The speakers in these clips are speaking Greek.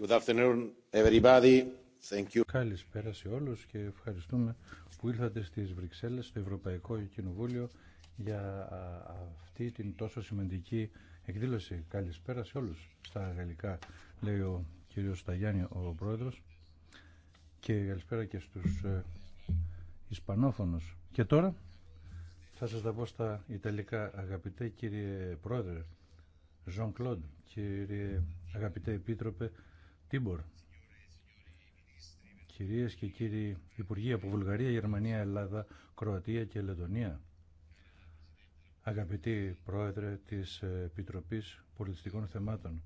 Good afternoon, everybody. Thank you. Καλησπέρα σε όλους και ευχαριστούμε που ήρθατε στις Βρυξέλλες, στο Ευρωπαϊκό Κοινοβούλιο για αυτή την τόσο σημαντική εκδήλωση. Καλησπέρα σε όλους. Στα γαλλικά λέει ο κύριος Σταγιάννη, ο πρόεδρος και καλησπέρα και στους ε, Ισπανόφωνους. Και τώρα θα σας τα πω στα Ιταλικά αγαπητέ κύριε πρόεδρε Ζων Κλοντ, κύριε αγαπητέ επίτροπε Τίμπορ. Κυρίες και κύριοι Υπουργοί από Βουλγαρία, Γερμανία, Ελλάδα, Κροατία και Λετωνία. αγαπητοί Πρόεδρε της Επιτροπής Πολιτιστικών Θεμάτων.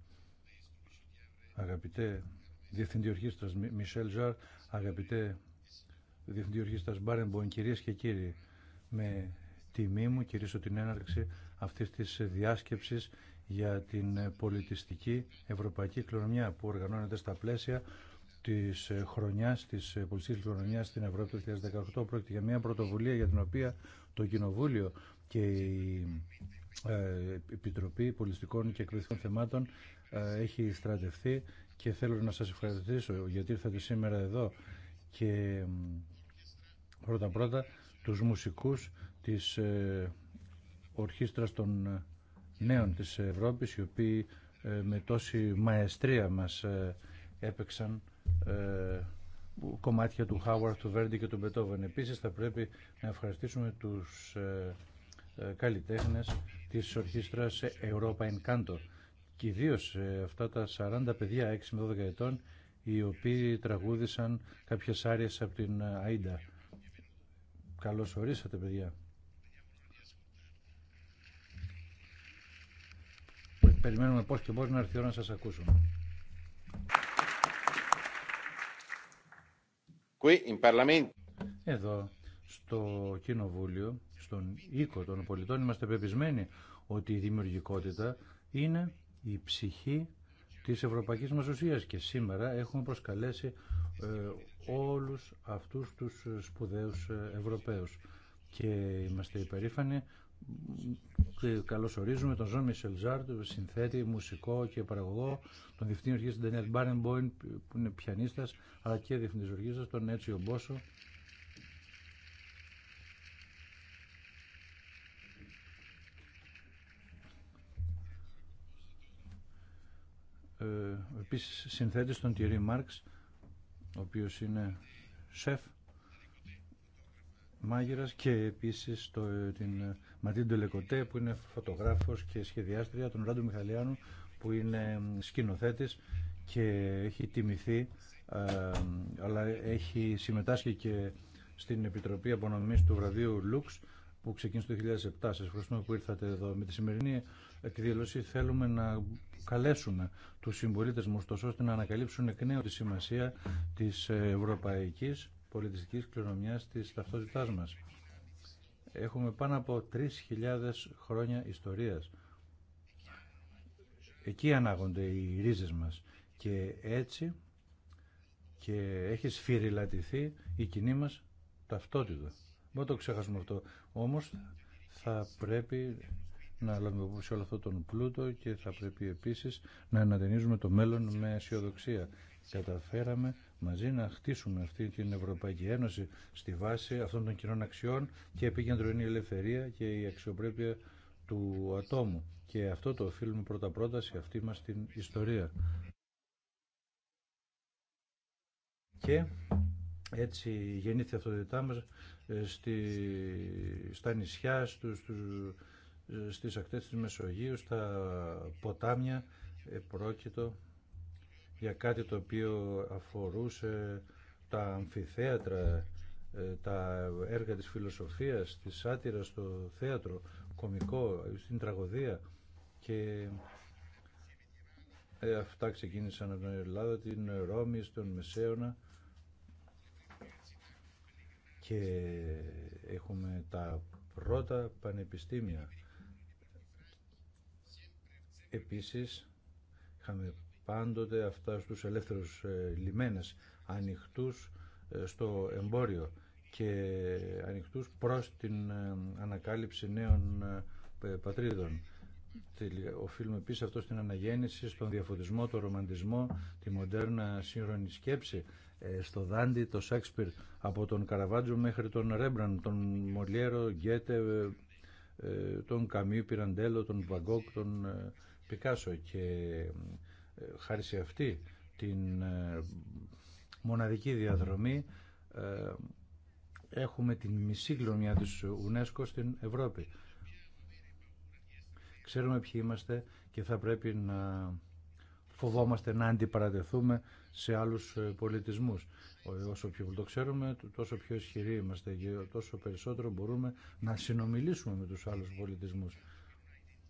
Αγαπητέ Διευθυντή Ορχήστρας Μισελ Ζαρ, αγαπητέ Διευθυντή Ορχήστρας Μπάρεμπον, κυρίες και κύριοι, με τιμή μου κυρίσω την έναρξη αυτής της διάσκεψης για την πολιτιστική ευρωπαϊκή κληρονομιά που οργανώνεται στα πλαίσια της χρονιάς της πολιτιστική κληρονομιά στην Ευρώπη του 2018. Πρόκειται για μια πρωτοβουλία για την οποία το Κοινοβούλιο και η ε, Επιτροπή Πολιτιστικών και Εκπαιδευτικών Θεμάτων ε, έχει στρατευτεί και θέλω να σας ευχαριστήσω γιατί ήρθατε σήμερα εδώ και πρώτα-πρώτα τους μουσικούς της ε, ορχήστρας των νέων της Ευρώπης οι οποίοι ε, με τόση μαεστρία μας ε, έπαιξαν ε, κομμάτια του Χάουαρτ, του Βέρντι και του Μπετόβεν. Επίσης θα πρέπει να ευχαριστήσουμε τους καλλιτέχνες της ορχήστρας Europa Encanto και ιδίω αυτά τα 40 παιδιά 6 με 12 ετών οι οποίοι τραγούδησαν κάποιες άριες από την ΑΕΝΤΑ. Καλώς ορίσατε παιδιά. περιμένουμε πώς και πώς να έρθει η ώρα να σας ακούσουμε. Εδώ στο Κοινοβούλιο, στον οίκο των πολιτών, είμαστε πεπισμένοι ότι η δημιουργικότητα είναι η ψυχή της ευρωπαϊκής μας ουσίας και σήμερα έχουμε προσκαλέσει ε, όλους αυτούς τους σπουδαίους ε, Ευρωπαίους και είμαστε υπερήφανοι καλώς ορίζουμε τον Ζων Μισελ Ζάρτ, συνθέτη, μουσικό και παραγωγό, τον διευθύντη οργή τον Ντενιέλ Μπάρενμποιν, που είναι πιανίστα. αλλά και διευθυντής σα, τον Έτσιο Μπόσο, ε, επίσης συνθέτης τον Τιερή Μάρξ, ο οποίος είναι σεφ Μάγειρα και επίσης ε, την ε, Ματίν Τελεκοτέ που είναι φωτογράφος και σχεδιάστρια, τον Ράντο Μιχαλιάνου που είναι σκηνοθέτης και έχει τιμηθεί ε, αλλά έχει συμμετάσχει και στην Επιτροπή Απονομής του βραβείου Λουξ που ξεκίνησε το 2007. Σα ευχαριστούμε που ήρθατε εδώ. Με τη σημερινή εκδήλωση θέλουμε να καλέσουμε του συμπολίτε μα ώστε να ανακαλύψουν εκ νέου τη σημασία τη Ευρωπαϊκή πολιτιστικής κληρονομιάς της ταυτότητάς μας. Έχουμε πάνω από 3.000 χρόνια ιστορίας. Εκεί ανάγονται οι ρίζες μας και έτσι και έχει σφυριλατηθεί η κοινή μας ταυτότητα. Μπορεί το ξεχάσουμε αυτό. Όμως θα πρέπει να λάβουμε υπόψη όλο αυτό τον πλούτο και θα πρέπει επίσης να ανατενίζουμε το μέλλον με αισιοδοξία. Καταφέραμε μαζί να χτίσουμε αυτή την Ευρωπαϊκή Ένωση στη βάση αυτών των κοινών αξιών και επίκεντρο είναι η ελευθερία και η αξιοπρέπεια του ατόμου. Και αυτό το οφείλουμε πρώτα-πρώτα σε αυτή μας την ιστορία. Και έτσι γεννήθηκε η αυτοδιτά μας ε, στη, στα νησιά, στους, στους, ε, στις ακτές της Μεσογείου, στα ποτάμια, πρόκειτο για κάτι το οποίο αφορούσε τα αμφιθέατρα, ε, τα έργα της φιλοσοφίας, της σάτυρας στο θέατρο, κομικό, στην τραγωδία και ε, αυτά ξεκίνησαν από την Ελλάδα, την Ρώμη, στον Μεσαίωνα και έχουμε τα πρώτα πανεπιστήμια. Επίσης, είχαμε πάντοτε αυτά στους ελεύθερους ε, λιμένες ανοιχτούς ε, στο εμπόριο και ανοιχτούς προς την ε, ανακάλυψη νέων πατρίδων. Οφείλουμε επίση αυτό στην αναγέννηση, στον διαφωτισμό, τον ρομαντισμό, τη μοντέρνα σύγχρονη σκέψη, στο Δάντι, το Σάξπιρ, από τον Καραβάντζο μέχρι τον Ρέμπραν, τον Μολιέρο, Γκέτε, τον Καμίου Πυραντέλο, τον Βαγκόκ, τον Πικάσο και χάρη σε αυτή την ε, μοναδική διαδρομή ε, έχουμε την μισή κλωνία της UNESCO στην Ευρώπη. Ξέρουμε ποιοι είμαστε και θα πρέπει να φοβόμαστε να αντιπαρατεθούμε σε άλλους ε, πολιτισμούς. Όσο πιο το ξέρουμε, τόσο πιο ισχυροί είμαστε και τόσο περισσότερο μπορούμε να συνομιλήσουμε με τους άλλους πολιτισμούς.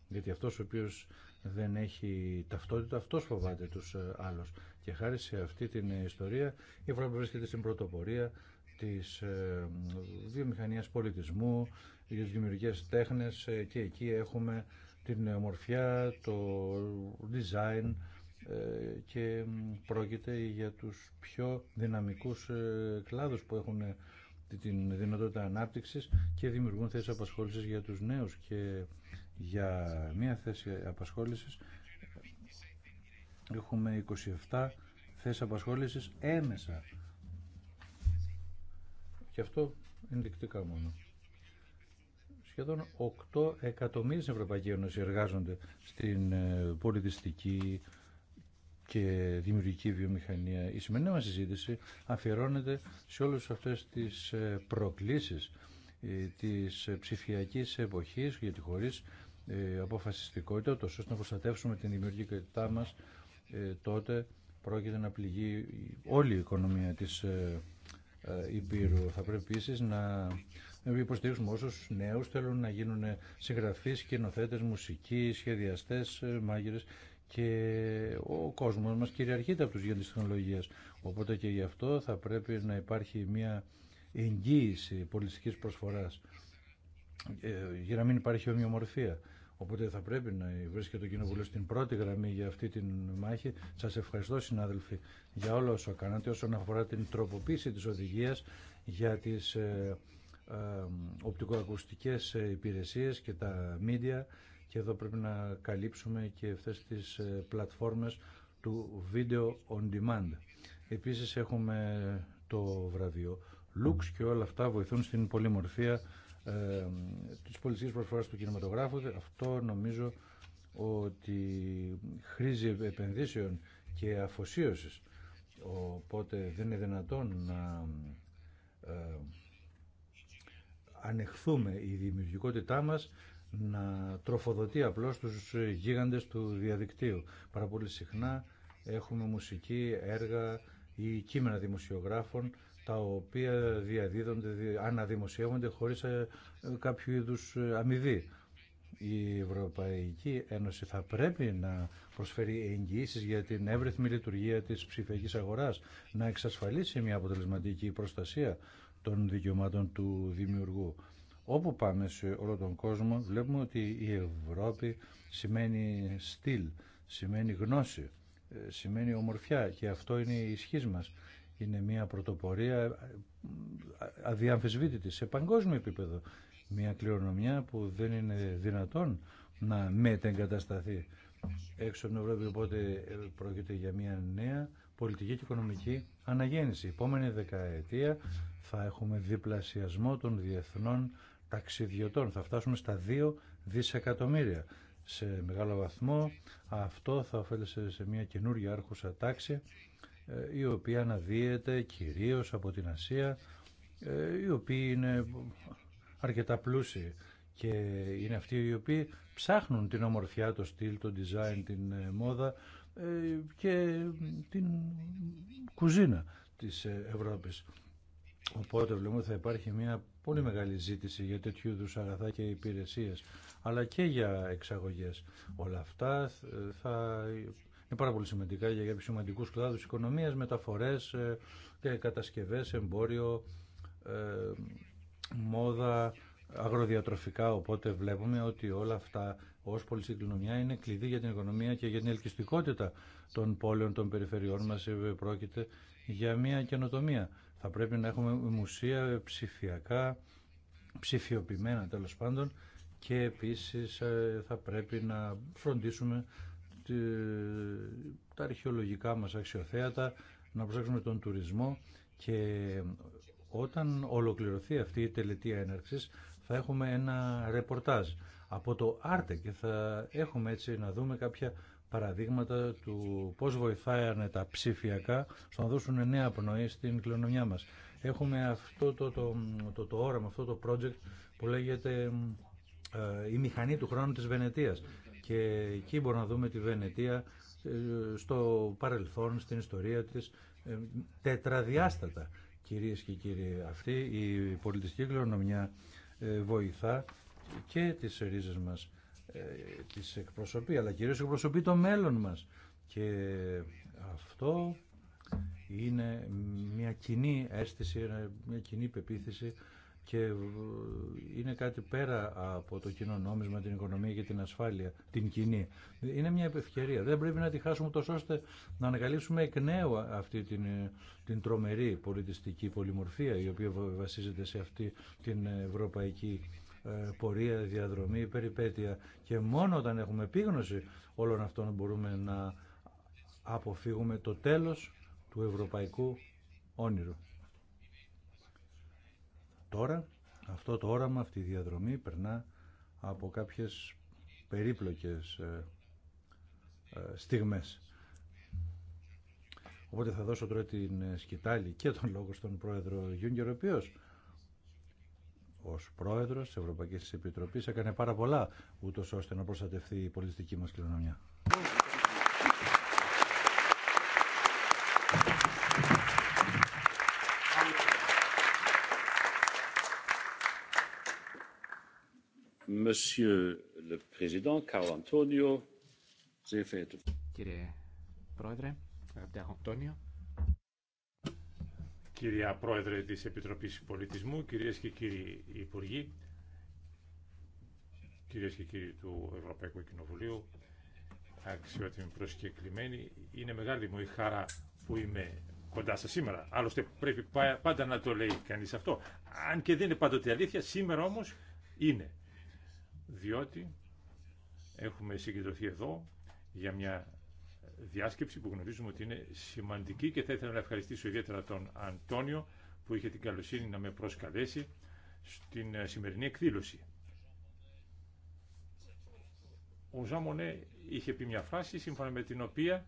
Γιατί αυτός ο οποίος δεν έχει ταυτότητα, αυτός φοβάται τους ε, άλλους. Και χάρη σε αυτή την ιστορία η Ευρώπη βρίσκεται στην πρωτοπορία της ε, βιομηχανίας πολιτισμού, για τις δημιουργικές τέχνες ε, και εκεί έχουμε την ομορφιά, το design και πρόκειται για τους πιο δυναμικούς κλάδους που έχουν την δυνατότητα ανάπτυξης και δημιουργούν θέσεις απασχόλησης για τους νέους και για μία θέση απασχόλησης έχουμε 27 θέσεις απασχόλησης έμεσα. Και αυτό ενδεικτικά μόνο. Σχεδόν 8 εκατομμύρια στην Ευρωπαϊκή Ένωση εργάζονται στην ε, πολιτιστική και δημιουργική βιομηχανία. Η σημερινή μας συζήτηση αφιερώνεται σε όλες αυτές τις ε, προκλήσεις ε, της ψηφιακής εποχής, γιατί χωρίς ε, αποφασιστικότητα, τόσο ώστε να προστατεύσουμε την δημιουργικότητά μας, ε, τότε πρόκειται να πληγεί όλη η οικονομία της ε, Υπήρου. Θα πρέπει επίσης να υποστηρίξουμε όσους νέους θέλουν να γίνουν συγγραφείς, σκηνοθέτες, μουσικοί, σχεδιαστές, μάγειρες και ο κόσμος μας κυριαρχείται από τους γέντες τεχνολογίας. Οπότε και γι' αυτό θα πρέπει να υπάρχει μια εγγύηση πολιτικής προσφοράς για να μην υπάρχει ομοιομορφία. Οπότε θα πρέπει να βρίσκεται το Κοινοβουλίο στην πρώτη γραμμή για αυτή τη μάχη. Σα ευχαριστώ, συνάδελφοι, για όλα όσα κάνατε όσον αφορά την τροποποίηση τη οδηγία για τι ε, ε, οπτικοακουστικέ υπηρεσίε και τα μίντια. Και εδώ πρέπει να καλύψουμε και αυτέ τι ε, πλατφόρμες του Video On Demand. Επίσης έχουμε το βραβείο Lux και όλα αυτά βοηθούν στην πολυμορφία ε, της πολιτικής προσφοράς του κινηματογράφου. Αυτό νομίζω ότι χρήζει επενδύσεων και αφοσίωσης. Οπότε δεν είναι δυνατόν να ανεχθούμε η δημιουργικότητά μας να τροφοδοτεί απλώς τους γίγαντες του διαδικτύου. Πάρα συχνά έχουμε μουσική, έργα ή κείμενα δημοσιογράφων τα οποία διαδίδονται, αναδημοσιεύονται χωρίς ε, κάποιο είδους ε, αμοιβή. Η Ευρωπαϊκή Ένωση θα πρέπει να προσφέρει εγγυήσει για την εύρυθμη λειτουργία της ψηφιακής αγοράς, να εξασφαλίσει μια αποτελεσματική προστασία των δικαιωμάτων του δημιουργού. Όπου πάμε σε όλο τον κόσμο βλέπουμε ότι η Ευρώπη σημαίνει στυλ, σημαίνει γνώση, ε, σημαίνει ομορφιά και αυτό είναι η ισχύ μας είναι μια πρωτοπορία ε, αδιαμφισβήτητη σε παγκόσμιο επίπεδο. Μια κληρονομιά που δεν είναι δυνατόν να μετεγκατασταθεί έξω από την Ευρώπη. Οπότε ε, πρόκειται για μια νέα πολιτική και οικονομική αναγέννηση. Η επόμενη δεκαετία θα έχουμε διπλασιασμό των διεθνών ταξιδιωτών. Θα φτάσουμε στα 2 δισεκατομμύρια. Σε μεγάλο βαθμό αυτό θα ωφέλεσε σε μια καινούργια άρχουσα τάξη ε, η οποία αναδύεται κυρίως από την Ασία, ε, οι οποίοι είναι αρκετά πλούσιοι και είναι αυτοί οι οποίοι ψάχνουν την ομορφιά, το στυλ, το design, την ε, μόδα και την κουζίνα της Ευρώπης. Οπότε βλέπουμε ότι θα υπάρχει μια πολύ μεγάλη ζήτηση για τέτοιου είδου αγαθά και υπηρεσίες, αλλά και για εξαγωγές. Όλα αυτά θα είναι πάρα πολύ σημαντικά για κάποιου σημαντικού κλάδου οικονομία, μεταφορέ, ε, κατασκευέ, εμπόριο, ε, μόδα, αγροδιατροφικά. Οπότε βλέπουμε ότι όλα αυτά ω πολυσυγκληνομιά είναι κλειδί για την οικονομία και για την ελκυστικότητα των πόλεων, των περιφερειών μα. Ε, πρόκειται για μια καινοτομία. Θα πρέπει να έχουμε μουσεία ψηφιακά, ψηφιοποιημένα τέλο πάντων και επίσης θα πρέπει να φροντίσουμε τα αρχαιολογικά μας αξιοθέατα, να προσέξουμε τον τουρισμό και όταν ολοκληρωθεί αυτή η τελετή έναρξης θα έχουμε ένα ρεπορτάζ από το Άρτε και θα έχουμε έτσι να δούμε κάποια παραδείγματα του πώς βοηθάει τα ψηφιακά στο να δώσουν νέα πνοή στην κληρονομιά μας. Έχουμε αυτό το, το, το, το όραμα, αυτό το project που λέγεται ε, η μηχανή του χρόνου της Βενετίας και εκεί μπορούμε να δούμε τη Βενετία ε, στο παρελθόν, στην ιστορία της, ε, τετραδιάστατα. Κυρίες και κύριοι, αυτή η πολιτιστική κληρονομιά ε, βοηθά και τις ρίζες μας, τις εκπροσωπεί, αλλά κυρίως εκπροσωπεί το μέλλον μας. Και αυτό είναι μια κοινή αίσθηση, μια κοινή πεποίθηση και ε, είναι κάτι πέρα από το κοινό νόμισμα, την οικονομία και την ασφάλεια, την κοινή. Είναι μια ευκαιρία. Δεν πρέπει να τη χάσουμε τόσο ώστε να ανακαλύψουμε εκ νέου αυτή την, ε, την τρομερή πολιτιστική πολυμορφία η οποία βασίζεται σε αυτή την ευρωπαϊκή ε, πορεία, διαδρομή, περιπέτεια και μόνο όταν έχουμε επίγνωση όλων αυτών μπορούμε να αποφύγουμε το τέλος του ευρωπαϊκού όνειρου. Τώρα αυτό το όραμα, αυτή η διαδρομή περνά από κάποιες περίπλοκες ε, ε, στιγμές. Οπότε θα δώσω τώρα την ε, σκητάλη και τον λόγο στον πρόεδρο Γιούγκερ, ο οποίο ως Πρόεδρος τη Ευρωπαϊκή Επιτροπή έκανε πάρα πολλά, ούτω ώστε να προστατευτεί η πολιτιστική μας κληρονομιά. Κύριε Πρόεδρε, αγαπητέ Αντώνιο, κυρία Πρόεδρε της Επιτροπής Πολιτισμού, κύριε και κύριοι Υπουργοί, κυρίες και κύριοι του Ευρωπαϊκού Κοινοβουλίου, αξιότιμοι προσκεκλημένοι, είναι μεγάλη μου η χαρά που είμαι κοντά σας σήμερα. Άλλωστε πρέπει πάντα να το λέει κανείς αυτό. Αν και δεν είναι πάντοτε αλήθεια, σήμερα όμως είναι διότι έχουμε συγκεντρωθεί εδώ για μια διάσκεψη που γνωρίζουμε ότι είναι σημαντική και θα ήθελα να ευχαριστήσω ιδιαίτερα τον Αντώνιο που είχε την καλοσύνη να με προσκαλέσει στην ε, σημερινή εκδήλωση. Ο Ζαμονέ είχε πει μια φράση σύμφωνα με την οποία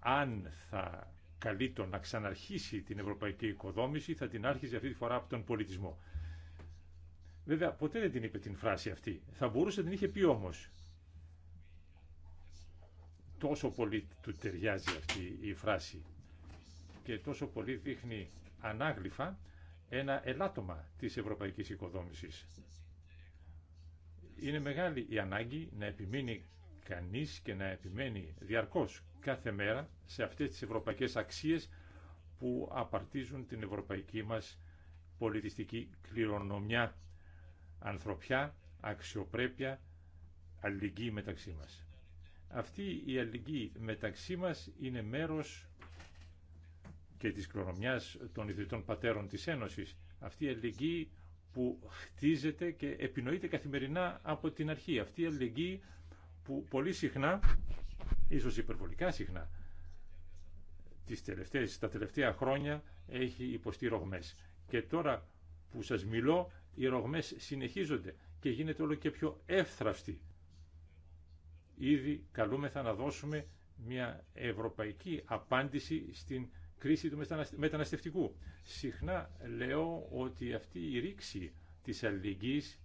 αν θα καλεί να ξαναρχίσει την ευρωπαϊκή οικοδόμηση θα την άρχιζε αυτή τη φορά από τον πολιτισμό. Βέβαια, ποτέ δεν την είπε την φράση αυτή. Θα μπορούσε να την είχε πει όμω. Τόσο πολύ του ταιριάζει αυτή η φράση και τόσο πολύ δείχνει ανάγλυφα ένα ελάττωμα της ευρωπαϊκής οικοδόμησης. Είναι μεγάλη η ανάγκη να επιμείνει κανείς και να επιμένει διαρκώς κάθε μέρα σε αυτές τις ευρωπαϊκές αξίες που απαρτίζουν την ευρωπαϊκή μας πολιτιστική κληρονομιά ανθρωπιά, αξιοπρέπεια, αλληλεγγύη μεταξύ μας. Αυτή η αλληλεγγύη μεταξύ μας είναι μέρος και της κληρονομιάς των ιδρυτών πατέρων της Ένωσης. Αυτή η αλληλεγγύη που χτίζεται και επινοείται καθημερινά από την αρχή. Αυτή η αλληλεγγύη που πολύ συχνά, ίσως υπερβολικά συχνά, τις τελευταίες, τα τελευταία χρόνια έχει υποστεί ρογμές. Και τώρα που σας μιλώ οι ρογμές συνεχίζονται και γίνεται όλο και πιο εύθραυστη. Ήδη καλούμεθα να δώσουμε μια ευρωπαϊκή απάντηση στην κρίση του μεταναστευτικού. Συχνά λέω ότι αυτή η ρήξη της αλληλεγγύης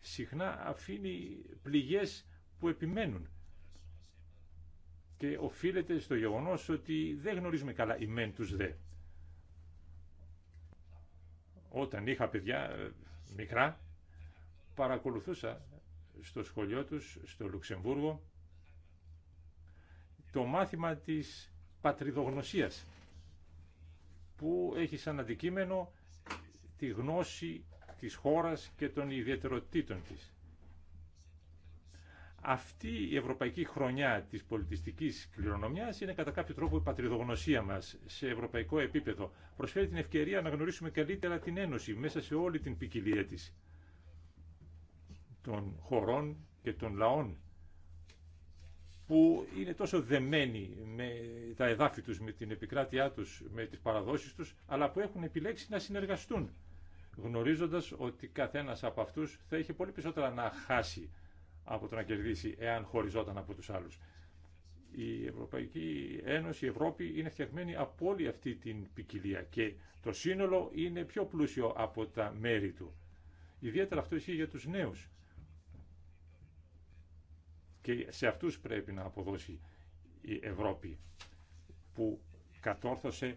συχνά αφήνει πληγές που επιμένουν και οφείλεται στο γεγονός ότι δεν γνωρίζουμε καλά οι μεν τους δε. Όταν είχα παιδιά μικρά, παρακολουθούσα στο σχολείο τους, στο Λουξεμβούργο, το μάθημα της πατριδογνωσίας, που έχει σαν αντικείμενο τη γνώση της χώρας και των ιδιαιτεροτήτων της αυτή η ευρωπαϊκή χρονιά της πολιτιστικής κληρονομιάς είναι κατά κάποιο τρόπο η πατριδογνωσία μας σε ευρωπαϊκό επίπεδο. Προσφέρει την ευκαιρία να γνωρίσουμε καλύτερα την Ένωση μέσα σε όλη την ποικιλία της των χωρών και των λαών που είναι τόσο δεμένοι με τα εδάφη τους, με την επικράτειά τους, με τις παραδόσεις τους, αλλά που έχουν επιλέξει να συνεργαστούν, γνωρίζοντας ότι καθένας από αυτούς θα είχε πολύ περισσότερα να χάσει από το να κερδίσει εάν χωριζόταν από τους άλλους. Η Ευρωπαϊκή Ένωση, η Ευρώπη είναι φτιαγμένη από όλη αυτή την ποικιλία και το σύνολο είναι πιο πλούσιο από τα μέρη του. Ιδιαίτερα αυτό ισχύει για τους νέους. Και σε αυτούς πρέπει να αποδώσει η Ευρώπη που κατόρθωσε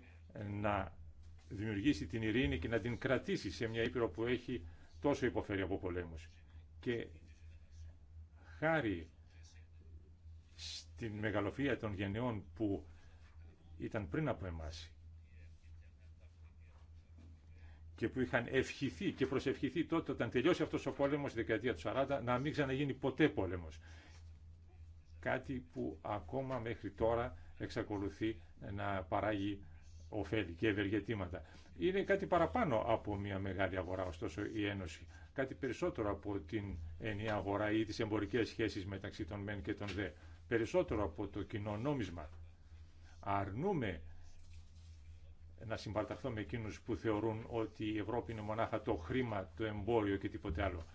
να δημιουργήσει την ειρήνη και να την κρατήσει σε μια ήπειρο που έχει τόσο υποφέρει από πολέμους. Και χάρη στην μεγαλοφία των γενεών που ήταν πριν από εμάς και που είχαν ευχηθεί και προσευχηθεί τότε όταν τελειώσει αυτός ο πόλεμος στη δεκαετία του 40 να μην ξαναγίνει ποτέ πόλεμος. Κάτι που ακόμα μέχρι τώρα εξακολουθεί να παράγει ωφέλη και ευεργετήματα. Είναι κάτι παραπάνω από μια μεγάλη αγορά, ωστόσο η Ένωση κάτι περισσότερο από την ενιαία αγορά ή τις εμπορικές σχέσεις μεταξύ των μεν και των δε. Περισσότερο από το κοινό νόμισμα. Αρνούμε να συμπαρταχθώ με εκείνους που θεωρούν ότι η Ευρώπη είναι μονάχα το χρήμα, το εμπόριο και τίποτε άλλο.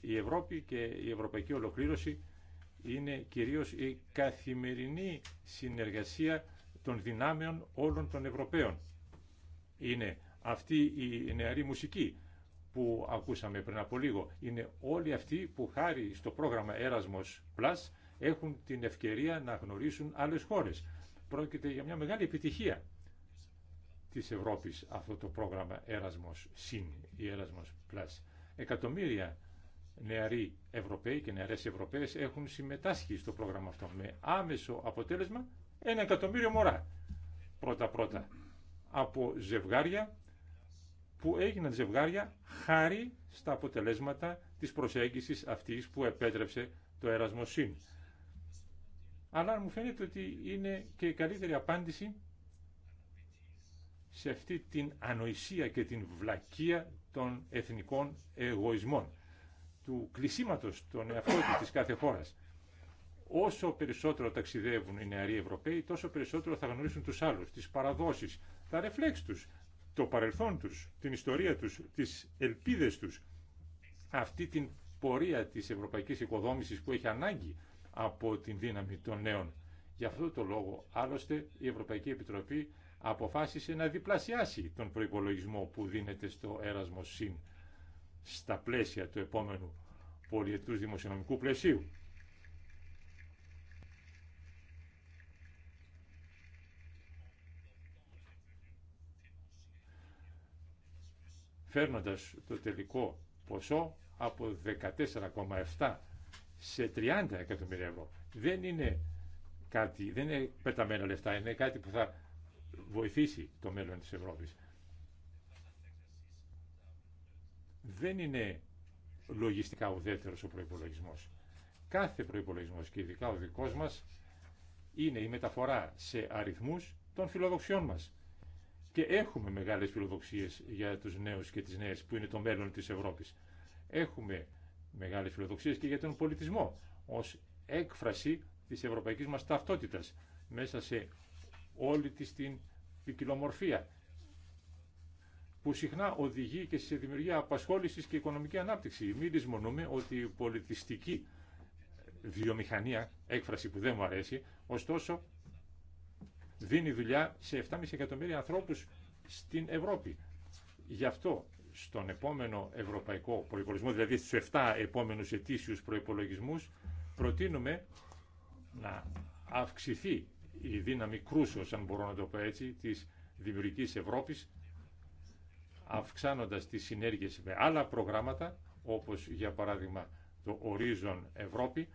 Η Ευρώπη και η ευρωπαϊκή ολοκλήρωση είναι κυρίως η καθημερινή συνεργασία των δυνάμεων όλων των Ευρωπαίων. Είναι αυτή η νεαρή μουσική που ακούσαμε πριν από λίγο. Είναι όλοι αυτοί που χάρη στο πρόγραμμα Erasmus Plus έχουν την ευκαιρία να γνωρίσουν άλλες χώρες. Πρόκειται για μια μεγάλη επιτυχία της Ευρώπης αυτό το πρόγραμμα Erasmus Sin ή Erasmus Plus. Εκατομμύρια νεαροί Ευρωπαίοι και νεαρές Ευρωπαίες έχουν συμμετάσχει στο πρόγραμμα αυτό με άμεσο αποτέλεσμα ένα εκατομμύριο μωρά. Πρώτα-πρώτα από ζευγάρια που έγιναν ζευγάρια χάρη στα αποτελέσματα της προσέγγισης αυτής που επέτρεψε το Ερασμοσύν. Αλλά μου φαίνεται ότι είναι και η καλύτερη απάντηση σε αυτή την ανοησία και την βλακεία των εθνικών εγωισμών, του κλεισίματος των εαυτών της κάθε χώρας. Όσο περισσότερο ταξιδεύουν οι νεαροί Ευρωπαίοι, τόσο περισσότερο θα γνωρίσουν τους άλλους, τις παραδόσεις, τα ρεφλέξ τους, το παρελθόν τους, την ιστορία τους, τις ελπίδες τους, αυτή την πορεία της ευρωπαϊκής οικοδόμησης που έχει ανάγκη από την δύναμη των νέων. Γι' αυτό το λόγο, άλλωστε, η Ευρωπαϊκή Επιτροπή αποφάσισε να διπλασιάσει τον προϋπολογισμό που δίνεται στο έρασμο ΣΥΝ στα πλαίσια του επόμενου πολιετούς δημοσιονομικού πλαισίου. φέρνοντας το τελικό ποσό από 14,7 σε 30 εκατομμύρια ευρώ. Δεν είναι κάτι, δεν είναι πεταμένα λεφτά, είναι κάτι που θα βοηθήσει το μέλλον της Ευρώπης. Δεν είναι λογιστικά ουδέτερος ο προϋπολογισμός. Κάθε προϋπολογισμός και ειδικά ο δικός μας είναι η μεταφορά σε αριθμούς των φιλοδοξιών μας. Και έχουμε μεγάλες φιλοδοξίες για τους νέους και τις νέες που είναι το μέλλον της Ευρώπης. Έχουμε μεγάλες φιλοδοξίες και για τον πολιτισμό ως έκφραση της ευρωπαϊκής μας ταυτότητας μέσα σε όλη της την ποικιλομορφία που συχνά οδηγεί και σε δημιουργία απασχόλησης και οικονομική ανάπτυξη. Μην δυσμονούμε ότι η πολιτιστική βιομηχανία, έκφραση που δεν μου αρέσει, ωστόσο δίνει δουλειά σε 7,5 εκατομμύρια ανθρώπους στην Ευρώπη. Γι' αυτό στον επόμενο ευρωπαϊκό προϋπολογισμό, δηλαδή στους 7 επόμενους ετήσιους προϋπολογισμούς, προτείνουμε να αυξηθεί η δύναμη κρούσος, αν μπορώ να το πω έτσι, της δημιουργικής Ευρώπης, αυξάνοντας τις συνέργειες με άλλα προγράμματα, όπως για παράδειγμα το Horizon Ευρώπη,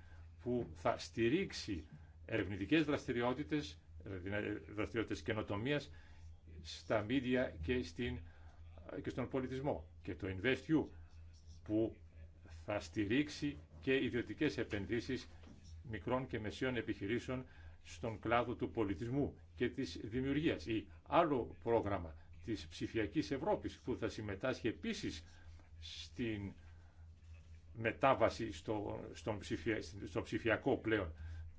που θα στηρίξει ερευνητικές δραστηριότητες δραστηριότητες καινοτομίας στα μίδια και, στην, και στον πολιτισμό. Και το InvestU που θα στηρίξει και ιδιωτικές επενδύσεις μικρών και μεσαίων επιχειρήσεων στον κλάδο του πολιτισμού και της δημιουργίας ή άλλο πρόγραμμα της ψηφιακής Ευρώπης που θα συμμετάσχει επίσης στην μετάβαση στο, στον ψηφιακό πλέον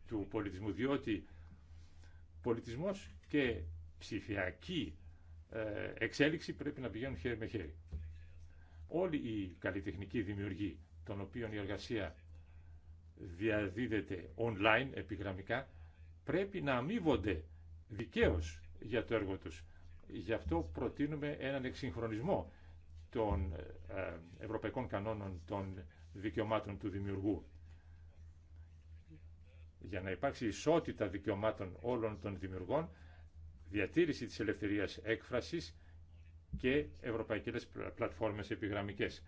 του πολιτισμού διότι πολιτισμός και ψηφιακή ε, εξέλιξη πρέπει να πηγαίνουν χέρι με χέρι. Όλη η καλλιτεχνική δημιουργοί, των οποίων η εργασία διαδίδεται online επιγραμμικά, πρέπει να αμείβονται δικαίως για το έργο τους. Γι' αυτό προτείνουμε έναν εξυγχρονισμό των ε, ευρωπαϊκών κανόνων των δικαιωμάτων του δημιουργού για να υπάρξει ισότητα δικαιωμάτων όλων των δημιουργών, διατήρηση της ελευθερίας έκφρασης και ευρωπαϊκές πλατφόρμες επιγραμμικές.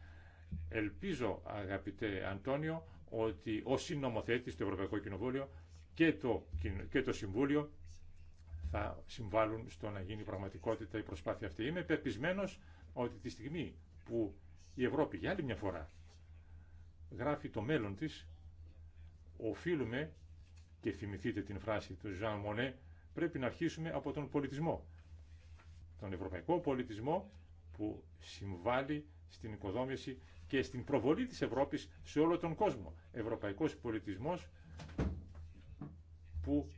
Ελπίζω, αγαπητέ Αντώνιο, ότι ο συνομοθέτης του Ευρωπαϊκό Κοινοβούλιο και το, και το Συμβούλιο θα συμβάλλουν στο να γίνει πραγματικότητα η προσπάθεια αυτή. Είμαι πεπισμένος ότι τη στιγμή που η Ευρώπη για άλλη μια φορά γράφει το μέλλον της, οφείλουμε και θυμηθείτε την φράση του Ζαν Μονέ, πρέπει να αρχίσουμε από τον πολιτισμό. Τον ευρωπαϊκό πολιτισμό που συμβάλλει στην οικοδόμηση και στην προβολή της Ευρώπης σε όλο τον κόσμο. Ευρωπαϊκός πολιτισμός που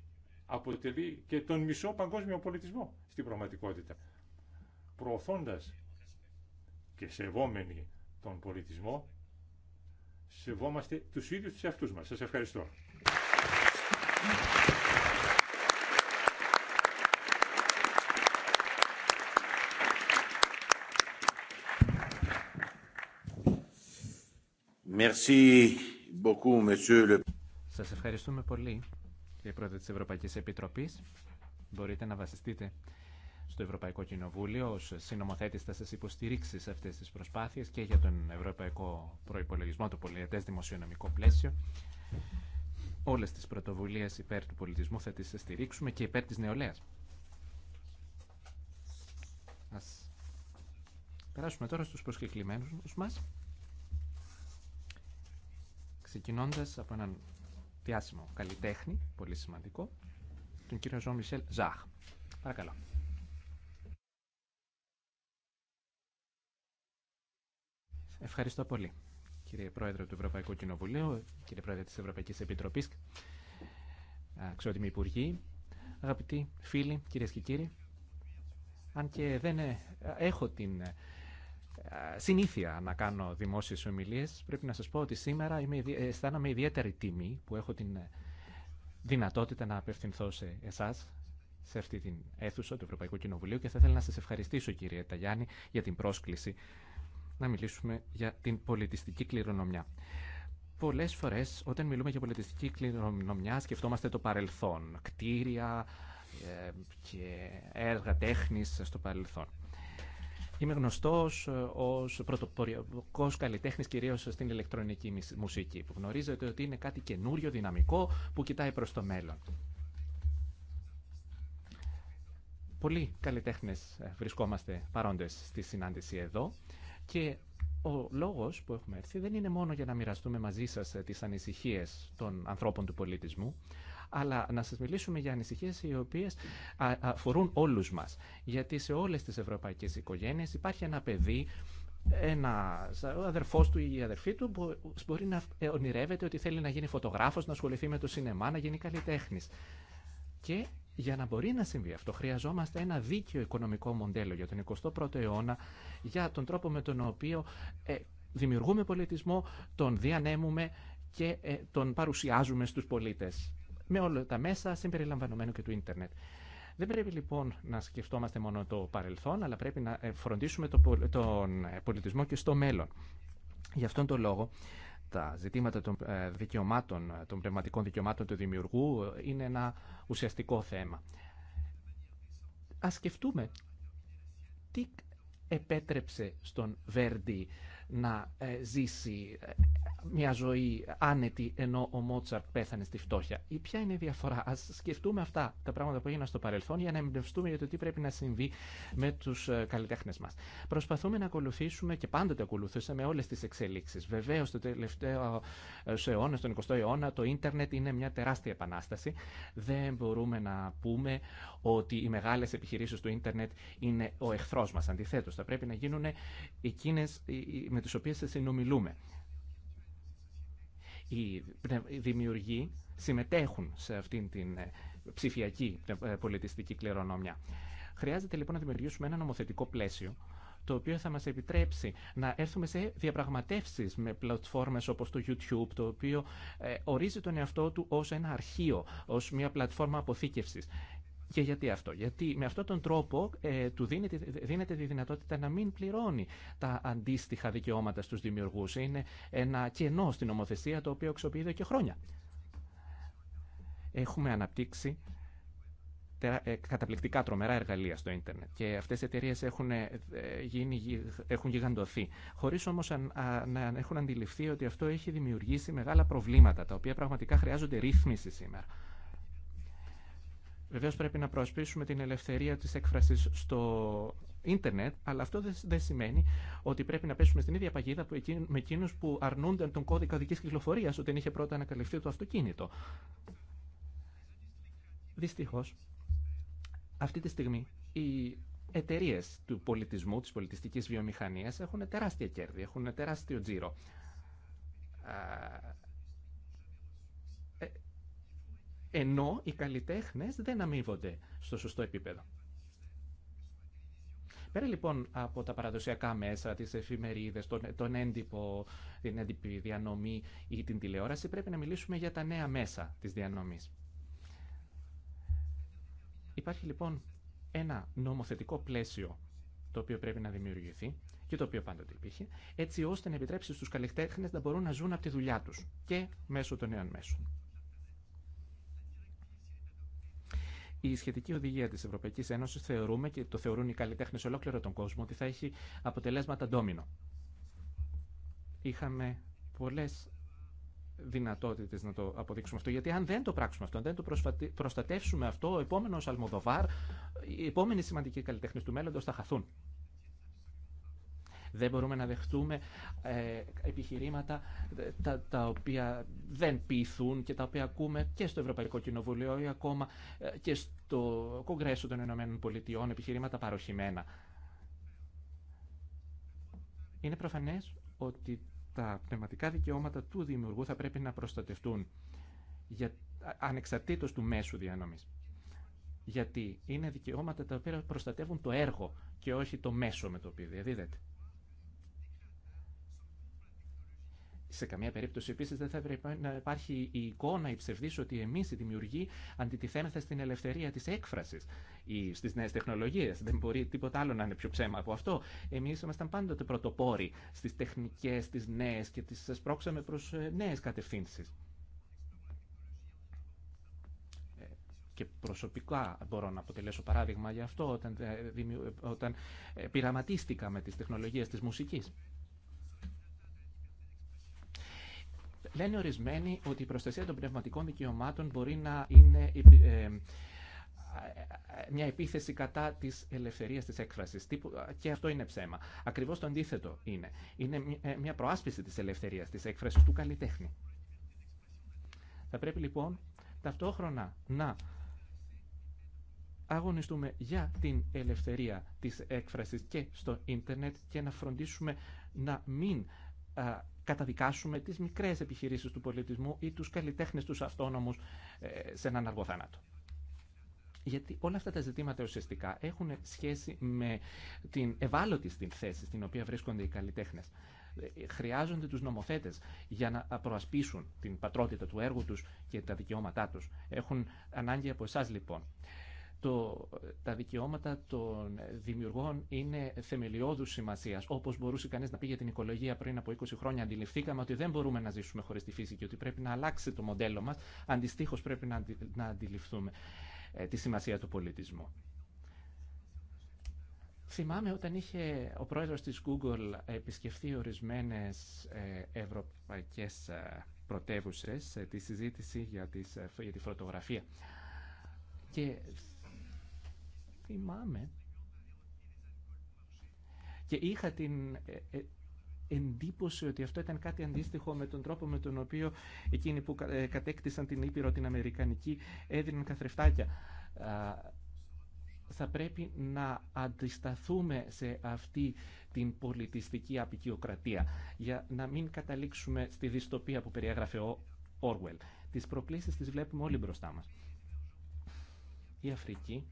αποτελεί και τον μισό παγκόσμιο πολιτισμό στην πραγματικότητα. Προωθώντας και σεβόμενοι τον πολιτισμό, σεβόμαστε τους ίδιους τους εαυτούς μας. Σας ευχαριστώ. Σας ευχαριστούμε πολύ, κύριε Πρόεδρε της Ευρωπαϊκής Επιτροπής. Μπορείτε να βασιστείτε στο Ευρωπαϊκό Κοινοβούλιο ως συνομοθέτης θα σας υποστηρίξει σε αυτές τις προσπάθειες και για τον Ευρωπαϊκό Προϋπολογισμό, το Πολιετές δημοσιονομικό πλαίσιο όλες τις πρωτοβουλίες υπέρ του πολιτισμού θα τις στηρίξουμε και υπέρ της νεολαίας. Ας περάσουμε τώρα στους προσκεκλημένου μας, ξεκινώντας από έναν διάσημο καλλιτέχνη, πολύ σημαντικό, τον κύριο Ζωμισελ Ζάχ. Παρακαλώ. Ευχαριστώ πολύ κύριε Πρόεδρε του Ευρωπαϊκού Κοινοβουλίου, κύριε Πρόεδρε της Ευρωπαϊκής Επιτροπής, αξιότιμοι Υπουργοί, αγαπητοί φίλοι, κυρίες και κύριοι, αν και δεν ε, έχω την ε, συνήθεια να κάνω δημόσιες ομιλίες, πρέπει να σας πω ότι σήμερα είμαι, ε, αισθάνομαι ιδιαίτερη τιμή που έχω την δυνατότητα να απευθυνθώ σε εσάς, σε αυτή την αίθουσα του Ευρωπαϊκού Κοινοβουλίου και θα ήθελα να σας ευχαριστήσω κύριε Ταγιάννη για την πρόσκληση να μιλήσουμε για την πολιτιστική κληρονομιά. Πολλέ φορέ, όταν μιλούμε για πολιτιστική κληρονομιά σκεφτόμαστε το παρελθόν, κτίρια ε, και έργα τέχνης στο παρελθόν. Είμαι γνωστός ε, ως πρωτοποριακός καλλιτέχνης κυρίως στην ηλεκτρονική μουσική που γνωρίζετε ότι είναι κάτι καινούριο, δυναμικό που κοιτάει προ το μέλλον. Πολλοί καλλιτέχνες ε, βρισκόμαστε παρόντε στη συνάντηση εδώ και ο λόγος που έχουμε έρθει δεν είναι μόνο για να μοιραστούμε μαζί σας ε, τις ανησυχίε των ανθρώπων του πολιτισμού, αλλά να σας μιλήσουμε για ανησυχίε οι οποίες αφορούν όλους μας. Γιατί σε όλες τις ευρωπαϊκές οικογένειες υπάρχει ένα παιδί, ένα ο του ή η αδερφή του μπορεί να ε, ονειρεύεται ότι θέλει να γίνει φωτογράφο, να ασχοληθεί με το σινεμά, να γίνει καλλιτέχνη. Και για να μπορεί να συμβεί αυτό, χρειαζόμαστε ένα δίκαιο οικονομικό μοντέλο για τον 21ο αιώνα, για τον τρόπο με τον οποίο ε, δημιουργούμε πολιτισμό, τον διανέμουμε και ε, τον παρουσιάζουμε στους πολίτες. Με όλα τα μέσα, συμπεριλαμβανομένου και του ίντερνετ. Δεν πρέπει λοιπόν να σκεφτόμαστε μόνο το παρελθόν, αλλά πρέπει να ε, φροντίσουμε τον ε, πολιτισμό και στο μέλλον. Γι' αυτόν τον λόγο τα ζητήματα των ε, δικαιωμάτων, ε, των πνευματικών δικαιωμάτων του δημιουργού ε, είναι ένα ουσιαστικό θέμα. Ας σκεφτούμε τι επέτρεψε στον Βέρντι να ε, ζήσει ε, μια ζωή άνετη ενώ ο Μότσαρτ πέθανε στη φτώχεια. Ή ποια είναι η διαφορά. Ας σκεφτούμε αυτά τα πράγματα που έγιναν στο παρελθόν για να εμπνευστούμε για το τι πρέπει να συμβεί με τους ε, καλλιτέχνες μας. Προσπαθούμε να ακολουθήσουμε και πάντοτε ακολουθούσαμε όλες τις εξελίξεις. Βεβαίως το τελευταίο αιώνα, στον 20ο αιώνα, το ίντερνετ είναι μια τεράστια επανάσταση. Δεν μπορούμε να πούμε ότι οι μεγάλες επιχειρήσεις του ίντερνετ είναι ο εχθρός μας. Αντιθέτως, θα πρέπει να γίνουν εχθρος μας Αντιθέτω. θα πρεπει να γινουν εκεινες με τις οποίες συνομιλούμε. Οι δημιουργοί συμμετέχουν σε αυτήν την ε, ψηφιακή ε, πολιτιστική κληρονομιά. Χρειάζεται λοιπόν να δημιουργήσουμε ένα νομοθετικό πλαίσιο το οποίο θα μας επιτρέψει να έρθουμε σε διαπραγματεύσεις με πλατφόρμες όπως το YouTube, το οποίο ε, ορίζει τον εαυτό του ως ένα αρχείο, ως μια πλατφόρμα αποθήκευσης. Και γιατί αυτό. Γιατί με αυτόν τον τρόπο ε, του δίνεται, δίνεται τη δυνατότητα να μην πληρώνει τα αντίστοιχα δικαιώματα στους δημιουργούς. Είναι ένα κενό στην νομοθεσία το οποίο εξοπλίζει και χρόνια. Έχουμε αναπτύξει ε, καταπληκτικά τρομερά εργαλεία στο ίντερνετ και αυτές οι εταιρείε έχουν, ε, γίνει, έχουν γιγαντωθεί χωρίς όμως να έχουν αντιληφθεί ότι αυτό έχει δημιουργήσει μεγάλα προβλήματα τα οποία πραγματικά χρειάζονται ρύθμιση σήμερα. Βεβαίως πρέπει να προασπίσουμε την ελευθερία της έκφρασης στο ίντερνετ, αλλά αυτό δεν σημαίνει ότι πρέπει να πέσουμε στην ίδια παγίδα που με εκείνου που αρνούνται τον κώδικα δικής κυκλοφορίας όταν είχε πρώτα ανακαλυφθεί το αυτοκίνητο. Δυστυχώ, αυτή τη στιγμή οι εταιρείε του πολιτισμού, της πολιτιστικής βιομηχανίας έχουν τεράστια κέρδη, έχουν τεράστιο τζίρο ενώ οι καλλιτέχνες δεν αμείβονται στο σωστό επίπεδο. Πέρα λοιπόν από τα παραδοσιακά μέσα, τις εφημερίδες, τον, τον έντυπο, την έντυπη διανομή ή την τηλεόραση, πρέπει να μιλήσουμε για τα νέα μέσα της διανομής. Υπάρχει λοιπόν ένα νομοθετικό πλαίσιο το οποίο πρέπει να δημιουργηθεί και το οποίο πάντοτε υπήρχε, έτσι ώστε να επιτρέψει στους καλλιτέχνες να μπορούν να ζουν από τη δουλειά τους και μέσω των νέων μέσων. η σχετική οδηγία τη Ευρωπαϊκή Ένωση θεωρούμε και το θεωρούν οι καλλιτέχνε ολόκληρο τον κόσμο ότι θα έχει αποτελέσματα ντόμινο. Είχαμε πολλέ δυνατότητε να το αποδείξουμε αυτό. Γιατί αν δεν το πράξουμε αυτό, αν δεν το προστατεύσουμε αυτό, ο επόμενο Αλμοδοβάρ, οι επόμενοι σημαντικοί καλλιτέχνε του μέλλοντο θα χαθούν. Δεν μπορούμε να δεχτούμε ε, επιχειρήματα ε, τα, οποία δεν πείθουν και τα οποία ακούμε και στο Ευρωπαϊκό Κοινοβούλιο ή ακόμα ε, και στο Κογκρέσο των Ηνωμένων Πολιτειών, επιχειρήματα παροχημένα. Είναι προφανές ότι τα πνευματικά δικαιώματα του δημιουργού θα πρέπει να προστατευτούν για, ανεξαρτήτως του μέσου διανομής. Γιατί είναι δικαιώματα τα οποία προστατεύουν το έργο και όχι το μέσο με το οποίο διαδίδεται. σε καμία περίπτωση επίση δεν θα έπρεπε να υπάρχει η εικόνα, η ψευδή ότι εμεί οι δημιουργοί αντιτιθέμεθα στην ελευθερία τη έκφραση ή στι νέε τεχνολογίε. Δεν μπορεί τίποτα άλλο να είναι πιο ψέμα από αυτό. Εμεί ήμασταν πάντοτε πρωτοπόροι στι τεχνικέ, τι νέε και τι σπρώξαμε προ ε, νέε κατευθύνσει. Ε, και προσωπικά μπορώ να αποτελέσω παράδειγμα για αυτό όταν, ε, όταν πειραματίστηκα με τις τεχνολογίες της μουσικής. λένε ορισμένοι ότι η προστασία των πνευματικών δικαιωμάτων μπορεί να είναι ε, ε, μια επίθεση κατά της ελευθερίας της έκφρασης. Και αυτό είναι ψέμα. Ακριβώς το αντίθετο είναι. Είναι ε, μια προάσπιση της ελευθερίας της έκφρασης του καλλιτέχνη. Θα πρέπει λοιπόν ταυτόχρονα να αγωνιστούμε για την ελευθερία της έκφρασης και στο ίντερνετ και να φροντίσουμε να μην καταδικάσουμε τις μικρές επιχειρήσεις του πολιτισμού ή τους καλλιτέχνες τους αυτόνομους ε, σε έναν αργοθανάτο. Γιατί όλα αυτά τα ζητήματα ουσιαστικά έχουν σχέση με την ευάλωτη στην θέση στην οποία βρίσκονται οι καλλιτέχνες. Ε, χρειάζονται τους νομοθέτες για να προασπίσουν την πατρότητα του έργου τους και τα δικαιώματά τους. Έχουν ανάγκη από εσάς λοιπόν το, τα δικαιώματα των δημιουργών είναι θεμελιώδου σημασία. Όπω μπορούσε κανεί να πει για την οικολογία πριν από 20 χρόνια, αντιληφθήκαμε ότι δεν μπορούμε να ζήσουμε χωρί τη φύση και ότι πρέπει να αλλάξει το μοντέλο μα. Αντιστοίχω, πρέπει να, να αντιληφθούμε ε, τη σημασία του πολιτισμού. Θυμάμαι όταν είχε ο πρόεδρος της Google επισκεφθεί ορισμένες ε, ευρωπαϊκές ε, πρωτεύουσες τη συζήτηση για, τις, για τη φωτογραφία. Και θυμάμαι και είχα την ε, ε, εντύπωση ότι αυτό ήταν κάτι αντίστοιχο με τον τρόπο με τον οποίο εκείνοι που ε, κατέκτησαν την Ήπειρο την Αμερικανική έδιναν καθρεφτάκια. Θα πρέπει να αντισταθούμε σε αυτή την πολιτιστική απεικιοκρατία για να μην καταλήξουμε στη δυστοπία που περιέγραφε ο Orwell. Τις προκλήσεις τις βλέπουμε όλοι μπροστά μας. Η Αφρική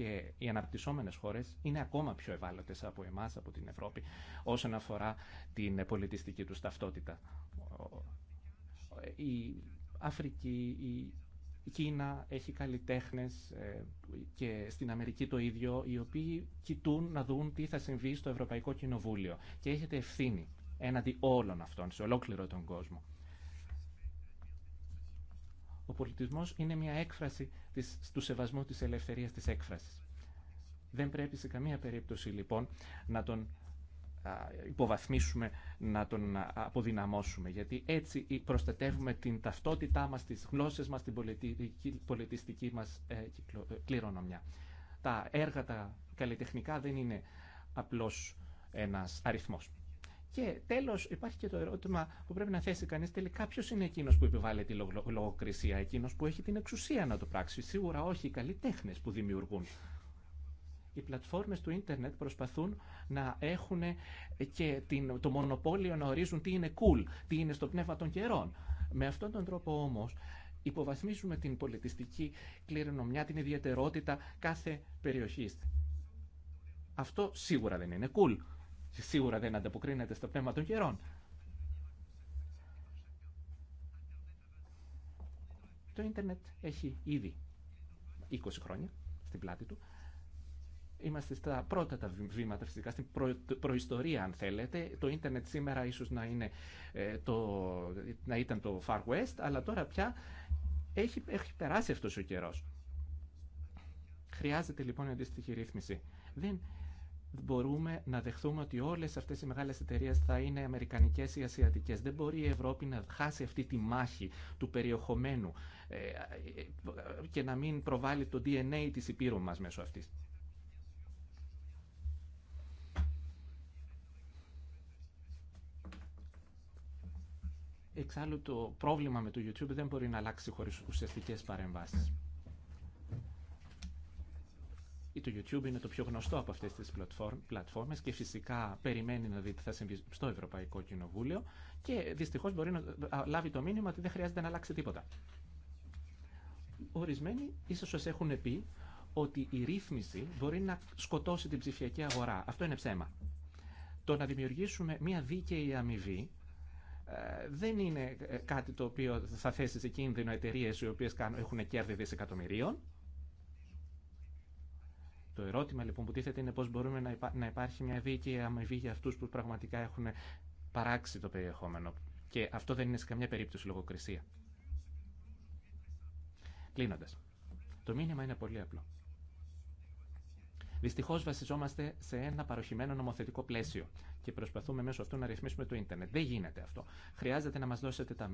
και οι αναπτυσσόμενες χώρες είναι ακόμα πιο ευάλωτες από εμάς, από την Ευρώπη, όσον αφορά την πολιτιστική τους ταυτότητα. Η Αφρική, η Κίνα έχει καλλιτέχνες ε, και στην Αμερική το ίδιο, οι οποίοι κοιτούν να δουν τι θα συμβεί στο Ευρωπαϊκό Κοινοβούλιο. Και έχετε ευθύνη έναντι όλων αυτών, σε ολόκληρο τον κόσμο. Ο πολιτισμός είναι μια έκφραση του σεβασμού της ελευθερίας της έκφρασης. Δεν πρέπει σε καμία περίπτωση λοιπόν να τον υποβαθμίσουμε, να τον αποδυναμώσουμε. Γιατί έτσι προστατεύουμε την ταυτότητά μας, τις γλώσσες μας, την πολιτιστική μας ε, ε, κληρονομιά. Τα έργα, τα καλλιτεχνικά δεν είναι απλώς ένας αριθμός. Και τέλο, υπάρχει και το ερώτημα που πρέπει να θέσει κανεί τελικά ποιο είναι εκείνο που επιβάλλει τη λογοκρισία, εκείνο που έχει την εξουσία να το πράξει. Σίγουρα όχι οι καλλιτέχνε που δημιουργούν. Οι πλατφόρμες του ίντερνετ προσπαθούν να έχουν και την, το μονοπόλιο να ορίζουν τι είναι cool, τι είναι στο πνεύμα των καιρών. Με αυτόν τον τρόπο όμως υποβαθμίζουμε την πολιτιστική κληρονομιά, την ιδιαιτερότητα κάθε περιοχής. Αυτό σίγουρα δεν είναι cool σίγουρα δεν ανταποκρίνεται στο πνεύμα των καιρών. Το ίντερνετ έχει ήδη 20 χρόνια στην πλάτη του. Είμαστε στα πρώτα τα βήματα, φυσικά στην προ, προϊστορία αν θέλετε. Το ίντερνετ σήμερα ίσως να, είναι, ε, το, να ήταν το Far West, αλλά τώρα πια έχει, έχει περάσει αυτός ο καιρός. Χρειάζεται λοιπόν αντίστοιχη ρύθμιση. Δεν μπορούμε να δεχθούμε ότι όλες αυτές οι μεγάλες εταιρείε θα είναι αμερικανικές ή ασιατικές. Δεν μπορεί η ασιατικε δεν μπορει η ευρωπη να χάσει αυτή τη μάχη του περιεχομένου ε, ε, και να μην προβάλλει το DNA τη υπήρου μας μέσω αυτή. Εξάλλου το πρόβλημα με το YouTube δεν μπορεί να αλλάξει χωρίς ουσιαστικές παρεμβάσεις ή το YouTube είναι το πιο γνωστό από αυτές τις πλατφόρμες και φυσικά περιμένει να δει τι θα συμβεί στο Ευρωπαϊκό Κοινοβούλιο και δυστυχώς μπορεί να λάβει το μήνυμα ότι δεν χρειάζεται να αλλάξει τίποτα. Ορισμένοι ίσως σας έχουν πει ότι η ρύθμιση μπορεί να σκοτώσει την ψηφιακή αγορά. Αυτό είναι ψέμα. Το να δημιουργήσουμε μια δίκαιη αμοιβή ε, δεν είναι ε, κάτι το οποίο θα θέσει σε κίνδυνο εταιρείε οι οποίε έχουν κέρδη δισεκατομμυρίων. Το ερώτημα λοιπόν που τίθεται είναι πώ μπορούμε να, να υπάρχει μια δίκαιη αμοιβή για αυτού που πραγματικά έχουν παράξει το περιεχόμενο. Και αυτό δεν είναι σε καμιά περίπτωση λογοκρισία. Κλείνοντα. Το μήνυμα είναι πολύ απλό. Δυστυχώ βασιζόμαστε σε ένα παροχημένο νομοθετικό πλαίσιο και προσπαθούμε μέσω αυτού να ρυθμίσουμε το ίντερνετ. Δεν γίνεται αυτό. Χρειάζεται να μα δώσετε τα,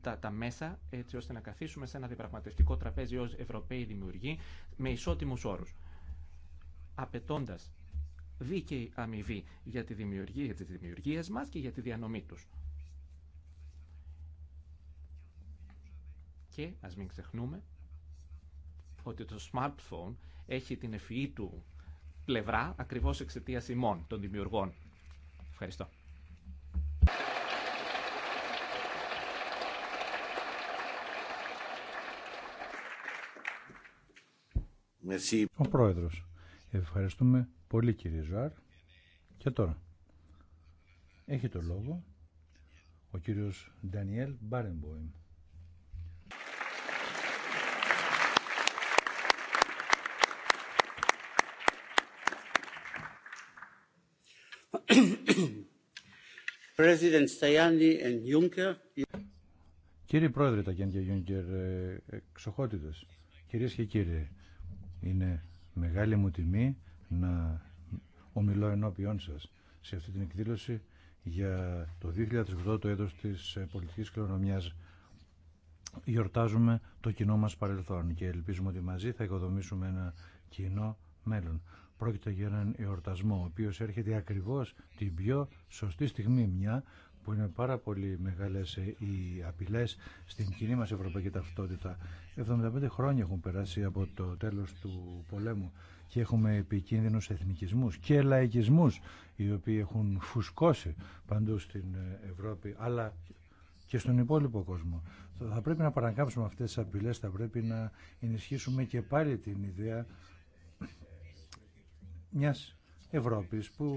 τα, τα μέσα έτσι ώστε να καθίσουμε σε ένα διαπραγματευτικό τραπέζι ω Ευρωπαίοι δημιουργοί με ισότιμου όρου απαιτώντα δίκαιη αμοιβή για τη δημιουργία για τις μας και για τη διανομή τους. Και ας μην ξεχνούμε ότι το smartphone έχει την ευφυή του πλευρά ακριβώς εξαιτία ημών των δημιουργών. Ευχαριστώ. Ο Πρόεδρος. Ευχαριστούμε πολύ κύριε Ζουάρ. Και τώρα έχει το λόγο ο κύριος Ντανιέλ Μπάρενμποϊμ. Κύριε Πρόεδρε Ταγιάννη και Γιούνκερ, εξοχότητες, ε, κυρίες και κύριοι, είναι Μεγάλη μου τιμή να ομιλώ ενώπιόν σας σε αυτή την εκδήλωση για το 2008 το έτος της ε, πολιτικής κληρονομιάς. Γιορτάζουμε το κοινό μας παρελθόν και ελπίζουμε ότι μαζί θα οικοδομήσουμε ένα κοινό μέλλον. Πρόκειται για έναν εορτασμό ο οποίος έρχεται ακριβώς την πιο σωστή στιγμή μια που είναι πάρα πολύ μεγάλες ε, οι απειλές στην κοινή μας ευρωπαϊκή ταυτότητα. 75 χρόνια έχουν περάσει από το τέλος του πολέμου και έχουμε επικίνδυνους εθνικισμούς και λαϊκισμούς οι οποίοι έχουν φουσκώσει παντού στην ε, Ευρώπη αλλά και στον υπόλοιπο κόσμο. Θα πρέπει να παρακάμψουμε αυτές τις απειλές, θα πρέπει να ενισχύσουμε και πάλι την ιδέα μιας Ευρώπης που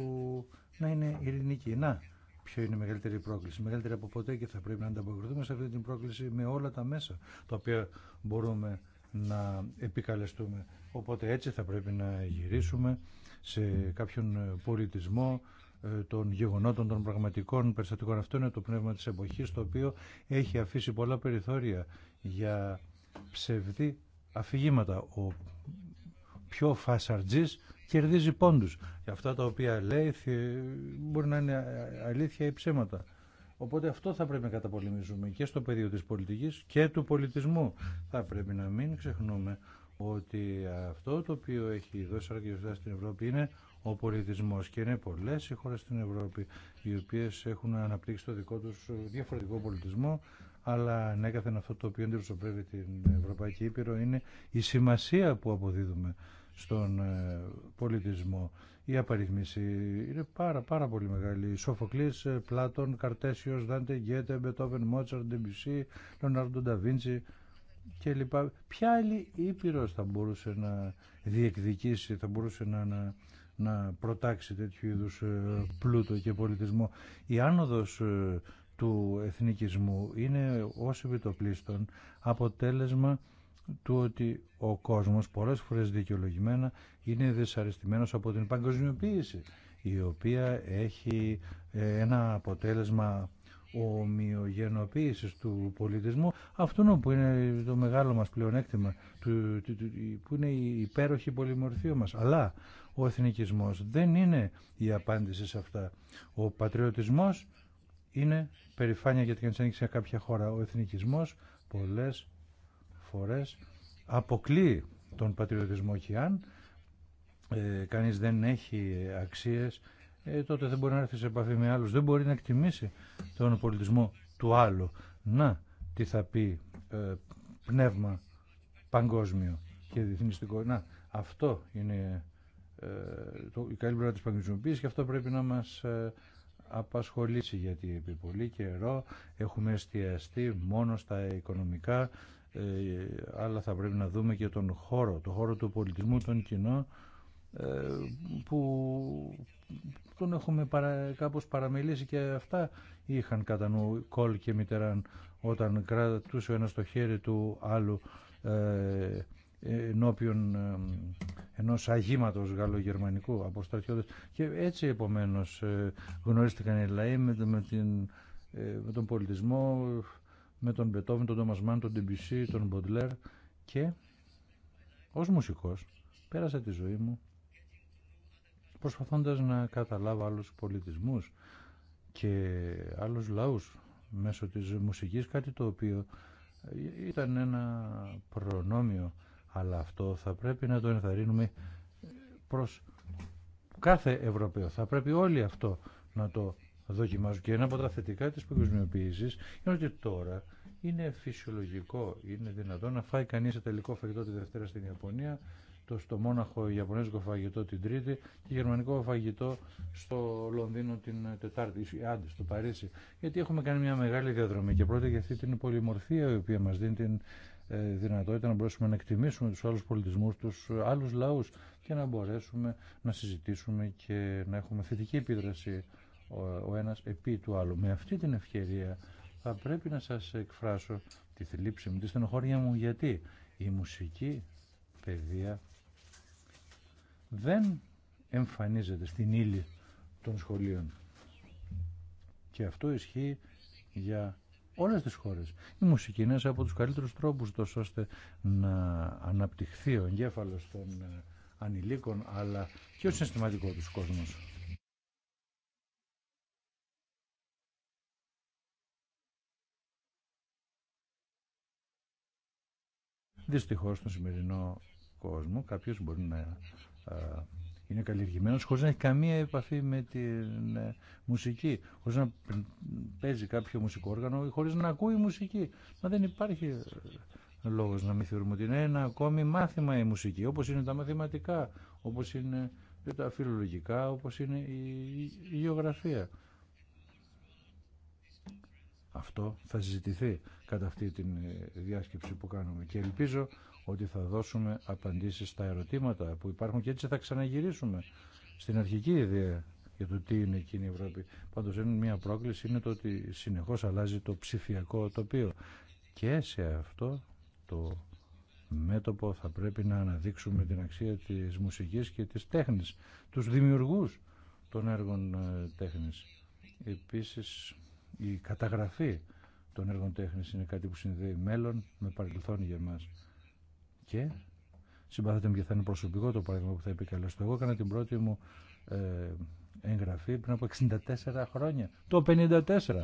να είναι ειρηνική. Να, ποιο είναι η μεγαλύτερη πρόκληση. Μεγαλύτερη από ποτέ και θα πρέπει να ανταποκριθούμε σε αυτή την πρόκληση με όλα τα μέσα τα οποία μπορούμε να επικαλεστούμε. Οπότε έτσι θα πρέπει να γυρίσουμε σε κάποιον πολιτισμό ε, των γεγονότων, των πραγματικών περιστατικών. Αυτό είναι το πνεύμα της εποχής, το οποίο έχει αφήσει πολλά περιθώρια για ψευδή αφηγήματα. Ο πιο φασαρτζής κερδίζει πόντους. Και αυτά τα οποία λέει μπορεί να είναι αλήθεια ή ψέματα. Οπότε αυτό θα πρέπει να καταπολεμήσουμε και στο πεδίο της πολιτικής και του πολιτισμού. Θα πρέπει να μην ξεχνούμε ότι αυτό το οποίο έχει δώσει αρκετά στην Ευρώπη είναι ο πολιτισμός και είναι πολλές οι χώρες στην Ευρώπη οι οποίες έχουν αναπτύξει το δικό τους διαφορετικό πολιτισμό αλλά ανέκαθεν ναι, αυτό το οποίο αντιπροσωπεύει την Ευρωπαϊκή Ήπειρο είναι η σημασία που αποδίδουμε στον ε, πολιτισμό. Η απαριθμίση είναι πάρα, πάρα πολύ μεγάλη. Σοφοκλής, ε, Πλάτων, Καρτέσιος, Δάντε, Γκέτε, Μπετόβεν, Μότσαρντ, Ντεμπισί, Λονάρντο Νταβίντσι κλπ. Ποια άλλη ήπειρος θα μπορούσε να διεκδικήσει, θα μπορούσε να, να, να προτάξει τέτοιου είδους ε, πλούτο και πολιτισμό. Η άνοδος του εθνικισμού είναι ως επιτοπλίστων αποτέλεσμα του ότι ο κόσμος πολλές φορές δικαιολογημένα είναι δυσαρεστημένος από την παγκοσμιοποίηση η οποία έχει ε, ένα αποτέλεσμα ομοιογενοποίησης του πολιτισμού αυτού που είναι το μεγάλο μας πλεονέκτημα που είναι η υπέροχη πολυμορφία μας αλλά ο εθνικισμός δεν είναι η απάντηση σε αυτά ο πατριωτισμός είναι περηφάνεια για την ανήκει σε κάποια χώρα ο εθνικισμός πολλές φορές αποκλεί τον πατριωτισμό και αν ε, κανείς δεν έχει αξίες ε, τότε δεν μπορεί να έρθει σε επαφή με άλλους δεν μπορεί να εκτιμήσει τον πολιτισμό του άλλου να τι θα πει ε, πνεύμα παγκόσμιο και διεθνιστικό να αυτό είναι ε, το, η καλή πλευρά της παγκοσμιοποίησης και αυτό πρέπει να μας ε, απασχολήσει γιατί επί πολύ καιρό έχουμε εστιαστεί μόνο στα οικονομικά ε, αλλά θα πρέπει να δούμε και τον χώρο, τον χώρο του πολιτισμού, τον κοινό, ε, που τον έχουμε παρα, κάπως παραμελήσει και αυτά είχαν κατά νου Κόλ και Μιτεράν όταν κρατούσε ο ένας το χέρι του άλλου ε, ενώπιον ε, ενός αγήματος γαλλογερμανικού από στρατιώτες και έτσι επομένως ε, γνωρίστηκαν οι λαοί με, με ε, τον πολιτισμό με τον Μπετόβεν, τον Τόμας Μάν, τον Ντεμπισί, τον Μποντλέρ και ως μουσικός πέρασα τη ζωή μου προσπαθώντας να καταλάβω άλλους πολιτισμούς και άλλους λαούς μέσω της μουσικής, κάτι το οποίο ήταν ένα προνόμιο, αλλά αυτό θα πρέπει να το ενθαρρύνουμε προς κάθε Ευρωπαίο. Θα πρέπει όλοι αυτό να το δοκιμάζουν. Και ένα από τα θετικά τη παγκοσμιοποίηση είναι ότι τώρα είναι φυσιολογικό, είναι δυνατό να φάει κανεί σε τελικό φαγητό τη Δευτέρα στην Ιαπωνία, το στο Μόναχο Ιαπωνέζικο φαγητό την Τρίτη και γερμανικό φαγητό στο Λονδίνο την Τετάρτη, ή άντε στο Παρίσι. Γιατί έχουμε κάνει μια μεγάλη διαδρομή και πρώτα για αυτή την πολυμορφία η οποία μας δίνει την πολυμορφια η οποια μα δινει την δυνατοτητα να μπορέσουμε να εκτιμήσουμε τους άλλους πολιτισμούς, τους άλλους λαούς και να μπορέσουμε να συζητήσουμε και να έχουμε θετική επίδραση ο ένας επί του άλλου. Με αυτή την ευκαιρία θα πρέπει να σας εκφράσω τη θλίψη μου, τη στενοχώρια μου, γιατί η μουσική παιδεία δεν εμφανίζεται στην ύλη των σχολείων. Και αυτό ισχύει για όλες τις χώρες. Η μουσική είναι από τους καλύτερους τρόπους τόσο ώστε να αναπτυχθεί ο εγκέφαλος των ε, ανηλίκων αλλά και ο συστηματικό του κόσμος. Δυστυχώς στον σημερινό κόσμο κάποιος μπορεί να είναι καλλιεργημένος χωρίς να έχει καμία επαφή με τη ε, μουσική, χωρίς να παίζει κάποιο μουσικό όργανο ή χωρίς να ακούει μουσική. Μα δεν υπάρχει ε, λόγος να μην θεωρούμε ότι είναι ένα ακόμη μάθημα η μουσική, όπως είναι τα μαθηματικά, όπως είναι τα φιλολογικά, όπως είναι η γεωγραφία. Αυτό θα συζητηθεί κατά αυτή τη ε, διάσκεψη που κάνουμε και ελπίζω ότι θα δώσουμε απαντήσεις στα ερωτήματα που υπάρχουν και έτσι θα ξαναγυρίσουμε στην αρχική ιδέα για το τι είναι εκείνη η Ευρώπη. Πάντως είναι μια πρόκληση είναι το ότι συνεχώς αλλάζει το ψηφιακό τοπίο και σε αυτό το μέτωπο θα πρέπει να αναδείξουμε την αξία της μουσικής και της τέχνης, τους δημιουργούς των έργων ε, τέχνης. Επίσης η καταγραφή των έργων τέχνης είναι κάτι που συνδέει μέλλον με παρελθόν για μας. Και συμπαθάτε με και θα είναι προσωπικό το παράδειγμα που θα επικαλέσω. Εγώ έκανα την πρώτη μου ε, εγγραφή πριν από 64 χρόνια. Το 54.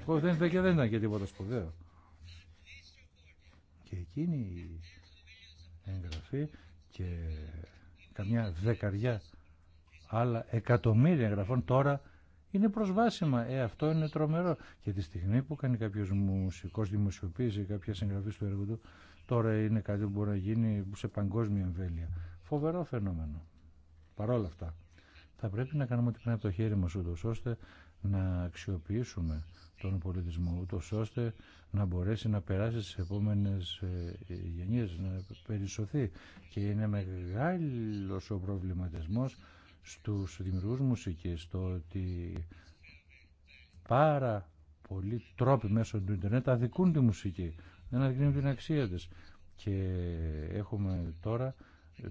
Εγώ δεν, και δεν ήταν και τίποτα σπουδαίο. Και εκείνη η εγγραφή και καμιά δεκαριά άλλα εκατομμύρια εγγραφών τώρα είναι προσβάσιμα. Ε, αυτό είναι τρομερό. Και τη στιγμή που κάνει κάποιο μουσικός δημοσιοποίηση κάποια συγγραφή στο έργο του, τώρα είναι κάτι που μπορεί να γίνει σε παγκόσμια εμβέλεια. Φοβερό φαινόμενο. Παρ' όλα αυτά, θα πρέπει να κάνουμε ό,τι πρέπει από το χέρι μα, ούτω ώστε να αξιοποιήσουμε τον πολιτισμό, ούτω ώστε να μπορέσει να περάσει στι επόμενε ε, γενίε, να περισσωθεί. Και είναι μεγάλο ο προβληματισμό στους δημιουργούς μουσικής το ότι πάρα πολλοί τρόποι μέσω του ίντερνετ αδικούν τη μουσική δεν αδικούν την αξία της και έχουμε τώρα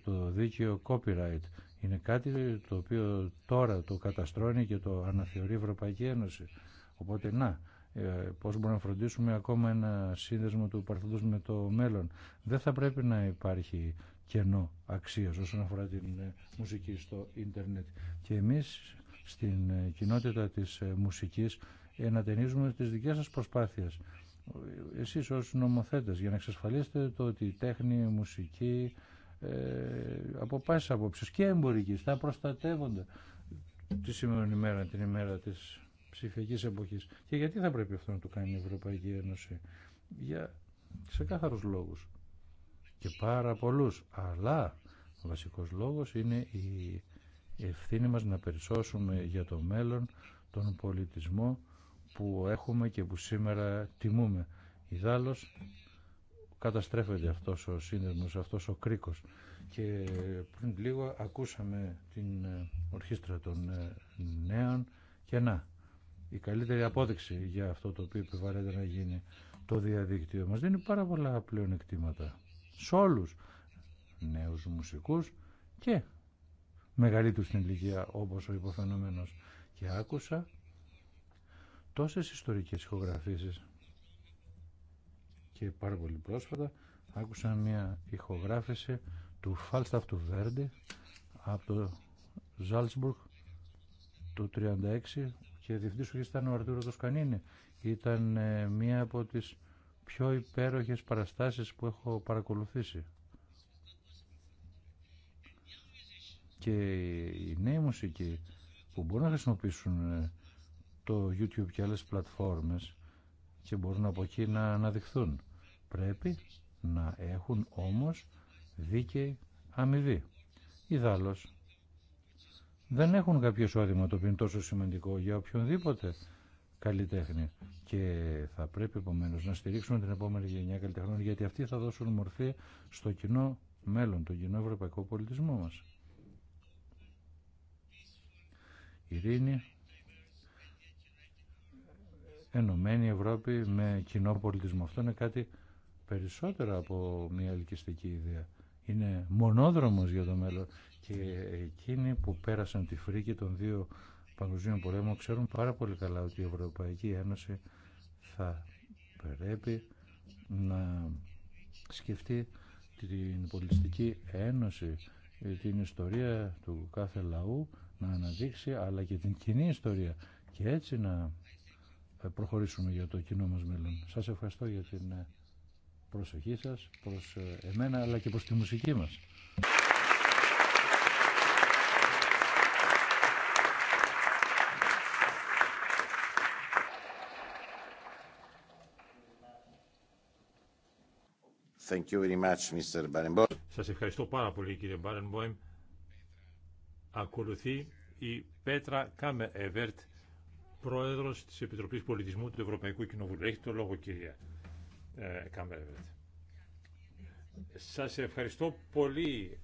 το δίκαιο copyright είναι κάτι το οποίο τώρα το καταστρώνει και το αναθεωρεί η Ευρωπαϊκή Ένωση οπότε να ε, πώς μπορούμε να φροντίσουμε ακόμα ένα σύνδεσμο του παρελθόντος με το μέλλον. Δεν θα πρέπει να υπάρχει κενό αξίας όσον αφορά την ε, μουσική στο ίντερνετ. Και εμείς στην ε, κοινότητα της ε, μουσικής ενατενίζουμε τις δικές σας προσπάθειες. Εσείς ως νομοθέτες για να εξασφαλίσετε το ότι η τέχνη, η μουσική, ε, από πάση απόψεις και εμπορική θα προστατεύονται τη σημερινή ημέρα, την ημέρα της ψηφιακής εποχής. Και γιατί θα πρέπει αυτό να το κάνει η Ευρωπαϊκή Ένωση. Για κάθαρους λόγους και πάρα πολλούς. Αλλά ο βασικός λόγος είναι η ευθύνη μας να περισσώσουμε για το μέλλον τον πολιτισμό που έχουμε και που σήμερα τιμούμε. Ιδάλλως καταστρέφεται αυτός ο σύνδεσμος, αυτός ο κρίκος. Και πριν λίγο ακούσαμε την ε, ορχήστρα των ε, νέων και να, η καλύτερη απόδειξη για αυτό το οποίο επιβαρέται να γίνει το διαδίκτυο μας δίνει πάρα πολλά πλέον σε όλους, νέους μουσικούς και μεγαλύτερους στην ηλικία όπως ο υποφαινομένος. Και άκουσα τόσες ιστορικές ηχογραφήσεις και πάρα πολύ πρόσφατα άκουσα μια ηχογράφηση του Falstaff του Βέρντι από το Ζάλτσμπουργκ του 36 και διευθυντής ήταν ο Αρτούρο Ήταν μία από τις πιο υπέροχες παραστάσεις που έχω παρακολουθήσει. Και οι νέοι μουσικοί που μπορούν να χρησιμοποιήσουν ε, το YouTube και άλλες πλατφόρμες και μπορούν από εκεί να αναδειχθούν. Πρέπει να έχουν όμως δίκαιη αμοιβή. Ιδάλλως, δεν έχουν κάποιο εισόδημα το οποίο είναι τόσο σημαντικό για οποιονδήποτε καλλιτέχνη. Και θα πρέπει επομένω να στηρίξουμε την επόμενη γενιά καλλιτεχνών, γιατί αυτοί θα δώσουν μορφή στο κοινό μέλλον, τον κοινό ευρωπαϊκό πολιτισμό μας. Ειρήνη, ενωμένη Ευρώπη με κοινό πολιτισμό. Αυτό είναι κάτι περισσότερο από μια ελκυστική ιδέα. Είναι μονόδρομος για το μέλλον και εκείνοι που πέρασαν τη φρίκη των δύο παγκοσμίων πολέμων ξέρουν πάρα πολύ καλά ότι η Ευρωπαϊκή Ένωση θα πρέπει να σκεφτεί την πολιτιστική ένωση, την ιστορία του κάθε λαού να αναδείξει, αλλά και την κοινή ιστορία και έτσι να προχωρήσουμε για το κοινό μας μέλλον. Σας ευχαριστώ για την προσοχή σας προς εμένα αλλά και προς τη μουσική μας. Thank Σας ευχαριστώ πάρα πολύ κύριε Μπάρενμποεμ. Ακολουθεί η Πέτρα Κάμε Εβέρτ, πρόεδρος της Επιτροπής Πολιτισμού του Ευρωπαϊκού Κοινοβουλίου. Έχει το λόγο κυρία ε, Κάμε Εβέρτ. Σας ευχαριστώ πολύ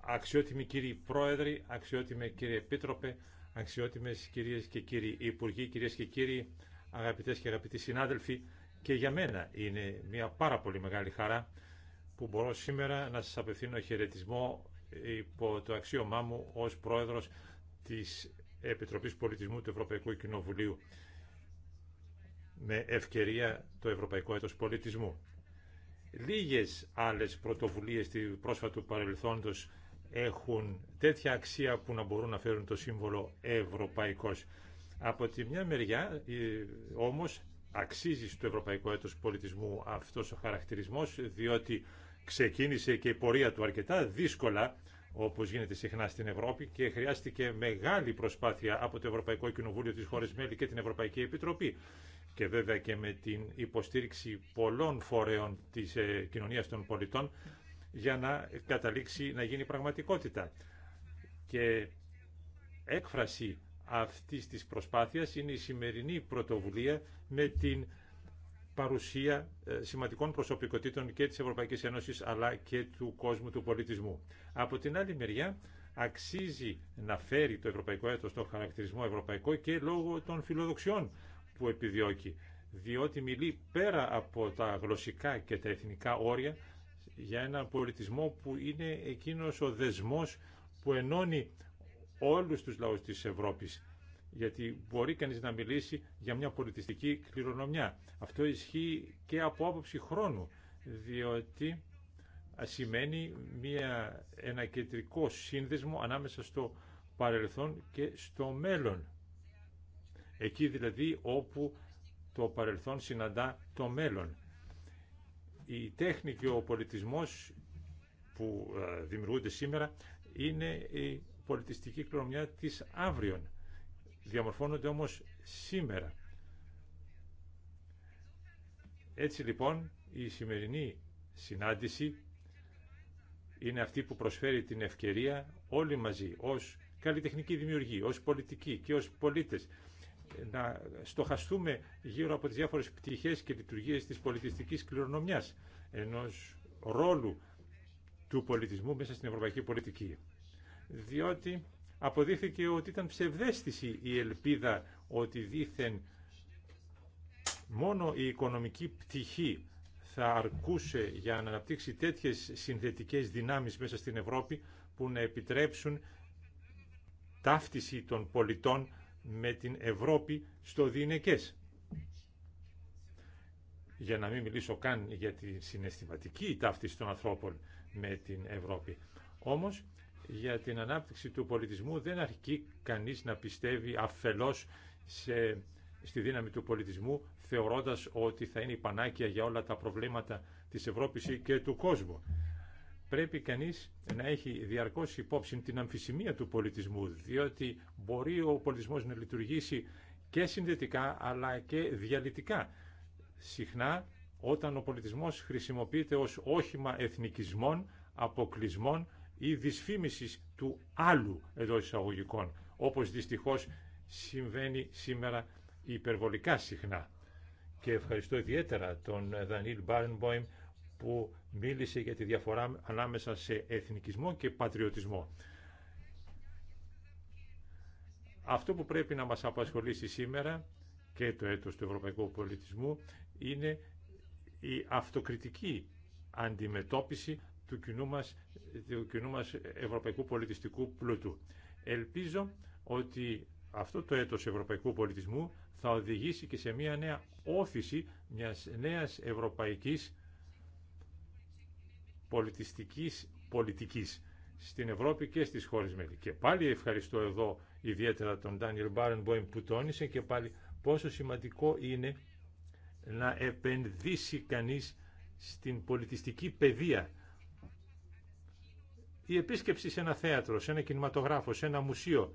αξιότιμη κύριε πρόεδροι, αξιότιμη κύριε επίτροπε, αξιότιμες κυρίες και κύριοι υπουργοί, κυρίες και κύριοι, αγαπητές και αγαπητοί συνάδελφοι και για μένα είναι μια πάρα πολύ μεγάλη χαρά που μπορώ σήμερα να σας απευθύνω χαιρετισμό υπό το αξίωμά μου ως πρόεδρος της Επιτροπής Πολιτισμού του Ευρωπαϊκού Κοινοβουλίου με ευκαιρία το Ευρωπαϊκό Έτος Πολιτισμού. Λίγες άλλες πρωτοβουλίες του πρόσφατου παρελθόντος έχουν τέτοια αξία που να μπορούν να φέρουν το σύμβολο ευρωπαϊκός. Από τη μια μεριά ε, όμως αξίζει στο Ευρωπαϊκό Έτος Πολιτισμού αυτός ο χαρακτηρισμός, διότι ξεκίνησε και η πορεία του αρκετά δύσκολα, όπως γίνεται συχνά στην Ευρώπη, και χρειάστηκε μεγάλη προσπάθεια από το Ευρωπαϊκό Κοινοβούλιο της χώρας μέλη και την Ευρωπαϊκή Επιτροπή. Και βέβαια και με την υποστήριξη πολλών φορέων της ε, κοινωνίας των πολιτών, για να καταλήξει να γίνει πραγματικότητα. Και έκφραση αυτής της προσπάθειας είναι η σημερινή πρωτοβουλία με την παρουσία ε, σημαντικών προσωπικότητων και της Ευρωπαϊκής Ένωσης αλλά και του κόσμου του πολιτισμού. Από την άλλη μεριά αξίζει να φέρει το ευρωπαϊκό έτος τον χαρακτηρισμό ευρωπαϊκό και λόγω των φιλοδοξιών που επιδιώκει διότι μιλεί πέρα από τα γλωσσικά και τα εθνικά όρια για έναν πολιτισμό που είναι εκείνος ο δεσμός που ενώνει όλους τους λαούς της Ευρώπης. Γιατί μπορεί κανείς να μιλήσει για μια πολιτιστική κληρονομιά. Αυτό ισχύει και από άποψη χρόνου, διότι σημαίνει μια, ένα κεντρικό σύνδεσμο ανάμεσα στο παρελθόν και στο μέλλον. Εκεί δηλαδή όπου το παρελθόν συναντά το μέλλον. Η τέχνη και ο πολιτισμός που ε, δημιουργούνται σήμερα είναι πολιτιστική κληρονομιά της αύριον. Διαμορφώνονται όμως σήμερα. Έτσι λοιπόν η σημερινή συνάντηση είναι αυτή που προσφέρει την ευκαιρία όλοι μαζί ως καλλιτεχνική δημιουργή, ως πολιτικοί και ως πολίτες να στοχαστούμε γύρω από τις διάφορες πτυχές και λειτουργίες της πολιτιστικής κληρονομιάς ενός ρόλου του πολιτισμού μέσα στην ευρωπαϊκή πολιτική διότι αποδείχθηκε ότι ήταν ψευδέστηση η ελπίδα ότι δήθεν μόνο η οικονομική πτυχή θα αρκούσε για να αναπτύξει τέτοιες συνθετικές δυνάμεις μέσα στην Ευρώπη που να επιτρέψουν ταύτιση των πολιτών με την Ευρώπη στο διηνεκές. Για να μην μιλήσω καν για τη συναισθηματική ταύτιση των ανθρώπων με την Ευρώπη. Όμως για την ανάπτυξη του πολιτισμού δεν αρκεί κανείς να πιστεύει αφελώς σε, στη δύναμη του πολιτισμού θεωρώντας ότι θα είναι η πανάκια για όλα τα προβλήματα της Ευρώπης και του κόσμου. Πρέπει κανείς να έχει διαρκώς υπόψη την αμφισημία του πολιτισμού διότι μπορεί ο πολιτισμός να λειτουργήσει και συνδετικά αλλά και διαλυτικά. Συχνά όταν ο πολιτισμός χρησιμοποιείται ως όχημα εθνικισμών, αποκλεισμών ή δυσφήμιση του άλλου εντό εισαγωγικών, όπως δυστυχώς συμβαίνει σήμερα υπερβολικά συχνά. Και ευχαριστώ ιδιαίτερα τον Δανίλ Μπάρνμποιμ που μίλησε για τη διαφορά ανάμεσα σε εθνικισμό και πατριωτισμό. Αυτό που πρέπει να μας απασχολήσει σήμερα και το έτος του ευρωπαϊκού πολιτισμού είναι η αυτοκριτική αντιμετώπιση του κοινού μας, του κοινού ευρωπαϊκού πολιτιστικού πλούτου. Ελπίζω ότι αυτό το έτος ευρωπαϊκού πολιτισμού θα οδηγήσει και σε μια νέα όθηση μιας νέας ευρωπαϊκής πολιτιστικής πολιτικής στην Ευρώπη και στις χώρες μέλη. Και πάλι ευχαριστώ εδώ ιδιαίτερα τον Ντάνιελ Μπάρενμποιμ που τόνισε και πάλι πόσο σημαντικό είναι να επενδύσει κανείς στην πολιτιστική παιδεία η επίσκεψη σε ένα θέατρο, σε ένα κινηματογράφο, σε ένα μουσείο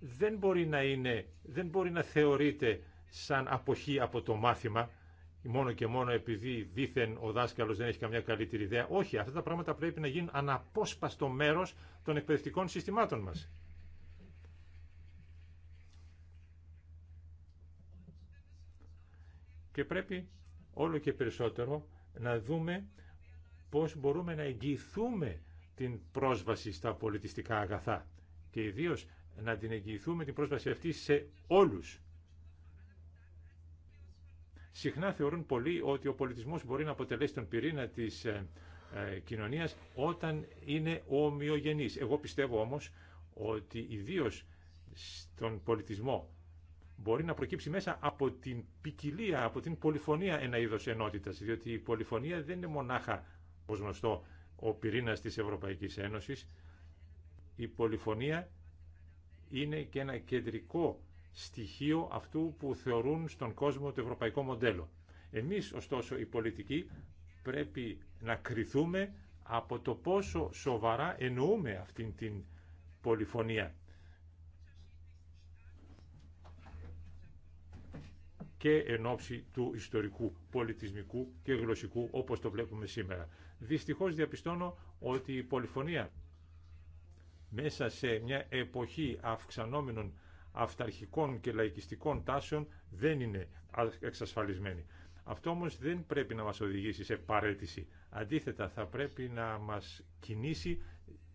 δεν μπορεί να είναι, δεν μπορεί να θεωρείται σαν αποχή από το μάθημα μόνο και μόνο επειδή δήθεν ο δάσκαλος δεν έχει καμιά καλύτερη ιδέα. Όχι, αυτά τα πράγματα πρέπει να γίνουν αναπόσπαστο μέρος των εκπαιδευτικών συστημάτων μας. Και πρέπει όλο και περισσότερο να δούμε πώς μπορούμε να εγγυηθούμε την πρόσβαση στα πολιτιστικά αγαθά και ιδίως να την εγγυηθούμε την πρόσβαση αυτή σε όλους. Συχνά θεωρούν πολλοί ότι ο πολιτισμός μπορεί να αποτελέσει τον πυρήνα της ε, ε, κοινωνίας όταν είναι ομοιογενής. Εγώ πιστεύω όμως ότι ιδίως στον πολιτισμό μπορεί να προκύψει μέσα από την ποικιλία, από την πολυφωνία ένα είδος ενότητας, διότι η πολυφωνία δεν είναι μονάχα, ως γνωστό, ο πυρήνας της Ευρωπαϊκής Ένωσης, η πολυφωνία είναι και ένα κεντρικό στοιχείο αυτού που θεωρούν στον κόσμο το ευρωπαϊκό μοντέλο. Εμείς, ωστόσο, οι πολιτικοί πρέπει να κριθούμε από το πόσο σοβαρά εννοούμε αυτήν την πολυφωνία. και εν του ιστορικού, πολιτισμικού και γλωσσικού όπως το βλέπουμε σήμερα. Δυστυχώς διαπιστώνω ότι η πολυφωνία μέσα σε μια εποχή αυξανόμενων αυταρχικών και λαϊκιστικών τάσεων δεν είναι εξασφαλισμένη. Αυτό όμως δεν πρέπει να μας οδηγήσει σε παρέτηση. Αντίθετα θα πρέπει να μας κινήσει,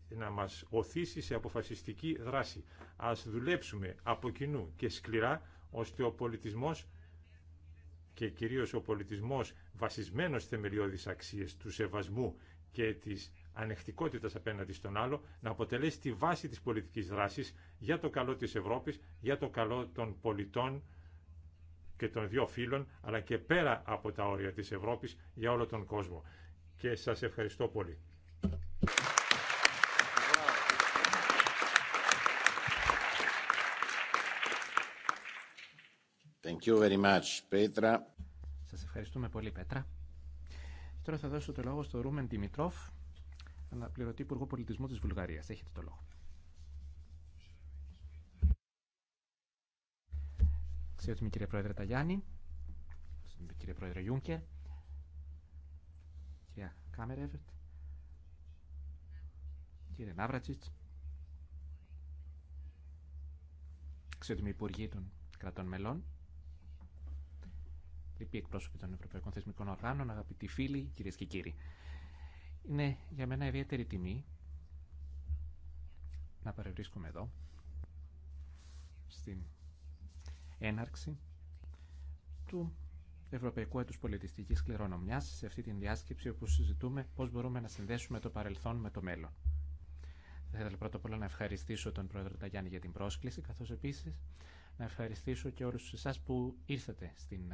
να μας οθήσει σε αποφασιστική δράση. Ας δουλέψουμε από κοινού και σκληρά ώστε ο πολιτισμός και κυρίως ο πολιτισμός βασισμένος στις θεμελιώδεις αξίες του σεβασμού και της ανεκτικότητας απέναντι στον άλλο να αποτελέσει τη βάση της πολιτικής δράσης για το καλό της Ευρώπης, για το καλό των πολιτών και των δύο φίλων, αλλά και πέρα από τα όρια της Ευρώπης για όλο τον κόσμο. Και σας ευχαριστώ πολύ. Thank Σας ευχαριστούμε πολύ, Πέτρα. Τώρα θα δώσω το λόγο στο Ρούμεν Τιμητρόφ, αναπληρωτή Υπουργό Πολιτισμού της Βουλγαρίας. Έχετε το λόγο. Ξέρετε, κύριε Πρόεδρε Ταγιάννη, κύριε Πρόεδρε Γιούνκερ, κυρία Κάμερεβερτ, κύριε Ναύρατσιτς, ξέρετε, Υπουργοί των Κρατών Μελών, Λοιποί εκπρόσωποι των Ευρωπαϊκών Θεσμικών Οργάνων, αγαπητοί φίλοι, κυρίε και κύριοι. Είναι για μένα ιδιαίτερη τιμή να παρευρίσκομαι εδώ στην έναρξη του Ευρωπαϊκού Έτου Πολιτιστική Κληρονομιά σε αυτή την διάσκεψη όπου συζητούμε πώ μπορούμε να συνδέσουμε το παρελθόν με το μέλλον. Θα ήθελα πρώτα απ' όλα να ευχαριστήσω τον Πρόεδρο Ταγιάννη για την πρόσκληση, καθώ επίση να ευχαριστήσω και όλου εσά που ήρθατε στην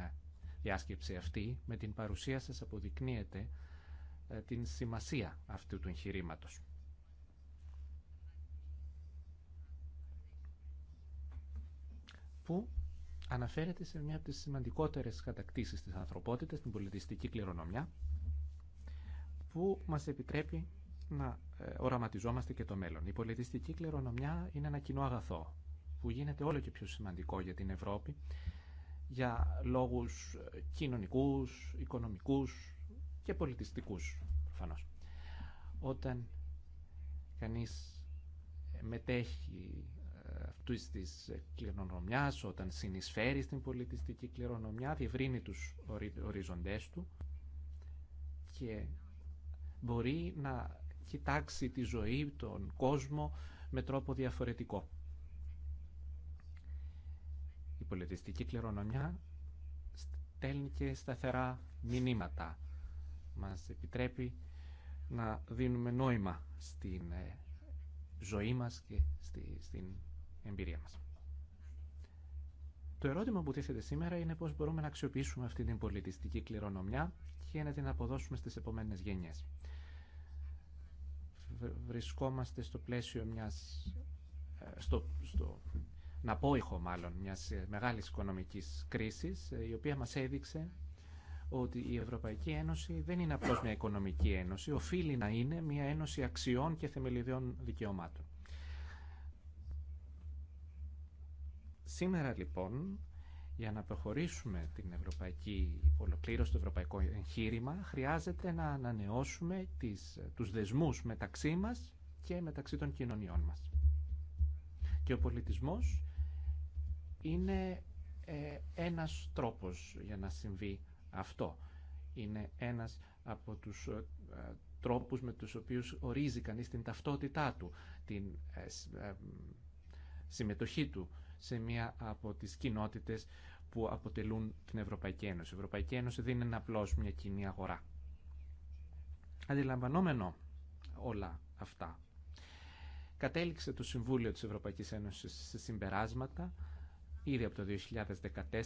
διάσκεψη αυτή, με την παρουσία σας αποδεικνύεται ε, την σημασία αυτού του εγχειρήματο. που αναφέρεται σε μια από τις σημαντικότερες κατακτήσεις της ανθρωπότητας, την πολιτιστική κληρονομιά, που μας επιτρέπει να ε, οραματιζόμαστε και το μέλλον. Η πολιτιστική κληρονομιά είναι ένα κοινό αγαθό που γίνεται όλο και πιο σημαντικό για την Ευρώπη για λόγους ε, κοινωνικούς, οικονομικούς και πολιτιστικούς προφανώς. Όταν κανείς ε, μετέχει ε, αυτού της κληρονομιάς, όταν συνεισφέρει στην πολιτιστική κληρονομιά, διευρύνει τους οριζοντές του και μπορεί να κοιτάξει τη ζωή, τον κόσμο με τρόπο διαφορετικό πολιτιστική κληρονομιά στέλνει και σταθερά μηνύματα. Μας επιτρέπει να δίνουμε νόημα στην ε, ζωή μας και στη, στην εμπειρία μας. Το ερώτημα που τίθεται σήμερα είναι πώς μπορούμε να αξιοποιήσουμε αυτή την πολιτιστική κληρονομιά και να την αποδώσουμε στις επόμενες γενιές. Βρισκόμαστε στο πλαίσιο μιας, ε, στο, στο να απόϊχο μάλλον μιας ε, μεγάλης οικονομικής κρίσης ε, η οποία μας έδειξε ότι η Ευρωπαϊκή Ένωση δεν είναι απλώς μια οικονομική ένωση, οφείλει να είναι μια ένωση αξιών και θεμελιδιών δικαιωμάτων. Σήμερα λοιπόν, για να προχωρήσουμε την ευρωπαϊκή ολοκλήρωση, το ευρωπαϊκό εγχείρημα, χρειάζεται να ανανεώσουμε τις, ε, τους δεσμούς μεταξύ μας και μεταξύ των κοινωνιών μας. Και ο πολιτισμός είναι ε, ένας τρόπος για να συμβεί αυτό. Είναι ένας από τους ε, τρόπους με τους οποίους ορίζει κανείς την ταυτότητά του, την ε, συμμετοχή του σε μία από τις κοινότητες που αποτελούν την Ευρωπαϊκή Ένωση. Η Ευρωπαϊκή Ένωση δεν είναι απλώς μια κοινή αγορά. Αντιλαμβανόμενο όλα αυτά, κατέληξε το Συμβούλιο της Ευρωπαϊκής Ένωσης σε συμπεράσματα ήδη από το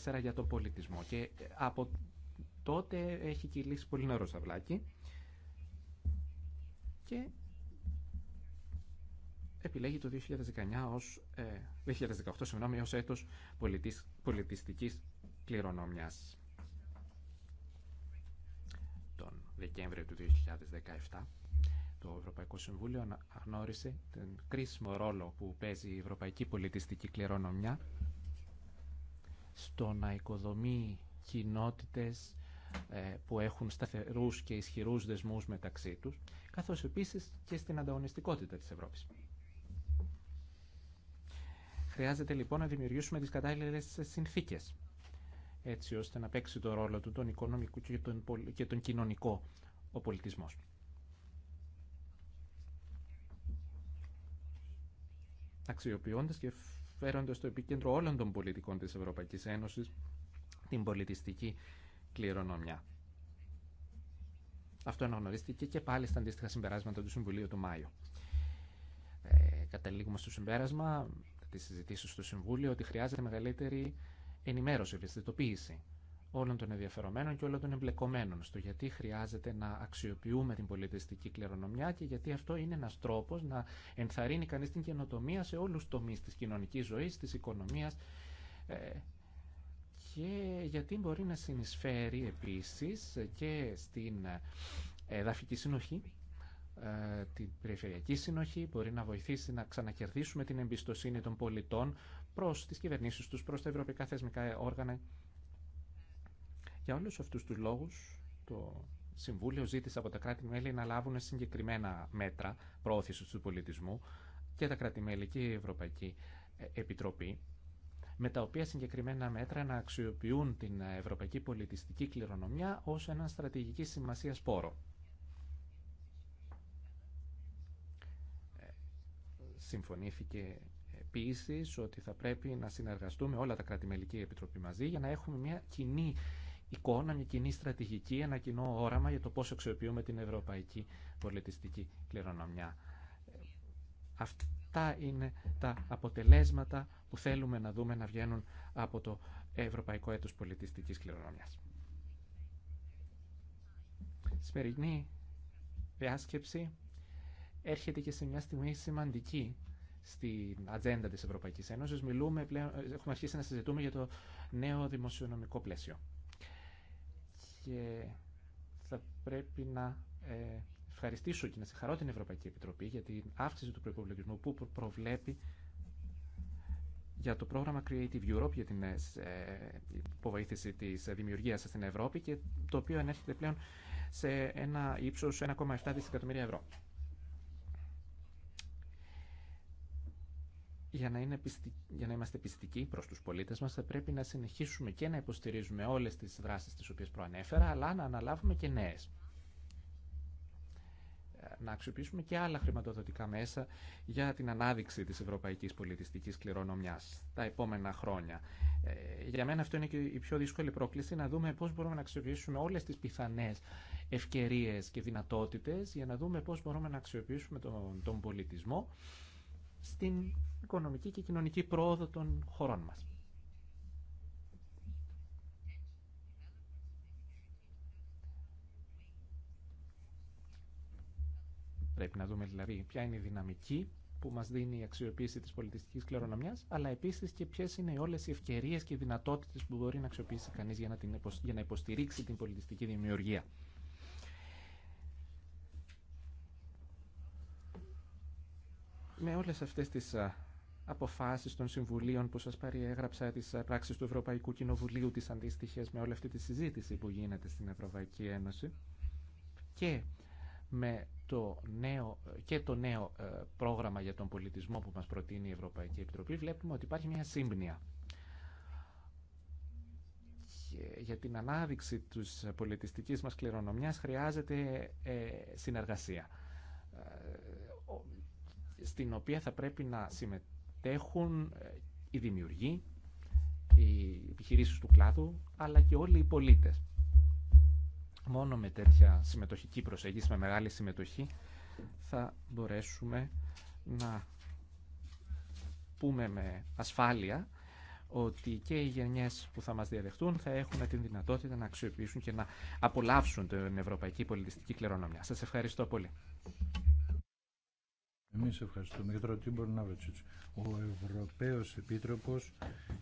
2014 για τον πολιτισμό και από τότε έχει κυλήσει πολύ νερό σαυλάκι και επιλέγει το 2019 ως, ε, 2018 συγγνώμη, ως έτος πολιτισ, πολιτιστικής κληρονομιάς. Τον Δεκέμβριο του 2017 το Ευρωπαϊκό Συμβούλιο αναγνώρισε τον κρίσιμο ρόλο που παίζει η Ευρωπαϊκή Πολιτιστική Κληρονομιά στο να οικοδομεί κοινότητες ε, που έχουν σταθερούς και ισχυρούς δεσμούς μεταξύ τους, καθώς επίσης και στην ανταγωνιστικότητα της Ευρώπης. Χρειάζεται λοιπόν να δημιουργήσουμε τις κατάλληλες συνθήκες, έτσι ώστε να παίξει το ρόλο του τον οικονομικό και τον, και τον κοινωνικό ο πολιτισμός. Αξιοποιώντας και φέροντας στο επίκεντρο όλων των πολιτικών της Ευρωπαϊκής Ένωσης την πολιτιστική κληρονομιά. Αυτό αναγνωρίστηκε και πάλι στα αντίστοιχα συμπεράσματα του Συμβουλίου του Μάιο. Ε, καταλήγουμε στο συμπέρασμα τη συζητήσεως στο Συμβούλιο ότι χρειάζεται μεγαλύτερη ενημέρωση, ευαισθητοποίηση όλων των ενδιαφερομένων και όλων των εμπλεκομένων στο γιατί χρειάζεται να αξιοποιούμε την πολιτιστική κληρονομιά και γιατί αυτό είναι ένας τρόπος να ενθαρρύνει κανείς την καινοτομία σε όλους τους τομείς της κοινωνικής ζωής, της οικονομίας ε, και γιατί μπορεί να συνεισφέρει επίσης και στην εδαφική συνοχή ε, την περιφερειακή συνοχή, μπορεί να βοηθήσει να ξανακερδίσουμε την εμπιστοσύνη των πολιτών προς τις κυβερνήσεις τους, προς τα ευρωπαϊκά θεσμικά όργανα για όλους αυτούς τους λόγους, το Συμβούλιο ζήτησε από τα κράτη-μέλη να λάβουν συγκεκριμένα μέτρα προώθησης του πολιτισμού και τα κράτη-μέλη και η Ευρωπαϊκή ε, Επιτροπή, με τα οποία συγκεκριμένα μέτρα να αξιοποιούν την ευρωπαϊκή πολιτιστική κληρονομιά ως ένα στρατηγική σημασία πόρο. Ε, συμφωνήθηκε επίση ότι θα πρέπει να συνεργαστούμε όλα τα η επιτροπή μαζί για να έχουμε μια κοινή εικόνα, μια κοινή στρατηγική, ένα κοινό όραμα για το πώς αξιοποιούμε την ευρωπαϊκή πολιτιστική κληρονομιά. Αυτά είναι τα αποτελέσματα που θέλουμε να δούμε να βγαίνουν από το Ευρωπαϊκό Έτος Πολιτιστικής Κληρονομιάς. Σημερινή διάσκεψη έρχεται και σε μια στιγμή σημαντική στην ατζέντα της Ευρωπαϊκής Ένωσης. Μιλούμε έχουμε αρχίσει να συζητούμε για το νέο δημοσιονομικό πλαίσιο και θα πρέπει να ε, ευχαριστήσω και να συγχαρώ την Ευρωπαϊκή Επιτροπή για την αύξηση του προπολογισμού που προβλέπει για το πρόγραμμα Creative Europe για την ε, ε, υποβοήθηση της δημιουργίας στην Ευρώπη και το οποίο ανέρχεται πλέον σε ένα ύψος 1,7 δισεκατομμύρια ευρώ. για να, είναι για να είμαστε πιστικοί προς τους πολίτες μας θα πρέπει να συνεχίσουμε και να υποστηρίζουμε όλες τις δράσεις τις οποίες προανέφερα αλλά να αναλάβουμε και νέες. Ε, να αξιοποιήσουμε και άλλα χρηματοδοτικά μέσα για την ανάδειξη της ευρωπαϊκής πολιτιστικής κληρονομιάς τα επόμενα χρόνια. Ε, για μένα αυτό είναι και η πιο δύσκολη πρόκληση να δούμε πώς μπορούμε να αξιοποιήσουμε όλες τις πιθανές ευκαιρίες και δυνατότητες για να δούμε πώς μπορούμε να αξιοποιήσουμε τον, τον πολιτισμό στην οικονομική και κοινωνική πρόοδο των χωρών μας. Πρέπει να δούμε δηλαδή ποια είναι η δυναμική που μας δίνει η αξιοποίηση της πολιτιστικής κληρονομιάς, αλλά επίσης και ποιες είναι όλες οι ευκαιρίες και οι δυνατότητες που μπορεί να αξιοποιήσει κανείς για να, για να υποστηρίξει την πολιτιστική δημιουργία. με όλες αυτές τις αποφάσεις των συμβουλίων που σας παριέγραψα, τις πράξεις του Ευρωπαϊκού Κοινοβουλίου, τις αντίστοιχες με όλη αυτή τη συζήτηση που γίνεται στην Ευρωπαϊκή Ένωση και με το νέο, και το νέο ε, πρόγραμμα για τον πολιτισμό που μας προτείνει η Ευρωπαϊκή Επιτροπή βλέπουμε ότι υπάρχει μια σύμπνοια για την ανάδειξη της πολιτιστικής μας κληρονομιάς χρειάζεται ε, συνεργασία ε, στην οποία θα πρέπει να συμμετέχουν ε, οι δημιουργοί, οι επιχειρήσεις του κλάδου, αλλά και όλοι οι πολίτες. Μόνο με τέτοια συμμετοχική προσέγγιση, με μεγάλη συμμετοχή, θα μπορέσουμε να πούμε με ασφάλεια ότι και οι γενιές που θα μας διαδεχτούν θα έχουν την δυνατότητα να αξιοποιήσουν και να απολαύσουν την ευρωπαϊκή πολιτιστική κληρονομιά. Σας ευχαριστώ πολύ. Εμείς ευχαριστούμε για τώρα βρεις ο Ευρωπαίος Επίτροπος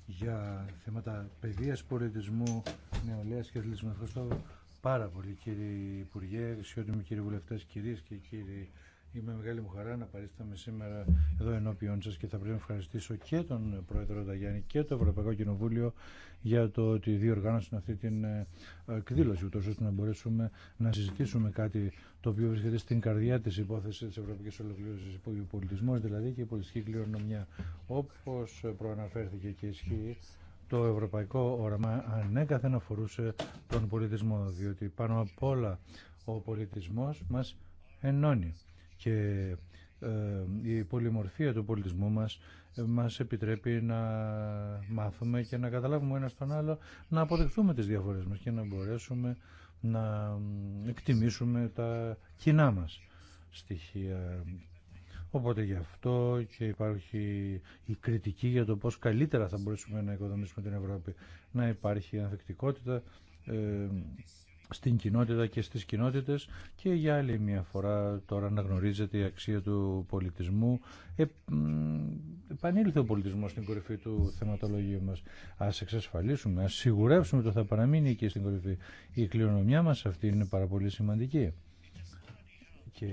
για θέματα παιδείας, πολιτισμού, νεολαίας και αθλητισμού. Ευχαριστώ πάρα πολύ κύριε Υπουργέ, αξιότιμοι κύριοι βουλευτές, κυρίες και κύριοι. Είμαι μεγάλη μου χαρά να παρίσταμε σήμερα εδώ ενώπιον σα και θα πρέπει να ευχαριστήσω και τον Πρόεδρο Ταγιάννη και το Ευρωπαϊκό Κοινοβούλιο για το ότι διοργάνωσαν αυτή την ε, εκδήλωση ούτω ώστε να μπορέσουμε να συζητήσουμε κάτι το οποίο βρίσκεται στην καρδιά της υπόθεση τη Ευρωπαϊκής Ολοκλήρωσης ο πολιτισμός δηλαδή και η πολιτική κληρονομιά Όπω προαναφέρθηκε και ισχύει το ευρωπαϊκό όραμα ανέκαθεν αφορούσε τον πολιτισμό διότι πάνω απ' όλα ο πολιτισμό μα ενώνει και ε, η πολυμορφία του πολιτισμού μας ε, μας επιτρέπει να μάθουμε και να καταλάβουμε ένα τον άλλο, να αποδεχθούμε τις διαφορές μας και να μπορέσουμε να εκτιμήσουμε τα κοινά μας στοιχεία. Οπότε γι' αυτό και υπάρχει η κριτική για το πώς καλύτερα θα μπορέσουμε να οικοδομήσουμε την Ευρώπη. Να υπάρχει ανθεκτικότητα, ε, στην κοινότητα και στις κοινότητες και για άλλη μια φορά τώρα να γνωρίζεται η αξία του πολιτισμού. Ε, επανήλθε ο πολιτισμός στην κορυφή του θεματολογίου μας. Ας εξασφαλίσουμε, ας σιγουρεύσουμε ότι θα παραμείνει και στην κορυφή. Η κληρονομιά μας αυτή είναι πάρα πολύ σημαντική και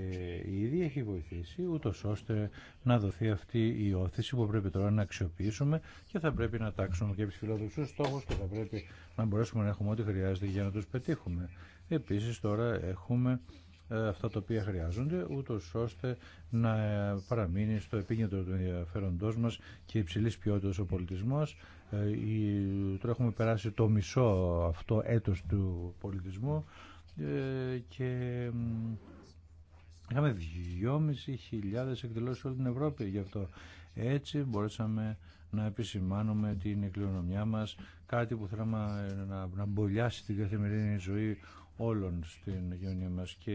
ήδη έχει βοηθήσει ούτω ώστε να δοθεί αυτή η όθηση που πρέπει τώρα να αξιοποιήσουμε και θα πρέπει να τάξουμε και τις φιλοδοξούς στόχους και θα πρέπει να μπορέσουμε να έχουμε ό,τι χρειάζεται για να τους πετύχουμε. Επίσης τώρα έχουμε ε, αυτά τα οποία χρειάζονται, ούτω ώστε να παραμείνει στο επίκεντρο του ενδιαφέροντό μα και υψηλή ποιότητα ο πολιτισμό. Ε, τώρα έχουμε περάσει το μισό αυτό έτος του πολιτισμού ε, και Είχαμε 2.500 εκδηλώσει σε όλη την Ευρώπη γι' αυτό. Έτσι μπορέσαμε να επισημάνουμε την κληρονομιά μας, κάτι που θέλαμε να, να μπολιάσει την καθημερινή ζωή όλων στην κοινωνία μας και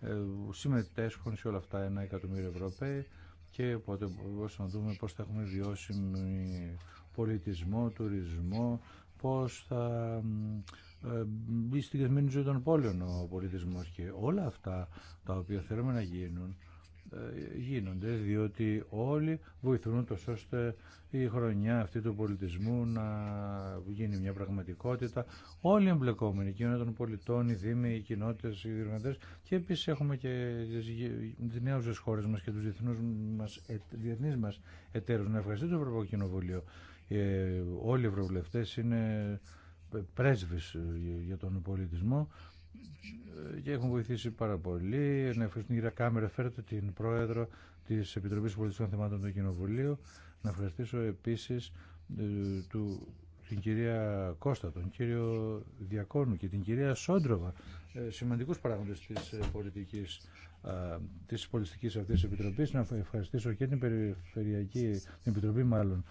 ε, συμμετέσχουν σε όλα αυτά ένα εκατομμύριο Ευρωπαίοι και οπότε μπορούσαμε να δούμε πώς θα έχουμε βιώσιμη πολιτισμό, τουρισμό, πώς θα ε, μπει στην καθημερινή ζωή των πόλεων ο πολιτισμό και όλα αυτά τα οποία θέλουμε να γίνουν ε, γίνονται διότι όλοι βοηθούν τόσο ώστε η χρονιά αυτή του πολιτισμού να γίνει μια πραγματικότητα όλοι εμπλεκόμενοι, η κοινότητα των πολιτών, οι δήμοι, οι κοινότητες, οι διοργανωτές και επίσης έχουμε και τις νέες χώρες μας και τους διεθνούς μας, ε, διεθνείς μας εταίρους να ευχαριστεί το Ευρωπαϊκό Κοινοβούλιο όλοι οι ευρωβουλευτές είναι πρέσβης ε, για τον πολιτισμό ε, και έχουν βοηθήσει πάρα πολύ. Να ευχαριστήσω την κυρία Κάμερα φέρετε την πρόεδρο της Επιτροπής Πολιτιστικών Θεμάτων του Κοινοβουλίου. Να ευχαριστήσω επίσης ε, του, την κυρία Κώστα, τον κύριο Διακόνου και την κυρία Σόντροβα, σημαντικούς παράγοντες της πολιτικής της πολιτικής αυτής επιτροπής να ευχαριστήσω και την Περιφερειακή Επιτροπή μάλλον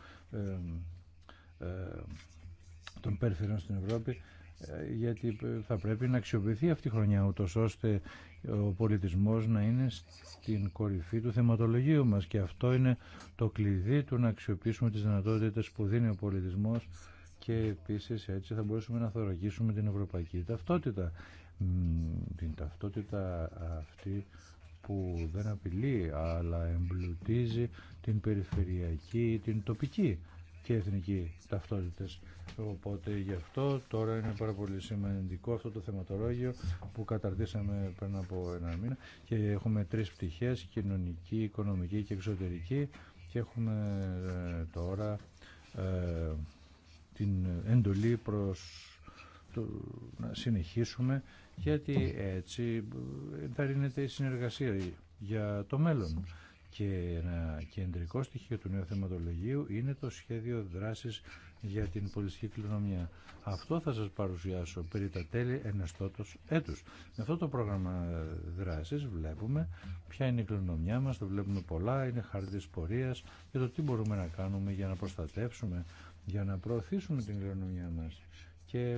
των περιφερειών στην Ευρώπη ε, γιατί ε, θα πρέπει να αξιοποιηθεί αυτή η χρονιά ούτως ώστε ο πολιτισμός να είναι στην κορυφή του θεματολογίου μας και αυτό είναι το κλειδί του να αξιοποιήσουμε τις δυνατότητες που δίνει ο πολιτισμός και επίσης έτσι θα μπορέσουμε να θωρακίσουμε την ευρωπαϊκή ταυτότητα την ταυτότητα αυτή που δεν απειλεί αλλά εμπλουτίζει την περιφερειακή την τοπική και εθνικοί ταυτότητες. Οπότε γι' αυτό τώρα είναι πάρα πολύ σημαντικό αυτό το θεματολόγιο που καταρτήσαμε πριν από ένα μήνα και έχουμε τρεις πτυχές, κοινωνική, οικονομική και εξωτερική και έχουμε ε, τώρα ε, την εντολή προς να συνεχίσουμε γιατί έτσι ε, ενθαρρύνεται η συνεργασία για το μέλλον. Και ένα κεντρικό στοιχείο του νέου θεματολογίου είναι το σχέδιο δράσης για την πολιτική κληρονομιά. Αυτό θα σας παρουσιάσω περί τα τέλη ενεστώτος έτους. Με αυτό το πρόγραμμα δράσης βλέπουμε ποια είναι η κληρονομιά μας, το βλέπουμε πολλά, είναι χαρτί πορεία πορείας για το τι μπορούμε να κάνουμε για να προστατεύσουμε, για να προωθήσουμε την κληρονομιά μας και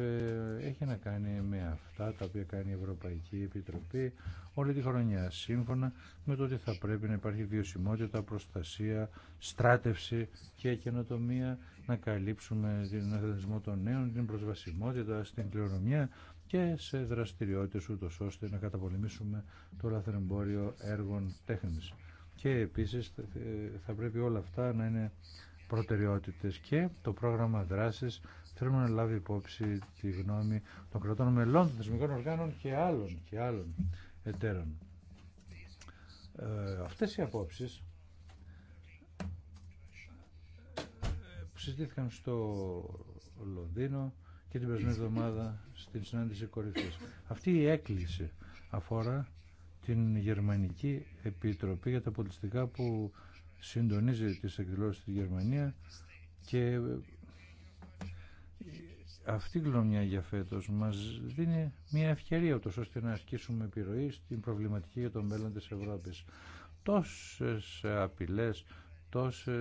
έχει να κάνει με αυτά τα οποία κάνει η Ευρωπαϊκή Επιτροπή όλη τη χρονιά σύμφωνα με το ότι θα πρέπει να υπάρχει βιωσιμότητα, προστασία, στράτευση και καινοτομία να καλύψουμε την αθλητισμό των νέων, την προσβασιμότητα στην κληρονομιά και σε δραστηριότητες ούτως ώστε να καταπολεμήσουμε το λαθρεμπόριο έργων τέχνης. Και επίσης θα πρέπει όλα αυτά να είναι προτεραιότητες και το πρόγραμμα δράσης θέλουμε να λάβει υπόψη τη γνώμη των κρατών μελών, των θεσμικών οργάνων και άλλων, και άλλων εταίρων. Ε, αυτές οι απόψεις ε, που συζητήθηκαν στο Λονδίνο και την περασμένη εβδομάδα στην συνάντηση κορυφής. Αυτή η έκκληση αφορά την Γερμανική Επιτροπή για τα Πολιτιστικά που συντονίζει τις εκδηλώσεις στη Γερμανία και αυτή η κλονιά για φέτο μα δίνει μια ευκαιρία ούτως ώστε να ασκήσουμε επιρροή στην προβληματική για το μέλλον τη Ευρώπη. Τόσε απειλέ, τόσε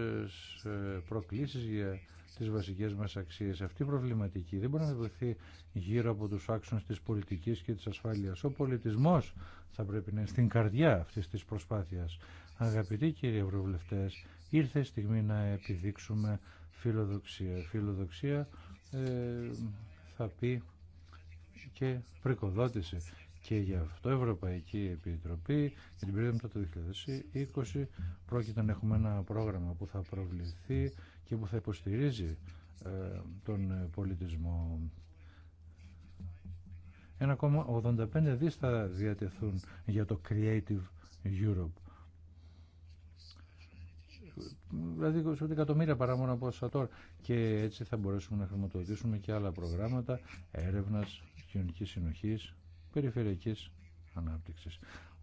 προκλήσει για τι βασικέ μα αξίε. Αυτή η προβληματική δεν μπορεί να δοθεί γύρω από του άξονε τη πολιτική και τη ασφάλειας. Ο πολιτισμό θα πρέπει να είναι στην καρδιά αυτή τη προσπάθεια. Αγαπητοί κύριοι ευρωβουλευτέ, ήρθε η στιγμή να επιδείξουμε φιλοδοξία. Φιλοδοξία ε, θα πει και πρικοδότηση. Και γι' αυτό η Ευρωπαϊκή Επιτροπή για την περίοδο μετά το 2020 πρόκειται να έχουμε ένα πρόγραμμα που θα προβληθεί και που θα υποστηρίζει ε, τον πολιτισμό. 1,85 δις θα διατεθούν για το Creative Europe δηλαδή σε εκατομμύρια παρά μόνο από όσα τώρα. Και έτσι θα μπορέσουμε να χρηματοδοτήσουμε και άλλα προγράμματα έρευνας, κοινωνική συνοχής, περιφερειακή ανάπτυξη.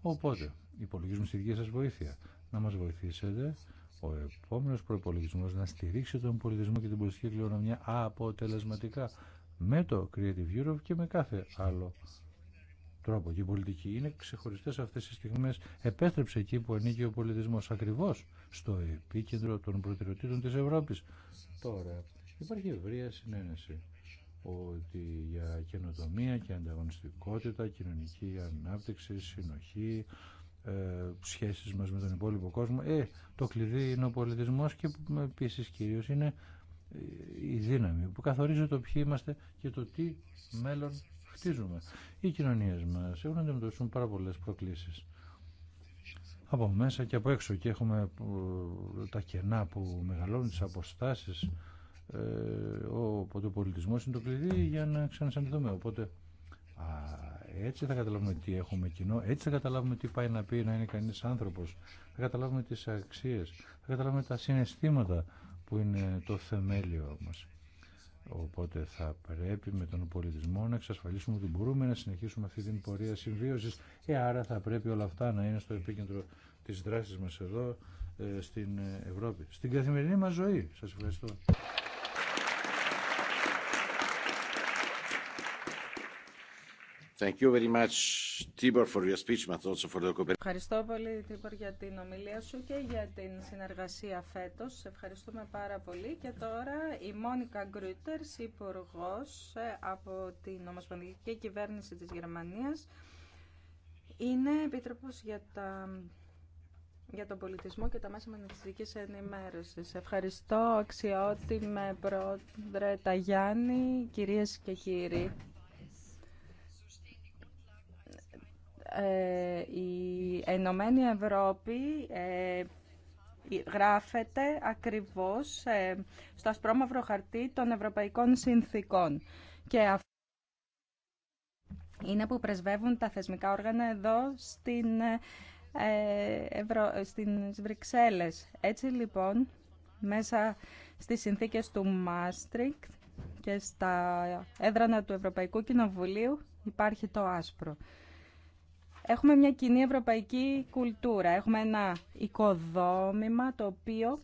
Οπότε, υπολογίζουμε στη δική σα βοήθεια. Να μας βοηθήσετε ο επόμενος προπολογισμό να στηρίξει τον πολιτισμό και την πολιτική κληρονομιά αποτελεσματικά με το Creative Europe και με κάθε άλλο τρόπο και η πολιτική είναι ξεχωριστές αυτές οι στιγμές επέστρεψε εκεί που ανήκει ο πολιτισμός ακριβώς στο επίκεντρο των προτεραιοτήτων της Ευρώπης τώρα υπάρχει ευρεία συνένεση ότι για καινοτομία και ανταγωνιστικότητα, κοινωνική ανάπτυξη, συνοχή, ε, σχέσεις μας με τον υπόλοιπο κόσμο, ε, το κλειδί είναι ο πολιτισμός και επίση κυρίως είναι η δύναμη που καθορίζει το ποιοι είμαστε και το τι μέλλον χτίζουμε. Οι κοινωνίε μα έχουν αντιμετωπίσουν πάρα πολλέ προκλήσει. Από μέσα και από έξω και έχουμε ε, τα κενά που μεγαλώνουν τι αποστάσει. Ε, οπότε ο πολιτισμό είναι το κλειδί για να ξανασυνδεθούμε. Οπότε α, έτσι θα καταλάβουμε τι έχουμε κοινό, έτσι θα καταλάβουμε τι πάει να πει να είναι κανεί άνθρωπο. Θα καταλάβουμε τι αξίε, θα καταλάβουμε τα συναισθήματα που είναι το θεμέλιο μας. Οπότε θα πρέπει με τον πολιτισμό να εξασφαλίσουμε ότι μπορούμε να συνεχίσουμε αυτή την πορεία συμβίωση Ε, άρα θα πρέπει όλα αυτά να είναι στο επίκεντρο της δράσης μας εδώ ε, στην Ευρώπη. Στην καθημερινή μας ζωή. Σας ευχαριστώ. Ευχαριστώ πολύ, Τίμπορ, για την ομιλία σου και για την συνεργασία φέτος. ευχαριστούμε πάρα πολύ. Και τώρα η Μόνικα Γκρούτερ, υπουργό ε, από την Ομοσπονδιακή Κυβέρνηση της Γερμανίας, είναι επίτροπος για τα τον πολιτισμό και τα μέσα μαγνητιστικής ενημέρωσης. Ευχαριστώ αξιότιμε πρόεδρε Ταγιάννη, κυρίες και κύριοι. Ε, η Ενωμένη Ευρώπη ε, γράφεται ακριβώς ε, στο ασπρόμαυρο χαρτί των ευρωπαϊκών συνθήκων. Και είναι που πρεσβεύουν τα θεσμικά όργανα εδώ στην, Ευρω... στην Βρυξέλλες. Έτσι λοιπόν, μέσα στις συνθήκες του Μάστρικ και στα έδρανα του Ευρωπαϊκού Κοινοβουλίου υπάρχει το άσπρο. Έχουμε μια κοινή ευρωπαϊκή κουλτούρα. Έχουμε ένα οικοδόμημα το οποίο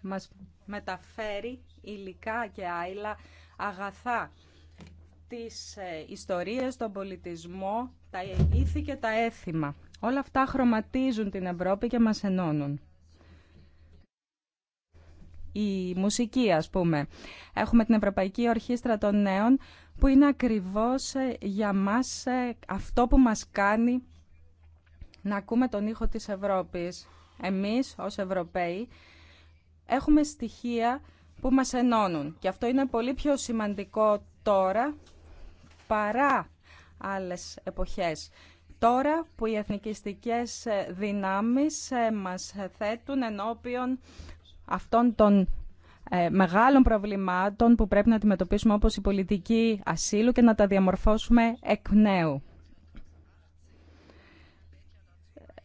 μας μεταφέρει υλικά και άλλα αγαθά. Τις ε, ιστορίες, τον πολιτισμό, τα ήθη και τα έθιμα. Όλα αυτά χρωματίζουν την Ευρώπη και μας ενώνουν. Η μουσική, ας πούμε. Έχουμε την Ευρωπαϊκή Ορχήστρα των Νέων που είναι ακριβώς ε, για μας ε, αυτό που μας κάνει να ακούμε τον ήχο της Ευρώπης. Εμείς ως Ευρωπαίοι έχουμε στοιχεία που μας ενώνουν και αυτό είναι πολύ πιο σημαντικό τώρα παρά άλλες εποχές. Τώρα που οι εθνικιστικές ε, δυνάμεις μας θέτουν ενώπιον αυτών των ε, μεγάλων προβλημάτων που πρέπει να αντιμετωπίσουμε όπως η πολιτική ασύλου και να τα διαμορφώσουμε εκ νέου.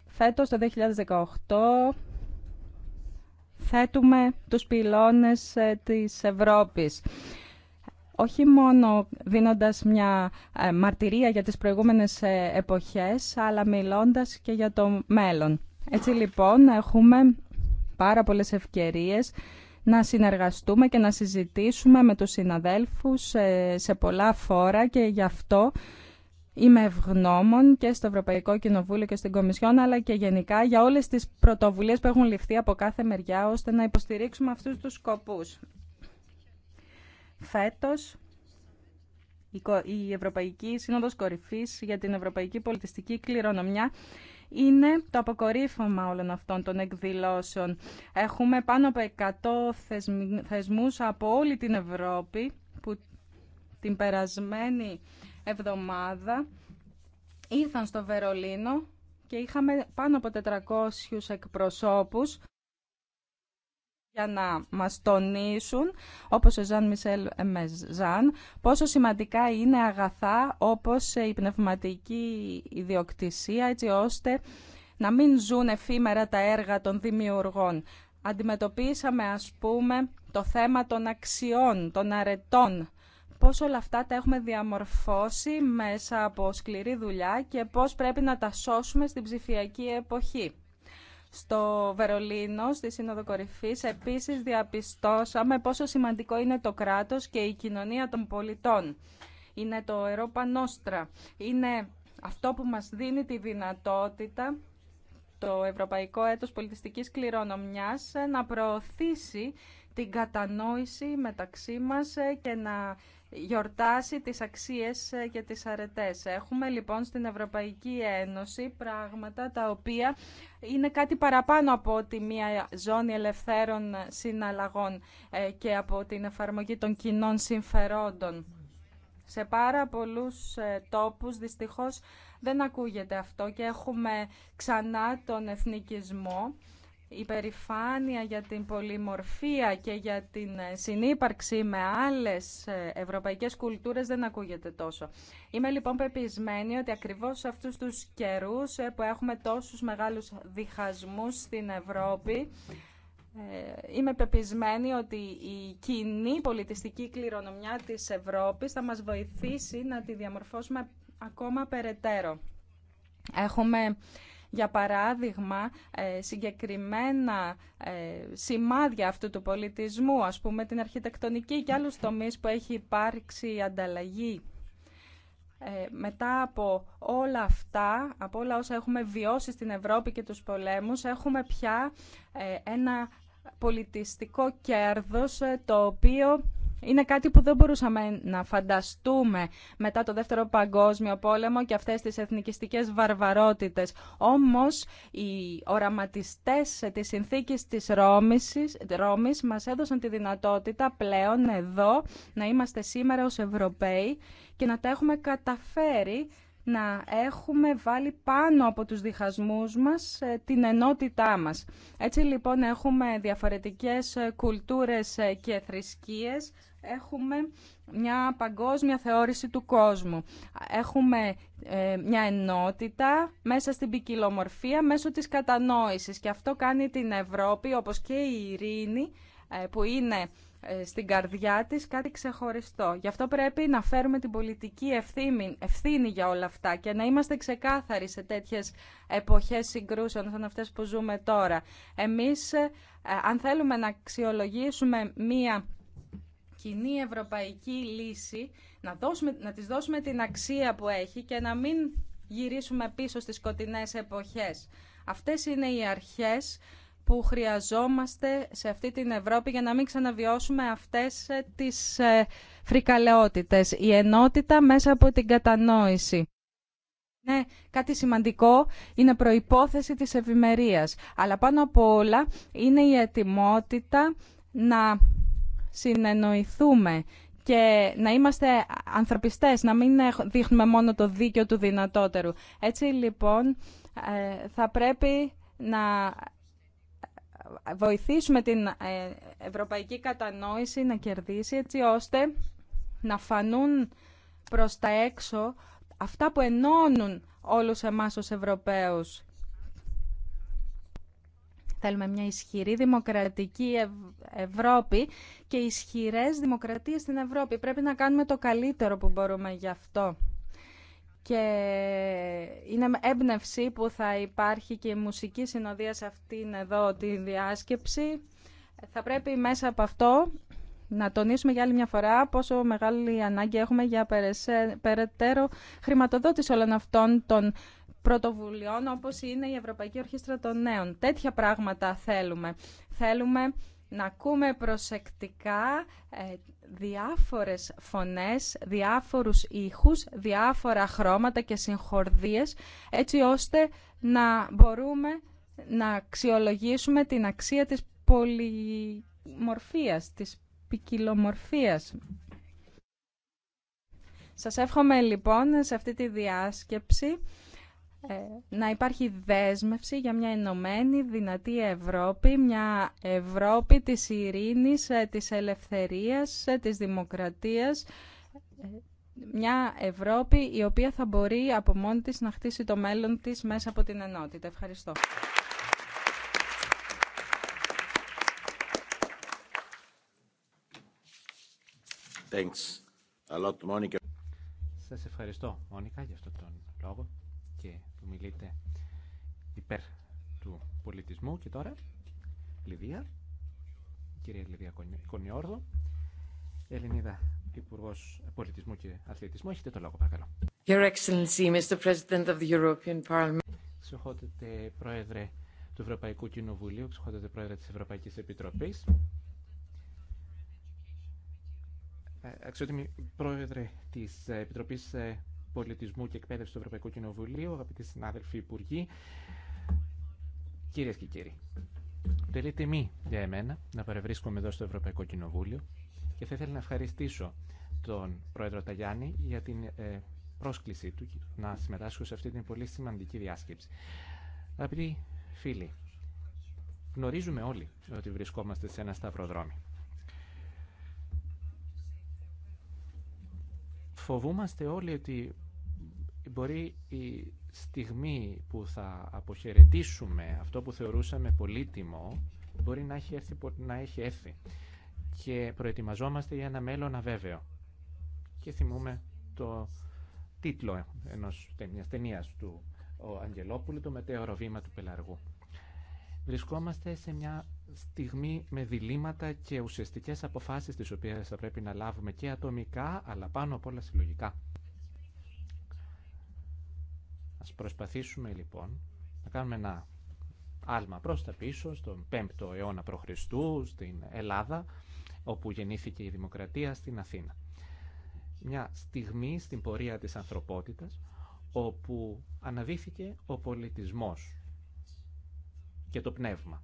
Φέτος το 2018 θέτουμε τους πυλώνες ε, της Ευρώπης. Όχι μόνο δίνοντας μια ε, μαρτυρία για τις προηγούμενες εποχές, αλλά μιλώντας και για το μέλλον. Έτσι λοιπόν έχουμε πάρα πολλές ευκαιρίες να συνεργαστούμε και να συζητήσουμε με τους συναδέλφους ε, σε πολλά φόρα και γι' αυτό είμαι ευγνώμων και στο Ευρωπαϊκό Κοινοβούλιο και στην Κομισιόν αλλά και γενικά για όλες τις πρωτοβουλίες που έχουν ληφθεί από κάθε μεριά ώστε να υποστηρίξουμε αυτούς τους σκοπούς. Φέτος η Ευρωπαϊκή Σύνοδος Κορυφής για την Ευρωπαϊκή Πολιτιστική Κληρονομιά είναι το αποκορύφωμα όλων αυτών των εκδηλώσεων. Έχουμε πάνω από 100 θεσμούς από όλη την Ευρώπη που την περασμένη εβδομάδα ήρθαν στο Βερολίνο και είχαμε πάνω από 400 εκπροσώπους για να μας τονίσουν, όπως ο Ζαν Μισελ ε, Μεζάν, πόσο σημαντικά είναι αγαθά όπως η πνευματική ιδιοκτησία, έτσι ώστε να μην ζουν εφήμερα τα έργα των δημιουργών. Αντιμετωπίσαμε, ας πούμε, το θέμα των αξιών, των αρετών, πώς όλα αυτά τα έχουμε διαμορφώσει μέσα από σκληρή δουλειά και πώς πρέπει να τα σώσουμε στην ψηφιακή εποχή. Στο Βερολίνο, στη Σύνοδο Κορυφή. επίσης διαπιστώσαμε πόσο σημαντικό είναι το κράτος και η κοινωνία των πολιτών. Είναι το Ευρώπα Νόστρα. Είναι αυτό που μας δίνει τη δυνατότητα το Ευρωπαϊκό Έτος Πολιτιστικής Κληρονομιάς να προωθήσει την κατανόηση μεταξύ μας ε, και να γιορτάσει τις αξίες ε, και τις αρετές. Έχουμε λοιπόν στην Ευρωπαϊκή Ένωση πράγματα τα οποία είναι κάτι παραπάνω από ότι μια ζώνη ελευθέρων συναλλαγών ε, και από την εφαρμογή των κοινών συμφερόντων. Σε πάρα πολλούς τόπους δυστυχώς δεν ακούγεται αυτό και έχουμε ξανά τον εθνικισμό η υπερηφάνεια για την πολυμορφία και για την συνύπαρξη με άλλες ευρωπαϊκές κουλτούρες δεν ακούγεται τόσο. Είμαι λοιπόν πεπισμένη ότι ακριβώς σε αυτούς τους καιρούς που έχουμε τόσους μεγάλους διχασμούς στην Ευρώπη ε, Είμαι πεπισμένη ότι η κοινή πολιτιστική κληρονομιά της Ευρώπης θα μας βοηθήσει να τη διαμορφώσουμε ακόμα περαιτέρω. Έχουμε για παράδειγμα ε, συγκεκριμένα ε, σημάδια αυτού του πολιτισμού, ας πούμε την αρχιτεκτονική και άλλους τομείς που έχει υπάρξει ανταλλαγή. Ε, μετά από όλα αυτά, από όλα όσα έχουμε βιώσει στην Ευρώπη και τους πολέμους, έχουμε πια ένα πολιτιστικό κέρδος το οποίο είναι κάτι που δεν μπορούσαμε να φανταστούμε μετά το Δεύτερο Παγκόσμιο Πόλεμο και αυτές τις εθνικιστικές βαρβαρότητες. Όμως οι οραματιστές της συνθήκης της Ρώμης, Ρώμης μας έδωσαν τη δυνατότητα πλέον εδώ να είμαστε σήμερα ως Ευρωπαίοι και να τα έχουμε καταφέρει να έχουμε βάλει πάνω από τους διχασμούς μας ε, την ενότητά μας. Έτσι λοιπόν έχουμε διαφορετικές ε, κουλτούρες ε, και θρησκείες, έχουμε μια παγκόσμια θεώρηση του κόσμου. Έχουμε μια ενότητα μέσα στην ποικιλομορφία, μέσω της κατανόησης και αυτό κάνει την Ευρώπη όπως και η ειρήνη που είναι ε, στην καρδιά της κάτι ξεχωριστό. Γι' αυτό πρέπει να φέρουμε την πολιτική ευθύνη, για όλα αυτά και να είμαστε ξεκάθαροι σε τέτοιες εποχές συγκρούσεων σαν αυτές που ζούμε τώρα. Εμείς, ε, αν θέλουμε να αξιολογήσουμε μία κοινή ευρωπαϊκή λύση, να, δώσουμε, να της δώσουμε την αξία που έχει και να μην γυρίσουμε πίσω στις σκοτεινές εποχές. Αυτές είναι οι αρχές που χρειαζόμαστε σε αυτή την Ευρώπη για να μην ξαναβιώσουμε αυτές ε, τις ε, φρικαλαιότητες. Η ενότητα μέσα από την κατανόηση. Ναι, κάτι σημαντικό είναι προϋπόθεση της ευημερία. αλλά πάνω από όλα είναι η ετοιμότητα να συνεννοηθούμε και να είμαστε ανθρωπιστές, να μην δείχνουμε μόνο το δίκιο του δυνατότερου. Έτσι λοιπόν ε, θα πρέπει να βοηθήσουμε την ε, ευρωπαϊκή κατανόηση να κερδίσει έτσι ώστε να φανούν προς τα έξω αυτά που ενώνουν όλους εμάς ως Ευρωπαίους. Θέλουμε μια ισχυρή δημοκρατική Ευρώπη και ισχυρές δημοκρατίες στην Ευρώπη. Πρέπει να κάνουμε το καλύτερο που μπορούμε γι' αυτό και είναι έμπνευση που θα υπάρχει και η μουσική συνοδεία σε αυτήν εδώ τη διάσκεψη. Θα πρέπει μέσα από αυτό να τονίσουμε για άλλη μια φορά πόσο μεγάλη ανάγκη έχουμε για περαιτέρω χρηματοδότηση όλων αυτών των πρωτοβουλειών όπως είναι η Ευρωπαϊκή Ορχήστρα των Νέων. Τέτοια πράγματα θέλουμε. Θέλουμε να ακούμε προσεκτικά ε, διάφορες φωνές, διάφορους ήχους, διάφορα χρώματα και συγχορδίες, έτσι ώστε να μπορούμε να αξιολογήσουμε την αξία της πολυμορφίας, της ποικιλομορφία. Σας εύχομαι λοιπόν σε αυτή τη διάσκεψη ε, να υπάρχει δέσμευση για μια ενωμένη, δυνατή Ευρώπη, μια Ευρώπη της ειρήνης, ε, της ελευθερίας, ε, της δημοκρατίας, μια Ευρώπη η οποία θα μπορεί από μόνη της να χτίσει το μέλλον της μέσα από την ενότητα. Ευχαριστώ. Thanks. A lot, Σας ευχαριστώ, Μόνικα, για αυτόν τον λόγο και που μιλείτε υπέρ του πολιτισμού. Και τώρα, Λιδία, η κυρία Λιδία Κονιόρδο, Ελληνίδα Υπουργό Πολιτισμού και Αθλητισμού. Έχετε το λόγο, παρακαλώ. Your Excellency, Mr. President of the European Parliament. Πρόεδρε του Ευρωπαϊκού Κοινοβουλίου, ξεχότατε Πρόεδρε της Ευρωπαϊκής Επιτροπής. Ε, αξιότιμη Πρόεδρε της Επιτροπής ε, Πολιτισμού και Εκπαίδευση του Ευρωπαϊκού Κοινοβουλίου, αγαπητοί συνάδελφοι υπουργοί, κυρίε και κύριοι. Τελεί τιμή για εμένα να παρευρίσκομαι εδώ στο Ευρωπαϊκό Κοινοβούλιο και θα ήθελα να ευχαριστήσω τον Πρόεδρο Ταγιάννη για την ε, πρόσκληση του να συμμετάσχω σε αυτή την πολύ σημαντική διάσκεψη. Αγαπητοί φίλοι, γνωρίζουμε όλοι ότι βρισκόμαστε σε ένα σταυροδρόμι. Φοβούμαστε όλοι ότι μπορεί η στιγμή που θα αποχαιρετήσουμε αυτό που θεωρούσαμε πολύτιμο μπορεί να έχει έρθει, να έχει έρθει. και προετοιμαζόμαστε για ένα μέλλον αβέβαιο και θυμούμε το τίτλο ενός, μιας του ο Αγγελόπουλου το μετέωρο βήμα του πελαργού βρισκόμαστε σε μια στιγμή με διλήμματα και ουσιαστικές αποφάσεις τις οποίες θα πρέπει να λάβουμε και ατομικά αλλά πάνω απ' όλα συλλογικά. Ας προσπαθήσουμε λοιπόν να κάνουμε ένα άλμα προς τα πίσω στον 5ο αιώνα π.Χ. στην Ελλάδα όπου γεννήθηκε η δημοκρατία στην Αθήνα. Μια στιγμή στην πορεία της ανθρωπότητας όπου αναδύθηκε ο πολιτισμός και το πνεύμα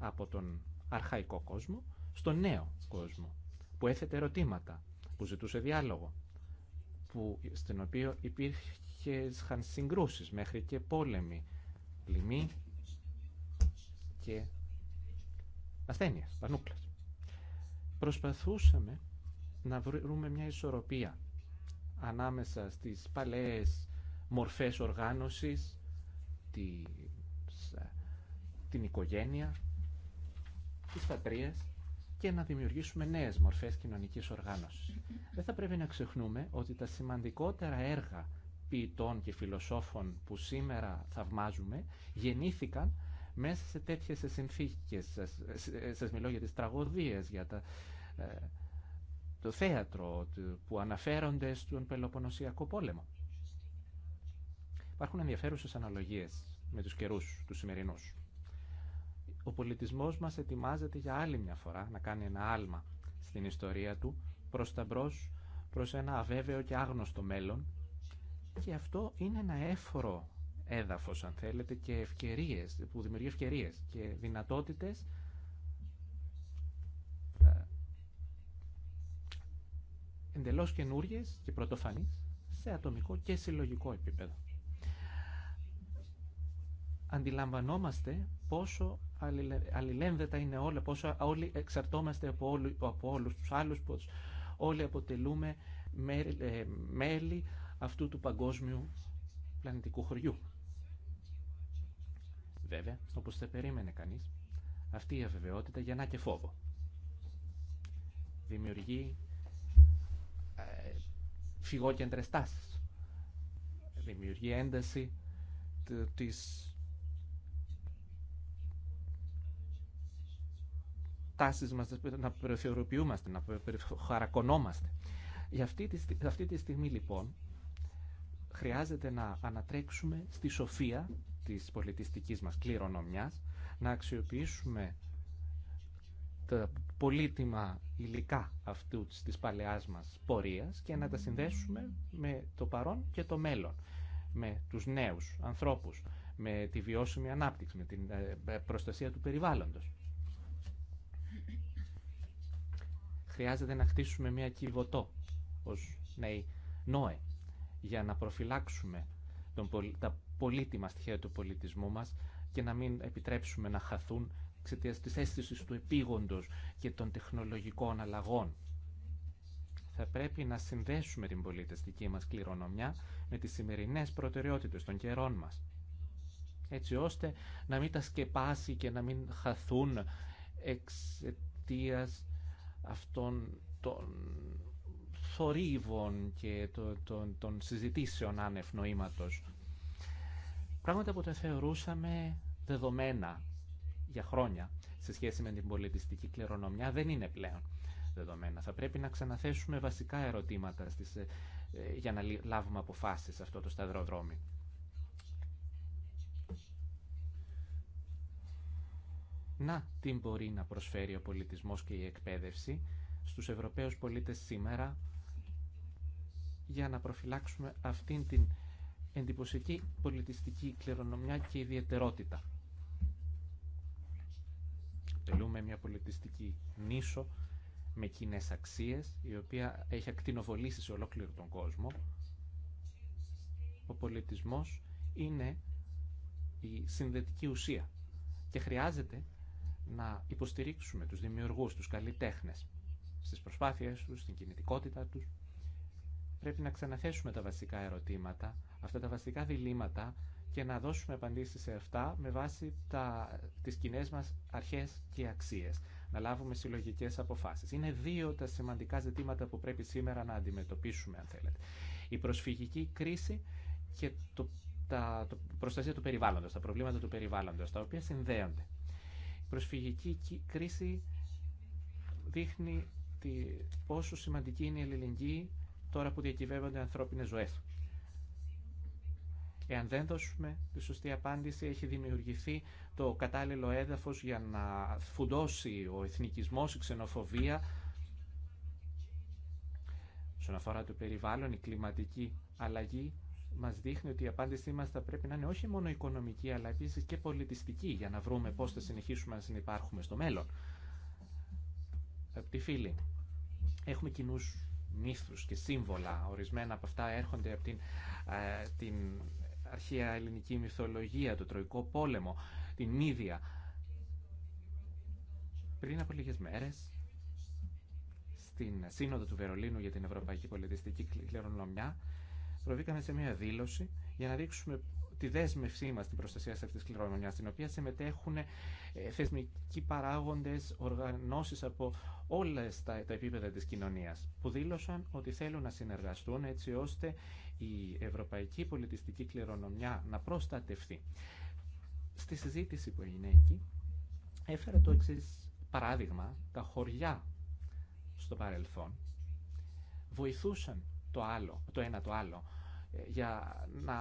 από τον αρχαϊκό κόσμο στον νέο κόσμο, που έθετε ερωτήματα, που ζητούσε διάλογο, που, στην οποία υπήρχαν συγκρούσεις μέχρι και πόλεμοι, πλημμύ και ασθένειες, πανούκλες. Προσπαθούσαμε να βρούμε μια ισορροπία ανάμεσα στις παλαιές μορφές οργάνωσης, ε, την οικογένεια, τις πατρίε και να δημιουργήσουμε νέες μορφές κοινωνικής οργάνωσης. Δεν θα πρέπει να ξεχνούμε ότι τα σημαντικότερα έργα ποιητών και φιλοσόφων που σήμερα θαυμάζουμε γεννήθηκαν μέσα σε τέτοιες συνθήκες. Σας, μιλώ για τις τραγωδίες, για τα, ε, το θέατρο που αναφέρονται στον Πελοποννησιακό πόλεμο. Υπάρχουν ενδιαφέρουσες αναλογίες με τους καιρούς, του σημερινούς ο πολιτισμός μας ετοιμάζεται για άλλη μια φορά να κάνει ένα άλμα στην ιστορία του προς τα μπρος, προς ένα αβέβαιο και άγνωστο μέλλον και αυτό είναι ένα έφορο έδαφος αν θέλετε και ευκαιρίες, που δημιουργεί ευκαιρίες και δυνατότητες ε, εντελώς καινούριε και πρωτοφανείς σε ατομικό και συλλογικό επίπεδο αντιλαμβανόμαστε πόσο αλληλένδετα είναι όλα, πόσο όλοι εξαρτώμαστε από, όλου, από όλους τους άλλους, πως όλοι αποτελούμε ε, μέλη αυτού του παγκόσμιου πλανητικού χωριού. Βέβαια, όπως θα περίμενε κανείς, αυτή η αβεβαιότητα γεννά και φόβο. Δημιουργεί ε, φυγόκεντρες τάσεις. Δημιουργεί ένταση της τάσεις μας να περιθεωρηποιούμαστε, να χαρακωνόμαστε. Για αυτή τη, στιγμή λοιπόν χρειάζεται να ανατρέξουμε στη σοφία της πολιτιστικής μας κληρονομιάς, να αξιοποιήσουμε τα πολύτιμα υλικά αυτού της παλαιάς μας πορείας και να τα συνδέσουμε με το παρόν και το μέλλον, με τους νέους ανθρώπους, με τη βιώσιμη ανάπτυξη, με την ε, ε, προστασία του περιβάλλοντος. χρειάζεται να χτίσουμε μια κυβωτό ως νέοι νόε για να προφυλάξουμε τον, τα πολύτιμα στοιχεία του πολιτισμού μας και να μην επιτρέψουμε να χαθούν εξαιτία της αίσθηση του επίγοντος και των τεχνολογικών αλλαγών. Θα πρέπει να συνδέσουμε την πολιτιστική μας κληρονομιά με τις σημερινές προτεραιότητες των καιρών μας, έτσι ώστε να μην τα σκεπάσει και να μην χαθούν εξαιτία αυτών των θορύβων και των, συζητήσεων άνευ νοήματος. Πράγματα που τα θεωρούσαμε δεδομένα για χρόνια σε σχέση με την πολιτιστική κληρονομιά δεν είναι πλέον δεδομένα. Θα πρέπει να ξαναθέσουμε βασικά ερωτήματα στις, ε, για να λάβουμε αποφάσεις σε αυτό το σταδροδρόμι. να την μπορεί να προσφέρει ο πολιτισμός και η εκπαίδευση στους Ευρωπαίους πολίτες σήμερα για να προφυλάξουμε αυτήν την εντυπωσιακή πολιτιστική κληρονομιά και ιδιαιτερότητα. Τελούμε μια πολιτιστική νήσο με κοινέ αξίες, η οποία έχει ακτινοβολήσει σε ολόκληρο τον κόσμο. Ο πολιτισμός είναι η συνδετική ουσία και χρειάζεται να υποστηρίξουμε τους δημιουργούς, τους καλλιτέχνες στις προσπάθειές τους, στην κινητικότητα τους. Πρέπει να ξαναθέσουμε τα βασικά ερωτήματα, αυτά τα βασικά διλήμματα και να δώσουμε απαντήσεις σε αυτά με βάση τα, τις κοινέ μας αρχές και αξίες. Να λάβουμε συλλογικές αποφάσεις. Είναι δύο τα σημαντικά ζητήματα που πρέπει σήμερα να αντιμετωπίσουμε, αν θέλετε. Η προσφυγική κρίση και το, τα, προστασία του περιβάλλοντος, τα προβλήματα του περιβάλλοντος, τα οποία συνδέονται προσφυγική κρίση δείχνει τη, πόσο σημαντική είναι η ελληνική τώρα που διακυβεύονται ανθρώπινες ζωές. Εάν δεν δώσουμε τη σωστή απάντηση, έχει δημιουργηθεί το κατάλληλο έδαφος για να φουντώσει ο εθνικισμός, η ξενοφοβία. Όσον αφορά το περιβάλλον, η κλιματική αλλαγή μας δείχνει ότι η απάντησή μας θα πρέπει να είναι όχι μόνο οικονομική αλλά επίσης και πολιτιστική για να βρούμε πώς θα συνεχίσουμε να συνεπάρχουμε στο μέλλον. τη φίλοι, έχουμε κοινού μύθου και σύμβολα. Ορισμένα από αυτά έρχονται από την, ε, την αρχαία ελληνική μυθολογία, το Τροϊκό Πόλεμο, την ίδια. Πριν από λίγες μέρες, στην Σύνοδο του Βερολίνου για την Ευρωπαϊκή Πολιτιστική Κληρονομιά, προβήκαμε σε μια δήλωση για να δείξουμε τη δέσμευσή μας στην προστασία αυτή τη κληρονομιά, στην οποία συμμετέχουν ε, θεσμικοί παράγοντες, οργανώσεις από όλα τα, τα επίπεδα της κοινωνίας, που δήλωσαν ότι θέλουν να συνεργαστούν έτσι ώστε η ευρωπαϊκή πολιτιστική κληρονομιά να προστατευτεί. Στη συζήτηση που έγινε εκεί, έφερα το εξή παράδειγμα, τα χωριά στο παρελθόν βοηθούσαν το άλλο, το ένα το άλλο, ε, για να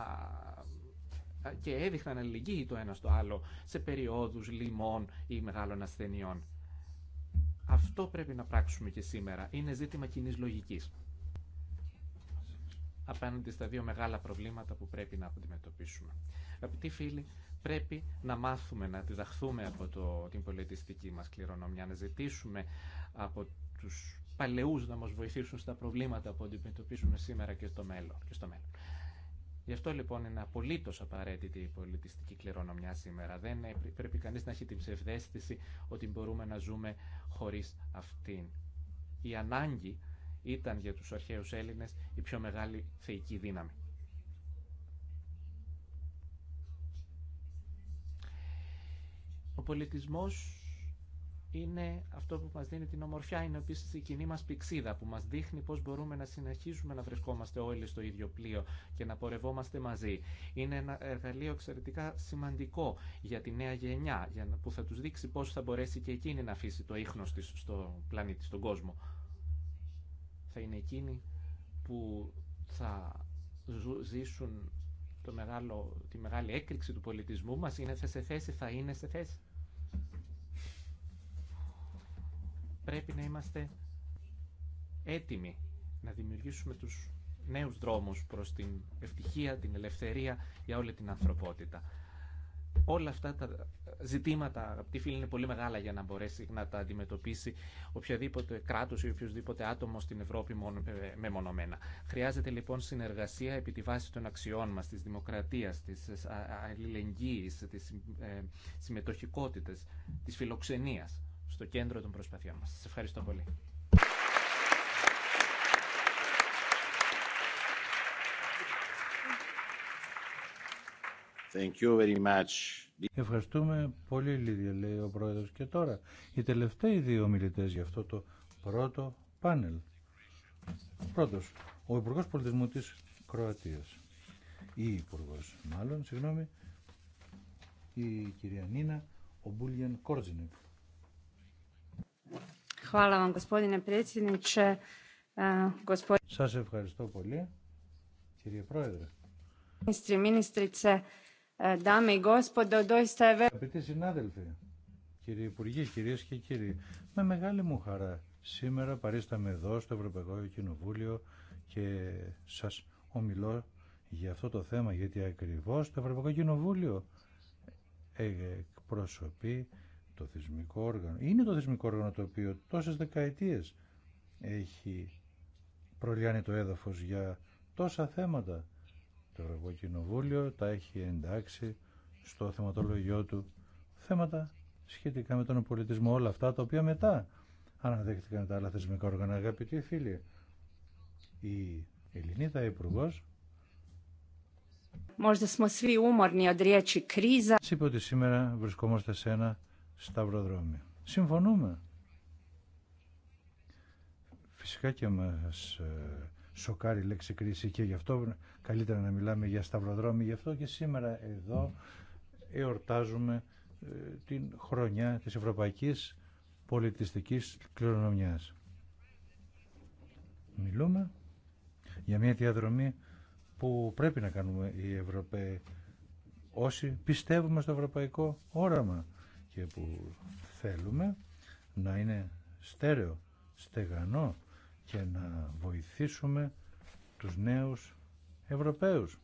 ε, και έδειχναν αλληλεγγύη το ένα στο άλλο σε περιόδους λοιμών ή μεγάλων ασθενειών. Αυτό πρέπει να πράξουμε και σήμερα. Είναι ζήτημα κοινή λογικής. Απέναντι στα δύο μεγάλα προβλήματα που πρέπει να αντιμετωπίσουμε. Αγαπητοί φίλοι, πρέπει να μάθουμε, να διδαχθούμε από το, την πολιτιστική μας κληρονομιά, να ζητήσουμε από τους παλαιούς να μας βοηθήσουν στα προβλήματα που αντιμετωπίζουμε σήμερα και στο μέλλον. Και στο μέλλον. Γι' αυτό λοιπόν είναι απολύτω απαραίτητη η πολιτιστική κληρονομιά σήμερα. Δεν πρέπει κανεί να έχει την ψευδέστηση ότι μπορούμε να ζούμε χωρίς αυτήν. Η ανάγκη ήταν για τους αρχαίους Έλληνε η πιο μεγάλη θεϊκή δύναμη. Ο πολιτισμός είναι αυτό που μας δίνει την ομορφιά, είναι επίσης η κοινή μας πηξίδα που μας δείχνει πώς μπορούμε να συνεχίσουμε να βρισκόμαστε όλοι στο ίδιο πλοίο και να πορευόμαστε μαζί. Είναι ένα εργαλείο εξαιρετικά σημαντικό για τη νέα γενιά που θα τους δείξει πώς θα μπορέσει και εκείνη να αφήσει το ίχνος της στο πλανήτη, στον κόσμο. Θα είναι εκείνοι που θα ζήσουν το μεγάλο, τη μεγάλη έκρηξη του πολιτισμού μας, είναι σε θέση, θα είναι σε θέση πρέπει να είμαστε έτοιμοι να δημιουργήσουμε τους νέους δρόμους προς την ευτυχία, την ελευθερία για όλη την ανθρωπότητα. Όλα αυτά τα ζητήματα, αγαπητοί φίλοι, είναι πολύ μεγάλα για να μπορέσει να τα αντιμετωπίσει οποιαδήποτε κράτο ή οποιοδήποτε άτομο στην Ευρώπη ε, μεμονωμένα. Χρειάζεται λοιπόν συνεργασία επί τη βάση των αξιών μα, τη δημοκρατία, τη ε, αλληλεγγύη, τη ε, συμμετοχικότητα, τη φιλοξενία στο κέντρο των προσπαθειών μας. Σας ευχαριστώ πολύ. Thank you very much. Ευχαριστούμε πολύ, Λίδια, λέει ο Πρόεδρος. Και τώρα, οι τελευταίοι δύο μιλητές για αυτό το πρώτο πάνελ. Πρώτος, ο Υπουργός Πολιτισμού της Κροατίας. Ή Υπουργός, μάλλον, συγγνώμη, η κυρία Νίνα Ομπούλιαν Κόρτζινεκ. E, σας ευχαριστώ πολύ, κύριε Πρόεδρε. E, Αγαπητοί συνάδελφοι, κύριοι Υπουργοί, κυρίε και κύριοι, με μεγάλη μου χαρά σήμερα παρίσταμε εδώ στο Ευρωπαϊκό Κοινοβούλιο και σας ομιλώ για αυτό το θέμα, γιατί ακριβώς το Ευρωπαϊκό Κοινοβούλιο εκπροσωπεί το θεσμικό όργανο. Είναι το θεσμικό όργανο το οποίο τόσες δεκαετίες έχει προλιάνει το έδαφος για τόσα θέματα. Το Ευρωπαϊκό Κοινοβούλιο τα έχει εντάξει στο θεματολογιό του θέματα σχετικά με τον πολιτισμό, όλα αυτά τα οποία μετά αναδέχτηκαν τα άλλα θεσμικά όργανα. Αγαπητοί φίλοι, η Ελληνίδα υπουργό. σήμερα βρισκόμαστε σε ένα σταυροδρόμια. Συμφωνούμε. Φυσικά και μας ε, σοκάρει η λέξη κρίση και γι' αυτό καλύτερα να μιλάμε για σταυροδρόμια. Γι' αυτό και σήμερα εδώ εορτάζουμε ε, την χρονιά της ευρωπαϊκής πολιτιστικής κληρονομιάς. Μιλούμε για μια διαδρομή που πρέπει να κάνουμε οι Ευρωπαίοι όσοι πιστεύουμε στο ευρωπαϊκό όραμα και που θέλουμε να είναι στέρεο, στεγανό και να βοηθήσουμε τους νέους Ευρωπαίους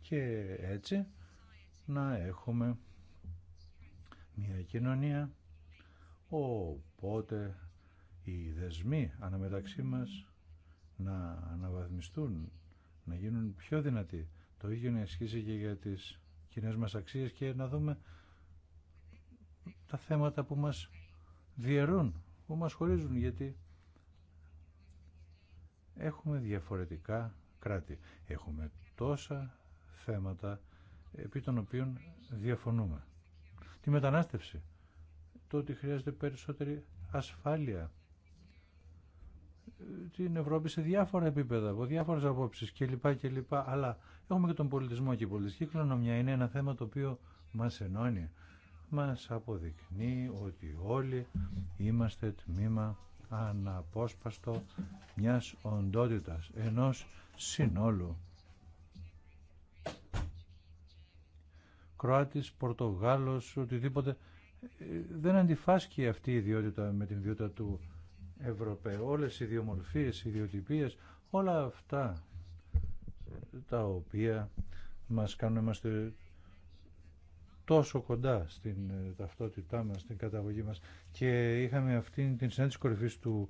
και έτσι να έχουμε μια κοινωνία οπότε οι δεσμοί αναμεταξύ μας να αναβαθμιστούν, να γίνουν πιο δυνατοί. Το ίδιο να ισχύσει και για τις κοινές μας αξίες και να δούμε τα θέματα που μας διαιρούν, που μας χωρίζουν, γιατί έχουμε διαφορετικά κράτη. Έχουμε τόσα θέματα επί των οποίων διαφωνούμε. Τη μετανάστευση, το ότι χρειάζεται περισσότερη ασφάλεια, την Ευρώπη σε διάφορα επίπεδα, από διάφορε απόψει κλπ. κλπ. Αλλά έχουμε και τον πολιτισμό και η πολιτιστική κληρονομιά είναι ένα θέμα το οποίο μα ενώνει μας αποδεικνύει ότι όλοι είμαστε τμήμα αναπόσπαστο μιας οντότητας, ενός συνόλου. Κροάτης, Πορτογάλος, οτιδήποτε, ε, δεν αντιφάσκει αυτή η ιδιότητα με την ιδιότητα του Ευρωπαίου. Όλες οι ιδιομορφίες, οι ιδιοτυπίες, όλα αυτά ε, τα οποία μας κάνουν είμαστε τόσο κοντά στην ε, ταυτότητά μας, στην καταγωγή μας και είχαμε αυτή την συνάντηση κορυφής του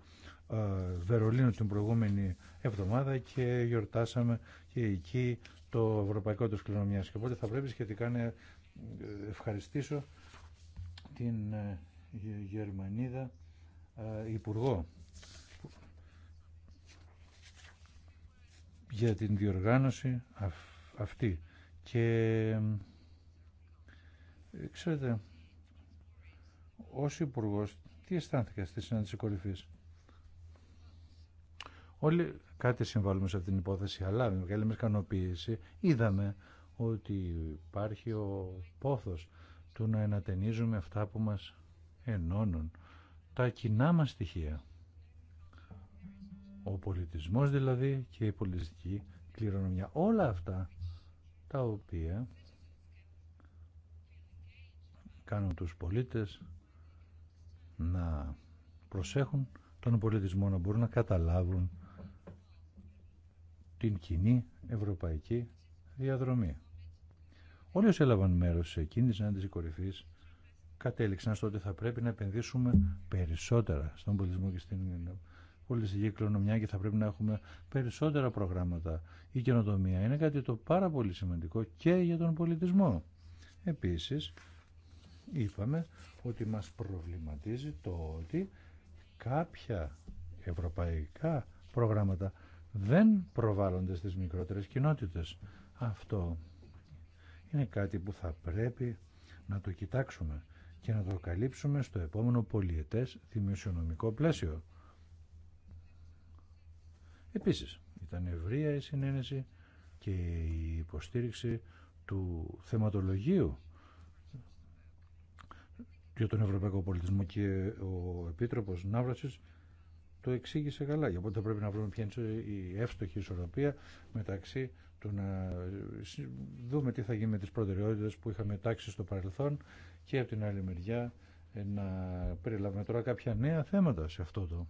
ε, Βερολίνου την προηγούμενη εβδομάδα και γιορτάσαμε και εκεί το Ευρωπαϊκό του Κληρονομιάς και οπότε θα πρέπει σχετικά να ε, ευχαριστήσω την ε, Γερμανίδα ε, Υπουργό για την διοργάνωση αυτή και Ξέρετε, ως υπουργό, τι αισθάνθηκα στη συνάντηση κορυφή. Όλοι κάτι συμβάλλουμε σε αυτήν την υπόθεση, αλλά με μεγάλη είδαμε ότι υπάρχει ο πόθος του να ενατενίζουμε αυτά που μας ενώνουν, τα κοινά μας στοιχεία. Ο πολιτισμός δηλαδή και η πολιτιστική κληρονομιά. Όλα αυτά τα οποία κάνουν τους πολίτες να προσέχουν τον πολιτισμό, να μπορούν να καταλάβουν την κοινή ευρωπαϊκή διαδρομή. Όλοι όσοι έλαβαν μέρος σε εκείνη τη συνάντηση κατέληξαν στο ότι θα πρέπει να επενδύσουμε περισσότερα στον πολιτισμό και στην πολιτιστική κληρονομιά και θα πρέπει να έχουμε περισσότερα προγράμματα. Η καινοτομία είναι κάτι το πάρα πολύ σημαντικό και για τον πολιτισμό. Επίσης, είπαμε ότι μας προβληματίζει το ότι κάποια ευρωπαϊκά προγράμματα δεν προβάλλονται στις μικρότερες κοινότητες. Αυτό είναι κάτι που θα πρέπει να το κοιτάξουμε και να το καλύψουμε στο επόμενο πολιετές δημοσιονομικό πλαίσιο. Επίσης, ήταν ευρία η συνένεση και η υποστήριξη του θεματολογίου για τον Ευρωπαϊκό Πολιτισμό και ο Επίτροπος Ναύρασης το εξήγησε καλά. Για οπότε πρέπει να βρούμε ποια είναι η εύστοχη ισορροπία μεταξύ του να δούμε τι θα γίνει με τις προτεραιότητες που είχαμε τάξει στο παρελθόν και από την άλλη μεριά να περιλάβουμε τώρα κάποια νέα θέματα σε αυτό το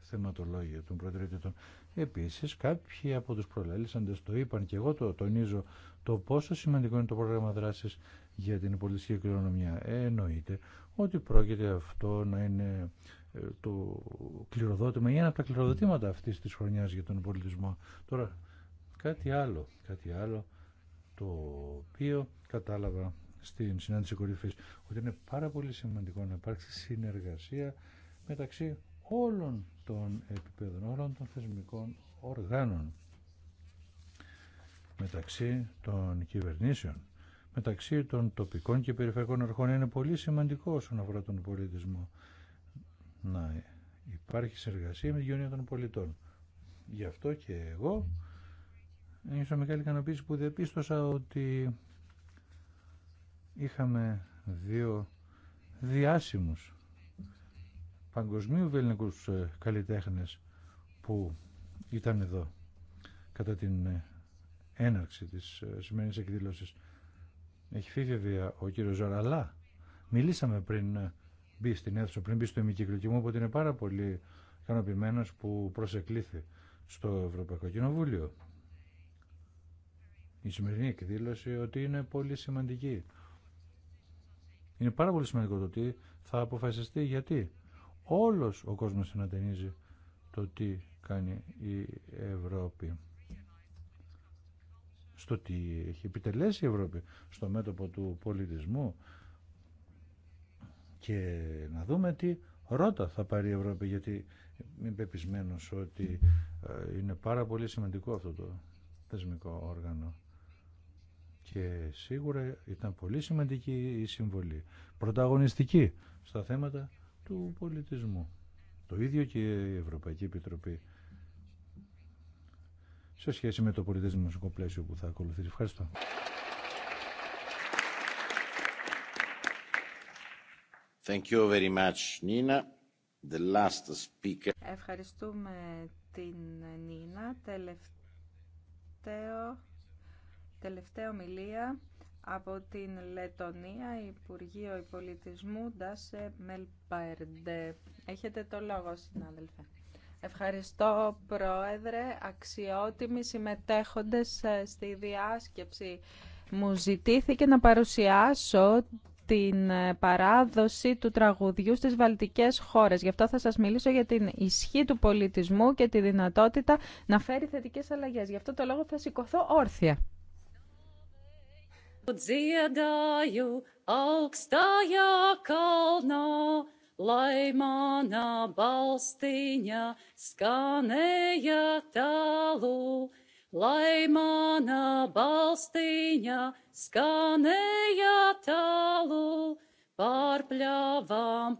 θεματολόγιο των προτεραιότητων. Επίσης, κάποιοι από τους προλαλήσαντες το είπαν και εγώ το τονίζω το πόσο σημαντικό είναι το πρόγραμμα δράσης για την πολιτιστική κληρονομιά. Ε, εννοείται ότι πρόκειται αυτό να είναι ε, το κληροδότημα ή ένα από τα κληροδοτήματα αυτής της χρονιάς για τον πολιτισμό. Τώρα, κάτι άλλο, κάτι άλλο το οποίο κατάλαβα στην συνάντηση κορυφής ότι είναι πάρα πολύ σημαντικό να υπάρξει συνεργασία μεταξύ όλων των επιπέδων, όλων των θεσμικών οργάνων μεταξύ των κυβερνήσεων μεταξύ των τοπικών και περιφερειακών αρχών είναι πολύ σημαντικό όσον αφορά τον πολιτισμό. Να υπάρχει συνεργασία με τη των πολιτών. Γι' αυτό και εγώ νιώσα μεγάλη ικανοποίηση που διαπίστωσα ότι είχαμε δύο διάσημους παγκοσμίου βελληνικούς ε, καλλιτέχνες που ήταν εδώ κατά την ε, έναρξη της ε, σημερινής εκδήλωσης έχει φύγει βέβαια ο κύριο Ζώρα, αλλά μιλήσαμε πριν ε, μπει στην αίθουσα, πριν μπει στο ημικύκλιο και μου ότι είναι πάρα πολύ ικανοποιημένο που προσεκλήθη στο Ευρωπαϊκό Κοινοβούλιο. Η σημερινή εκδήλωση ότι είναι πολύ σημαντική. Είναι πάρα πολύ σημαντικό το τι θα αποφασιστεί γιατί όλος ο κόσμος συναντενίζει το τι κάνει η Ευρώπη στο τι έχει επιτελέσει η Ευρώπη στο μέτωπο του πολιτισμού και να δούμε τι ρότα θα πάρει η Ευρώπη γιατί είμαι πεπισμένος ότι ε, είναι πάρα πολύ σημαντικό αυτό το θεσμικό όργανο και σίγουρα ήταν πολύ σημαντική η συμβολή πρωταγωνιστική στα θέματα του πολιτισμού το ίδιο και η Ευρωπαϊκή Επιτροπή σε σχέση με το πολιτισμικό πλαίσιο που θα ακολουθήσει. Ευχαριστώ. Thank you very much, Nina. The last speaker. Ευχαριστούμε την Νίνα. Τελευταίο, τελευταία ομιλία από την Λετωνία, Υπουργείο Υπολιτισμού, Ντάσε Μελπαερντέ. Έχετε το λόγο, συνάδελφε. Ευχαριστώ Πρόεδρε, αξιότιμοι συμμετέχοντες ε, στη διάσκεψη. Μου ζητήθηκε να παρουσιάσω την ε, παράδοση του τραγουδιού στις βαλτικές χώρες. Γι' αυτό θα σας μιλήσω για την ισχύ του πολιτισμού και τη δυνατότητα να φέρει θετικές αλλαγές. Γι' αυτό το λόγο θα σηκωθώ όρθια lai mana balstiņa skanēja tālu, lai mana balstiņa skanēja tālu, pār pārnorām,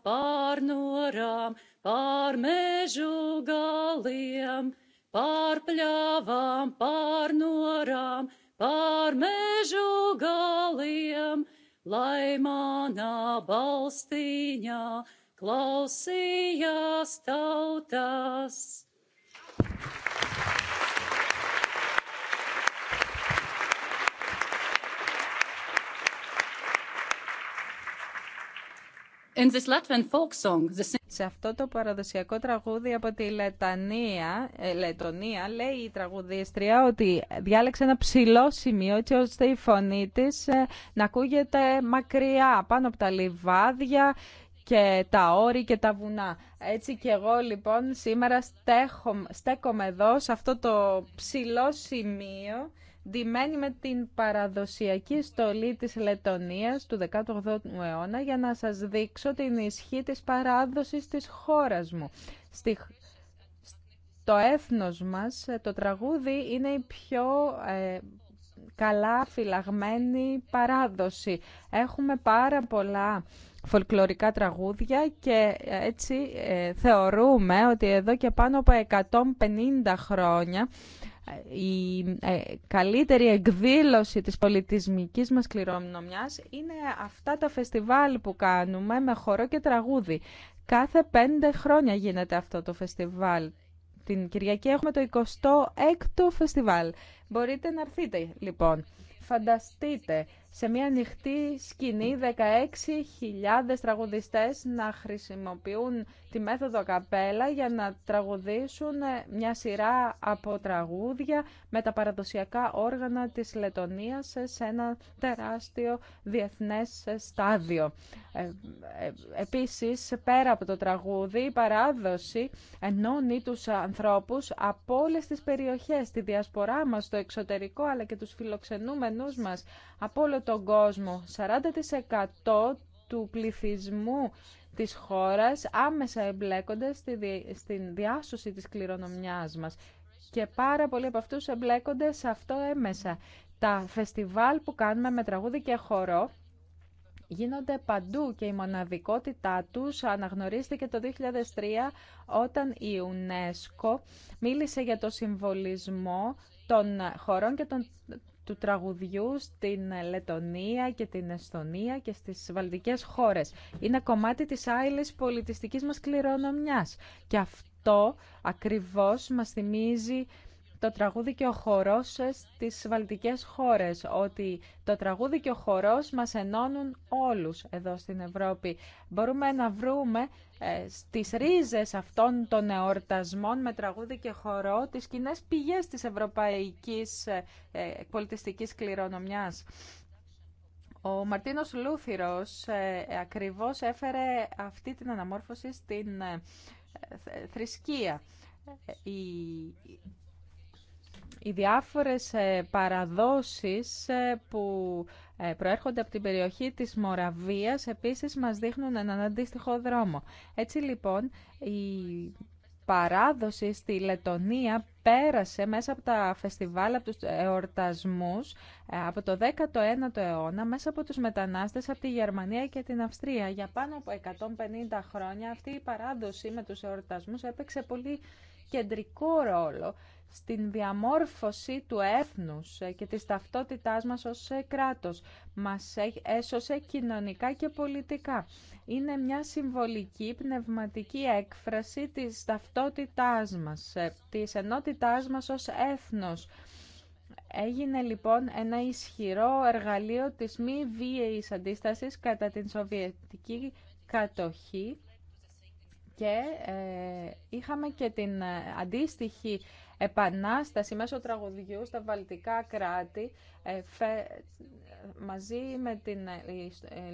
pārmežu norām, pār mežu galiem, pārpļāvām, pārnorām, pār norām, pār mežu galiem, lai mana balstiņa skanēja tālu klausījās Σε αυτό το παραδοσιακό τραγούδι από τη Λετανία, ε, Λετωνία λέει η τραγουδίστρια ότι διάλεξε ένα ψηλό σημείο έτσι ώστε η φωνή της ε, να ακούγεται μακριά πάνω από τα λιβάδια και τα όρη και τα βουνά. Έτσι και εγώ λοιπόν σήμερα στέχω, στέκομαι εδώ σε αυτό το ψηλό σημείο ντυμένη με την παραδοσιακή στολή της Λετωνίας του 18ου αιώνα για να σας δείξω την ισχύ της παράδοσης της χώρας μου. Στη... Το έθνος μας, ε, το τραγούδι, είναι η πιο ε, καλά φυλαγμένη παράδοση. Έχουμε πάρα πολλά φολκλωρικά τραγούδια και ε, έτσι ε, θεωρούμε ότι εδώ και πάνω από 150 χρόνια ε, η καλύτερη εκδήλωση της πολιτισμικής μας κληρονομιάς είναι αυτά τα φεστιβάλ που κάνουμε με χορό και τραγούδι. Κάθε πέντε χρόνια γίνεται αυτό το φεστιβάλ. Την Κυριακή έχουμε το 26ο φεστιβάλ. Μπορείτε να έρθετε λοιπόν. Φανταστείτε σε μια ανοιχτή σκηνή 16.000 τραγουδιστές να χρησιμοποιούν τη μέθοδο καπέλα για να τραγουδήσουν ε, μια σειρά από τραγούδια με τα παραδοσιακά όργανα της Λετωνίας ε, σε ένα τεράστιο διεθνές ε, στάδιο. Επίσης, πέρα από το τραγούδι, η παράδοση ενώνει τους ανθρώπους από όλες τις περιοχές, τη διασπορά μας, το εξωτερικό, αλλά και τους φιλοξενούμενους μας από όλο τον κόσμο. 40% του πληθυσμού της χώρας άμεσα εμπλέκονται στη, στην διάσωση της κληρονομιάς μας και πάρα πολλοί από αυτούς εμπλέκονται σε αυτό έμεσα. Τα φεστιβάλ που κάνουμε με τραγούδι και χορό γίνονται παντού και η μοναδικότητά τους αναγνωρίστηκε το 2003 όταν η UNESCO μίλησε για το συμβολισμό των χωρών και των του τραγουδιού στην Λετωνία και την Εστονία και στις βαλτικές χώρες. Είναι κομμάτι της άειλης πολιτιστικής μας κληρονομιάς. Και αυτό ακριβώς μας θυμίζει το τραγούδι και ο χορός στις βαλτικές χώρες, ότι το τραγούδι και ο χορός μας ενώνουν όλους εδώ στην Ευρώπη. Μπορούμε να βρούμε ε, στις ρίζες αυτών των εορτασμών με τραγούδι και χορό τις κοινέ πηγές της ευρωπαϊκής ε, ε, πολιτιστικής κληρονομιάς. Ο Μαρτίνος Λούθυρος ακριβώς έφερε αυτή την αναμόρφωση στην θρησκεία. Η οι διάφορες ε, παραδόσεις ε, που ε, προέρχονται από την περιοχή της Μοραβίας επίσης μας δείχνουν έναν αντίστοιχο δρόμο. Έτσι λοιπόν η παράδοση στη Λετωνία πέρασε μέσα από τα φεστιβάλ, από τους εορτασμούς από το 19ο αιώνα μέσα από τους μετανάστες από τη Γερμανία και την Αυστρία. Για πάνω από 150 χρόνια αυτή η παράδοση με τους εορτασμούς έπαιξε πολύ κεντρικό ρόλο στην διαμόρφωση του έθνους ε, και της ταυτότητάς μας ως ε, κράτος. Μας έσωσε κοινωνικά και πολιτικά. Είναι μια συμβολική πνευματική έκφραση της ταυτότητάς μας, ε, της ενότητάς μας ως έθνος. Έγινε λοιπόν ένα ισχυρό εργαλείο της μη βίαιης αντίστασης κατά την Σοβιετική κατοχή και ε, είχαμε και την ε, αντίστοιχη επανάσταση μέσω τραγουδιού στα βαλτικά κράτη ε, μαζί με την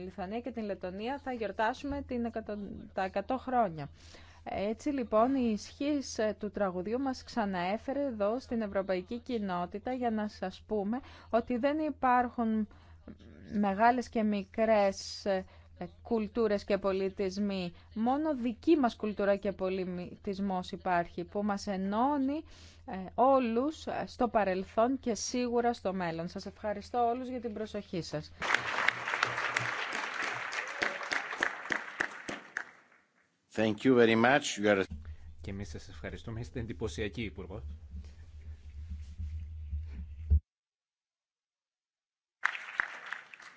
Λιθανία και την Λετωνία θα γιορτάσουμε την, τα 100 χρόνια. Έτσι λοιπόν η ισχύς του τραγουδιού μας ξαναέφερε εδώ στην ευρωπαϊκή κοινότητα για να σας πούμε ότι δεν υπάρχουν μεγάλες και μικρές ε, κουλτούρες και πολιτισμοί. Μόνο δική μας κουλτούρα και πολιτισμός υπάρχει που μας ενώνει ε, όλους ε, στο παρελθόν και σίγουρα στο μέλλον. Σας ευχαριστώ όλους για την προσοχή σας. Thank you very much. Και εμείς σας ευχαριστούμε. Είστε εντυπωσιακοί, Υπουργό.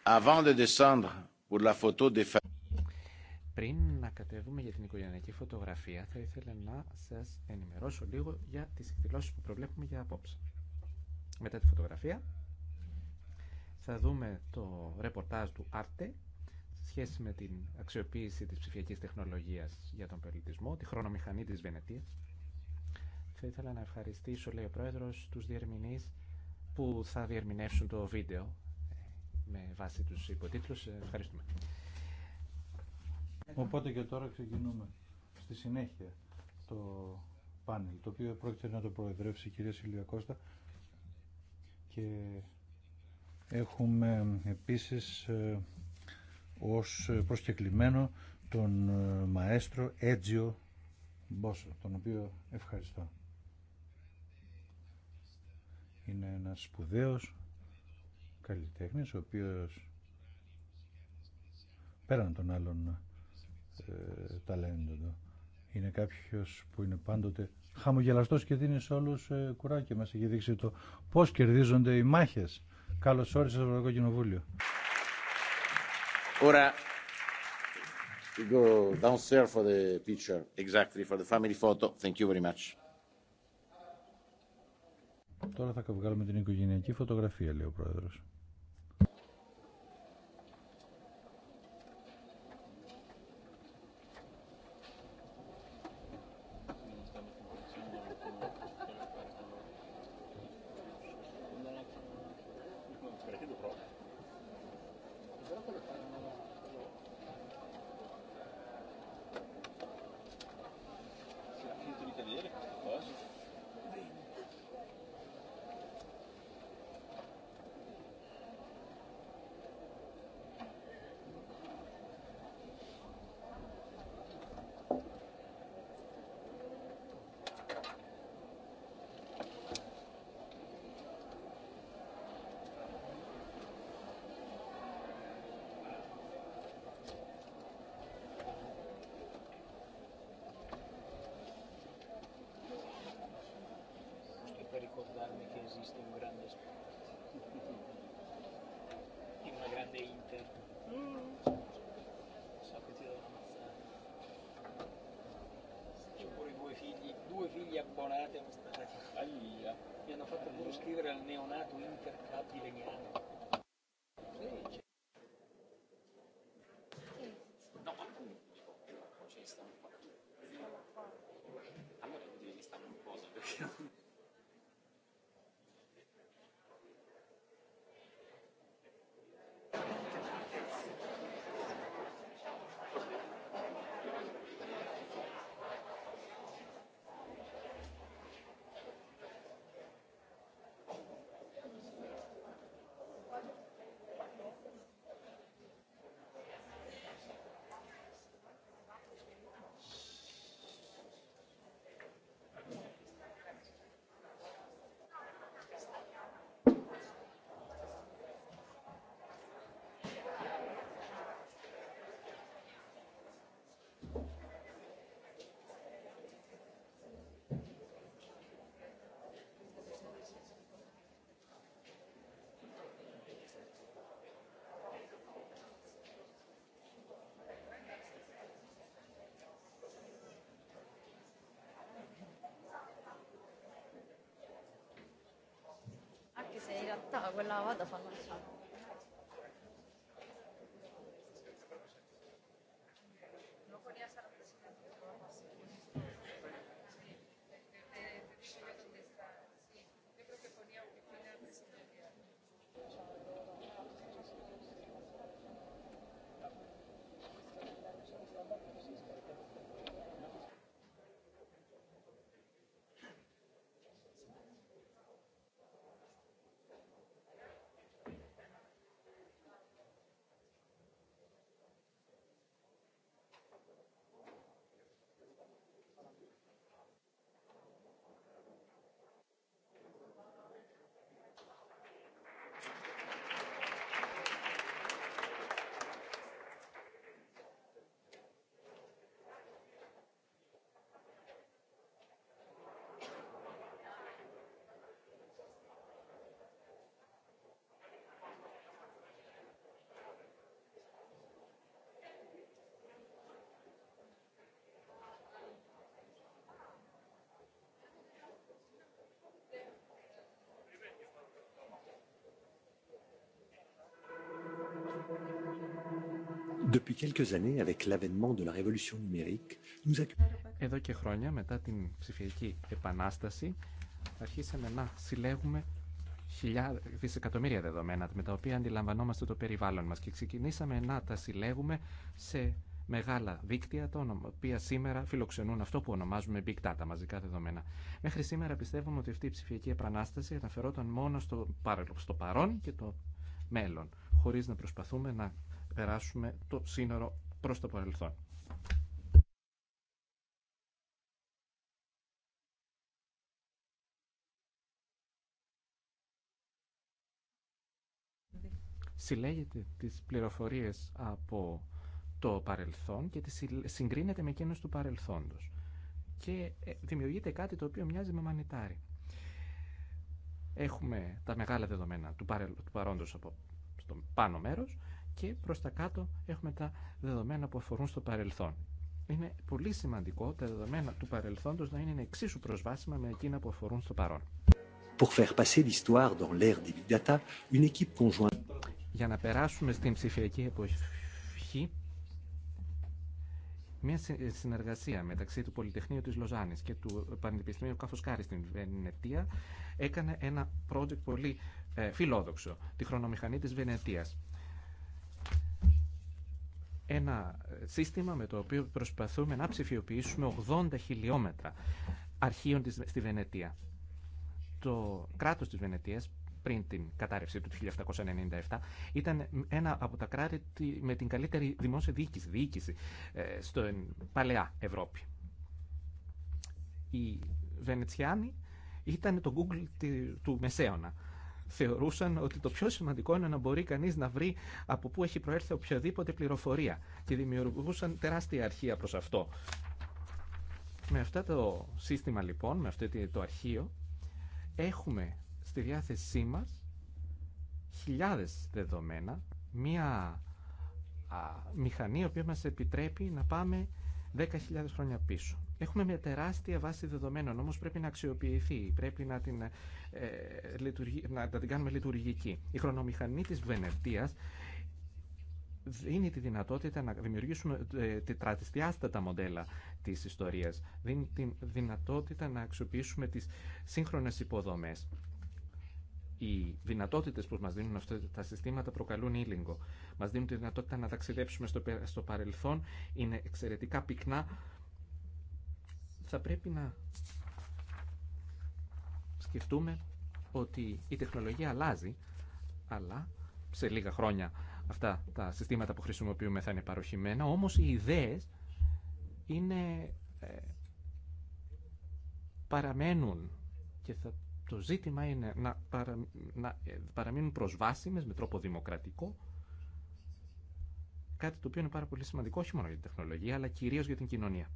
Avant de descendre πριν να κατεβούμε για την οικογενειακή φωτογραφία, θα ήθελα να σα ενημερώσω λίγο για τι εκδηλώσει που προβλέπουμε για απόψε. Μετά τη φωτογραφία θα δούμε το ρεπορτάζ του ARTE Άρτε σχέση με την αξιοποίηση της ψηφιακής τεχνολογίας για τον πολιτισμό, τη χρονομηχανή της Βενετίας. Θα ήθελα να ευχαριστήσω, λέει ο Πρόεδρος, τους διερμηνείς που θα διερμηνεύσουν το βίντεο με βάση τους υποτίτλους. Ε, ευχαριστούμε. Οπότε και τώρα ξεκινούμε στη συνέχεια το πάνελ, το οποίο πρόκειται να το προεδρεύσει η κυρία Σιλία και έχουμε επίσης ε, ως προσκεκλημένο τον ε, μαέστρο Έτζιο Μπόσο, τον οποίο ευχαριστώ. Είναι ένας σπουδαίος καλλιτέχνης ο οποίος πέραν των άλλων ε, ταλέντων είναι κάποιος που είναι πάντοτε χαμογελαστός και δίνει σε όλους ε, κουράκι μας έχει δείξει το πώς κερδίζονται οι μάχες Καλώς όρισε στο Ευρωπαϊκό Κοινοβούλιο go downstairs for the picture, exactly for the family photo. Thank you very much. Τώρα θα βγάλουμε την οικογενειακή φωτογραφία, λέει ο πρόεδρος. กี่อะไรอย่างนี้ realtà quella vado a Εδώ και χρόνια μετά την ψηφιακή επανάσταση αρχίσαμε να συλλέγουμε χιλιάδες, δισεκατομμύρια δεδομένα με τα οποία αντιλαμβανόμαστε το περιβάλλον μας και ξεκινήσαμε να τα συλλέγουμε σε μεγάλα δίκτυα, τα οποία σήμερα φιλοξενούν αυτό που ονομάζουμε big data, μαζικά δεδομένα. Μέχρι σήμερα πιστεύουμε ότι αυτή η ψηφιακή επανάσταση αναφερόταν μόνο στο, στο παρόν και το μέλλον, χωρίς να προσπαθούμε να περάσουμε το σύνορο προς το παρελθόν. Συλλέγετε τις πληροφορίες από το παρελθόν και τις συγκρίνετε με εκείνους του παρελθόντος. Και ε, δημιουργείται κάτι το οποίο μοιάζει με μανιτάρι. Έχουμε τα μεγάλα δεδομένα του παρόντος από στο πάνω μέρος και προς τα κάτω έχουμε τα δεδομένα που αφορούν στο παρελθόν. Είναι πολύ σημαντικό τα δεδομένα του παρελθόντος να είναι εξίσου προσβάσιμα με εκείνα που αφορούν στο παρόν. Για να περάσουμε στην ψηφιακή εποχή, μια συνεργασία μεταξύ του Πολυτεχνείου της Λοζάνης και του Πανεπιστημίου Καφουσκάρη στην Βενετία έκανε ένα project πολύ ε, φιλόδοξο, τη χρονομηχανή της Βενετίας ένα ε, σύστημα με το οποίο προσπαθούμε να ψηφιοποιήσουμε 80 χιλιόμετρα αρχείων στη Βενετία. Το κράτος της Βενετίας πριν την κατάρρευση του 1797, ήταν ένα από τα κράτη με την καλύτερη δημόσια διοίκηση, διοίκηση ε, στην παλαιά Ευρώπη. Οι Βενετσιάνοι ήταν το Google του Μεσαίωνα θεωρούσαν ότι το πιο σημαντικό είναι να μπορεί κανεί να βρει από πού έχει προέρθει οποιαδήποτε πληροφορία και δημιουργούσαν τεράστια αρχεία προ αυτό. Με αυτό το σύστημα λοιπόν, με αυτό το αρχείο, έχουμε στη διάθεσή μας χιλιάδες δεδομένα, μία μηχανή η οποία μας επιτρέπει να πάμε 10.000 χρόνια πίσω. Έχουμε μια τεράστια βάση δεδομένων, όμως πρέπει να αξιοποιηθεί, πρέπει να την, ε, να, την κάνουμε λειτουργική. Η χρονομηχανή της Βενετίας δίνει τη δυνατότητα να δημιουργήσουμε ε, τετρατιστιάστατα μοντέλα της ιστορίας. Δίνει τη δυνατότητα να αξιοποιήσουμε τις σύγχρονες υποδομές. Οι δυνατότητε που μα δίνουν αυτά τα συστήματα προκαλούν ήλιγκο. Μα δίνουν τη δυνατότητα να ταξιδέψουμε στο παρελθόν. Είναι εξαιρετικά πυκνά θα πρέπει να σκεφτούμε ότι η τεχνολογία αλλάζει, αλλά σε λίγα χρόνια αυτά τα συστήματα που χρησιμοποιούμε θα είναι παροχημένα, όμως οι ιδέες είναι, ε, παραμένουν και θα, το ζήτημα είναι να, παρα, να ε, παραμείνουν προσβάσιμες με τρόπο δημοκρατικό, κάτι το οποίο είναι πάρα πολύ σημαντικό όχι μόνο για την τεχνολογία, αλλά κυρίως για την κοινωνία.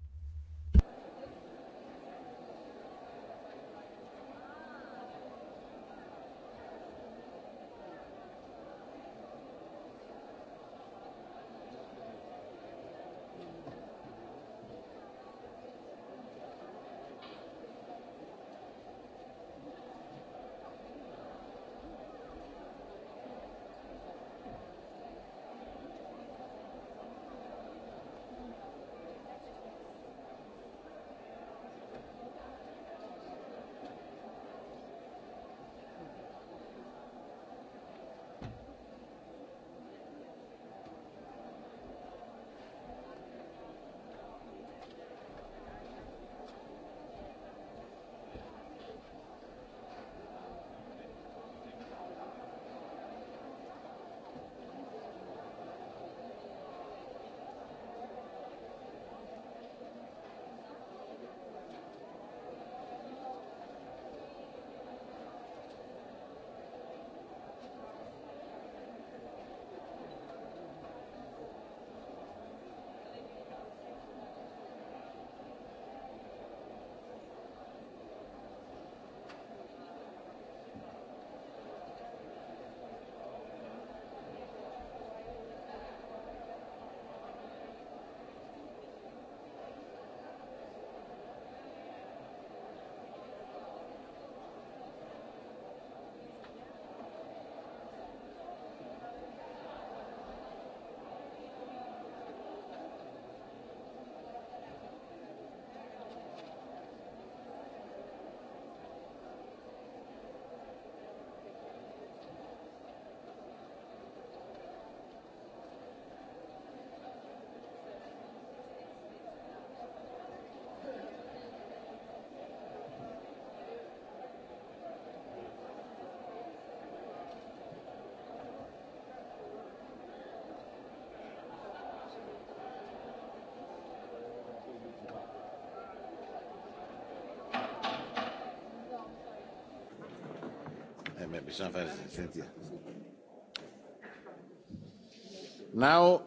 Now...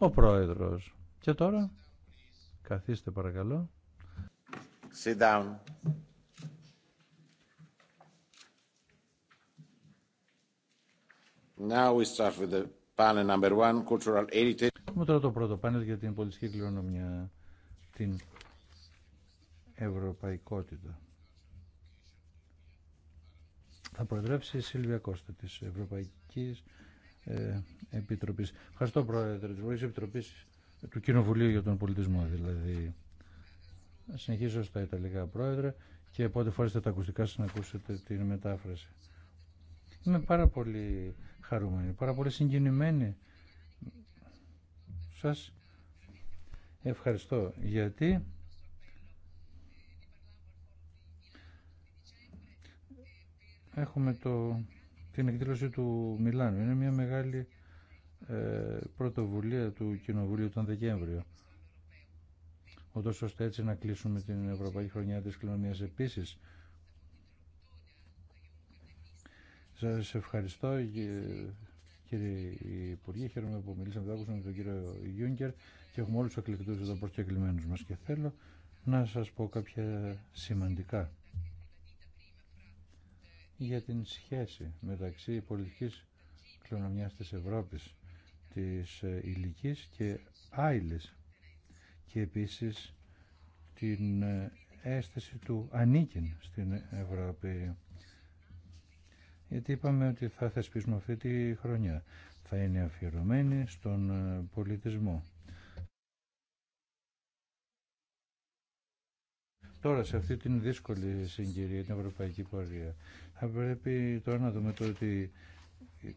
Ο πρόεδρος. Και τώρα, καθίστε παρακαλώ. Sit down. Now we start with the panel number one, cultural heritage. Με τώρα το πρώτο πάνελ για την πολιτική κληρονομιά, την ευρωπαϊκότητα θα προεδρεύσει η Σίλβια Κώστα της Ευρωπαϊκής ε, Επιτροπής. Ευχαριστώ Πρόεδρε της Ευρωπαϊκής Επιτροπής του Κοινοβουλίου για τον πολιτισμό δηλαδή. Συνεχίζω στα Ιταλικά Πρόεδρε και πότε φορέστε τα ακουστικά σας να ακούσετε την μετάφραση. Είμαι πάρα πολύ χαρούμενη, πάρα πολύ συγκινημένη. Σας ευχαριστώ γιατί έχουμε το, την εκδήλωση του Μιλάνου. Είναι μια μεγάλη ε, πρωτοβουλία του Κοινοβουλίου τον Δεκέμβριο. Ούτω ώστε έτσι να κλείσουμε την Ευρωπαϊκή Χρονιά της Κοινωνίας επίσης. Σας ευχαριστώ κύριε Υπουργέ. Χαίρομαι που μιλήσαμε εδώ Έχουμε τον κύριο Γιούγκερ και έχουμε όλους τους εκλεκτούς εδώ προς μα μας και θέλω να σας πω κάποια σημαντικά για την σχέση μεταξύ πολιτικής κληρονομιάς της Ευρώπης, της ε, ηλικής και άειλης και επίσης την ε, αίσθηση του ανήκειν στην Ευρώπη. Γιατί είπαμε ότι θα θεσπίσουμε αυτή τη χρονιά. Θα είναι αφιερωμένη στον ε, πολιτισμό. Τώρα σε αυτή την δύσκολη συγκυρία, την ευρωπαϊκή πορεία, θα πρέπει τώρα να δούμε το ότι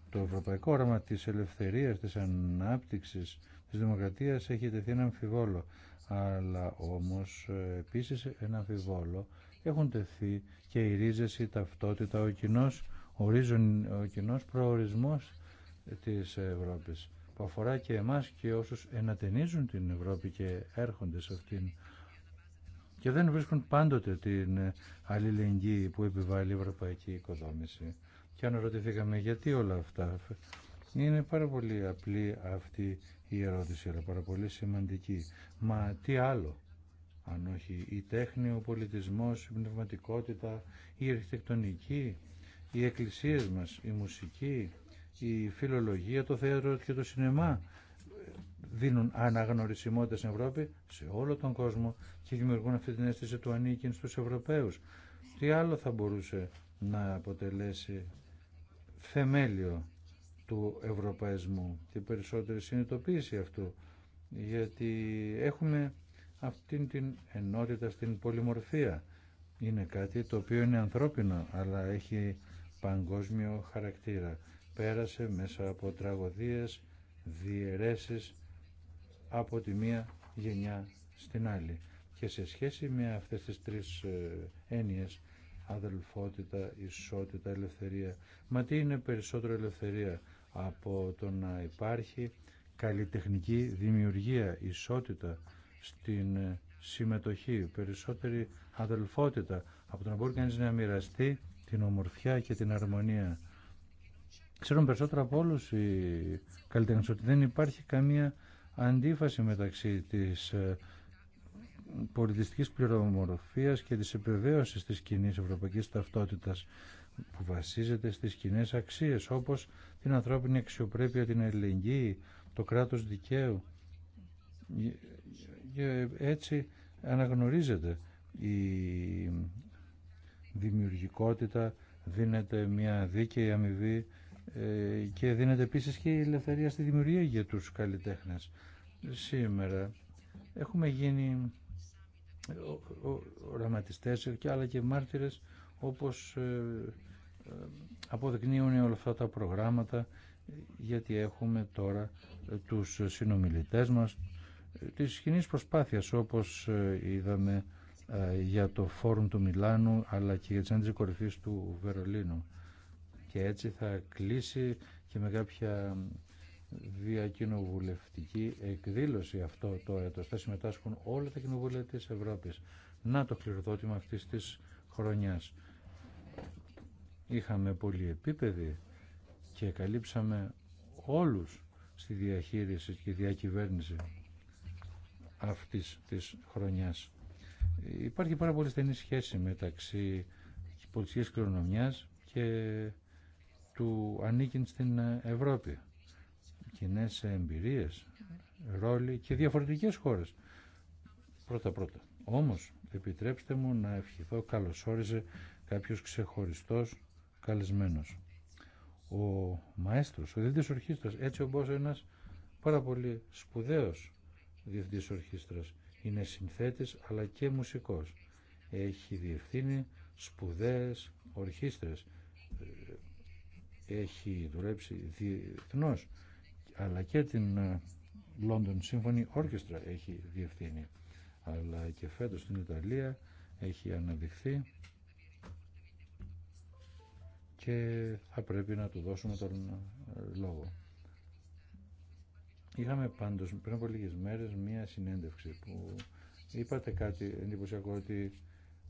το ευρωπαϊκό όραμα της ελευθερίας, της ανάπτυξης, της δημοκρατίας έχει τεθεί ένα αμφιβόλο. Αλλά όμως ε, επίσης ένα αμφιβόλο έχουν τεθεί και οι ρίζες, η ταυτότητα, ο κοινός, ο κοινός προορισμός της Ευρώπης που αφορά και εμάς και όσους ενατενίζουν την Ευρώπη και έρχονται σε αυτήν και δεν βρίσκουν πάντοτε την ε, αλληλεγγύη που επιβάλλει η ευρωπαϊκή οικοδόμηση. Και ρωτήθήκαμε, γιατί όλα αυτά. Είναι πάρα πολύ απλή αυτή η ερώτηση, αλλά πάρα πολύ σημαντική. Μα τι άλλο, αν όχι η τέχνη, ο πολιτισμός, η πνευματικότητα, η αρχιτεκτονική, οι εκκλησίες μας, η μουσική, η φιλολογία, το θέατρο και το σινεμά δίνουν αναγνωρισιμότητα στην Ευρώπη, σε όλο τον κόσμο και δημιουργούν αυτή την αίσθηση του ανήκειν στους Ευρωπαίους. Τι άλλο θα μπορούσε να αποτελέσει θεμέλιο του ευρωπαϊσμού, την περισσότερη συνειδητοποίηση αυτού, γιατί έχουμε αυτήν την ενότητα, στην πολυμορφία. Είναι κάτι το οποίο είναι ανθρώπινο, αλλά έχει παγκόσμιο χαρακτήρα. Πέρασε μέσα από τραγωδίες, διαιρέσεις από τη μία γενιά στην άλλη. Και σε σχέση με αυτές τις τρεις ε, έννοιες, αδελφότητα, ισότητα, ελευθερία, μα τι είναι περισσότερο ελευθερία από το να υπάρχει καλλιτεχνική δημιουργία, ισότητα στην ε, συμμετοχή, περισσότερη αδελφότητα, από το να μπορεί κανείς να μοιραστεί την ομορφιά και την αρμονία. Ξέρουμε περισσότερο από όλους οι καλλιτέχνες ότι δεν υπάρχει καμία αντίφαση μεταξύ της ε, πολιτιστικής πληρομορφίας και της επιβεβαίωσης της κοινή ευρωπαϊκής ταυτότητας που βασίζεται στις κοινέ αξίες όπως την ανθρώπινη αξιοπρέπεια, την ελληνική, το κράτος δικαίου. έτσι αναγνωρίζεται η δημιουργικότητα, δίνεται μια δίκαιη αμοιβή ε, και δίνεται επίσης και η ελευθερία στη δημιουργία για τους καλλιτέχνες. Σήμερα έχουμε γίνει οραματιστές και άλλα και μάρτυρες όπως ε, ε, αποδεικνύουν όλα αυτά τα προγράμματα γιατί έχουμε τώρα τους συνομιλητές μας της κοινή προσπάθειας όπως είδαμε για το φόρουμ του Μιλάνου αλλά και για τις έντες του Βερολίνου και έτσι θα κλείσει και με κάποια διακοινοβουλευτική εκδήλωση αυτό το έτος. Θα συμμετάσχουν όλα τα κοινοβούλια της Ευρώπης. Να το κληροδότημα αυτής της χρονιάς. Είχαμε πολύ επίπεδη και καλύψαμε όλους στη διαχείριση και διακυβέρνηση αυτής της χρονιάς. Υπάρχει πάρα πολύ στενή σχέση μεταξύ πολιτικής κληρονομιάς και του ανήκειν στην Ευρώπη. Κοινέ εμπειρίες, ρόλοι και διαφορετικές χώρες. Πρώτα-πρώτα. Όμως, επιτρέψτε μου να ευχηθώ καλώς όριζε κάποιος ξεχωριστός καλεσμένος. Ο μαέστρος, ο διευθυντής ορχήστρας, έτσι όπως ένας πάρα πολύ σπουδαίος διευθυντής ορχήστρας, είναι συνθέτης αλλά και μουσικός. Έχει διευθύνει σπουδαίες ορχήστρες έχει δουλέψει διεθνώς αλλά και την ε, London Symphony Orchestra έχει διευθύνει αλλά και φέτος στην Ιταλία έχει αναδειχθεί και θα πρέπει να του δώσουμε τον ε, λόγο. Είχαμε πάντως πριν από λίγες μέρες μία συνέντευξη που είπατε κάτι εντυπωσιακό ότι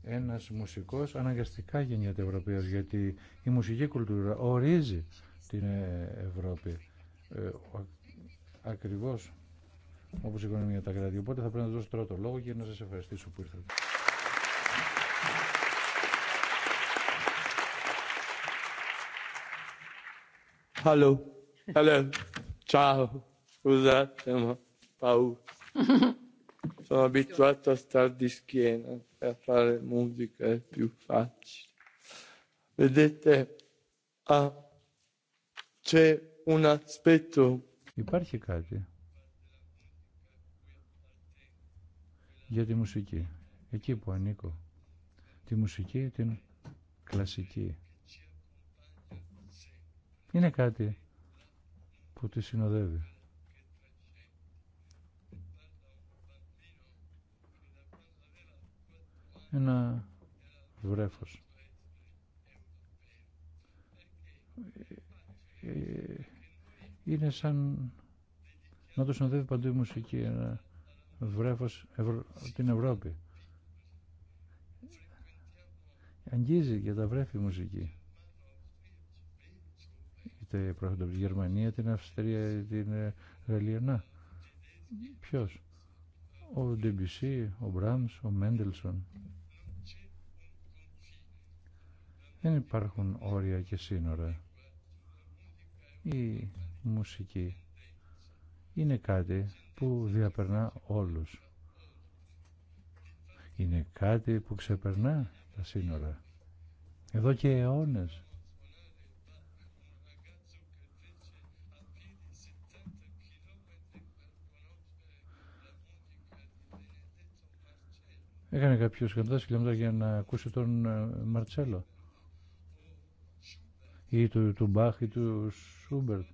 ένας μουσικός αναγκαστικά γεννιέται Ευρωπαίος γιατί η μουσική κουλτούρα ορίζει την ε, Ευρώπη ε, ακριβώς όπως η οικονομία τα κρατεί. Οπότε θα πρέπει να δώσω τώρα το λόγο και να σας ευχαριστήσω που ήρθατε. Hello. Hello. Ciao. Scusate, ma paura. Sono abituato a star di schiena a fare musica facile. Vedete, ah, c'è Υπάρχει κάτι για τη μουσική, εκεί που ανήκω. Τη μουσική, την κλασική. Είναι κάτι που τη συνοδεύει. ένα βρέφος. Είναι σαν να το συνοδεύει παντού η μουσική, ένα βρέφος Ευρω... την Ευρώπη. Αγγίζει για τα βρέφη μουσική. Είτε προέρχονται από τη Γερμανία, την Αυστρία, την ε, Γαλλία. Να, ποιος. Ο Ντεμπισί, ο Μπραμς, ο Μέντελσον. Δεν υπάρχουν όρια και σύνορα. Η μουσική είναι κάτι που διαπερνά όλους. Είναι κάτι που ξεπερνά τα σύνορα. Εδώ και αιώνες. Έκανε κάποιος 100 χιλιόμετρα για να ακούσει τον ε, Μαρτσέλο ή του, του Μπαχ ή του Σούμπερτ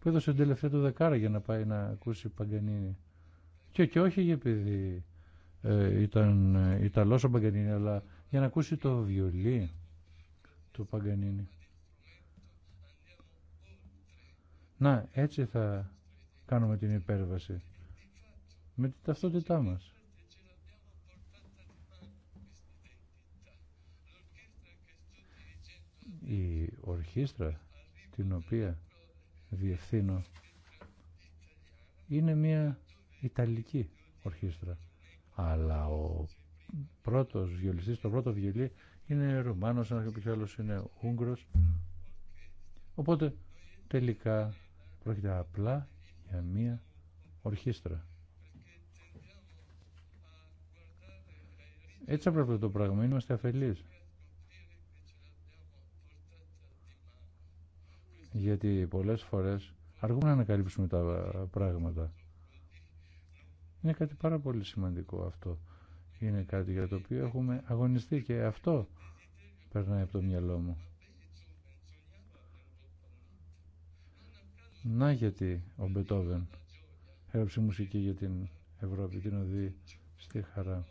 που έδωσε την τελευταία του δεκάρα για να πάει να ακούσει Παγκανίνη. Και, και όχι επειδή ε, ήταν ε, Ιταλός ο Παγκανίνη, αλλά για να ακούσει το βιολί του Παγκανίνη. Να, έτσι θα κάνουμε την υπέρβαση. Με την ταυτότητά μας. η ορχήστρα την οποία διευθύνω είναι μια Ιταλική ορχήστρα αλλά ο πρώτος βιολιστής, το πρώτο βιολί είναι Ρουμάνος, ένας πιο άλλος είναι Ούγγρος οπότε τελικά πρόκειται απλά για μια ορχήστρα έτσι θα το πράγμα, είμαστε αφελείς γιατί πολλές φορές αργούμε να ανακαλύψουμε τα πράγματα. Είναι κάτι πάρα πολύ σημαντικό αυτό. Είναι κάτι για το οποίο έχουμε αγωνιστεί και αυτό περνάει από το μυαλό μου. Να γιατί ο Μπετόβεν έγραψε μουσική για την Ευρώπη, την οδή στη χαρά.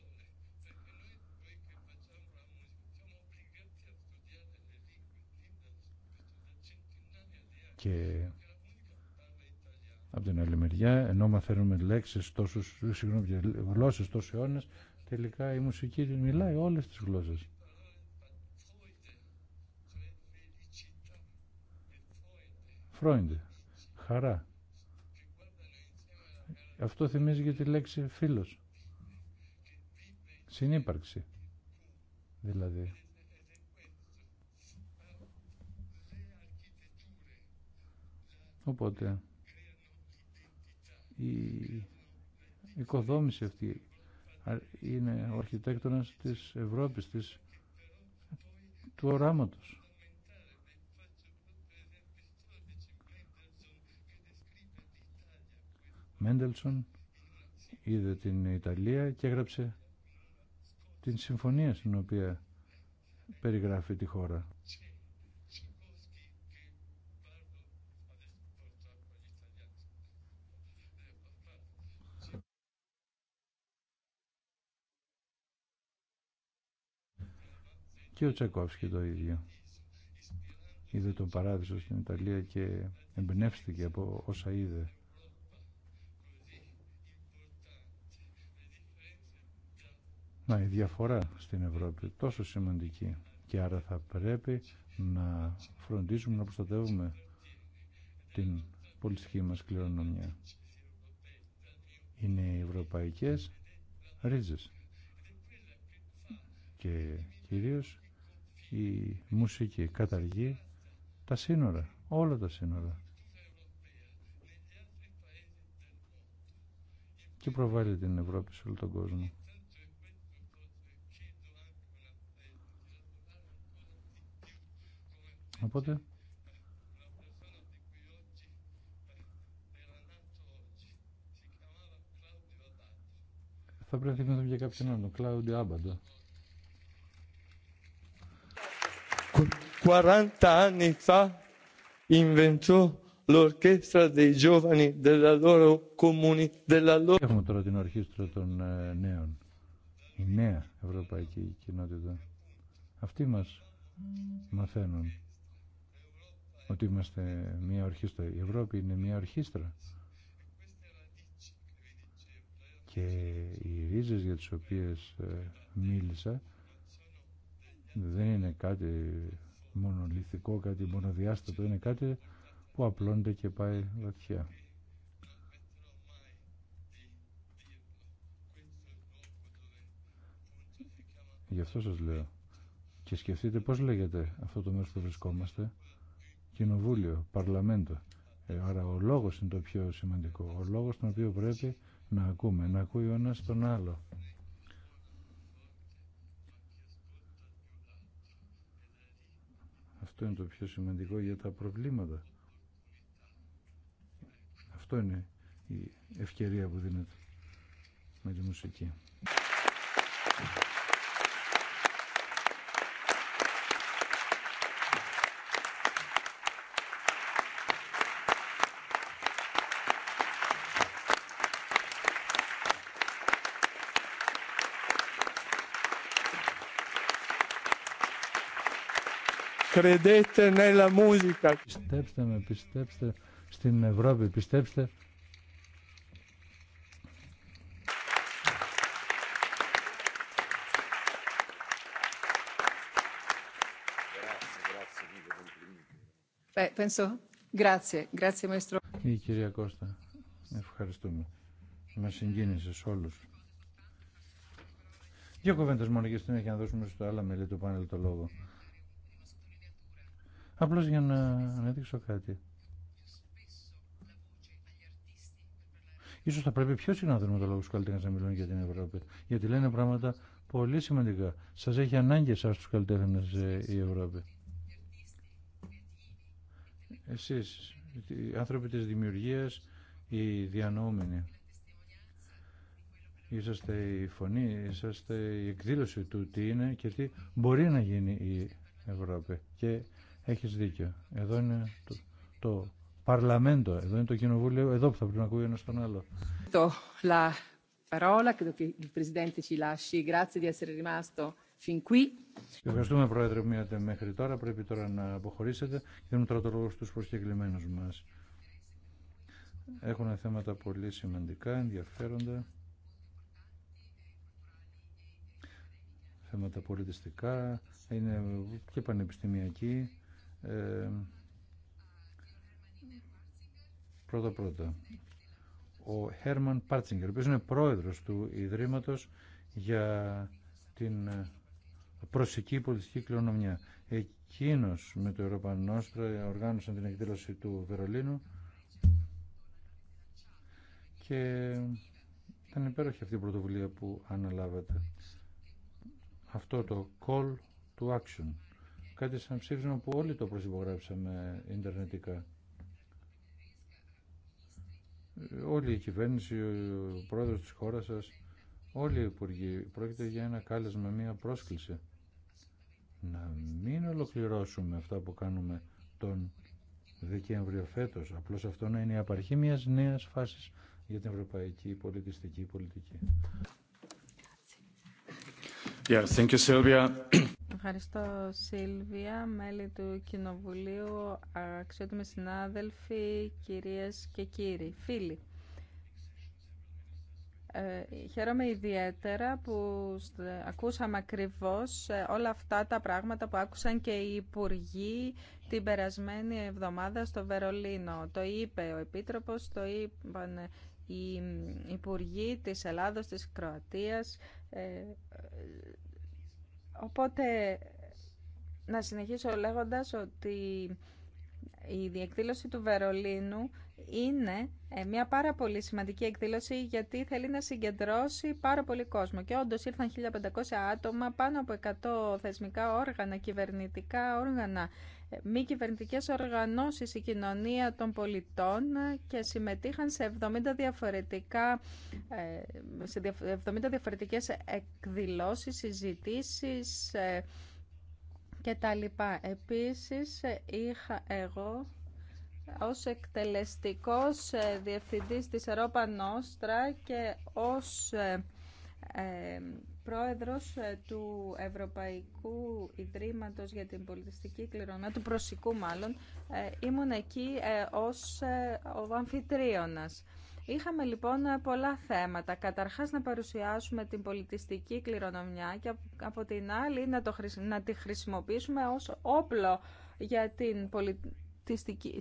Και από την άλλη μεριά, ενώ μαθαίνουμε λέξεις τόσους, συγγνώμη, γλώσσες τόσους αιώνες, τελικά η μουσική μιλάει όλες τις γλώσσες. Φρόιντε, χαρά. Αυτό θυμίζει και τη λέξη φίλος. Συνύπαρξη. Δηλαδή, Οπότε η οικοδόμηση αυτή είναι ο αρχιτέκτονας της Ευρώπης, της, του οράματος. Μέντελσον είδε την Ιταλία και έγραψε την συμφωνία στην οποία περιγράφει τη χώρα. και ο Τσακόφσκι το ίδιο. Είδε τον παράδεισο στην Ιταλία και εμπνεύστηκε από όσα είδε. Να, η διαφορά στην Ευρώπη τόσο σημαντική και άρα θα πρέπει να φροντίζουμε να προστατεύουμε την πολιτική μας κληρονομιά. Είναι οι ευρωπαϊκές ρίζες και κυρίως η μουσική καταργεί τα σύνορα, όλα τα σύνορα. Και προβάλλει την Ευρώπη σε όλο τον κόσμο. Οπότε θα πρέπει να θυμηθούμε για κάποιον άλλον, Κλάουντι Άμπαντα. 40 anni fa Έχουμε τώρα την ορχήστρα των ε, νέων. Η νέα ευρωπαϊκή κοινότητα. Αυτοί μας μαθαίνουν ότι είμαστε μια ορχήστρα. Η Ευρώπη είναι μια ορχήστρα. Και οι ρίζες για τις οποίες ε, μίλησα δεν είναι κάτι μονολυθικό, κάτι μονοδιάστατο, είναι κάτι που απλώνεται και πάει βαθιά. Γι' αυτό σας λέω. Και σκεφτείτε πώς λέγεται αυτό το μέρος που βρισκόμαστε. Κοινοβούλιο, παρλαμέντο. Ε, άρα ο λόγος είναι το πιο σημαντικό. Ο λόγος τον οποίο πρέπει να ακούμε. Να ακούει ο ένας τον άλλο. Αυτό είναι το πιο σημαντικό για τα προβλήματα. Αυτό είναι η ευκαιρία που δίνεται με τη μουσική. Πιστέψτε με, πιστέψτε στην Ευρώπη, πιστέψτε. Penso, grazie, grazie maestro. Η κυρία Κώστα, ευχαριστούμε. Μα συγκίνησε όλους. Δύο κοβέντες μόνο για στιγμή για να δώσουμε στο άλλα μέλη του πάνελ το λόγο. Απλώς για να ανέδειξω κάτι. Ίσως θα πρέπει πιο συχνά να το λόγο καλλιτέχνες να μιλούν για την Ευρώπη. Γιατί λένε πράγματα πολύ σημαντικά. Σας έχει ανάγκη εσάς τους καλλιτέχνες ε, η Ευρώπη. Εσείς, οι άνθρωποι της δημιουργίας, οι διανοούμενοι. Είσαστε η φωνή, είσαστε η εκδήλωση του τι είναι και τι μπορεί να γίνει η Ευρώπη. Έχεις δίκιο. Εδώ είναι το, το Παρλαμέντο, εδώ είναι το Κοινοβούλιο, εδώ που θα πρέπει να ακούει ένα τον άλλο. Το, la parola, Ευχαριστούμε, Πρόεδρε, που μείνατε μέχρι τώρα. Πρέπει τώρα να αποχωρήσετε. Δίνουμε τώρα το λόγο στους προσκεκλημένους μας. Έχουν θέματα πολύ σημαντικά, ενδιαφέροντα. Θέματα πολιτιστικά, είναι και πανεπιστημιακοί. Ε, πρώτα πρώτα ο Χέρμαν Πάρτσιγκερ, ο οποίος είναι πρόεδρος του Ιδρύματος για την ε, προσική πολιτική κληρονομιά. Εκείνος με το Ευρωπανόστρα οργάνωσαν την εκδήλωση του Βερολίνου και ήταν υπέροχη αυτή η πρωτοβουλία που αναλάβατε. Αυτό το call to action κάτι σαν ψήφισμα που όλοι το προσυπογράψαμε ιντερνετικά. Όλη η κυβέρνηση, ο πρόεδρος της χώρας σας, όλοι οι υπουργοί, πρόκειται για ένα κάλεσμα, μία πρόσκληση. Να μην ολοκληρώσουμε αυτά που κάνουμε τον Δεκέμβριο φέτος. Απλώς αυτό να είναι η απαρχή μιας νέας φάσης για την ευρωπαϊκή πολιτιστική πολιτική. Yeah, thank you, Ευχαριστώ Σίλβια, μέλη του Κοινοβουλίου, αξιότιμοι συνάδελφοι, κυρίες και κύριοι, φίλοι. Ε, χαίρομαι ιδιαίτερα που ακούσαμε ακριβώ ε, όλα αυτά τα πράγματα που άκουσαν και οι υπουργοί την περασμένη εβδομάδα στο Βερολίνο. Το είπε ο Επίτροπος, το είπαν ε, οι υπουργοί της Ελλάδος, της Κροατίας. Ε, Οπότε, να συνεχίσω λέγοντας ότι η διεκδήλωση του Βερολίνου είναι ε, μια πάρα πολύ σημαντική εκδήλωση γιατί θέλει να συγκεντρώσει πάρα πολύ κόσμο. Και όντω ήρθαν 1500 άτομα, πάνω από 100 θεσμικά όργανα, κυβερνητικά όργανα, μη κυβερνητικέ οργανώσεις, η κοινωνία των πολιτών ε, και συμμετείχαν σε 70, διαφορετικά, ε, σε 70 διαφορετικές εκδηλώσεις, συζητήσεις ε, και τα λοιπά. Επίσης είχα εγώ ως εκτελεστικός διευθυντής της Ευρώπα Νόστρα και ως πρόεδρος ε, του Ευρωπαϊκού Ιδρύματος για την Πολιτιστική Κληρονομιά, του Προσικού μάλλον, ε, ήμουν εκεί ε, ως ο αμφιτρίωνας. Είχαμε λοιπόν πολλά θέματα. Καταρχάς να παρουσιάσουμε την πολιτιστική κληρονομιά και από την άλλη να, το, να τη χρησιμοποιήσουμε ως όπλο για την πολιτική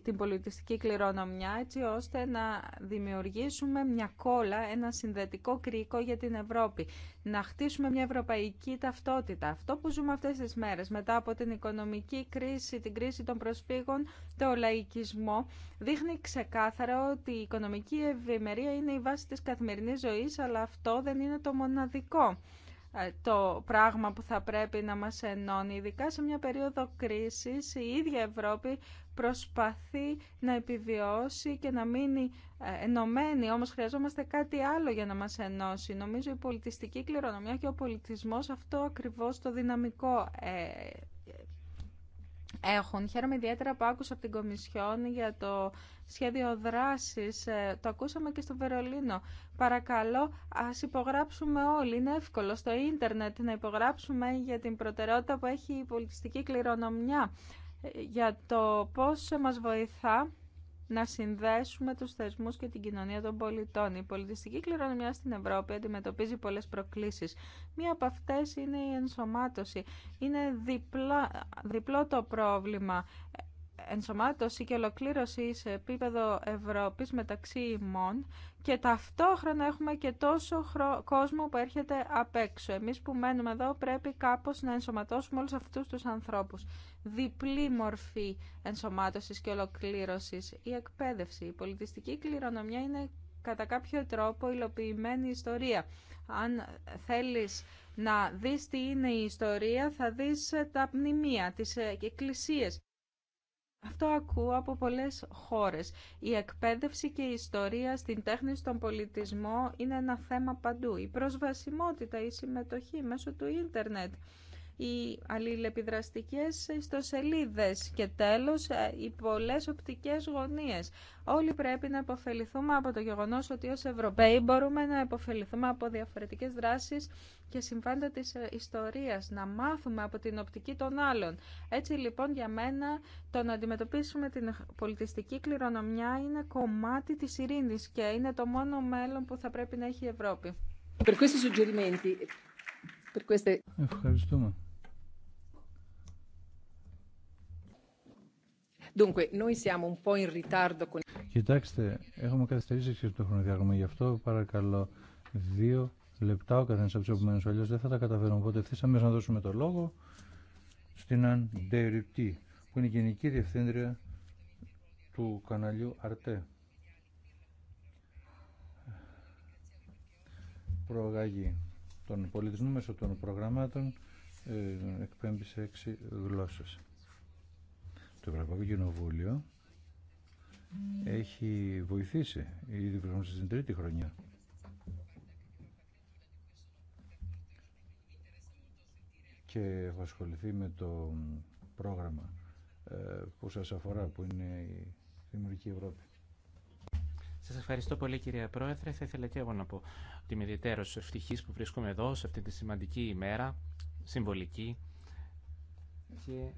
την πολιτιστική κληρονομιά έτσι ώστε να δημιουργήσουμε μια κόλλα, ένα συνδετικό κρίκο για την Ευρώπη. Να χτίσουμε μια ευρωπαϊκή ταυτότητα. Αυτό που ζούμε αυτές τις μέρες μετά από την οικονομική κρίση, την κρίση των προσφύγων, το λαϊκισμό, δείχνει ξεκάθαρα ότι η οικονομική ευημερία είναι η βάση της καθημερινής ζωής, αλλά αυτό δεν είναι το μοναδικό. Ε, το πράγμα που θα πρέπει να μας ενώνει. Ειδικά σε μια περίοδο κρίσης η ίδια Ευρώπη προσπαθεί να επιβιώσει και να μείνει ε, ενωμένη. Όμως χρειαζόμαστε κάτι άλλο για να μας ενώσει. Νομίζω η πολιτιστική κληρονομιά και ο πολιτισμός αυτό ακριβώς το δυναμικό ε, έχουν. Χαίρομαι ιδιαίτερα που άκουσα από την Κομισιόν για το σχέδιο δράσης. Ε, το ακούσαμε και στο Βερολίνο. Παρακαλώ, α υπογράψουμε όλοι. Είναι εύκολο στο ίντερνετ να υπογράψουμε για την προτεραιότητα που έχει η πολιτιστική κληρονομιά. Ε, για το πώ μας βοηθά να συνδέσουμε τους θεσμούς και την κοινωνία των πολιτών. Η πολιτιστική κληρονομιά στην Ευρώπη αντιμετωπίζει πολλές προκλήσεις. Μία από αυτές είναι η ενσωμάτωση. Είναι διπλό το πρόβλημα. Ε, ενσωμάτωση και ολοκλήρωση σε επίπεδο Ευρώπης μεταξύ ημών και ταυτόχρονα έχουμε και τόσο κόσμο που έρχεται απ' έξω. Εμείς που μένουμε εδώ πρέπει κάπως να ενσωματώσουμε όλους αυτούς τους ανθρώπους. Διπλή μορφή ενσωμάτωσης και ολοκλήρωσης. Η εκπαίδευση, η πολιτιστική κληρονομιά είναι κατά κάποιο τρόπο υλοποιημένη ιστορία. Αν θέλεις να δεις τι είναι η ιστορία θα δεις τα μνημεία, τις εκκλησίες. Αυτό ακούω από πολλές χώρες. Η εκπαίδευση και η ιστορία στην τέχνη στον πολιτισμό είναι ένα θέμα παντού. Η προσβασιμότητα, η συμμετοχή μέσω του ίντερνετ οι αλληλεπιδραστικές ιστοσελίδες και τέλος ε, οι πολλές οπτικές γωνίες. Όλοι πρέπει να υποφεληθούμε από το γεγονός ότι ως Ευρωπαίοι μπορούμε να υποφεληθούμε από διαφορετικές δράσεις και συμβάντα της ε, ιστορίας, να μάθουμε από την οπτική των άλλων. Έτσι λοιπόν για μένα το να αντιμετωπίσουμε την πολιτιστική κληρονομιά είναι κομμάτι της ειρήνης και είναι το μόνο μέλλον που θα πρέπει να έχει η Ευρώπη. Ευχαριστούμε. Κοιτάξτε, έχουμε καθυστερήσει σχετικά το χρονοδιάγραμμα, γι' αυτό παρακαλώ δύο λεπτά ο καθένας από του επόμενου. Αλλιώ δεν θα τα καταφέρουμε. Οπότε ευθύς να δώσουμε το λόγο στην Αν που είναι η Γενική Διευθύντρια του καναλιού Αρτέ. Προογάγει τον πολιτισμό μέσω των προγραμμάτων ε, εκπέμπει σε έξι γλώσσες. Το Ευρωπαϊκό Κοινοβούλιο έχει βοηθήσει ήδη βρισκόμαστε στην τρίτη χρονιά. Και έχω ασχοληθεί με το πρόγραμμα ε, που σας αφορά, που είναι η Δημιουργική Ευρώπη. Σας ευχαριστώ πολύ κυρία Πρόεδρε. Θα ήθελα και εγώ να πω ότι είμαι ιδιαίτερος ευτυχής που βρίσκομαι εδώ σε αυτή τη σημαντική ημέρα, συμβολική. Και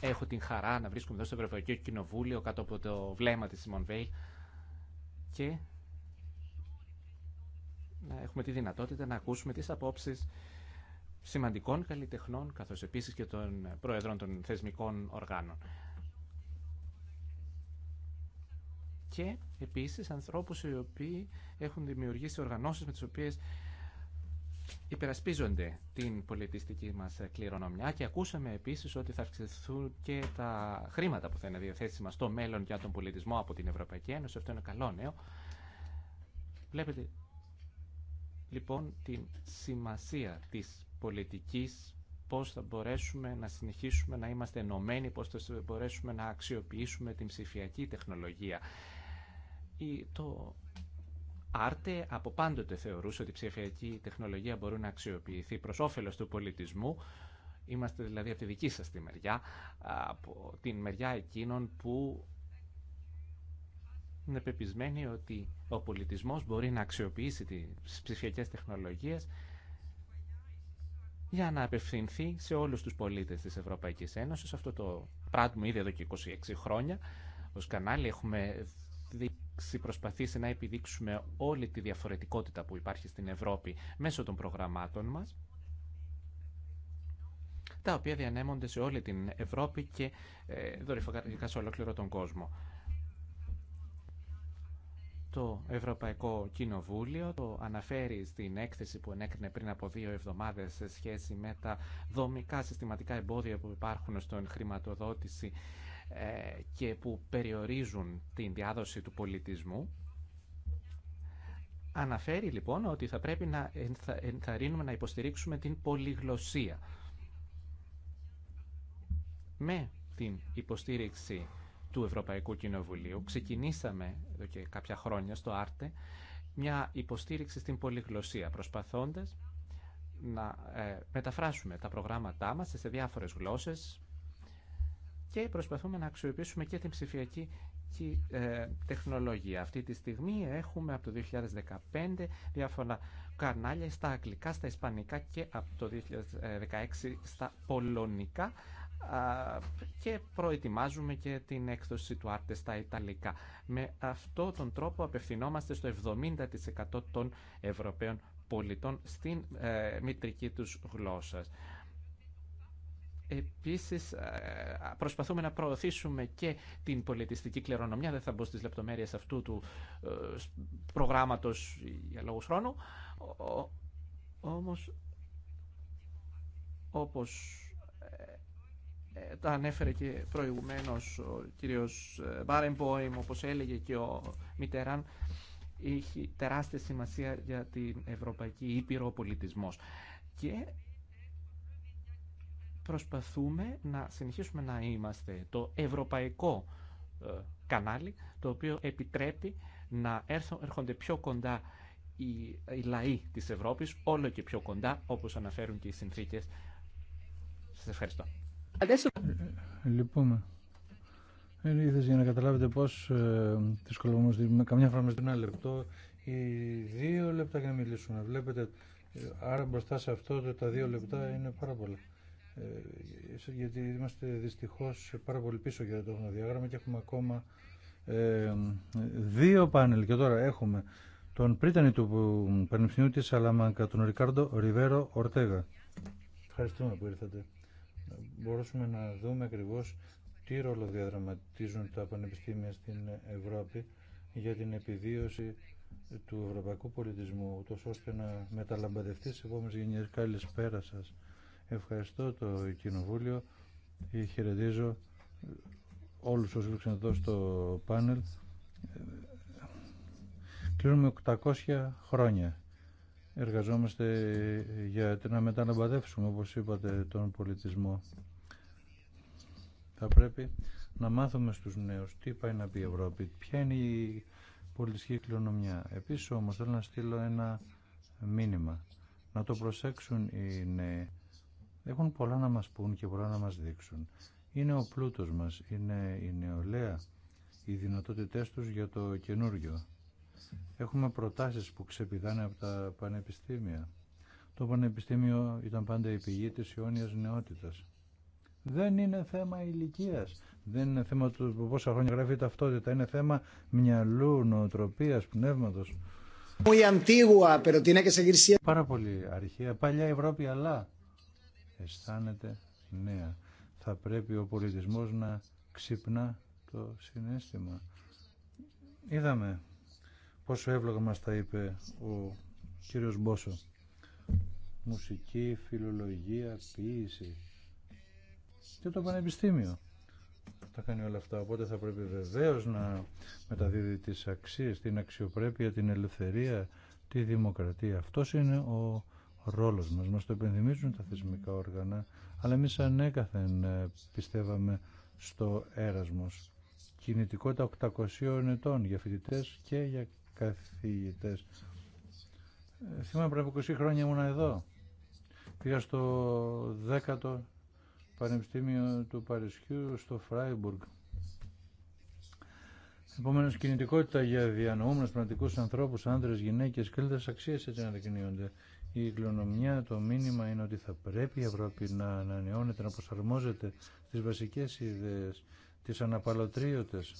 Έχω την χαρά να βρίσκομαι εδώ στο Ευρωπαϊκό Κοινοβούλιο κάτω από το βλέμμα της Σιμών Βέιλ και να έχουμε τη δυνατότητα να ακούσουμε τις απόψεις σημαντικών καλλιτεχνών καθώς επίσης και των πρόεδρων των θεσμικών οργάνων. Και επίσης ανθρώπους οι οποίοι έχουν δημιουργήσει οργανώσεις με τις οποίες υπερασπίζονται την πολιτιστική μας κληρονομιά και ακούσαμε επίσης ότι θα αυξηθούν και τα χρήματα που θα είναι διαθέσιμα στο μέλλον για τον πολιτισμό από την Ευρωπαϊκή Ένωση. Αυτό είναι καλό νέο. Βλέπετε λοιπόν την σημασία της πολιτικής πώς θα μπορέσουμε να συνεχίσουμε να είμαστε ενωμένοι, πώς θα μπορέσουμε να αξιοποιήσουμε την ψηφιακή τεχνολογία. Το Άρτε από πάντοτε θεωρούσε ότι η ψηφιακή τεχνολογία μπορεί να αξιοποιηθεί προς όφελος του πολιτισμού. Είμαστε δηλαδή από τη δική σας τη μεριά, από την μεριά εκείνων που είναι πεπισμένοι ότι ο πολιτισμός μπορεί να αξιοποιήσει τις ψηφιακές τεχνολογίες για να απευθυνθεί σε όλους τους πολίτες της Ευρωπαϊκής Ένωσης. Αυτό το πράγμα ήδη εδώ και 26 χρόνια ως κανάλι έχουμε δει προσπαθήσει να επιδείξουμε όλη τη διαφορετικότητα που υπάρχει στην Ευρώπη μέσω των προγραμμάτων μας, τα οποία διανέμονται σε όλη την Ευρώπη και ε, δορυφορικά σε ολόκληρο τον κόσμο. Το Ευρωπαϊκό Κοινοβούλιο το αναφέρει στην έκθεση που ενέκρινε πριν από δύο εβδομάδες σε σχέση με τα δομικά συστηματικά εμπόδια που υπάρχουν στον χρηματοδότηση και που περιορίζουν την διάδοση του πολιτισμού. Αναφέρει λοιπόν ότι θα πρέπει να ενθαρρύνουμε να υποστηρίξουμε την πολυγλωσία. Με την υποστήριξη του Ευρωπαϊκού Κοινοβουλίου ξεκινήσαμε εδώ και κάποια χρόνια στο Άρτε μια υποστήριξη στην πολυγλωσία προσπαθώντας να ε, μεταφράσουμε τα προγράμματά μας σε διάφορες γλώσσες και προσπαθούμε να αξιοποιήσουμε και την ψηφιακή ε, τεχνολογία. Αυτή τη στιγμή έχουμε από το 2015 διάφορα κανάλια στα αγγλικά, στα ισπανικά και από το 2016 στα πολωνικά και προετοιμάζουμε και την έκδοση του Άρτε στα Ιταλικά. Με αυτόν τον τρόπο απευθυνόμαστε στο 70% των Ευρωπαίων πολιτών στην ε, μητρική τους γλώσσα. Επίσης ε, προσπαθούμε να προωθήσουμε και την πολιτιστική κληρονομιά, δεν θα μπω στις λεπτομέρειες αυτού του ε, προγράμματος για λόγους χρόνου, όμως όπως ε, τα ανέφερε και προηγουμένως ο κύριος Μπάρεμποϊμ, όπως έλεγε και ο Μιτεράν, έχει τεράστια σημασία για την Ευρωπαϊκή Ήπειρο πολιτισμός. Και προσπαθούμε να συνεχίσουμε να είμαστε το ευρωπαϊκό ε, κανάλι το οποίο επιτρέπει να έρχονται πιο κοντά οι, οι λαοί της Ευρώπης, όλο και πιο κοντά, όπως αναφέρουν και οι συνθήκες. Σας ευχαριστώ. Λυπούμε. για να καταλάβετε πώς ε, δυσκολευόμαστε. Καμιά φορά μέσα ένα λεπτό ή δύο λεπτά για να μιλήσουμε. Βλέπετε, ε, άρα μπροστά σε αυτό τα δύο λεπτά είναι πάρα πολλά. Ε, γιατί είμαστε δυστυχώς πάρα πολύ πίσω για το χρονοδιάγραμμα και έχουμε ακόμα ε, δύο πάνελ και τώρα έχουμε τον πρίτανη του Πανεπιστημίου της Σαλαμάνκα, τον Ρικάρντο Ριβέρο Ορτέγα. Ευχαριστούμε που ήρθατε. Μπορούσαμε να δούμε ακριβώς τι ρόλο διαδραματίζουν τα πανεπιστήμια στην Ευρώπη για την επιδίωση του ευρωπαϊκού πολιτισμού, τόσο ώστε να μεταλαμπαδευτεί σε επόμενες γενιές. Καλησπέρα σας. Ευχαριστώ το Κοινοβούλιο. Ε, χαιρετίζω όλους όσους ήρθαν εδώ στο πάνελ. Ε, κλείνουμε 800 χρόνια. Εργαζόμαστε για να μεταναμπαδεύσουμε, όπως είπατε, τον πολιτισμό. Θα πρέπει να μάθουμε στους νέους τι πάει να πει η Ευρώπη, ποια είναι η πολιτική κληρονομιά. Επίσης όμως θέλω να στείλω ένα μήνυμα. Να το προσέξουν οι νέοι. Έχουν πολλά να μας πούν και πολλά να μας δείξουν. Είναι ο πλούτος μας, είναι η νεολαία, οι δυνατότητές τους για το καινούργιο. Έχουμε προτάσεις που ξεπηδάνε από τα πανεπιστήμια. Το πανεπιστήμιο ήταν πάντα η πηγή της αιώνιας νεότητας. Δεν είναι θέμα ηλικία. Δεν είναι θέμα του πόσα χρόνια γράφει η ταυτότητα. Είναι θέμα μυαλού, νοοτροπία, πνεύματο. Πάρα πολύ αρχαία. Παλιά Ευρώπη, αλλά αισθάνεται νέα. Θα πρέπει ο πολιτισμός να ξυπνά το συνέστημα. Είδαμε πόσο εύλογα μας τα είπε ο κύριος Μπόσο. Μουσική, φιλολογία, ποίηση και το πανεπιστήμιο τα κάνει όλα αυτά. Οπότε θα πρέπει βεβαίως να μεταδίδει τις αξίες, την αξιοπρέπεια, την ελευθερία, τη δημοκρατία. Αυτός είναι ο ρόλος μας. Μας το υπενθυμίζουν τα θεσμικά όργανα, αλλά εμεί ανέκαθεν ε, πιστεύαμε στο έρασμος. Κινητικότητα 800 ετών για φοιτητέ και για καθηγητές. Ε, θυμάμαι πριν από 20 χρόνια ήμουν εδώ. Πήγα στο 10ο Πανεπιστήμιο του Παρισιού στο Φράιμπουργκ. Επομένω, κινητικότητα για διανοούμενου πνευματικού ανθρώπου, άντρε, γυναίκε και αξίε έτσι αναδεικνύονται η κληρονομιά, το μήνυμα είναι ότι θα πρέπει η Ευρώπη να ανανεώνεται, να προσαρμόζεται τις βασικές ιδέες, τις αναπαλωτρίωτες,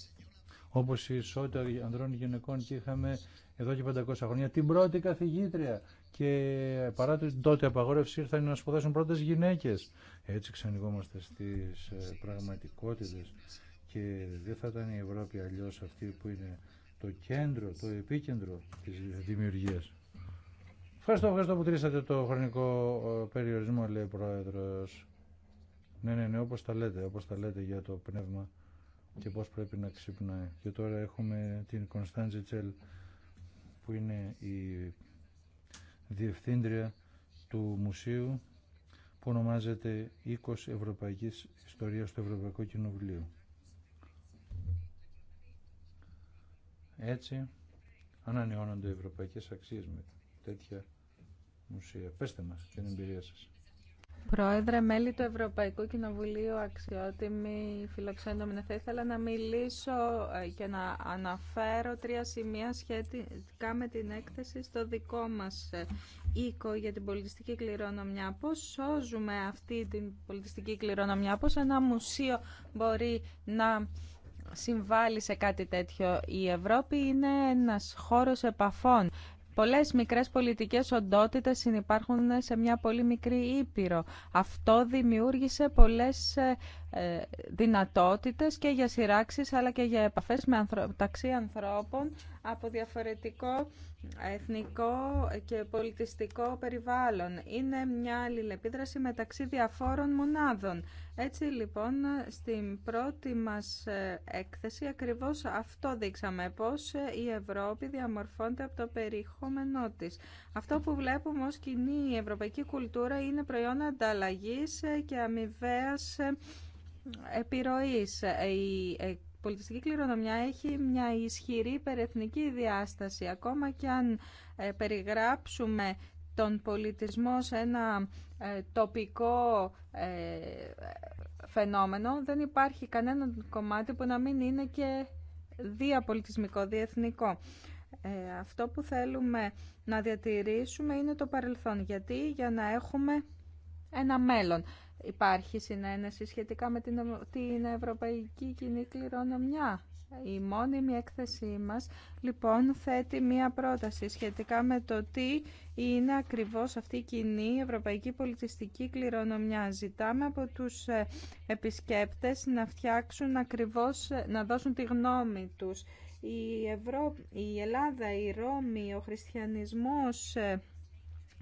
όπως η ισότητα ανδρών γυναικών και είχαμε εδώ και 500 χρόνια την πρώτη καθηγήτρια και παρά την τότε απαγόρευση ήρθαν να σπουδάσουν πρώτες γυναίκες. Έτσι ξανοιγόμαστε στις ε, πραγματικότητες και δεν θα ήταν η Ευρώπη αλλιώς αυτή που είναι το κέντρο, το επίκεντρο της δημιουργίας. Ευχαριστώ, ευχαριστώ που τρίσατε το χρονικό ε, περιορισμό, λέει ο Πρόεδρος. Ναι, ναι, ναι, όπως τα λέτε, όπως τα λέτε για το πνεύμα και πώ πρέπει να ξυπνάει. Και τώρα έχουμε την Κωνσταντζη που είναι η διευθύντρια του μουσείου που ονομάζεται 20 Ευρωπαϊκής Ιστορίας του Ευρωπαϊκού Κοινοβουλίου. Έτσι ανανεώνονται οι ευρωπαϊκές αξίες με τέτοια μουσεία. Πέστε μας την εμπειρία σας. Πρόεδρε, μέλη του Ευρωπαϊκού Κοινοβουλίου, αξιότιμοι φιλοξένομοι, θα ήθελα να μιλήσω ε, και να αναφέρω τρία σημεία σχετικά με την έκθεση στο δικό μας ε, οίκο για την πολιτιστική κληρονομιά. Πώς σώζουμε αυτή την πολιτιστική κληρονομιά, πώς ένα μουσείο μπορεί να συμβάλλει σε κάτι τέτοιο. Η Ευρώπη είναι ένας χώρος επαφών. Πολλές μικρές πολιτικές οντότητες συνεπάρχουν σε μια πολύ μικρή ήπειρο. Αυτό δημιούργησε πολλές ε, ε, δυνατότητες και για σειράξεις αλλά και για επαφές με ταξί ανθρώπων από διαφορετικό εθνικό και πολιτιστικό περιβάλλον. Είναι μια αλληλεπίδραση μεταξύ διαφόρων μονάδων. Έτσι λοιπόν στην πρώτη μας ε, έκθεση ακριβώς αυτό δείξαμε πώς ε, η Ευρώπη διαμορφώνεται από το περιεχόμενό της. Αυτό που βλέπουμε ως κοινή η ευρωπαϊκή κουλτούρα είναι προϊόν και αμοιβαίας επιρροής. Η ε, πολιτιστική κληρονομιά έχει μια ισχυρή υπερεθνική διάσταση. Ακόμα και αν ε, περιγράψουμε τον πολιτισμό σε ένα ε, τοπικό φαινόμενο, δεν υπάρχει κανένα κομμάτι που να μην είναι και διαπολιτισμικό, διεθνικό. αυτό που θέλουμε να διατηρήσουμε είναι το παρελθόν, γιατί για να έχουμε ένα μέλλον. Υπάρχει συνένεση σχετικά με την Ευρωπαϊκή Κοινή Κληρονομιά. Η μόνιμη έκθεσή μας, λοιπόν, θέτει μία πρόταση σχετικά με το τι είναι ακριβώς αυτή η κοινή ευρωπαϊκή πολιτιστική κληρονομιά. Ζητάμε από τους ε, επισκέπτες να φτιάξουν ακριβώς, ε, να δώσουν τη γνώμη τους. Η, Ευρώ, η Ελλάδα, η Ρώμη, ο χριστιανισμός, ε,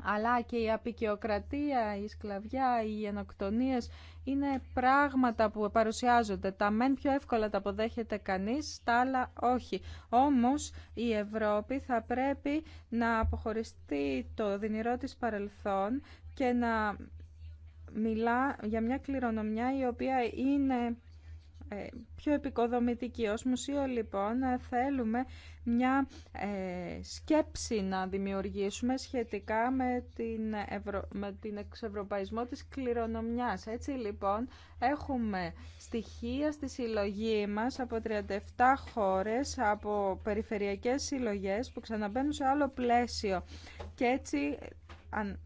αλλά και η απεικιοκρατία, η σκλαβιά, οι γενοκτονίες είναι πράγματα που παρουσιάζονται. Τα μεν πιο εύκολα τα αποδέχεται κανείς, τα άλλα όχι. Όμως η Ευρώπη θα πρέπει να αποχωριστεί το δινηρό της παρελθόν και να μιλά για μια κληρονομιά η οποία είναι ε, πιο επικοδομητική. Ως μουσείο λοιπόν θέλουμε μια ε, σκέψη να δημιουργήσουμε σχετικά με, την ευρω... με την εξευρωπαϊσμό της κληρονομιάς. Έτσι λοιπόν έχουμε στοιχεία στη συλλογή μας από 37 χώρες, από περιφερειακές συλλογές που ξαναμπαίνουν σε άλλο πλαίσιο και έτσι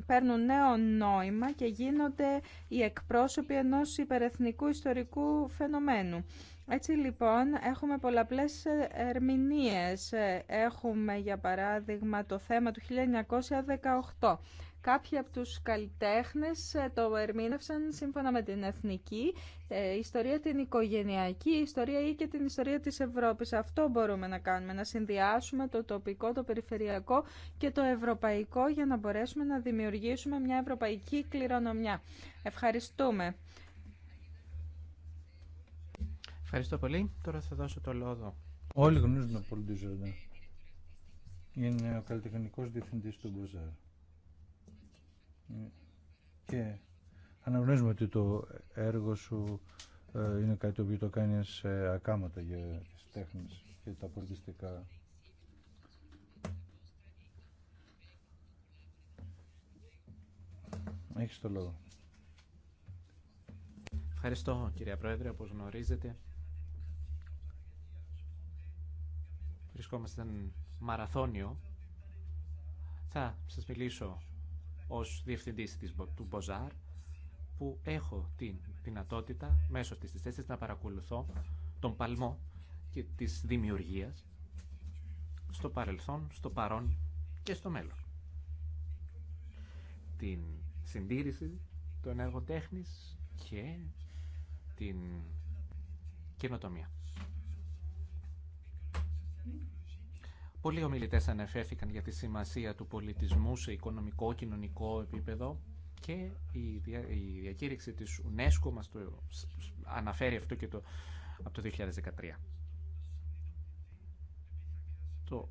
παίρνουν νέο νόημα και γίνονται οι εκπρόσωποι ενός υπερεθνικού ιστορικού φαινομένου. Έτσι λοιπόν έχουμε πολλαπλές ερμηνείες. Έχουμε για παράδειγμα το θέμα του 1918 Κάποιοι από τους καλλιτέχνες ε, το ερμήνευσαν σύμφωνα με την εθνική ε, ιστορία, την οικογενειακή ιστορία ή και την ιστορία της Ευρώπης. Αυτό μπορούμε να κάνουμε, να συνδυάσουμε το τοπικό, το περιφερειακό και το ευρωπαϊκό για να μπορέσουμε να δημιουργήσουμε μια ευρωπαϊκή κληρονομιά. Ευχαριστούμε. Ευχαριστώ πολύ. Τώρα θα δώσω το λόγο. Όλοι γνωρίζουν τον Πολ Είναι ο καλλιτεχνικός διευθυντής του Μποζάρ. Και αναγνωρίζουμε ότι το έργο σου ε, είναι κάτι το οποίο το κάνεις ε, ακάματα για τις τέχνες και τα πολιτιστικά. Έχεις το λόγο. Ευχαριστώ κυρία Πρόεδρε, όπως γνωρίζετε. Βρισκόμαστε μαραθώνιο. Θα σας μιλήσω ως διευθυντής της, του Μποζάρ που έχω την δυνατότητα μέσω της της θέσης να παρακολουθώ τον παλμό και της δημιουργίας στο παρελθόν, στο παρόν και στο μέλλον. Την συντήρηση των έργων και την καινοτομία. Πολλοί ομιλητές αναφέρθηκαν για τη σημασία του πολιτισμού σε οικονομικό, κοινωνικό επίπεδο και η, η διακήρυξη της UNESCO μας αναφέρει αυτό και το, από το 2013. Το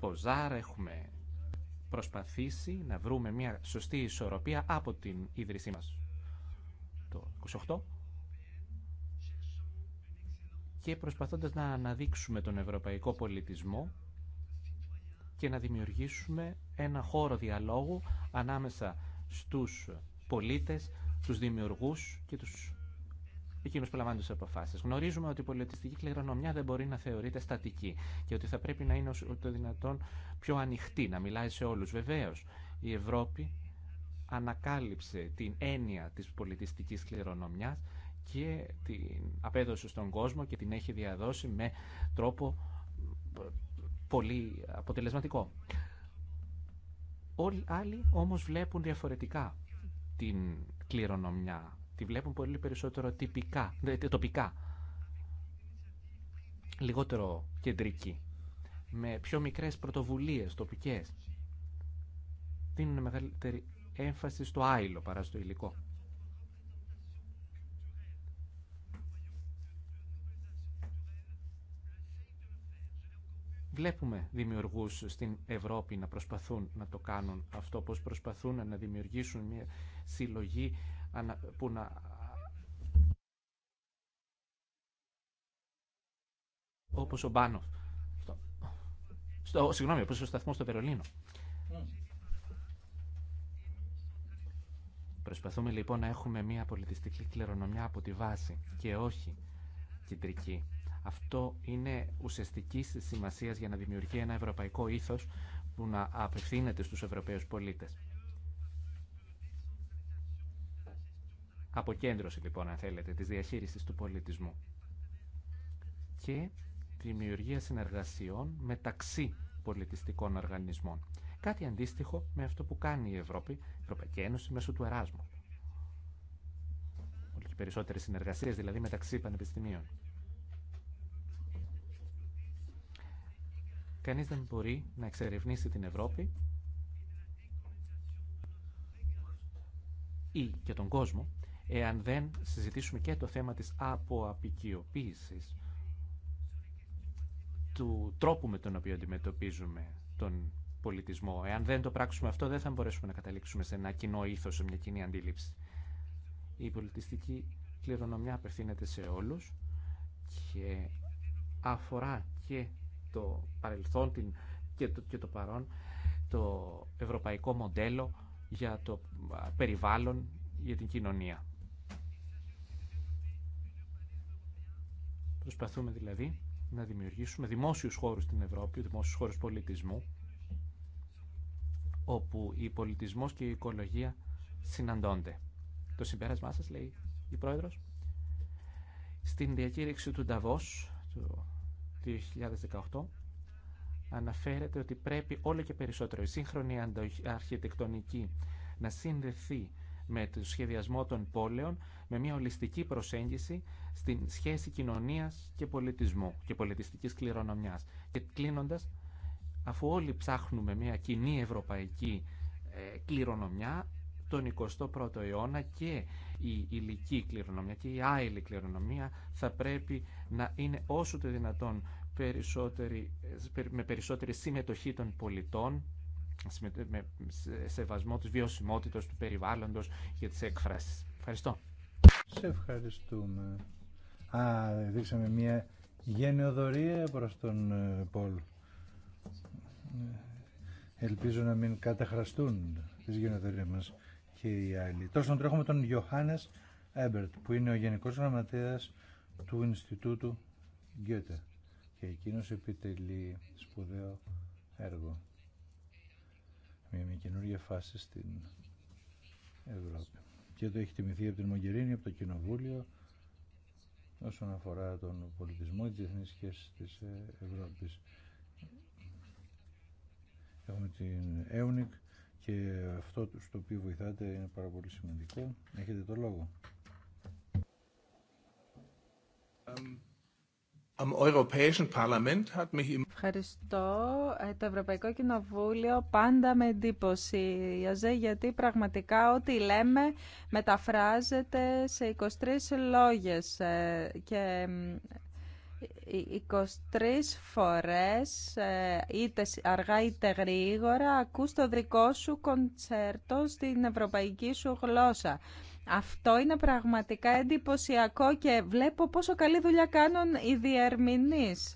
Ποζάρ έχουμε προσπαθήσει να βρούμε μια σωστή ισορροπία από την ίδρυσή μας το 28 και προσπαθώντας να αναδείξουμε τον ευρωπαϊκό πολιτισμό και να δημιουργήσουμε ένα χώρο διαλόγου ανάμεσα στους πολίτες, τους δημιουργούς και τους εκείνου που λαμβάνουν τι αποφάσει. Γνωρίζουμε ότι η πολιτιστική κληρονομιά δεν μπορεί να θεωρείται στατική και ότι θα πρέπει να είναι όσο το δυνατόν πιο ανοιχτή, να μιλάει σε όλου. Βεβαίω, η Ευρώπη ανακάλυψε την έννοια τη πολιτιστική κληρονομιά και την απέδωσε στον κόσμο και την έχει διαδώσει με τρόπο ε, πολύ αποτελεσματικό. Όλοι άλλοι όμως βλέπουν διαφορετικά την κληρονομιά. Τη βλέπουν πολύ περισσότερο τυπικά, τοπικά. Λιγότερο κεντρική. Με πιο μικρές πρωτοβουλίες τοπικές. Δίνουν μεγαλύτερη έμφαση στο άϊλο παρά στο υλικό. βλέπουμε δημιουργούς στην Ευρώπη να προσπαθούν να το κάνουν αυτό, πώς προσπαθούν να δημιουργήσουν μια συλλογή που να όπως ο Μπάνοφ. Στο, συγγνώμη, ο σταθμό στο Βερολίνο. Προσπαθούμε λοιπόν να έχουμε μια πολιτιστική κληρονομιά από τη βάση και όχι κεντρική. Αυτό είναι ουσιαστική σημασία για να δημιουργεί ένα ευρωπαϊκό ήθο που να απευθύνεται στους Ευρωπαίους πολίτες. Αποκέντρωση λοιπόν, αν θέλετε, της διαχείριση του πολιτισμού και δημιουργία συνεργασιών μεταξύ πολιτιστικών οργανισμών. Κάτι αντίστοιχο με αυτό που κάνει η Ευρώπη, η Ευρωπαϊκή Ένωση, μέσω του Εράσμου. Πολύ περισσότερες συνεργασίες δηλαδή μεταξύ πανεπιστημίων. Κανείς δεν μπορεί να εξερευνήσει την Ευρώπη ή και τον κόσμο εάν δεν συζητήσουμε και το θέμα της αποαπικιοποίησης του τρόπου με τον οποίο αντιμετωπίζουμε τον πολιτισμό. Εάν δεν το πράξουμε αυτό, δεν θα μπορέσουμε να καταλήξουμε σε ένα κοινό ήθος, σε μια κοινή αντίληψη. Η πολιτιστική κληρονομιά απευθύνεται σε όλους και αφορά και το παρελθόν την, και, το, και το παρόν, το ευρωπαϊκό μοντέλο για το περιβάλλον, για την κοινωνία. Προσπαθούμε δηλαδή να δημιουργήσουμε δημόσιους χώρους στην Ευρώπη, δημόσιους χώρους πολιτισμού, όπου η πολιτισμός και η οικολογία συναντώνται. Το συμπέρασμά σας, λέει η Πρόεδρος, στην διακήρυξη του Νταβός, του 2018 αναφέρεται ότι πρέπει όλο και περισσότερο η σύγχρονη αρχιτεκτονική να συνδεθεί με το σχεδιασμό των πόλεων με μια ολιστική προσέγγιση στην σχέση κοινωνίας και πολιτισμού και πολιτιστικής κληρονομιάς. Και κλείνοντας, αφού όλοι ψάχνουμε μια κοινή ευρωπαϊκή ε, κληρονομιά, τον 21ο αιώνα και η υλική κληρονομιά και η άειλη κληρονομία θα πρέπει να είναι όσο το δυνατόν περισσότερη, με περισσότερη συμμετοχή των πολιτών με σεβασμό της βιωσιμότητας του περιβάλλοντος και της έκφρασης. Ευχαριστώ. Σε ευχαριστούμε. Α, δείξαμε μια γενεοδορία προς τον ε, Πολ. Ε, ελπίζω να μην καταχραστούν τις γενεοδορίες μας και οι άλλοι. Τώρα στον τρέχουμε τον Ιωάννης Έμπερτ, που είναι ο Γενικός Γραμματέας του Ινστιτούτου Γκέτε και εκείνος επιτελεί σπουδαίο έργο. Μια, μια καινούργια φάση στην Ευρώπη. Και το έχει τιμηθεί από την Μογκερίνη, από το Κοινοβούλιο, όσον αφορά τον πολιτισμό, τις διεθνείς σχέσεις της Ευρώπης. Έχουμε την Έουνικ και αυτό στο οποίο βοηθάτε είναι πάρα πολύ σημαντικό. Έχετε το λόγο. Ευχαριστώ. Ε, το Ευρωπαϊκό Κοινοβούλιο πάντα με εντύπωση, γιατί πραγματικά ό,τι λέμε μεταφράζεται σε 23 λόγες ε, και 23 φορές, ε, είτε αργά είτε γρήγορα, ακούς το δικό σου κοντσέρτο στην ευρωπαϊκή σου γλώσσα. Αυτό είναι πραγματικά εντυπωσιακό και βλέπω πόσο καλή δουλειά κάνουν οι διερμηνείς.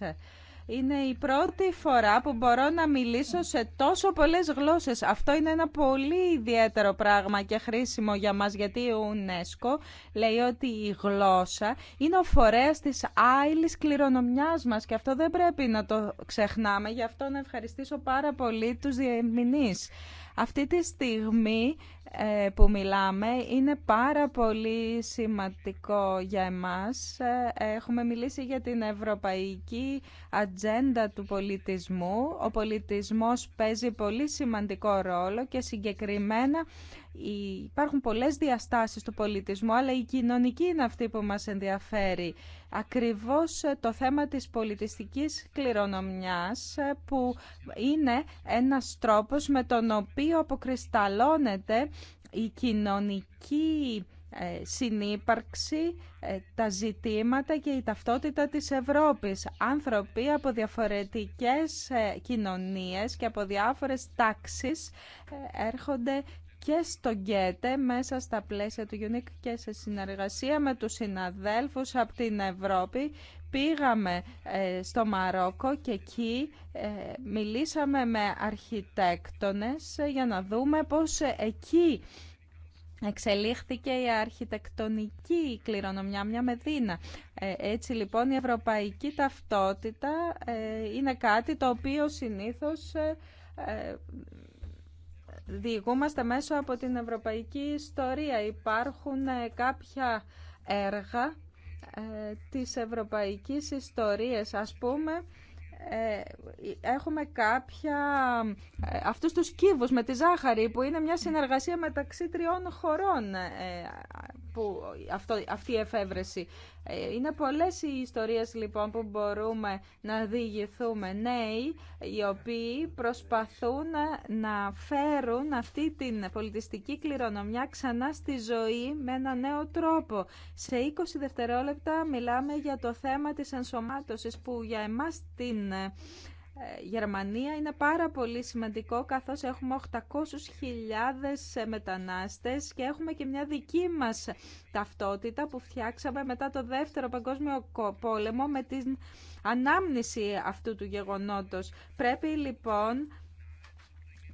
Είναι η πρώτη φορά που μπορώ να μιλήσω σε τόσο πολλές γλώσσες. Αυτό είναι ένα πολύ ιδιαίτερο πράγμα και χρήσιμο για μας γιατί η UNESCO λέει ότι η γλώσσα είναι ο φορέας της άειλης κληρονομιάς μας και αυτό δεν πρέπει να το ξεχνάμε. Γι' αυτό να ευχαριστήσω πάρα πολύ τους διεμηνείς. Αυτή τη στιγμή ε, που μιλάμε είναι πάρα πολύ σημαντικό για εμάς. Ε, έχουμε μιλήσει για την ευρωπαϊκή ατζέντα του πολιτισμού. Ο πολιτισμός παίζει πολύ σημαντικό ρόλο και συγκεκριμένα υπάρχουν πολλές διαστάσεις του πολιτισμού, αλλά η κοινωνική είναι αυτή που μας ενδιαφέρει. Ακριβώς ε, το θέμα της πολιτιστικής κληρονομιάς που είναι ένας τρόπος με τον οποίο αποκρισταλώνεται η κοινωνική ε, συνύπαρξη, ε, τα ζητήματα και η ταυτότητα της Ευρώπης. Άνθρωποι από διαφορετικές ε, κοινωνίες και από διάφορες τάξεις έρχονται και στο ΓΚΕΤΕ μέσα στα πλαίσια του UNIC και σε συνεργασία με τους συναδέλφους από την Ευρώπη Πήγαμε ε, στο Μαρόκο και εκεί ε, μιλήσαμε με αρχιτέκτονες ε, για να δούμε πώς εκεί εξελίχθηκε η αρχιτεκτονική κληρονομιά μια Μεδίνα. Έτσι λοιπόν η ευρωπαϊκή ταυτότητα είναι κάτι το οποίο συνήθως διηγούμαστε μέσω από την ευρωπαϊκή ιστορία. Υπάρχουν κάποια έργα ε, της ευρωπαϊκής ιστορίας, ας πούμε, ε, έχουμε κάποια ε, αυτούς τους κύβους με τη ζάχαρη που είναι μια συνεργασία μεταξύ τριών χωρών που αυτό, αυτή η εφεύρεση. Ε, είναι πολλές οι ιστορίες λοιπόν που μπορούμε να διηγηθούμε νέοι οι οποίοι προσπαθούν να φέρουν αυτή την πολιτιστική κληρονομιά ξανά στη ζωή με ένα νέο τρόπο. Σε 20 δευτερόλεπτα μιλάμε για το θέμα της ενσωμάτωσης που για εμάς την ε, Γερμανία είναι πάρα πολύ σημαντικό καθώς έχουμε 800.000 μετανάστες και έχουμε και μια δική μας ταυτότητα που φτιάξαμε μετά το δεύτερο παγκόσμιο πόλεμο με την ανάμνηση αυτού του γεγονότος. Πρέπει λοιπόν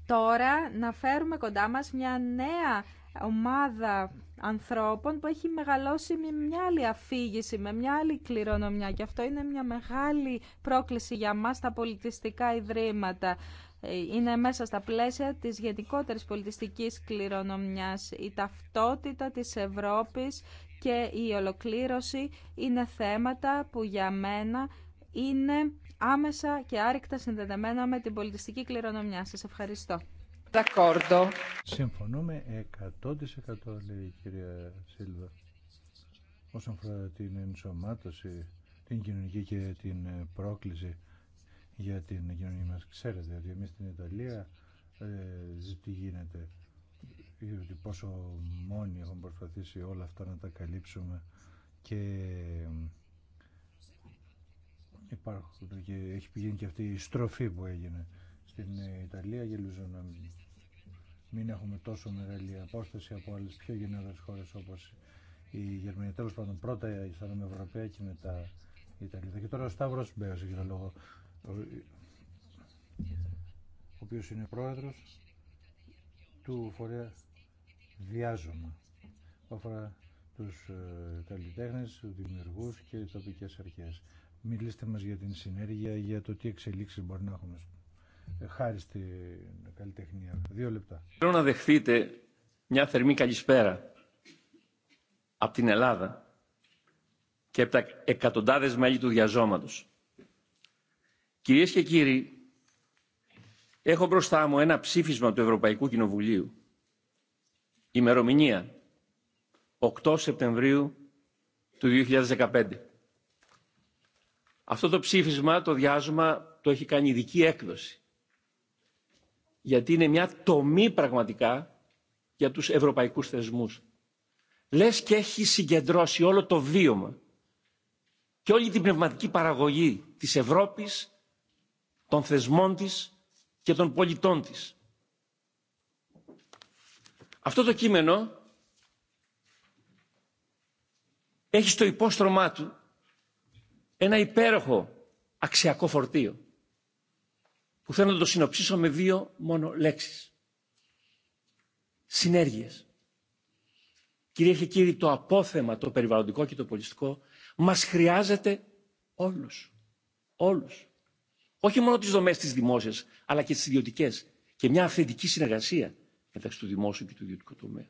τώρα να φέρουμε κοντά μας μια νέα ομάδα ανθρώπων που έχει μεγαλώσει με μια άλλη αφήγηση, με μια άλλη κληρονομιά και αυτό είναι μια μεγάλη πρόκληση για μας τα πολιτιστικά ιδρύματα. Είναι μέσα στα πλαίσια της γενικότερης πολιτιστικής κληρονομιάς. Η ταυτότητα της Ευρώπης και η ολοκλήρωση είναι θέματα που για μένα είναι άμεσα και άρρηκτα συνδεδεμένα με την πολιτιστική κληρονομιά. Σας ευχαριστώ. Συμφωνούμε 100% λέει η κυρία Σίλβα όσον αφορά την ενσωμάτωση, την κοινωνική και την ε, πρόκληση για την κοινωνία μας. Ξέρετε ότι εμείς στην Ιταλία ε, τι γίνεται, ότι πόσο μόνοι έχουν προσπαθήσει όλα αυτά να τα καλύψουμε και ε, υπάρχουν και έχει πηγαίνει και αυτή η στροφή που έγινε στην Ιταλία για να μην έχουμε τόσο μεγάλη απόσταση από άλλες πιο γενναιόδορε χώρες όπως η Γερμανία. Τέλος πάντων πρώτα η Ευρωπαία και μετά η Ιταλία. Και τώρα ο Σταύρος Μπέος για λόγο, ο οποίος είναι πρόεδρος του φορέα Διάζωμα που αφορά τους ε, καλλιτέχνες, δημιουργούς και τοπικές αρχές. Μιλήστε μας για την συνέργεια, για το τι εξελίξεις μπορεί να έχουμε χάρη στην καλλιτεχνία. Δύο λεπτά. Θέλω να δεχθείτε μια θερμή καλησπέρα από την Ελλάδα και από τα εκατοντάδες μέλη του διαζώματος. Κυρίες και κύριοι, έχω μπροστά μου ένα ψήφισμα του Ευρωπαϊκού Κοινοβουλίου. Ημερομηνία 8 Σεπτεμβρίου του 2015. Αυτό το ψήφισμα, το διάζωμα, το έχει κάνει ειδική έκδοση γιατί είναι μια τομή πραγματικά για τους ευρωπαϊκούς θεσμούς. Λες και έχει συγκεντρώσει όλο το βίωμα και όλη την πνευματική παραγωγή της Ευρώπης, των θεσμών της και των πολιτών της. Αυτό το κείμενο έχει στο υπόστρωμά του ένα υπέροχο αξιακό φορτίο που θέλω να το συνοψίσω με δύο μόνο λέξεις. Συνέργειες. Κυρίε και κύριοι, το απόθεμα, το περιβαλλοντικό και το πολιτιστικό, μας χρειάζεται όλους. Όλους. Όχι μόνο τις δομές της δημόσιας, αλλά και τις ιδιωτικές. Και μια αυθεντική συνεργασία μεταξύ του δημόσιου και του ιδιωτικού τομέα.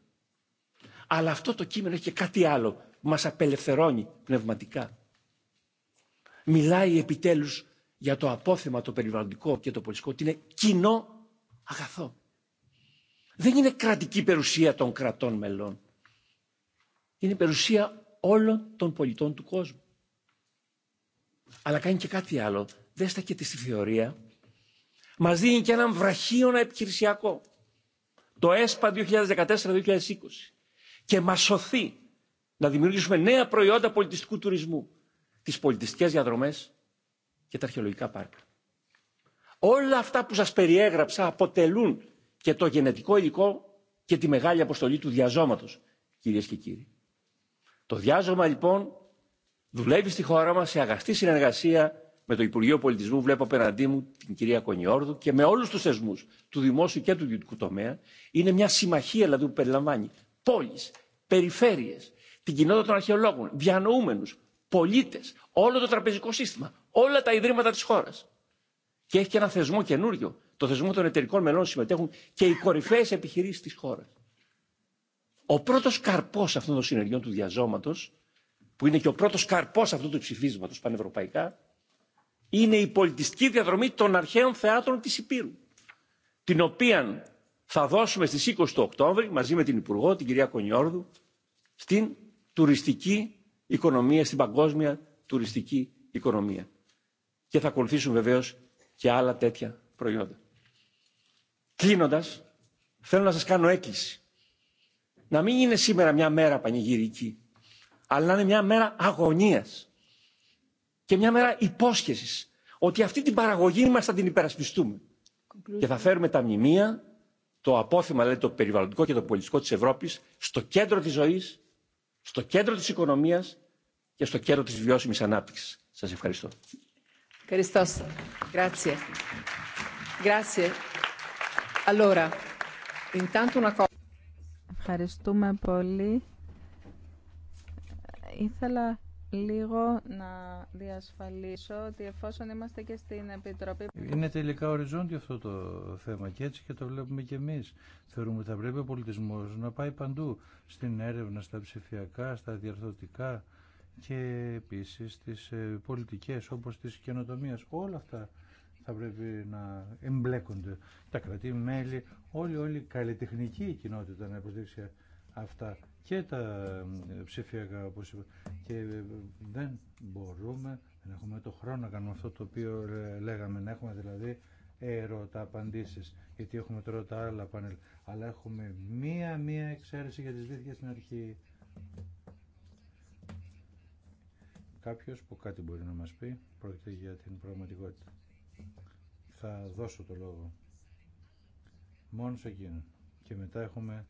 Αλλά αυτό το κείμενο έχει και κάτι άλλο που μας απελευθερώνει πνευματικά. Μιλάει επιτέλους για το απόθεμα το περιβαλλοντικό και το πολιτικό ότι είναι κοινό αγαθό. Δεν είναι κρατική περιουσία των κρατών μελών. Είναι περιουσία όλων των πολιτών του κόσμου. Αλλά κάνει και κάτι άλλο. Δέστα και τη στη θεωρία. Μας δίνει και έναν βραχίωνα επιχειρησιακό. Το ΕΣΠΑ 2014-2020. Και μας σωθεί να δημιουργήσουμε νέα προϊόντα πολιτιστικού τουρισμού. Τις πολιτιστικές διαδρομές και τα αρχαιολογικά πάρκα. Όλα αυτά που σας περιέγραψα αποτελούν και το γενετικό υλικό και τη μεγάλη αποστολή του διαζώματος, κυρίες και κύριοι. Το διάζωμα λοιπόν δουλεύει στη χώρα μας σε αγαστή συνεργασία με το Υπουργείο Πολιτισμού, βλέπω απέναντί μου την κυρία Κονιόρδου και με όλους τους θεσμούς του δημόσιου και του ιδιωτικού τομέα. Είναι μια συμμαχία δηλαδή που περιλαμβάνει πόλεις, περιφέρειες, την κοινότητα των αρχαιολόγων, διανοούμενους, πολίτες, όλο το τραπεζικό σύστημα, όλα τα ιδρύματα της χώρας. Και έχει και ένα θεσμό καινούριο. Το θεσμό των εταιρικών μελών συμμετέχουν και οι κορυφαίες επιχειρήσεις της χώρας. Ο πρώτος καρπός αυτών των συνεργειών του διαζώματος, που είναι και ο πρώτος καρπός αυτού του ψηφίσματος πανευρωπαϊκά, είναι η πολιτιστική διαδρομή των αρχαίων θεάτρων της Υπήρου, την οποία θα δώσουμε στις 20 του Οκτώβρη, μαζί με την Υπουργό, την κυρία Κονιόρδου, στην τουριστική οικονομία, στην παγκόσμια τουριστική οικονομία και θα ακολουθήσουν βεβαίως και άλλα τέτοια προϊόντα. Κλείνοντας, θέλω να σας κάνω έκκληση. Να μην είναι σήμερα μια μέρα πανηγυρική, αλλά να είναι μια μέρα αγωνίας και μια μέρα υπόσχεσης ότι αυτή την παραγωγή μας θα την υπερασπιστούμε. Και θα φέρουμε τα μνημεία, το απόθυμα, δηλαδή το περιβαλλοντικό και το πολιτικό της Ευρώπης, στο κέντρο της ζωής, στο κέντρο της οικονομίας και στο κέντρο της βιώσιμης ανάπτυξης. Σας ευχαριστώ. Ευχαριστούμε πολύ. Ήθελα λίγο να διασφαλίσω ότι εφόσον είμαστε και στην Επιτροπή... Είναι τελικά οριζόντιο αυτό το θέμα και έτσι και το βλέπουμε και εμείς. Θεωρούμε ότι θα πρέπει ο πολιτισμός να πάει παντού, στην έρευνα, στα ψηφιακά, στα διαρθωτικά, και επίσης τις ε, πολιτικές όπως της καινοτομία. Όλα αυτά θα πρέπει να εμπλέκονται τα κρατή, μέλη, όλη, όλη η καλλιτεχνική κοινότητα να υποδείξει αυτά και τα ε, ψηφιακά όπως είπα. Και ε, δεν μπορούμε, δεν έχουμε το χρόνο να κάνουμε αυτό το οποίο λέγαμε, να έχουμε δηλαδή ερώτα απαντήσει γιατί έχουμε τώρα τα άλλα πάνελ, αλλά έχουμε μία-μία εξαίρεση για τις δίθια στην αρχή κάποιος που κάτι μπορεί να μας πει. Πρόκειται για την πραγματικότητα. Θα δώσω το λόγο μόνο σε εκείνον. Και μετά έχουμε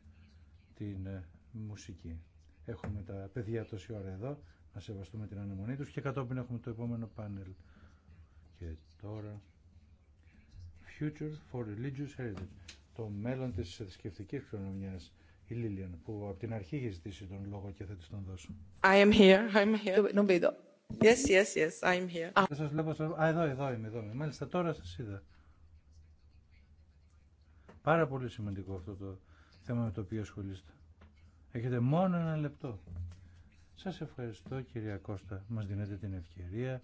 την ε, μουσική. Έχουμε τα παιδιά τόση ώρα εδώ, να σεβαστούμε την αναμονή τους και κατόπιν έχουμε το επόμενο πάνελ. Και τώρα... Future for Religious Heritage. Το μέλλον της θρησκευτική κληρονομιάς η Λίλιαν που από την αρχή είχε ζητήσει τον λόγο και θα τη τον δώσω. I am here, I'm here. Ε, εδώ. Yes, yes, yes, I'm here. Σας εδώ, εδώ είμαι, εδώ είμαι. Μάλιστα τώρα σας είδα. Πάρα πολύ σημαντικό αυτό το θέμα με το οποίο ασχολείστε. Έχετε μόνο ένα λεπτό. Σας ευχαριστώ κυρία Κώστα. Μας δίνετε την ευκαιρία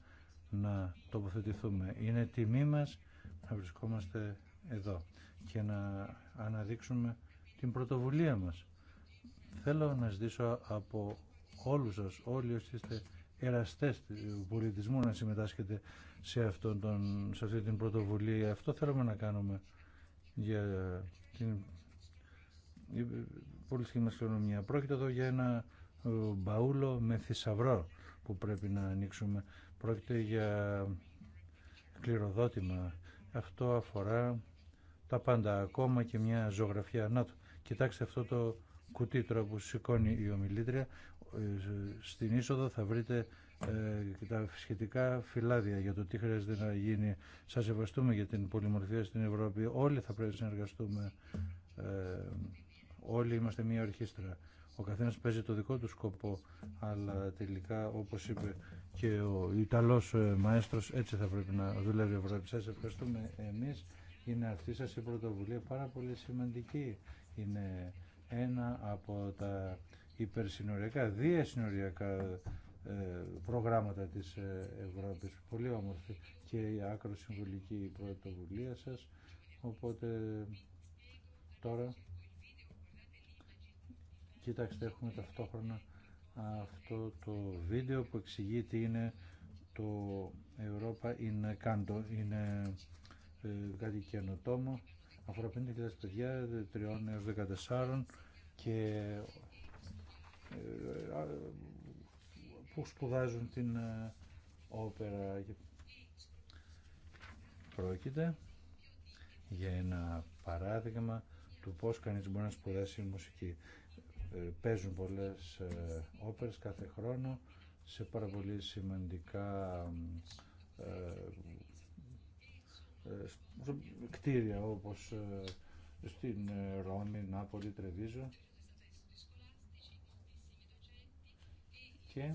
να τοποθετηθούμε. Είναι τιμή μας να βρισκόμαστε εδώ και να αναδείξουμε την πρωτοβουλία μας. Θέλω να ζητήσω από όλους σας, όλοι όσοι είστε εραστές του πολιτισμού να συμμετάσχετε σε, αυτόν τον, σε αυτή την πρωτοβουλία. Αυτό θέλουμε να κάνουμε για την πολιτική μας κληρονομιά. Πρόκειται εδώ για ένα ε, μπαούλο με θησαυρό που πρέπει να ανοίξουμε. Πρόκειται για κληροδότημα. Αυτό αφορά τα πάντα, ακόμα και μια ζωγραφιά. Να Κοιτάξτε αυτό το κουτί τώρα που σηκώνει η ομιλήτρια. Ε, στην είσοδο θα βρείτε ε, τα σχετικά φυλάδια για το τι χρειάζεται να γίνει. Σα ευχαριστούμε για την πολυμορφία στην Ευρώπη. Όλοι θα πρέπει να συνεργαστούμε. Ε, όλοι είμαστε μια ορχήστρα. Ο καθένα παίζει το δικό του σκοπό, αλλά τελικά, όπω είπε και ο Ιταλός μαέστρος, έτσι θα πρέπει να δουλεύει η Ευρώπη. Σα ευχαριστούμε εμεί. Είναι αυτή σα η πρωτοβουλία πάρα πολύ σημαντική είναι ένα από τα υπερσυνοριακά, διασυνοριακά ε, προγράμματα της ε, Ευρώπης. Πολύ όμορφη και η άκρο συμβολική πρωτοβουλία σας. Οπότε τώρα, κοιτάξτε, έχουμε ταυτόχρονα αυτό το βίντεο που εξηγεί τι είναι το Europa in Canto. Είναι ε, κάτι καινοτόμο αφορά 50.000 παιδιά 3 έως 14 και ε, που σπουδάζουν την ε, όπερα. Πρόκειται για ένα παράδειγμα του πώς κανείς μπορεί να σπουδάσει μουσική. Ε, παίζουν πολλές όπερες κάθε χρόνο σε πάρα πολύ σημαντικά ε, κτίρια όπως ε, στην ε, Ρώμη, Νάπολη, Τρεβίζο και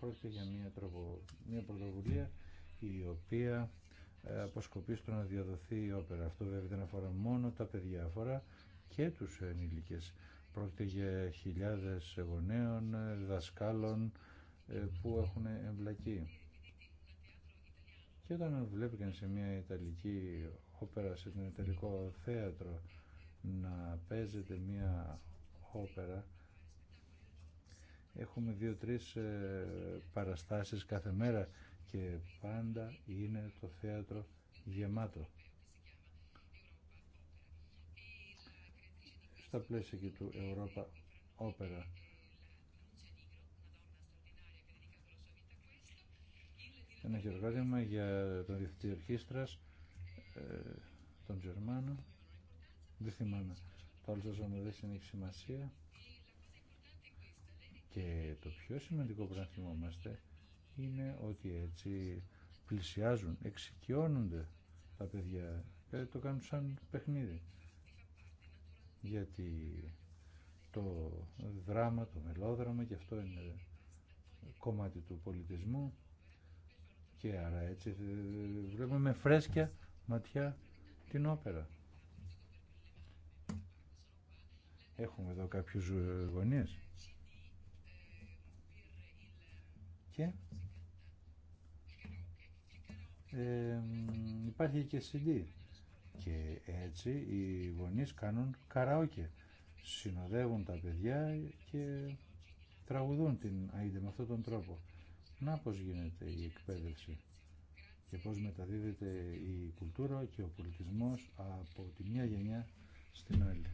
πρόκειται για μια, τροπο, μια πρωτοβουλία η οποία αποσκοπεί στο να διαδοθεί η όπερα. Αυτό βέβαια δεν αφορά μόνο τα παιδιά, αφορά και τους ενήλικες. Πρόκειται για χιλιάδες γονέων, δασκάλων που έχουν εμπλακεί. Και όταν βλέπει σε μια Ιταλική όπερα, σε ένα Ιταλικό θέατρο να παίζεται μια όπερα, έχουμε δύο-τρεις ε, παραστάσεις κάθε μέρα και πάντα είναι το θέατρο γεμάτο. Στα πλαίσια και του Ευρώπα Όπερα, ένα χειροκρότημα για τον διευθυντή ε, τον Τζερμάνο, Δεν θυμάμαι. Πάλι τόσο μου δεν έχει σημασία. Και το πιο σημαντικό που να θυμόμαστε είναι ότι έτσι πλησιάζουν, εξοικειώνονται τα παιδιά. Ε, το κάνουν σαν παιχνίδι. Γιατί το δράμα, το μελόδραμα και αυτό είναι κομμάτι του πολιτισμού και άρα έτσι ε, βλέπουμε με φρέσκια ματιά την όπερα. Έχουμε εδώ κάποιους ε, γονείς. Και ε, υπάρχει και CD. Και έτσι οι γονείς κάνουν καραόκε. Συνοδεύουν τα παιδιά και τραγουδούν την ΑΕΔ με αυτόν τον τρόπο. Να πώς γίνεται η εκπαίδευση και πώς μεταδίδεται η κουλτούρα και ο πολιτισμός από τη μια γενιά στην άλλη.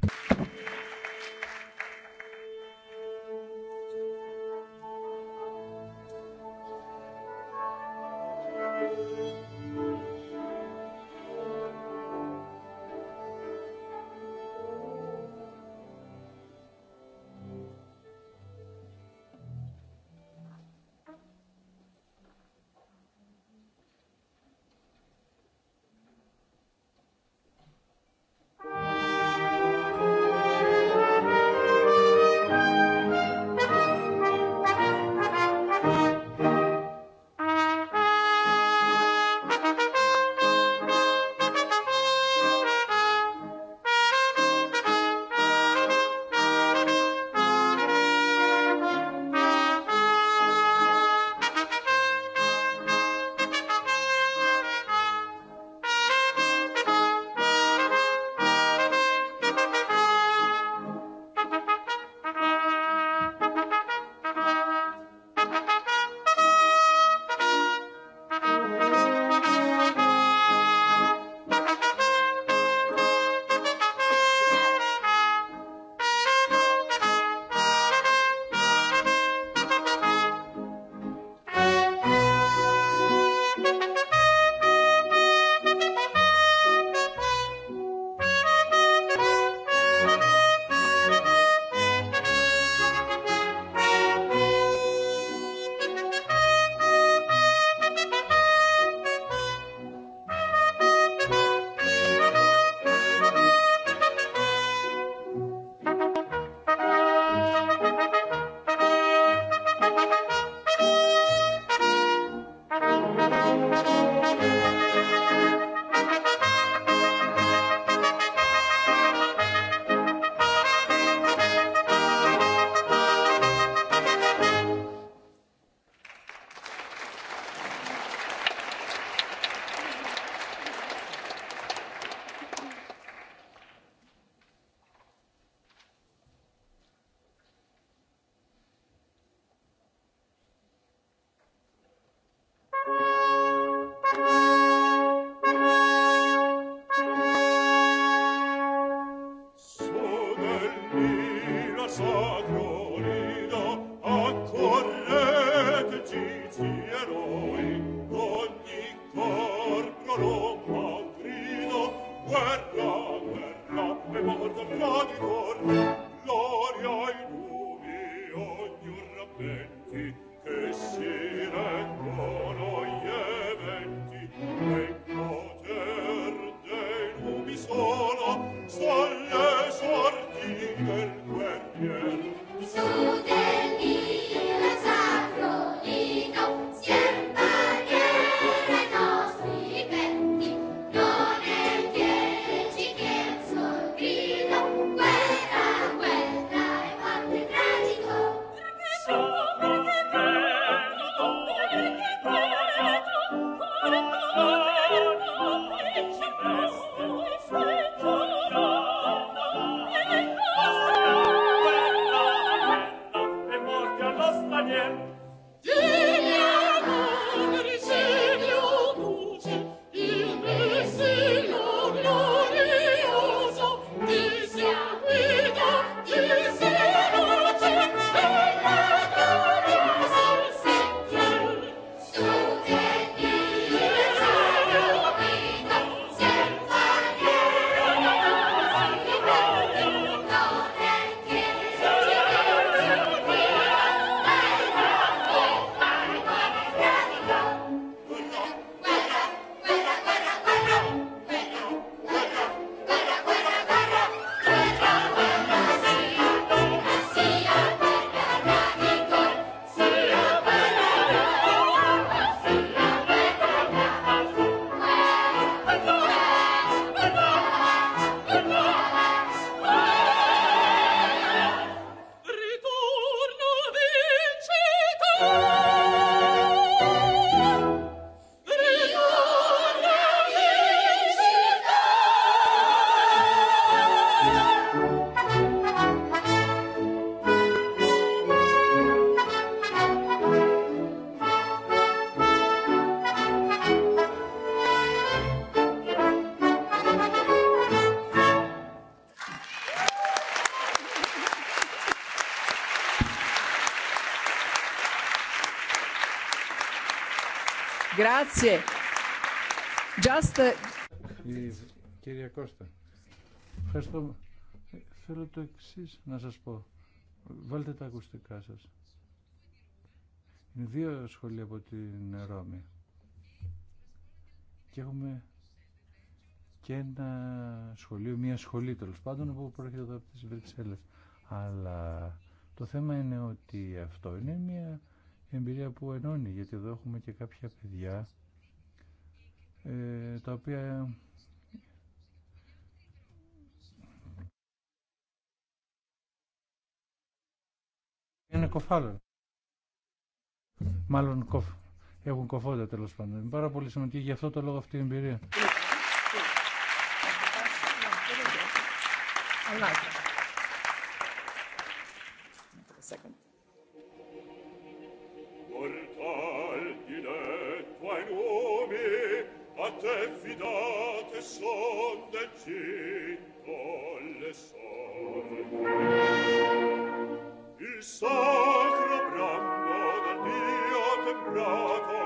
Grazie. Just... Κυρία Κώστα, ευχαριστώ. Θέλω το εξή να σας πω. Βάλτε τα ακουστικά σας. Είναι δύο σχολεία από την Ρώμη. Και έχουμε και ένα σχολείο, μια σχολή τέλο πάντων που προέρχεται από τις Βρυξέλλες. Αλλά το θέμα είναι ότι αυτό είναι μια εμπειρία που ενώνει, γιατί εδώ έχουμε και κάποια παιδιά τα οποία είναι κοφάλων. Μάλλον έχουν κοφόντα τέλος πάντων. Είναι πάρα πολύ σημαντική γι' αυτό το λόγο αυτή η εμπειρία. Il sacro brando del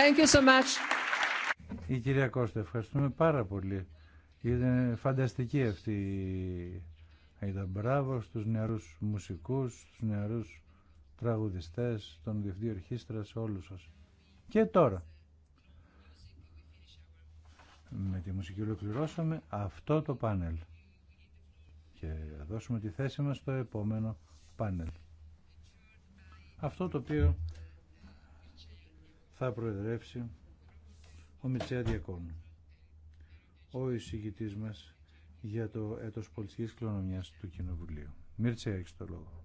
Thank you so much. Η κυρία Κώστα, ευχαριστούμε πάρα πολύ. Ήταν φανταστική αυτή η μπράβο στους νεαρούς μουσικούς, στους νεαρούς τραγουδιστές, τον διευθυντή σε όλους σας. Και τώρα, με τη μουσική ολοκληρώσαμε αυτό το πάνελ και θα δώσουμε τη θέση μας στο επόμενο πάνελ. Αυτό το οποίο θα προεδρεύσει ο Μητσέα Διακόνου. Ο εισηγητής μας για το έτος πολιτικής κληρονομιάς του Κοινοβουλίου. Μίρτσε, έχεις το λόγο.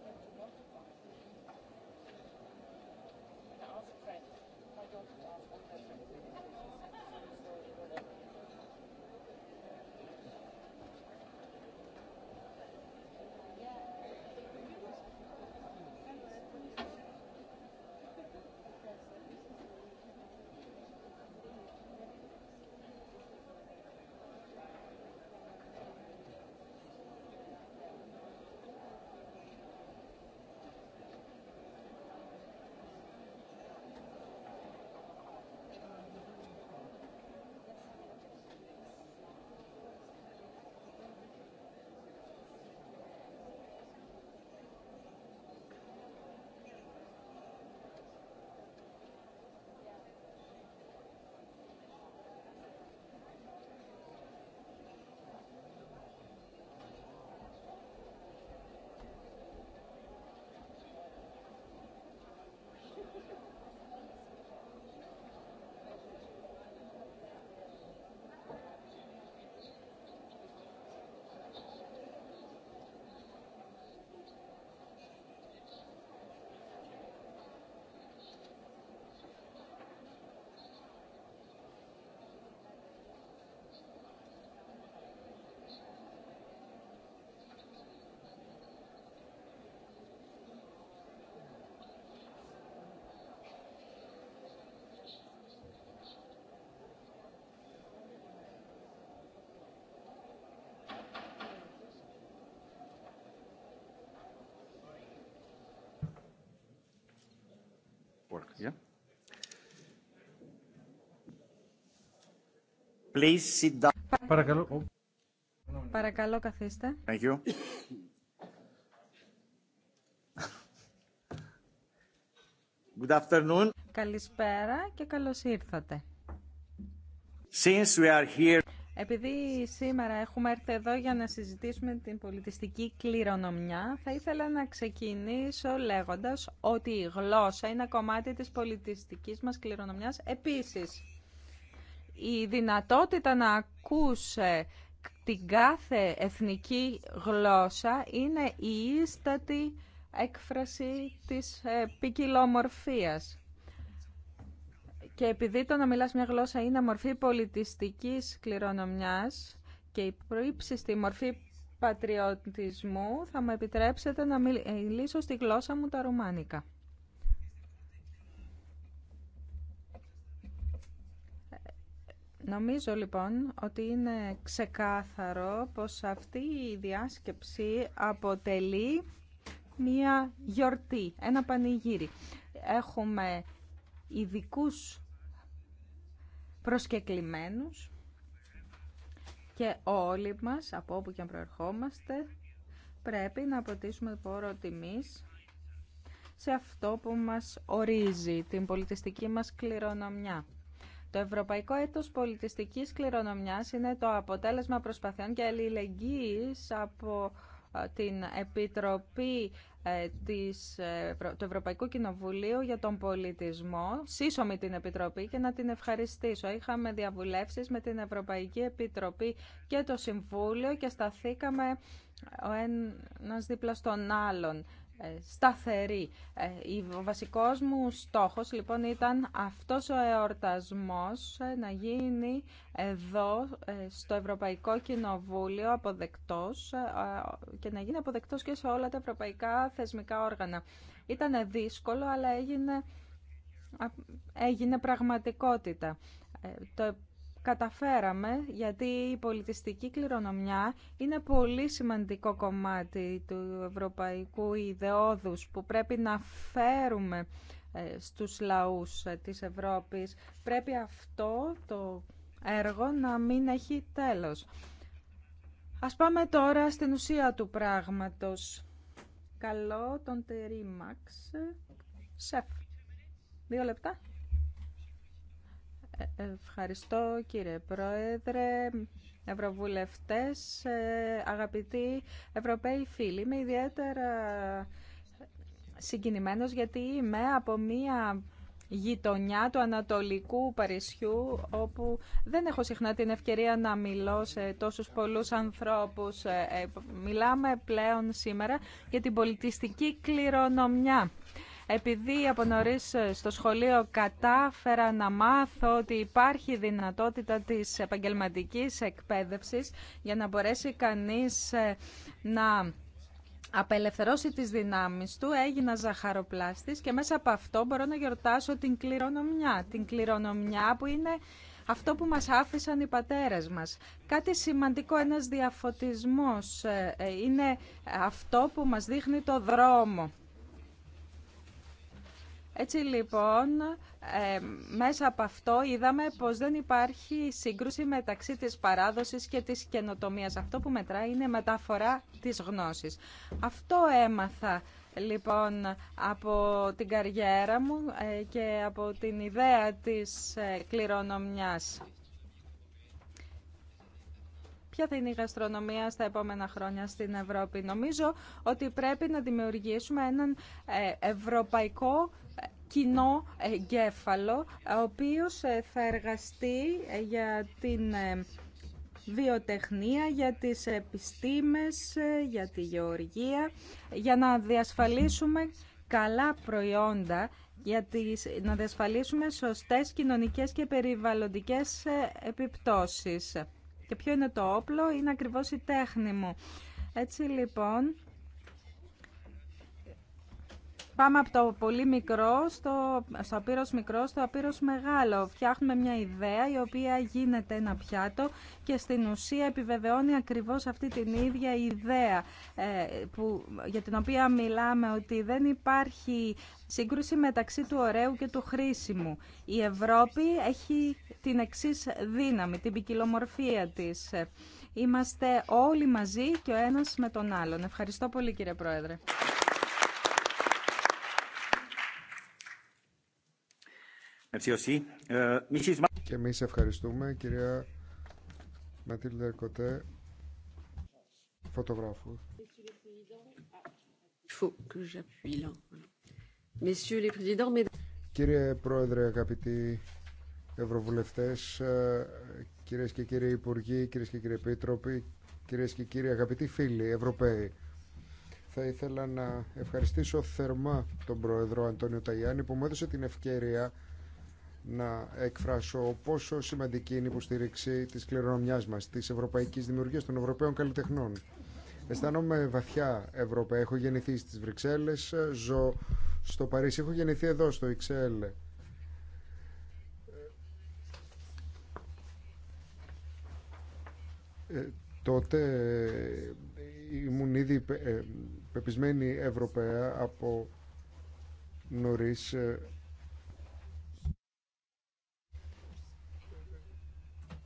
work. Yeah. Please sit down. Παρακαλώ. Παρακαλώ καθίστε. Thank you. Good afternoon. Καλησπέρα και καλώς ήρθατε. Since we are here... Επειδή σήμερα έχουμε έρθει εδώ για να συζητήσουμε την πολιτιστική κληρονομιά, θα ήθελα να ξεκινήσω λέγοντας ότι η γλώσσα είναι κομμάτι της πολιτιστικής μας κληρονομιάς. Επίσης, η δυνατότητα να ακούσε την κάθε εθνική γλώσσα είναι η ίστατη έκφραση της ε, ποικιλομορφίας. Και επειδή το να μιλάς μια γλώσσα είναι μορφή πολιτιστικής κληρονομιάς και η στη μορφή πατριωτισμού, θα μου επιτρέψετε να ε, μιλήσω στη γλώσσα μου τα ρουμάνικα. Νομίζω λοιπόν ότι είναι ξεκάθαρο πως αυτή η διάσκεψη αποτελεί μία γιορτή, ένα πανηγύρι. Έχουμε ιδικούς προσκεκλημένους και όλοι μας, από όπου και αν προερχόμαστε, πρέπει να αποτίσουμε πόρο τιμής σε αυτό που μας ορίζει, την πολιτιστική μας κληρονομιά. Το Ευρωπαϊκό Έτος Πολιτιστικής Κληρονομιάς είναι το αποτέλεσμα προσπαθειών και αλληλεγγύης από την Επιτροπή ε, της, ε, του Ευρωπαϊκού Κοινοβουλίου για τον Πολιτισμό, σύσσωμη την Επιτροπή και να την ευχαριστήσω. Είχαμε διαβουλεύσεις με την Ευρωπαϊκή Επιτροπή και το Συμβούλιο και σταθήκαμε ο ένας δίπλα στον άλλον. Ε, σταθερή. Ε, ο βασικός μου στόχος λοιπόν ήταν αυτός ο εορτασμός ε, να γίνει εδώ στο Ευρωπαϊκό Κοινοβούλιο αποδεκτός και να γίνει αποδεκτός και σε όλα τα ευρωπαϊκά θεσμικά όργανα. Ήταν δύσκολο αλλά έγινε, έγινε πραγματικότητα καταφέραμε γιατί η πολιτιστική κληρονομιά είναι πολύ σημαντικό κομμάτι του ευρωπαϊκού ιδεώδους που πρέπει να φέρουμε ε, στους λαούς ε, της Ευρώπης. Πρέπει αυτό το έργο να μην έχει τέλος. Ας πάμε τώρα στην ουσία του πράγματος. Καλό τον Τερίμαξ. Σεφ. Δύο λεπτά. Ευχαριστώ κύριε Πρόεδρε, Ευρωβουλευτές, ε, αγαπητοί Ευρωπαίοι φίλοι. Είμαι ιδιαίτερα συγκινημένος γιατί είμαι από μία γειτονιά του Ανατολικού Παρισιού όπου δεν έχω συχνά την ευκαιρία να μιλώ σε τόσους πολλούς ανθρώπους. Ε, ε, μιλάμε πλέον σήμερα για την πολιτιστική κληρονομιά. Επειδή από νωρί ε, στο σχολείο κατάφερα να μάθω ότι υπάρχει δυνατότητα της επαγγελματικής εκπαίδευσης για να μπορέσει κανείς ε, να απελευθερώσει τις δυνάμεις του, έγινα ζαχαροπλάστης και μέσα από αυτό μπορώ να γιορτάσω την κληρονομιά. Την κληρονομιά που είναι αυτό που μας άφησαν οι πατέρες μας. Κάτι σημαντικό, ένας διαφωτισμός, ε, είναι αυτό που μας δείχνει το δρόμο. Έτσι λοιπόν, ε, μέσα από αυτό είδαμε πως δεν υπάρχει σύγκρουση μεταξύ της παράδοσης και της καινοτομίας. Αυτό που μετράει είναι μεταφορά της γνώσης. Αυτό έμαθα λοιπόν από την καριέρα μου ε, και από την ιδέα της ε, κληρονομιάς ποια θα είναι η γαστρονομία στα επόμενα χρόνια στην Ευρώπη. Νομίζω ότι πρέπει να δημιουργήσουμε έναν ε, ευρωπαϊκό ε, κοινό εγκέφαλο, ο οποίος ε, θα εργαστεί για την βιοτεχνία, για τις επιστήμες, για τη γεωργία, για να διασφαλίσουμε καλά προϊόντα, για να διασφαλίσουμε σωστές κοινωνικές και περιβαλλοντικές επιπτώσεις. Και ποιο είναι το όπλο, είναι ακριβώς η τέχνη μου. Έτσι λοιπόν Πάμε από το πολύ μικρό στο, στο απείρος μικρό στο απείρος μεγάλο. Φτιάχνουμε μια ιδέα η οποία γίνεται ένα πιάτο και στην ουσία επιβεβαιώνει ακριβώς αυτή την ίδια ιδέα ε, που, για την οποία μιλάμε ότι δεν υπάρχει σύγκρουση μεταξύ του ωραίου και του χρήσιμου. Η Ευρώπη έχει την εξή δύναμη, την ποικιλομορφία της. Είμαστε όλοι μαζί και ο ένας με τον άλλον. Ευχαριστώ πολύ κύριε Πρόεδρε. Euh, και εμεί ευχαριστούμε, κυρία Ματίλντα Κοτέ, φωτογράφου. Κύριε Πρόεδρε, αγαπητοί Ευρωβουλευτές, κύριε και κύριοι Υπουργοί, κύριε και κύριοι Επίτροποι, κύριε και κύριοι αγαπητοί φίλοι Ευρωπαίοι, θα ήθελα να ευχαριστήσω θερμά τον Πρόεδρο Αντώνιο Ταγιάννη που μου έδωσε την ευκαιρία να εκφράσω πόσο σημαντική είναι η υποστήριξη τη κληρονομιά μας, τη Ευρωπαϊκή δημιουργία των Ευρωπαίων καλλιτεχνών. Αισθάνομαι βαθιά Ευρώπη. Έχω γεννηθεί στις Βρυξέλλες, ζω στο Παρίσι, έχω γεννηθεί εδώ στο Ιξέλ. Ε, τότε ήμουν ήδη ε, πεπισμένη Ευρωπαία από νωρίς ε,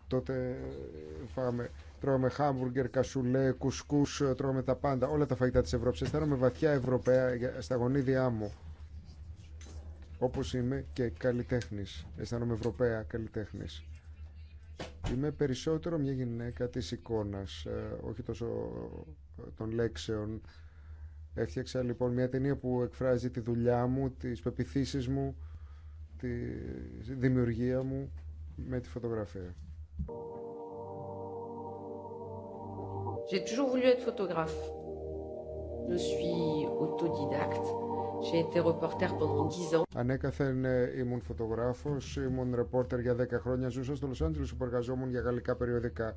τότε φάμε. Τρώμε χάμπουργκερ, κασουλέ, κουσκούς ε, τρώγαμε τα πάντα, όλα τα φαγητά της Ευρώπης Αισθάνομαι βαθιά Ευρωπαία στα γονίδια μου. όπως είμαι και καλλιτέχνη. Αισθάνομαι Ευρωπαία καλλιτέχνη. Είμαι περισσότερο μια γυναίκα της εικόνας, ε, όχι τόσο ε, των λέξεων. Έφτιαξα λοιπόν μια ταινία που εκφράζει τη δουλειά μου, τις πεπιθήσεις μου, τη δημιουργία μου με τη φωτογραφία. J'ai toujours voulu être photographe. Je suis autodidacte. J'ai été reporter pendant 10 ans. Ανέκαθεν ε, ήμουν φωτογράφο, ήμουν ρεπόρτερ για 10 χρόνια. Ζούσα στο Λο Άντζελε που εργαζόμουν για γαλλικά περιοδικά.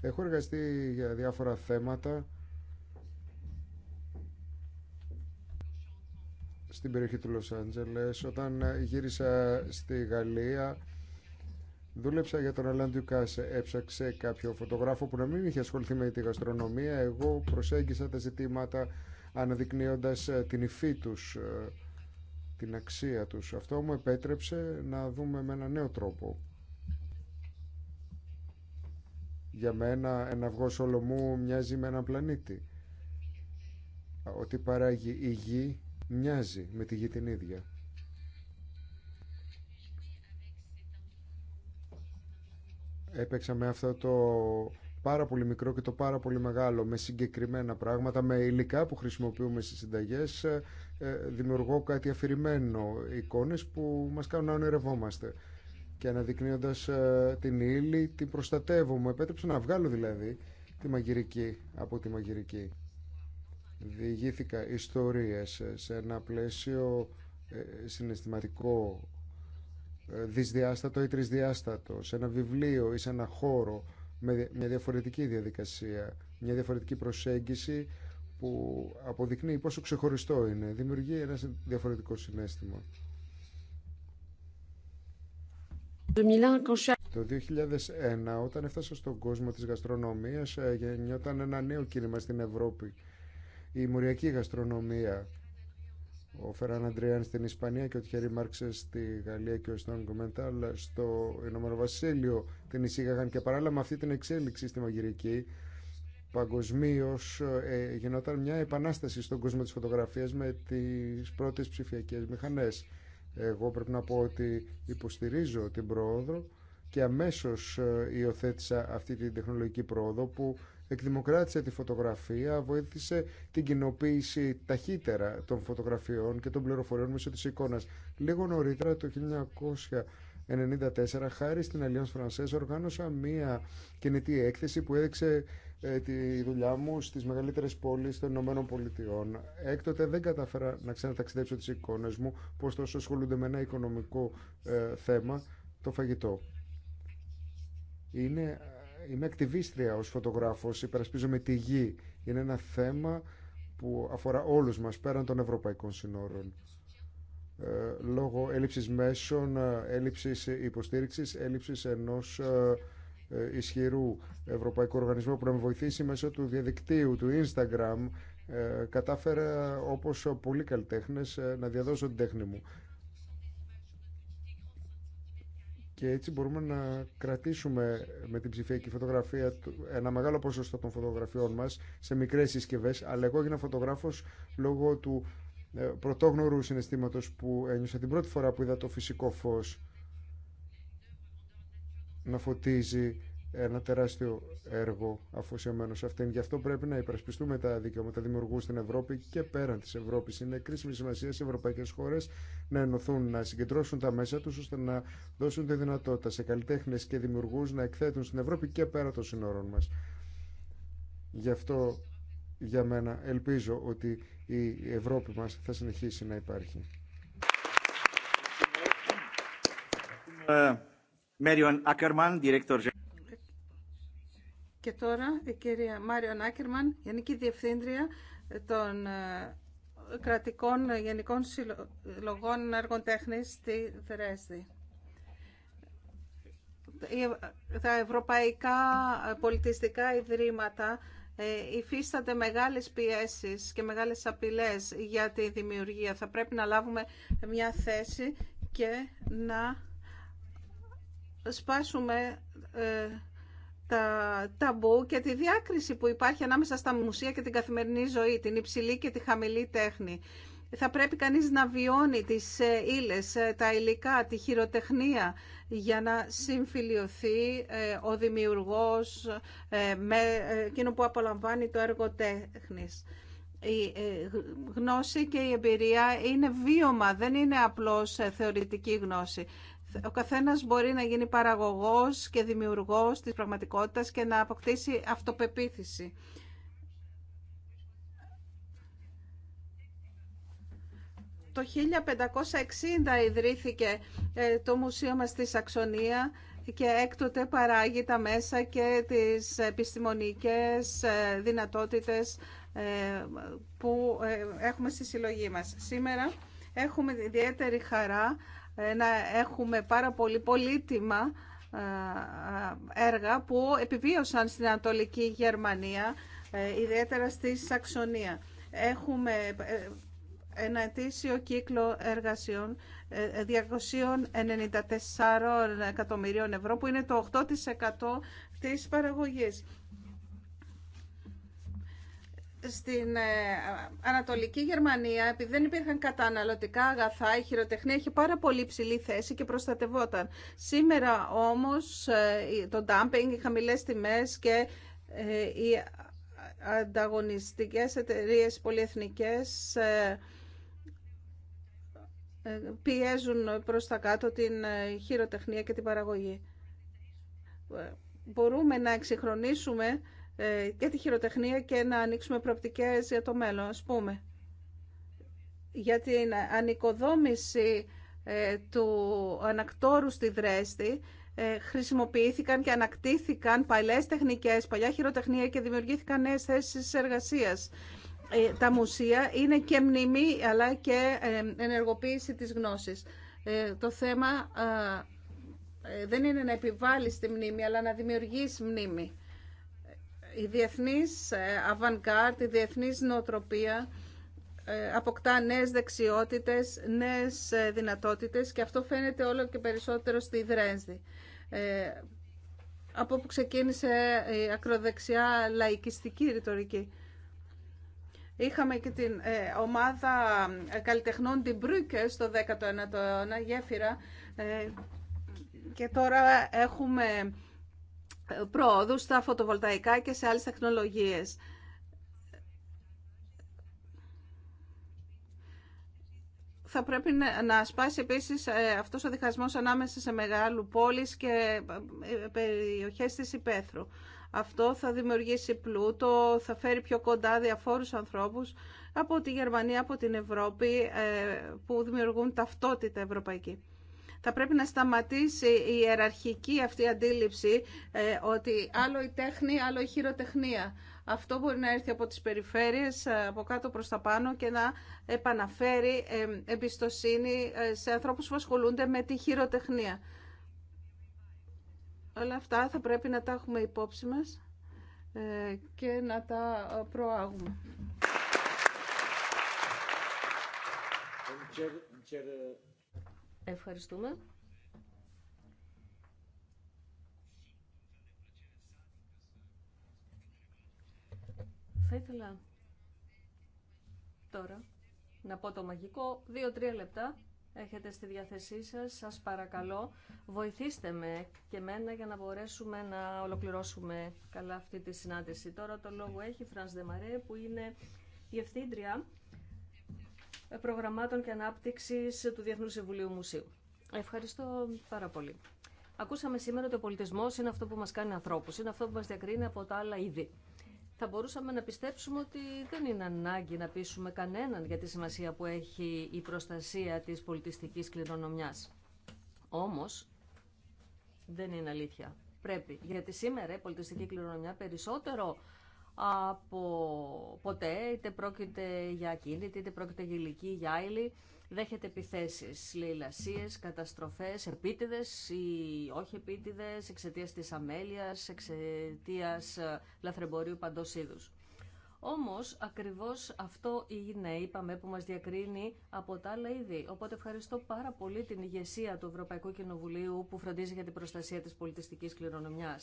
Έχω εργαστεί για διάφορα θέματα. Στην περιοχή του Λο Άντζελε. όταν ε, γύρισα στη Γαλλία, Δούλεψα για τον Αλάν Κάσε. έψαξε κάποιο φωτογράφο που να μην είχε ασχοληθεί με τη γαστρονομία. Εγώ προσέγγισα τα ζητήματα αναδεικνύοντας ε, την υφή τους, ε, την αξία τους. Αυτό μου επέτρεψε να δούμε με ένα νέο τρόπο. Για μένα ένα αυγό Σολομού μοιάζει με έναν πλανήτη. Ότι παράγει η γη μοιάζει με τη γη την ίδια. Έπαιξα με αυτό το πάρα πολύ μικρό και το πάρα πολύ μεγάλο με συγκεκριμένα πράγματα, με υλικά που χρησιμοποιούμε στις συνταγές. Ε, ε, δημιουργώ κάτι αφηρημένο, εικόνες που μας κάνουν να ονειρευόμαστε. Και αναδεικνύοντας ε, την ύλη, την προστατεύω. Μου επέτρεψε να βγάλω δηλαδή τη μαγειρική από τη μαγειρική. Διηγήθηκα ιστορίες σε ένα πλαίσιο συναισθηματικό δυσδιάστατο ή τρισδιάστατο, σε ένα βιβλίο ή σε ένα χώρο, με μια διαφορετική διαδικασία, μια διαφορετική προσέγγιση που αποδεικνύει πόσο ξεχωριστό είναι. Δημιουργεί ένα διαφορετικό συνέστημα. Το 2001, όταν έφτασα στον κόσμο της γαστρονομίας, ε, γεννιόταν ένα νέο κίνημα στην Ευρώπη. Η μοριακή γαστρονομία ο Φεράν Αντριάν στην Ισπανία και ο Τιχέρη Μάρξε στη Γαλλία και ο στον Κομεντάλ στο Ηνωμένο Βασίλειο την εισήγαγαν και παράλληλα με αυτή την εξέλιξη στη μαγειρική παγκοσμίω ε, γινόταν μια επανάσταση στον κόσμο της φωτογραφία με τι πρώτε ψηφιακέ μηχανέ. Εγώ πρέπει να πω ότι υποστηρίζω την πρόοδο και αμέσως ε, υιοθέτησα αυτή την τεχνολογική πρόοδο που εκδημοκράτησε τη φωτογραφία, βοήθησε την κοινοποίηση ταχύτερα των φωτογραφιών και των πληροφοριών μέσω της εικόνας. Λίγο νωρίτερα, το 1994, χάρη στην Alliance Française, οργάνωσα μία κινητή έκθεση που έδειξε ε, τη δουλειά μου στις μεγαλύτερες πόλεις των Ηνωμένων Πολιτειών. Έκτοτε δεν κατάφερα να ξαναταξιδέψω τις εικόνες μου, που τόσο ασχολούνται με ένα οικονομικό ε, θέμα, το φαγητό είμαι ακτιβίστρια ως φωτογράφος, υπερασπίζομαι τη γη. Είναι ένα θέμα που αφορά όλους μας πέραν των ευρωπαϊκών συνόρων. Ε, λόγω έλλειψης μέσων, έλλειψης υποστήριξης, έλλειψης ενός ε, ε, ισχυρού ευρωπαϊκού οργανισμού που να με βοηθήσει μέσω του διαδικτύου, του Instagram, κατάφερα όπως πολλοί καλλιτέχνες να διαδώσω την τέχνη μου. και έτσι μπορούμε να κρατήσουμε με την ψηφιακή φωτογραφία ένα μεγάλο ποσοστό των φωτογραφιών μας σε μικρές συσκευές, αλλά εγώ έγινα φωτογράφος λόγω του ε, πρωτόγνωρου συναισθήματος που ένιωσα την πρώτη φορά που είδα το φυσικό φως να φωτίζει ένα τεράστιο έργο αφοσιωμένο σε αυτήν. Γι' αυτό πρέπει να υπερασπιστούμε τα δικαιώματα δημιουργού στην Ευρώπη και πέραν τη Ευρώπη. Είναι κρίσιμη σημασία σε ευρωπαϊκέ χώρε να ενωθούν, να συγκεντρώσουν τα μέσα του ώστε να δώσουν τη δυνατότητα σε καλλιτέχνε και δημιουργού να εκθέτουν στην Ευρώπη και πέρα των σύνορων μα. Γι' αυτό για μένα ελπίζω ότι η Ευρώπη μας θα συνεχίσει να υπάρχει. Ε, και τώρα η κυρία Μάριο Νάκερμαν, Γενική Διευθύντρια των ε, Κρατικών Γενικών Συλλογών Έργων Τέχνης στη Δρέσδη. Τα ευρωπαϊκά ε, πολιτιστικά ιδρύματα ε, υφίστανται μεγάλες πιέσεις και μεγάλες απειλές για τη δημιουργία. Θα πρέπει να λάβουμε μια θέση και να σπάσουμε τα ταμπού και τη διάκριση που υπάρχει ανάμεσα στα μουσεία και την καθημερινή ζωή, την υψηλή και τη χαμηλή τέχνη. Θα πρέπει κανείς να βιώνει τις ε, ύλες, ε, τα υλικά, τη χειροτεχνία για να συμφιλειωθεί ε, ο δημιουργός με εκείνο που απολαμβάνει το έργο τέχνης. Η γνώση και η εμπειρία είναι βίωμα, δεν είναι απλώς θεωρητική γνώση ο καθένας μπορεί να γίνει παραγωγός και δημιουργός της πραγματικότητας και να αποκτήσει αυτοπεποίθηση. Το 1560 ιδρύθηκε ε, το μουσείο μας στη Σαξονία και έκτοτε παράγει τα μέσα και τις επιστημονικές ε, δυνατότητες ε, που έχουμε στη συλλογή μας. Σήμερα έχουμε ιδιαίτερη χαρά ε, να έχουμε πάρα πολύ πολύτιμα ε, ε, έργα που επιβίωσαν στην Ανατολική Γερμανία, ιδιαίτερα στη Σαξονία. Έχουμε ένα ετήσιο κύκλο εργασιών 294 εκατομμυρίων ευρώ, που είναι το 8% της παραγωγής στην ε, Ανατολική Γερμανία, επειδή δεν υπήρχαν καταναλωτικά αγαθά, η χειροτεχνία είχε πάρα πολύ ψηλή θέση και προστατευόταν. Σήμερα όμως ε, το dumping, οι χαμηλές τιμές και ε, οι ανταγωνιστικές εταιρείες πολυεθνικές πιέζουν προς τα κάτω την χειροτεχνία και την παραγωγή. Μπορούμε να εξυγχρονίσουμε ε, και τη χειροτεχνία και να ανοίξουμε προοπτικές για το μέλλον, ας πούμε. Για την ανοικοδόμηση ε, του ανακτόρου στη Δρέστη ε, χρησιμοποιήθηκαν και ανακτήθηκαν παλιές τεχνικές, παλιά χειροτεχνία και δημιουργήθηκαν νέες θέσεις εργασίας. Τα μουσεία είναι και μνημή αλλά και ενεργοποίηση της γνώσης. Το θέμα δεν είναι να επιβάλλεις τη μνήμη αλλά να δημιουργείς μνήμη η διεθνής ε, η διεθνής νοοτροπία ε, αποκτά νέες δεξιότητες, νέες ε, δυνατότητες και αυτό φαίνεται όλο και περισσότερο στη Δρέσδη. Από που ξεκίνησε η ακροδεξιά λαϊκιστική ρητορική. Είχαμε και την ομάδα καλλιτεχνών την Μπρούκε στο 19ο αιώνα, γέφυρα, και τώρα έχουμε πρόοδου στα φωτοβολταϊκά και σε άλλες τεχνολογίες. θα πρέπει να σπάσει επίσης ε, αυτός ο διχασμός ανάμεσα σε μεγάλου πόλεις και ε, ε, περιοχές της υπαίθρου. Αυτό θα δημιουργήσει πλούτο, θα φέρει πιο κοντά διαφόρους ανθρώπους από τη Γερμανία, από την Ευρώπη που δημιουργούν ταυτότητα ευρωπαϊκή. Θα πρέπει να σταματήσει η ιεραρχική αυτή αντίληψη ε, ότι άλλο η τέχνη, άλλο η χειροτεχνία. Αυτό μπορεί να έρθει από τις περιφέρειες, ε, από κάτω προς τα πάνω και να επαναφέρει ε, εμπιστοσύνη σε ανθρώπους που ασχολούνται με τη χειροτεχνία. Όλα αυτά θα πρέπει να τα έχουμε υπόψη μας και να τα προάγουμε. Ευχαριστούμε. Θα ήθελα τώρα να πω το μαγικό. Δύο-τρία λεπτά έχετε στη διάθεσή σας. Σας παρακαλώ, βοηθήστε με και μένα για να μπορέσουμε να ολοκληρώσουμε καλά αυτή τη συνάντηση. Τώρα το λόγο έχει η Φρανς Δεμαρέ που είναι η ευθύντρια προγραμμάτων και ανάπτυξης του Διεθνού Συμβουλίου Μουσείου. Ευχαριστώ πάρα πολύ. Ακούσαμε σήμερα ότι ο πολιτισμό είναι αυτό που μα κάνει ανθρώπου, είναι αυτό που μα διακρίνει από τα άλλα είδη. Θα μπορούσαμε να πιστέψουμε ότι δεν είναι ανάγκη να πείσουμε κανέναν για τη σημασία που έχει η προστασία τη πολιτιστική κληρονομιά. Όμω, δεν είναι αλήθεια. Πρέπει. Γιατί σήμερα η πολιτιστική κληρονομιά περισσότερο από ποτέ, είτε πρόκειται για ακίνητη, είτε πρόκειται για ηλική, για άειλη. Δέχεται επιθέσεις, λαιλασίε, καταστροφές, επίτηδες ή όχι επίτηδες, εξαιτία τη αμέλεια, εξαιτία ε, λαθρεμπορίου παντό. είδου. Όμως, ακριβώς αυτό είναι, είπαμε, που μας διακρίνει από τα άλλα είδη. Οπότε ευχαριστώ πάρα πολύ την ηγεσία του Ευρωπαϊκού Κοινοβουλίου που φροντίζει για την προστασία τη πολιτιστική κληρονομιά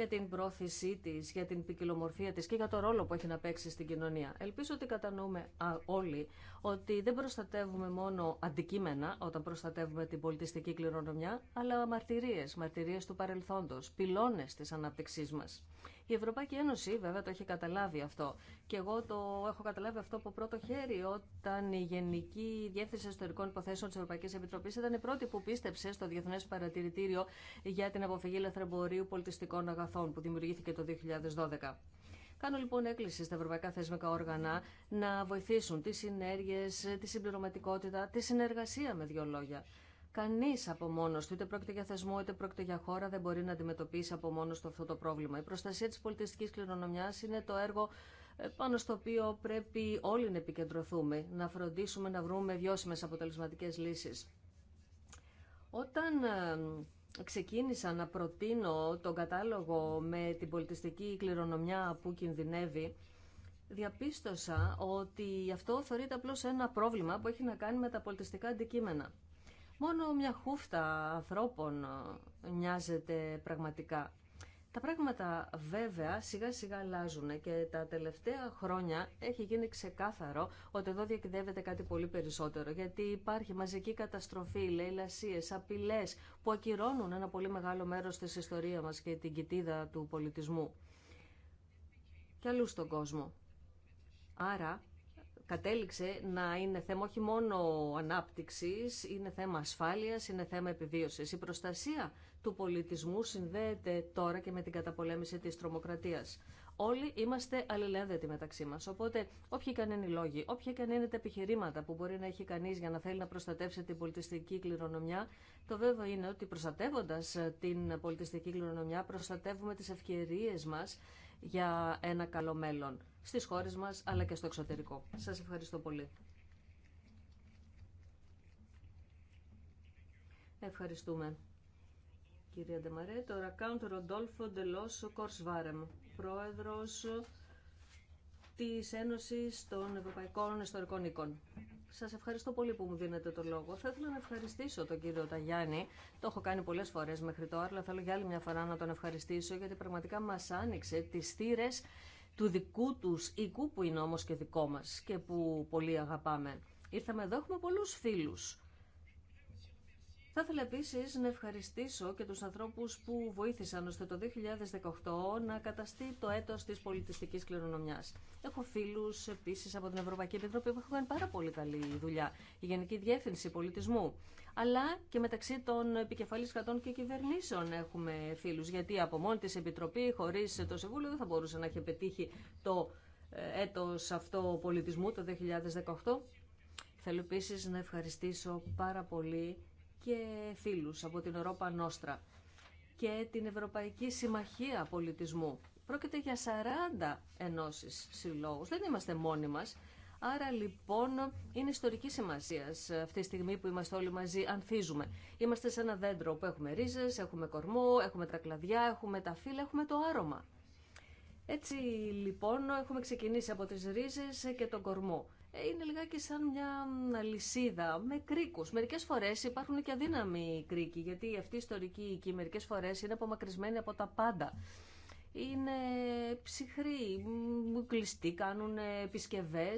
για την πρόθεσή τη, για την ποικιλομορφία της και για το ρόλο που έχει να παίξει στην κοινωνία. Ελπίζω ότι κατανοούμε όλοι ότι δεν προστατεύουμε μόνο αντικείμενα όταν προστατεύουμε την πολιτιστική κληρονομιά, αλλά μαρτυρίε, μαρτυρίε του παρελθόντος, πυλώνε τη ανάπτυξή μα. Η Ευρωπαϊκή Ένωση βέβαια το έχει καταλάβει αυτό και εγώ το έχω καταλάβει αυτό από πρώτο χέρι όταν η Γενική Διεύθυνση Ιστορικών Υποθέσεων τη Ευρωπαϊκή Επιτροπή ήταν η πρώτη που πίστεψε στο διεθνέ Παρατηρητήριο για την αποφυγή λαθρεμπορίου πολιτιστικών αγαθών που δημιουργήθηκε το 2012. Κάνω λοιπόν έκκληση στα ευρωπαϊκά θεσμικά όργανα να βοηθήσουν τι συνέργειε, τη συμπληρωματικότητα, τη συνεργασία με δύο λόγια. Κανεί από μόνο του, είτε πρόκειται για θεσμό είτε πρόκειται για χώρα, δεν μπορεί να αντιμετωπίσει από μόνο του αυτό το πρόβλημα. Η προστασία τη πολιτιστική κληρονομιά είναι το έργο ε, πάνω στο οποίο πρέπει όλοι να επικεντρωθούμε, να φροντίσουμε να βρούμε βιώσιμε αποτελεσματικέ λύσει. Όταν ε, ξεκίνησα να προτείνω τον κατάλογο με την πολιτιστική κληρονομιά που κινδυνεύει, διαπίστωσα ότι αυτό θεωρείται απλώς ένα πρόβλημα που έχει να κάνει με τα πολιτιστικά αντικείμενα. Μόνο μια χούφτα ανθρώπων ε, νοιάζεται πραγματικά τα πράγματα βέβαια σιγά σιγά αλλάζουν και τα τελευταία χρόνια έχει γίνει ξεκάθαρο ότι εδώ διακυδεύεται κάτι πολύ περισσότερο γιατί υπάρχει μαζική καταστροφή, λαιλασίες, απειλές που ακυρώνουν ένα πολύ μεγάλο μέρος της ιστορίας μας και την κοιτίδα του πολιτισμού και αλλού στον κόσμο. Άρα κατέληξε να είναι θέμα όχι μόνο ανάπτυξης, είναι θέμα ασφάλειας, είναι θέμα επιβίωσης. Η προστασία του πολιτισμού συνδέεται τώρα και με την καταπολέμηση της τρομοκρατίας. Όλοι είμαστε αλληλένδετοι μεταξύ μας, Οπότε, όποιοι και είναι οι λόγοι, όποια και τα επιχειρήματα που μπορεί να έχει κανείς για να θέλει να προστατεύσει την πολιτιστική κληρονομιά, το βέβαιο είναι ότι προστατεύοντας την πολιτιστική κληρονομιά, προστατεύουμε τις ευκαιρίε μας για ένα καλό μέλλον στις χώρες μας αλλά και στο εξωτερικό. Σας ευχαριστώ πολύ. Ευχαριστούμε κυρία Ντεμαρέ. Το Ρακάουντ Ροντόλφο Ντελόσο Κορσβάρεμ, πρόεδρος της Ένωσης των Ευρωπαϊκών Ιστορικών Οίκων. Σας ευχαριστώ πολύ που μου δίνετε το λόγο. Θα ήθελα να ευχαριστήσω τον κύριο Ταγιάννη. Το έχω κάνει πολλές φορές μέχρι τώρα, αλλά θέλω για άλλη μια φορά να τον ευχαριστήσω, γιατί πραγματικά μας άνοιξε τις θύρες του δικού τους οικού, που είναι όμως και δικό μας και που πολύ αγαπάμε. Ήρθαμε εδώ, έχουμε πολλούς φίλους θα ήθελα επίση να ευχαριστήσω και του ανθρώπου που βοήθησαν ώστε το 2018 να καταστεί το έτο τη πολιτιστική κληρονομιάς. Έχω φίλου επίση από την Ευρωπαϊκή Επιτροπή που έχουν κάνει πάρα πολύ καλή δουλειά. Η Γενική Διεύθυνση Πολιτισμού. Αλλά και μεταξύ των επικεφαλή κρατών και κυβερνήσεων έχουμε φίλου, Γιατί από μόνη τη Επιτροπή, χωρί το Συμβούλιο, δεν θα μπορούσε να έχει πετύχει το ε, έτο αυτό πολιτισμού το 2018. Θέλω επίση να ευχαριστήσω πάρα πολύ και φίλους από την Ευρώπα Νόστρα και την Ευρωπαϊκή Συμμαχία Πολιτισμού. Πρόκειται για 40 ενώσεις συλλόγους, δεν είμαστε μόνοι μας. Άρα λοιπόν είναι ιστορική σημασία αυτή τη στιγμή που είμαστε όλοι μαζί, ανθίζουμε. Είμαστε σε ένα δέντρο που έχουμε ρίζες, έχουμε κορμό, έχουμε τα κλαδιά, έχουμε τα φύλλα, έχουμε το άρωμα. Έτσι λοιπόν έχουμε ξεκινήσει από τις ρίζες και τον κορμό. Ε, είναι λιγάκι σαν μια λυσίδα με κρίκους. Μερικές φορές υπάρχουν και αδύναμοι κρίκοι, γιατί αυτή η ιστορική οίκη μερικές φορές είναι απομακρυσμένη από τα πάντα. Είναι ψυχροί, κλειστοί, κάνουν επισκευέ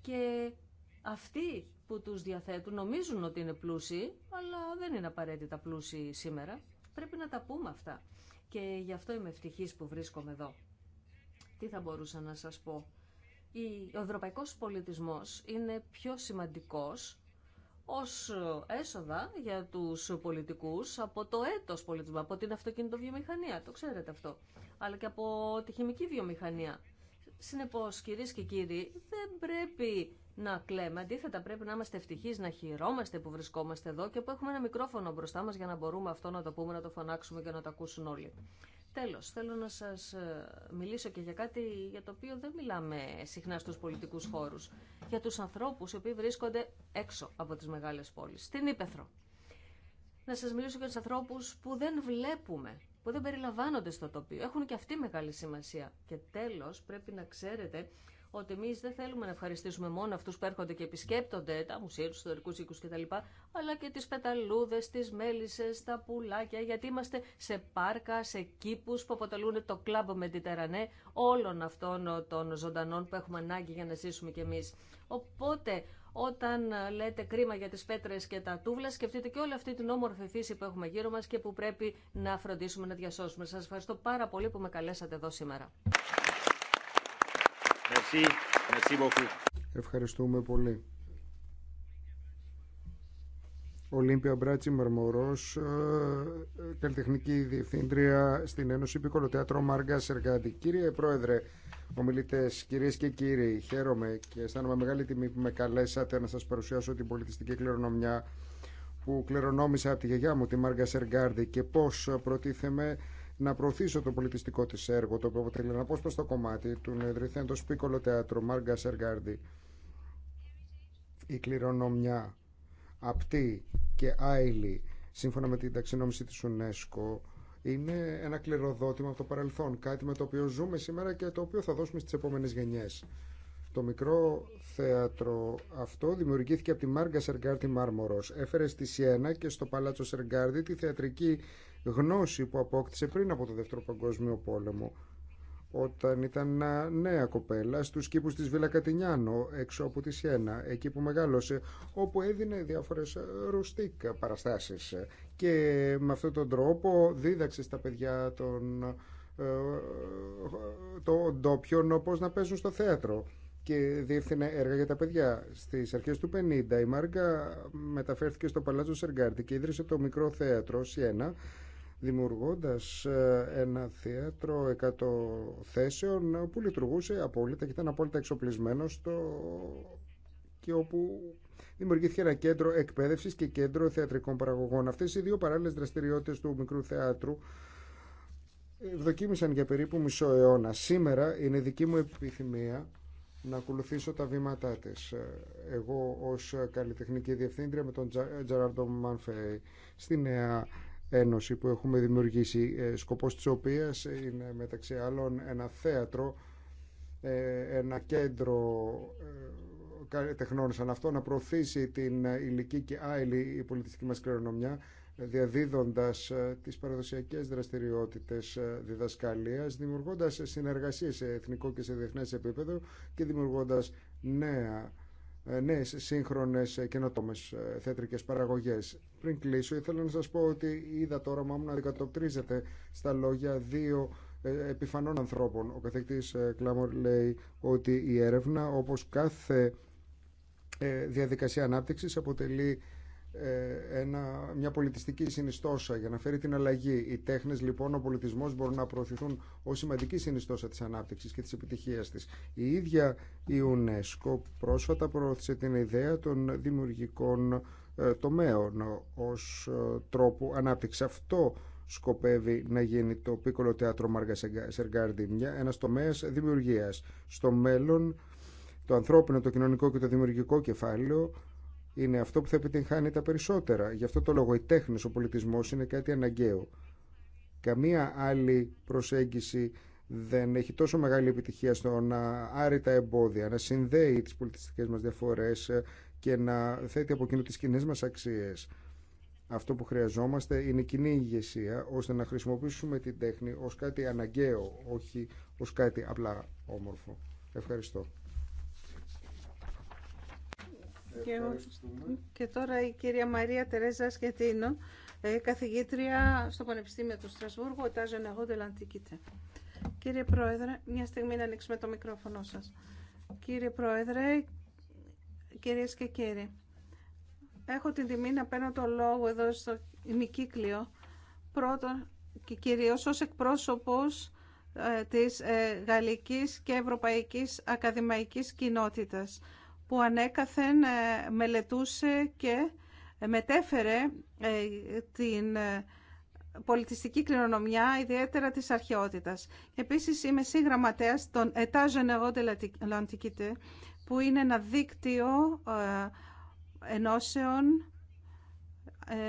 και αυτοί που τους διαθέτουν νομίζουν ότι είναι πλούσιοι, αλλά δεν είναι απαραίτητα πλούσιοι σήμερα. Πρέπει να τα πούμε αυτά. Και γι' αυτό είμαι ευτυχής που βρίσκομαι εδώ. Τι θα μπορούσα να σας πω ο ευρωπαϊκός πολιτισμός είναι πιο σημαντικός ως έσοδα για τους πολιτικούς από το έτος πολιτισμού, από την αυτοκινητοβιομηχανία, το ξέρετε αυτό, αλλά και από τη χημική βιομηχανία. Συνεπώς, κυρίες και κύριοι, δεν πρέπει να κλαίμε. Αντίθετα, πρέπει να είμαστε ευτυχεί, να χειρόμαστε που βρισκόμαστε εδώ και που έχουμε ένα μικρόφωνο μπροστά μα για να μπορούμε αυτό να το πούμε, να το φωνάξουμε και να το ακούσουν όλοι. Τέλος, θέλω να σας ε, μιλήσω και για κάτι για το οποίο δεν μιλάμε συχνά στους πολιτικούς χώρους. Για τους ανθρώπους οι οποίοι βρίσκονται έξω από τις μεγάλες πόλεις, στην Ήπεθρο. Να σας μιλήσω για τους ανθρώπους που δεν βλέπουμε, που δεν περιλαμβάνονται στο τοπίο. Έχουν και αυτή μεγάλη σημασία. Και τέλος, πρέπει να ξέρετε ότι εμεί δεν θέλουμε να ευχαριστήσουμε μόνο αυτού που έρχονται και επισκέπτονται τα μουσεία, του ιστορικού οίκου κτλ., αλλά και τι πεταλούδε, τι μέλισσε, τα πουλάκια, γιατί είμαστε σε πάρκα, σε κήπου που αποτελούν το κλαμπ Μεντιτερανέ όλων αυτών των ζωντανών που έχουμε ανάγκη για να ζήσουμε κι εμεί. Οπότε, όταν λέτε κρίμα για τις πέτρες και τα τούβλα, σκεφτείτε και όλη αυτή την όμορφη φύση που έχουμε γύρω μας και που πρέπει να φροντίσουμε να διασώσουμε. Σας ευχαριστώ πάρα πολύ που με καλέσατε εδώ σήμερα. Ευχαριστούμε πολύ. Ολύμπια Μπράτσι Μερμορό, ε, καλλιτεχνική διευθύντρια στην Ένωση Πικολοτέατρο Μάργα Σεργάντη. Κύριε Πρόεδρε, ομιλητέ, κυρίε και κύριοι, χαίρομαι και αισθάνομαι μεγάλη τιμή που με καλέσατε να σα παρουσιάσω την πολιτιστική κληρονομιά που κληρονόμησα από τη γιαγιά μου, τη Μάργα Σεργάντη, και πώ προτίθεμαι να προωθήσω το πολιτιστικό τη έργο, το οποίο αποτελεί ένα στο κομμάτι του Νεδρυθέντο Πίκολο Θεάτρο Μάργκα Σεργάρντι. Η κληρονομιά απτή και άειλη, σύμφωνα με την ταξινόμηση τη UNESCO, είναι ένα κληροδότημα από το παρελθόν, κάτι με το οποίο ζούμε σήμερα και το οποίο θα δώσουμε στι επόμενε γενιέ. Το μικρό θέατρο αυτό δημιουργήθηκε από τη Μάργκα Σεργάρτη Μάρμόρο. Έφερε στη Σιένα και στο Παλάτσο Σεργάρτη τη θεατρική γνώση που απόκτησε πριν από το Δεύτερο Παγκόσμιο Πόλεμο όταν ήταν νέα κοπέλα στους κήπους της Βίλα Κατινιάνο έξω από τη Σιένα, εκεί που μεγάλωσε όπου έδινε διάφορες ρουστικ παραστάσεις και με αυτόν τον τρόπο δίδαξε στα παιδιά των ε, το ντόπιον πώς να παίζουν στο θέατρο και διεύθυνε έργα για τα παιδιά. Στι αρχέ του 50 η Μάργα μεταφέρθηκε στο Παλάτσο Σεργκάρτη και ίδρυσε το μικρό θέατρο Σιένα δημιουργώντας ε, ένα θέατρο Εκατοθέσεων θέσεων ε, που λειτουργούσε απόλυτα και ήταν απόλυτα εξοπλισμένο στο... και όπου δημιουργήθηκε ένα κέντρο εκπαίδευσης και κέντρο θεατρικών παραγωγών. Αυτές οι δύο παράλληλες δραστηριότητες του μικρού θεάτρου ε, δοκίμησαν για περίπου μισό αιώνα. Σήμερα είναι δική μου επιθυμία να ακολουθήσω τα βήματά της. Εγώ ως καλλιτεχνική διευθύντρια με τον Τζαραρντο Μανφέη στη νέα ένωση που έχουμε δημιουργήσει, ε, σκοπός της οποίας είναι μεταξύ άλλων ένα θέατρο, ε, ένα κέντρο ε, τεχνών σαν αυτό, να προωθήσει την ηλική και άειλη η πολιτιστική μας κληρονομιά, διαδίδοντας τις παραδοσιακές δραστηριότητες διδασκαλίας, δημιουργώντας συνεργασίες σε εθνικό και σε διεθνές επίπεδο και δημιουργώντας νέα ε, νέες σύγχρονες ε, καινοτόμες ε, θεατρικές παραγωγές. Πριν κλείσω, ήθελα να σας πω ότι είδα το όραμά μου να αντικατοπτρίζεται στα λόγια δύο επιφανών ανθρώπων. Ο καθηγητής Κλάμορ λέει ότι η έρευνα, όπως κάθε διαδικασία ανάπτυξης, αποτελεί ε, ένα, μια πολιτιστική συνιστόσα για να φέρει την αλλαγή. Οι τέχνε λοιπόν, ο πολιτισμός μπορούν να προωθηθούν ως σημαντική συνιστόσα της ανάπτυξης και της επιτυχίας της. Η ίδια η UNESCO πρόσφατα προώθησε την ιδέα των δημιουργικών ε, τομέων ως ε, τρόπου ανάπτυξη. Αυτό σκοπεύει να γίνει το Πίκολο Θέατρο Μάργα Σεργάρντι, ένας τομέας δημιουργίας. Στο μέλλον το ανθρώπινο, το κοινωνικό και το δημιουργικό κεφάλαιο είναι αυτό που θα επιτυγχάνει τα περισσότερα. Γι' αυτό το λόγο η τέχνη ο πολιτισμός είναι κάτι αναγκαίο. Καμία άλλη προσέγγιση δεν έχει τόσο μεγάλη επιτυχία στο να άρει τα εμπόδια, να συνδέει τις πολιτιστικέ μας διαφορές ε, και να θέτει από κοινού τι κοινέ μας αξίες. Αυτό που χρειαζόμαστε είναι κοινή ηγεσία, ώστε να χρησιμοποιήσουμε την τέχνη ως κάτι αναγκαίο, όχι ως κάτι απλά όμορφο. Ευχαριστώ. Και τώρα η κυρία Μαρία Τερέζα Σκετίνο, ε, καθηγήτρια στο Πανεπιστήμιο του Στρασβούργου, Τάζο εγώ τελαντικήτε. Κύριε Πρόεδρε, μια στιγμή να ανοίξουμε το μικρόφωνο σας. Κύριε Πρόεδρε, κυρίες και κύριοι, έχω την τιμή να παίρνω το λόγο εδώ στο ημικύκλιο, πρώτον και κυρίως ως εκπρόσωπος ε, της ε, γαλλικής και ευρωπαϊκής ακαδημαϊκής κοινότητας που ανέκαθεν ε, μελετούσε και ε, μετέφερε ε, την πολιτιστική κληρονομιά, ιδιαίτερα της αρχαιότητας. Επίσης είμαι συγγραμματέας των État Généraux de l'Antiquité, που είναι ένα δίκτυο ενώσεων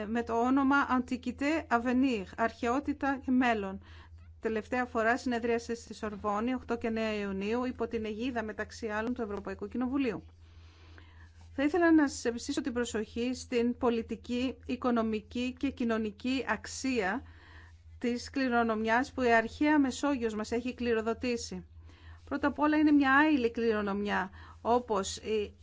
με το όνομα Antiquité Avenir, αρχαιότητα και μέλλον. Τελευταία φορά συνεδρίασε στη Σορβόνη 8 και 9 Ιουνίου υπό την αιγίδα μεταξύ άλλων του Ευρωπαϊκού Κοινοβουλίου. Θα ήθελα να σας επιστήσω την προσοχή στην πολιτική, οικονομική και κοινωνική αξία της κληρονομιάς που η αρχαία Μεσόγειος μας έχει κληροδοτήσει. Πρώτα απ' όλα είναι μια άειλη κληρονομιά, όπως οι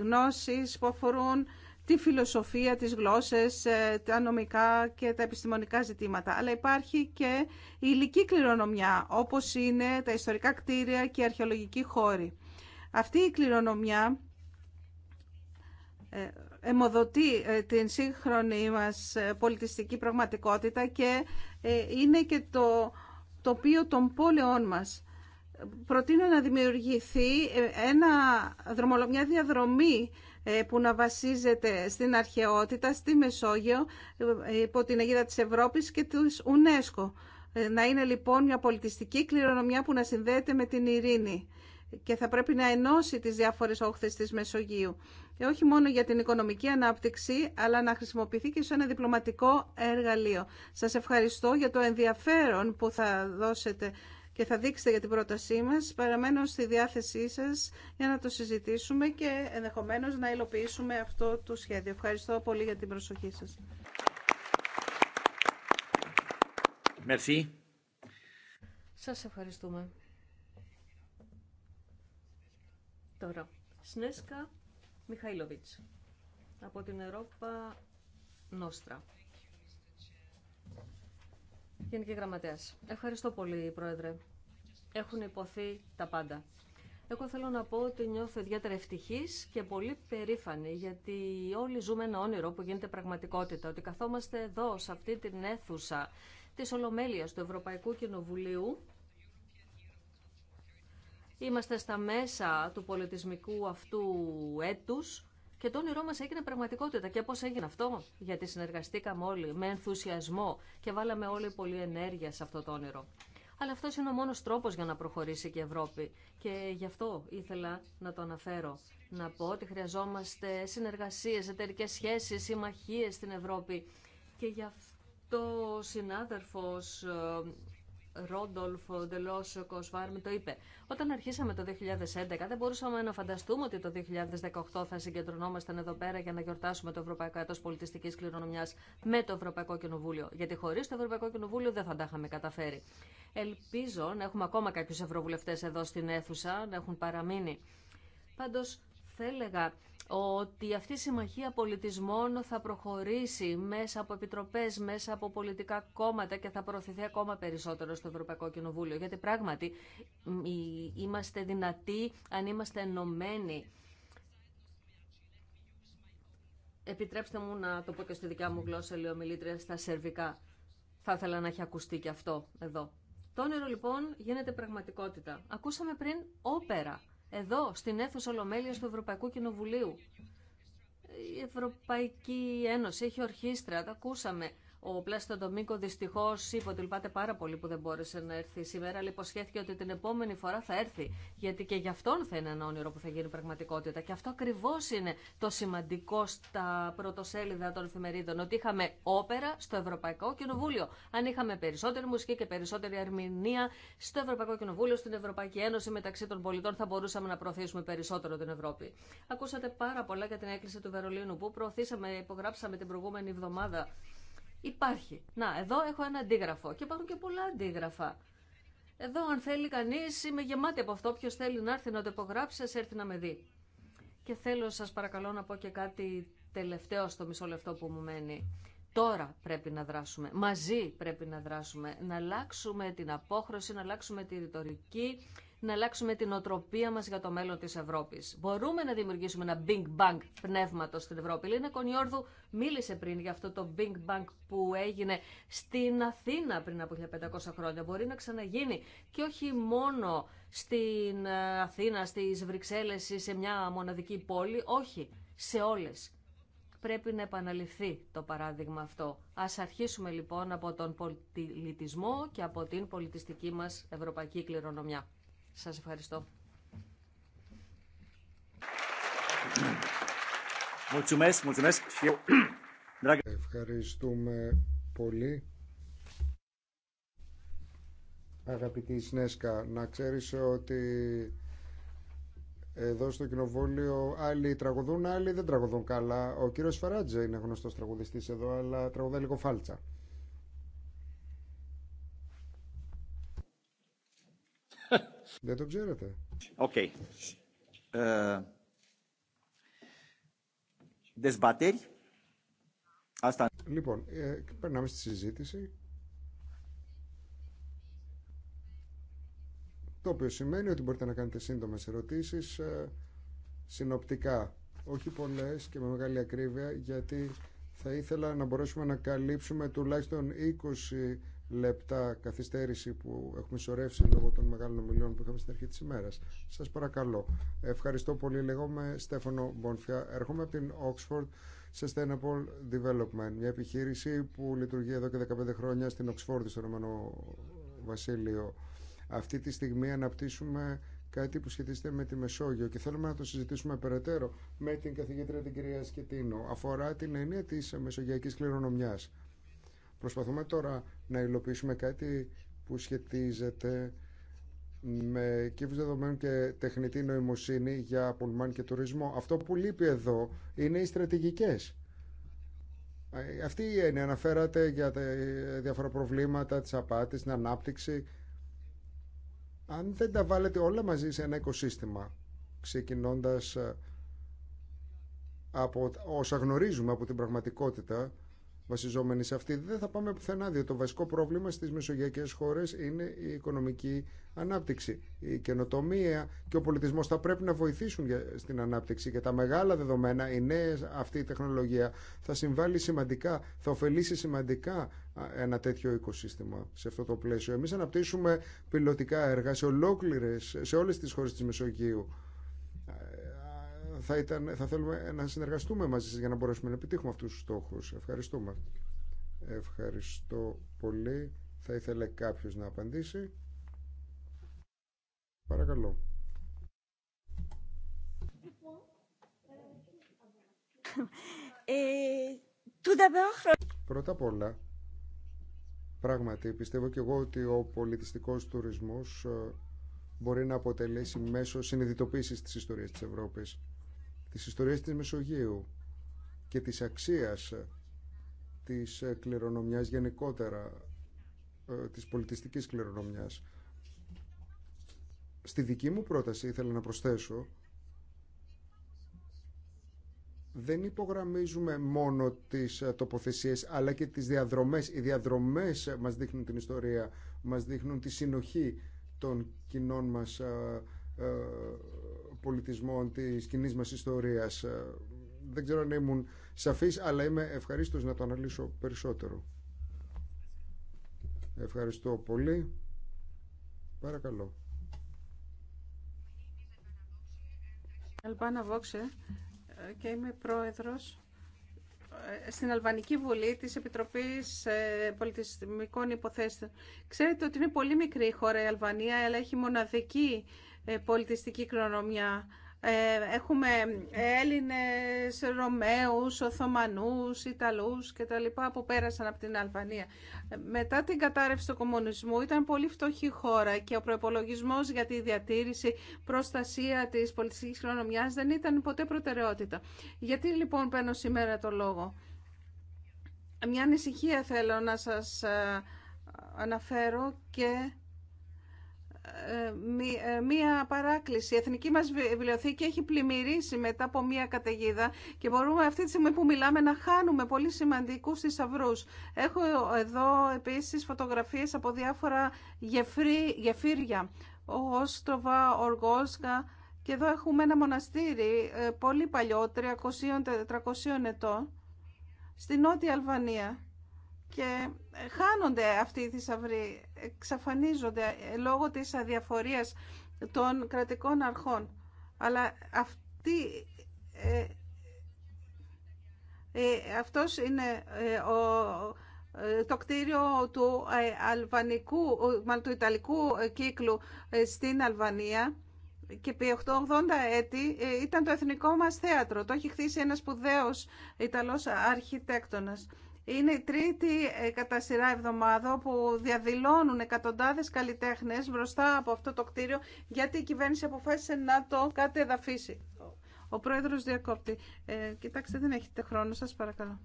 γνώσεις που αφορούν τη φιλοσοφία, τις γλώσσες, ε, τα νομικά και τα επιστημονικά ζητήματα. Αλλά υπάρχει και η υλική κληρονομιά, όπως είναι τα ιστορικά κτίρια και οι αρχαιολογικοί χώροι. Αυτή η κληρονομιά εμοδοτεί ε, την σύγχρονη μας ε, πολιτιστική πραγματικότητα και ε, είναι και το τοπίο των πόλεων μας. Προτείνω να δημιουργηθεί ένα, μια διαδρομή που να βασίζεται στην αρχαιότητα, στη Μεσόγειο, υπό την αιγύδα της Ευρώπης και της UNESCO. Να είναι λοιπόν μια πολιτιστική κληρονομιά που να συνδέεται με την ειρήνη και θα πρέπει να ενώσει τις διάφορες όχθες της Μεσογείου. Και όχι μόνο για την οικονομική ανάπτυξη, αλλά να χρησιμοποιηθεί και σε ένα διπλωματικό εργαλείο. Σας ευχαριστώ για το ενδιαφέρον που θα δώσετε και θα δείξετε για την πρότασή μας. Παραμένω στη διάθεσή σας για να το συζητήσουμε και ενδεχομένως να υλοποιήσουμε αυτό το σχέδιο. Ευχαριστώ πολύ για την προσοχή σας. Merci. Σας ευχαριστούμε. Τώρα, Σνέσκα Μιχαηλοβίτς από την Ευρώπα Νόστρα. Γενική Γραμματέας. Ευχαριστώ πολύ, Πρόεδρε. Έχουν υποθεί τα πάντα. Εγώ θέλω να πω ότι νιώθω ιδιαίτερα ευτυχή και πολύ περήφανη, γιατί όλοι ζούμε ένα όνειρο που γίνεται πραγματικότητα. Ότι καθόμαστε εδώ, σε αυτή την αίθουσα τη Ολομέλεια του Ευρωπαϊκού Κοινοβουλίου, Είμαστε στα μέσα του πολιτισμικού αυτού έτους και το όνειρό μας έγινε πραγματικότητα. Και πώς έγινε αυτό, γιατί συνεργαστήκαμε όλοι με ενθουσιασμό και βάλαμε όλοι πολύ ενέργεια σε αυτό το όνειρο. Αλλά αυτός είναι ο μόνος τρόπος για να προχωρήσει και η Ευρώπη. Και γι' αυτό ήθελα να το αναφέρω. Να πω ότι χρειαζόμαστε συνεργασίες, εταιρικέ σχέσεις, συμμαχίες στην Ευρώπη. Και γι' αυτό ο συνάδελφος Ρόντολφο Ντελός Κοσβάρμι το είπε. Όταν αρχίσαμε το 2011 δεν μπορούσαμε να φανταστούμε ότι το 2018 θα συγκεντρωνόμασταν εδώ πέρα για να γιορτάσουμε το Ευρωπαϊκό Έτο Πολιτιστικής Κληρονομιάς με το Ευρωπαϊκό Κοινοβούλιο. Γιατί χωρίς το Ευρωπαϊκό Κοινοβούλιο δεν θα τα είχαμε καταφέρει. Ελπίζω να έχουμε ακόμα κάποιου ευρωβουλευτέ εδώ στην αίθουσα, να έχουν παραμείνει. Πάντω θα έλεγα ότι αυτή η συμμαχία πολιτισμών θα προχωρήσει μέσα από επιτροπές, μέσα από πολιτικά κόμματα και θα προωθηθεί ακόμα περισσότερο στο Ευρωπαϊκό Κοινοβούλιο. Γιατί πράγματι είμαστε δυνατοί αν είμαστε ενωμένοι. Επιτρέψτε μου να το πω και στη δικιά μου γλώσσα, λέει ομιλήτρια, στα σερβικά. Θα ήθελα να έχει ακουστεί και αυτό εδώ. Το όνειρο λοιπόν γίνεται πραγματικότητα. Ακούσαμε πριν όπερα εδώ, στην αίθουσα Ολομέλεια του Ευρωπαϊκού Κοινοβουλίου. Η Ευρωπαϊκή Ένωση έχει ορχήστρα, τα ακούσαμε. Ο Πλάστο Ντομίκο δυστυχώ είπε ότι λυπάται πάρα πολύ που δεν μπόρεσε να έρθει σήμερα, αλλά υποσχέθηκε ότι την επόμενη φορά θα έρθει. Γιατί και γι' αυτόν θα είναι ένα όνειρο που θα γίνει πραγματικότητα. Και αυτό ακριβώ είναι το σημαντικό στα πρωτοσέλιδα των εφημερίδων. Ότι είχαμε όπερα στο Ευρωπαϊκό Κοινοβούλιο. Αν είχαμε περισσότερη μουσική και περισσότερη ερμηνεία στο Ευρωπαϊκό Κοινοβούλιο, στην Ευρωπαϊκή Ένωση μεταξύ των πολιτών, θα μπορούσαμε να προωθήσουμε περισσότερο την Ευρώπη. Ακούσατε πάρα πολλά για την έκκληση του Βερολίνου που προωθήσαμε, υπογράψαμε την προηγούμενη εβδομάδα Υπάρχει. Να, εδώ έχω ένα αντίγραφο και υπάρχουν και πολλά αντίγραφα. Εδώ αν θέλει κανεί, είμαι γεμάτη από αυτό, ποιος θέλει να έρθει να το υπογράψει, έρθει να με δει. Και θέλω σας παρακαλώ να πω και κάτι τελευταίο στο μισό λεπτό που μου μένει. Τώρα πρέπει να δράσουμε, μαζί πρέπει να δράσουμε, να αλλάξουμε την απόχρωση, να αλλάξουμε τη ρητορική, να αλλάξουμε την οτροπία μας για το μέλλον της Ευρώπης. Μπορούμε να δημιουργήσουμε ένα Big Bang πνεύματος στην Ευρώπη. Η Λίνα Κονιόρδου μίλησε πριν για αυτό το Big Bang που έγινε στην Αθήνα πριν από 1500 χρόνια. Μπορεί να ξαναγίνει και όχι μόνο στην ε, Αθήνα, στις Βρυξέλλες ή σε μια μοναδική πόλη, όχι, σε όλες πρέπει να επαναληφθεί το παράδειγμα αυτό. Ας αρχίσουμε λοιπόν από τον πολιτισμό και από την πολιτιστική μας ευρωπαϊκή κληρονομιά. Σας ευχαριστώ. Ευχαριστούμε πολύ. Αγαπητή Σνέσκα, να ξέρεις ότι εδώ στο κοινοβούλιο άλλοι τραγουδούν, άλλοι δεν τραγουδούν καλά. Ο κύριος Φαράτζε είναι γνωστός τραγουδιστής εδώ, αλλά τραγουδάει λίγο φάλτσα. Δεν το ξέρετε. Okay. Ε, λοιπόν, ε, περνάμε στη συζήτηση. Το οποίο σημαίνει ότι μπορείτε να κάνετε σύντομες ερωτήσεις ε, συνοπτικά. Όχι πολλές και με μεγάλη ακρίβεια γιατί θα ήθελα να μπορέσουμε να καλύψουμε τουλάχιστον 20 λεπτά καθυστέρηση που έχουμε σωρεύσει λόγω των μεγάλων ομιλιών που είχαμε στην αρχή της ημέρας. Σας παρακαλώ. Ευχαριστώ πολύ. Λέγομαι Στέφανο Μπονφιά. Έρχομαι από την Oxford Sustainable Development, μια επιχείρηση που λειτουργεί εδώ και 15 χρόνια στην Oxford, στο Ρωμανό Βασίλειο. Αυτή τη στιγμή αναπτύσσουμε κάτι που σχετίζεται με τη Μεσόγειο και θέλουμε να το συζητήσουμε περαιτέρω με την καθηγήτρια την κυρία Σκετίνο. Αφορά την έννοια της μεσογειακής κληρονομιάς Προσπαθούμε τώρα να υλοποιήσουμε κάτι που σχετίζεται με κύβους δεδομένων και τεχνητή νοημοσύνη για πουλμάν και τουρισμό. Αυτό που λείπει εδώ είναι οι στρατηγικές. Ε, αυτή η έννοια αναφέρατε για τα ε, διάφορα προβλήματα, τι απάτες, την ανάπτυξη. Αν δεν τα βάλετε όλα μαζί σε ένα οικοσύστημα, ξεκινώντας ε, από όσα γνωρίζουμε από την πραγματικότητα, βασιζόμενοι σε αυτή, δεν θα πάμε πουθενά, διότι το βασικό πρόβλημα στις μεσογειακές χώρες είναι η οικονομική ανάπτυξη. Η καινοτομία και ο πολιτισμός θα πρέπει να βοηθήσουν στην ανάπτυξη και τα μεγάλα δεδομένα, η νέα αυτή η τεχνολογία θα συμβάλλει σημαντικά, θα ωφελήσει σημαντικά ένα τέτοιο οικοσύστημα σε αυτό το πλαίσιο. Εμείς αναπτύσσουμε πιλωτικά έργα σε, ολόκληρες, σε όλες τις χώρες της Μεσογείου θα, ήταν, θα θέλουμε να συνεργαστούμε μαζί σας για να μπορέσουμε να επιτύχουμε αυτούς τους στόχους. Ευχαριστούμε. Ευχαριστώ πολύ. Θα ήθελε κάποιος να απαντήσει. Παρακαλώ. Ε, Πρώτα απ' όλα, πράγματι πιστεύω και εγώ ότι ο πολιτιστικός τουρισμός ε, μπορεί να αποτελέσει μέσο συνειδητοποίησης της ιστορίας της Ευρώπης της ιστορίας της Μεσογείου και της αξίας ε, της ε, κληρονομιάς γενικότερα, ε, της πολιτιστικής κληρονομιάς. Στη δική μου πρόταση ήθελα να προσθέσω δεν υπογραμμίζουμε μόνο τις τοποθεσίες αλλά και τις διαδρομές. Οι διαδρομές μας δείχνουν την ιστορία, μας δείχνουν τη συνοχή των κοινών μας πολιτισμών της κοινή μα ιστορίας. Ε, δεν ξέρω αν ήμουν σαφής, αλλά είμαι ευχαρίστος να το αναλύσω περισσότερο. Ευχαριστώ πολύ. Παρακαλώ. Αλβάνα Βόξε ε, και είμαι πρόεδρος ε, στην Αλβανική Βουλή της Επιτροπής Πολιτισμικών Υποθέσεων. Ξέρετε ότι είναι πολύ μικρή η χώρα η Αλβανία, αλλά έχει μοναδική ε, πολιτιστική κληρονομιά. Ε, έχουμε Έλληνες, Ρωμαίους, Οθωμανούς, Ιταλούς και τα λοιπά που πέρασαν από την Αλβανία. Ε, μετά την κατάρρευση του κομμουνισμού ήταν πολύ φτωχή χώρα και ο προϋπολογισμός για τη διατήρηση, προστασία της πολιτιστικής κληρονομιάς δεν ήταν ποτέ προτεραιότητα. Γιατί λοιπόν παίρνω σήμερα το λόγο. Μια ανησυχία θέλω να σας αναφέρω και ε, ε, ε, μία παράκληση. Η Εθνική μας Βιβλιοθήκη έχει πλημμυρίσει μετά από μία καταιγίδα και μπορούμε αυτή τη στιγμή που μιλάμε να χάνουμε πολύ σημαντικούς θησαυρού. Έχω εδώ επίσης φωτογραφίες από διάφορα γεφρί, γεφύρια. Ο Όστροβα, Οργόσκα και εδώ έχουμε ένα μοναστήρι πολύ παλιό, 300-400 ετών, στη Νότια Αλβανία και ε, χάνονται αυτοί οι θησαυροί, εξαφανίζονται ε, λόγω της αδιαφορίας των κρατικών αρχών. Αλλά αυτή, ε, αυτός είναι το κτίριο του αλβανικού, του ιταλικού κύκλου στην Αλβανία και επί 80 έτη ήταν το εθνικό μας θέατρο. Το έχει χτίσει ένας σπουδαίος Ιταλός αρχιτέκτονας. Είναι η τρίτη ε, κατά σειρά εβδομάδα που διαδηλώνουν εκατοντάδες καλλιτέχνες μπροστά από αυτό το κτίριο γιατί η κυβέρνηση αποφάσισε να το κατεδαφίσει. Ο πρόεδρος διακόπτη. Ε, κοιτάξτε, δεν έχετε χρόνο, σας παρακαλώ.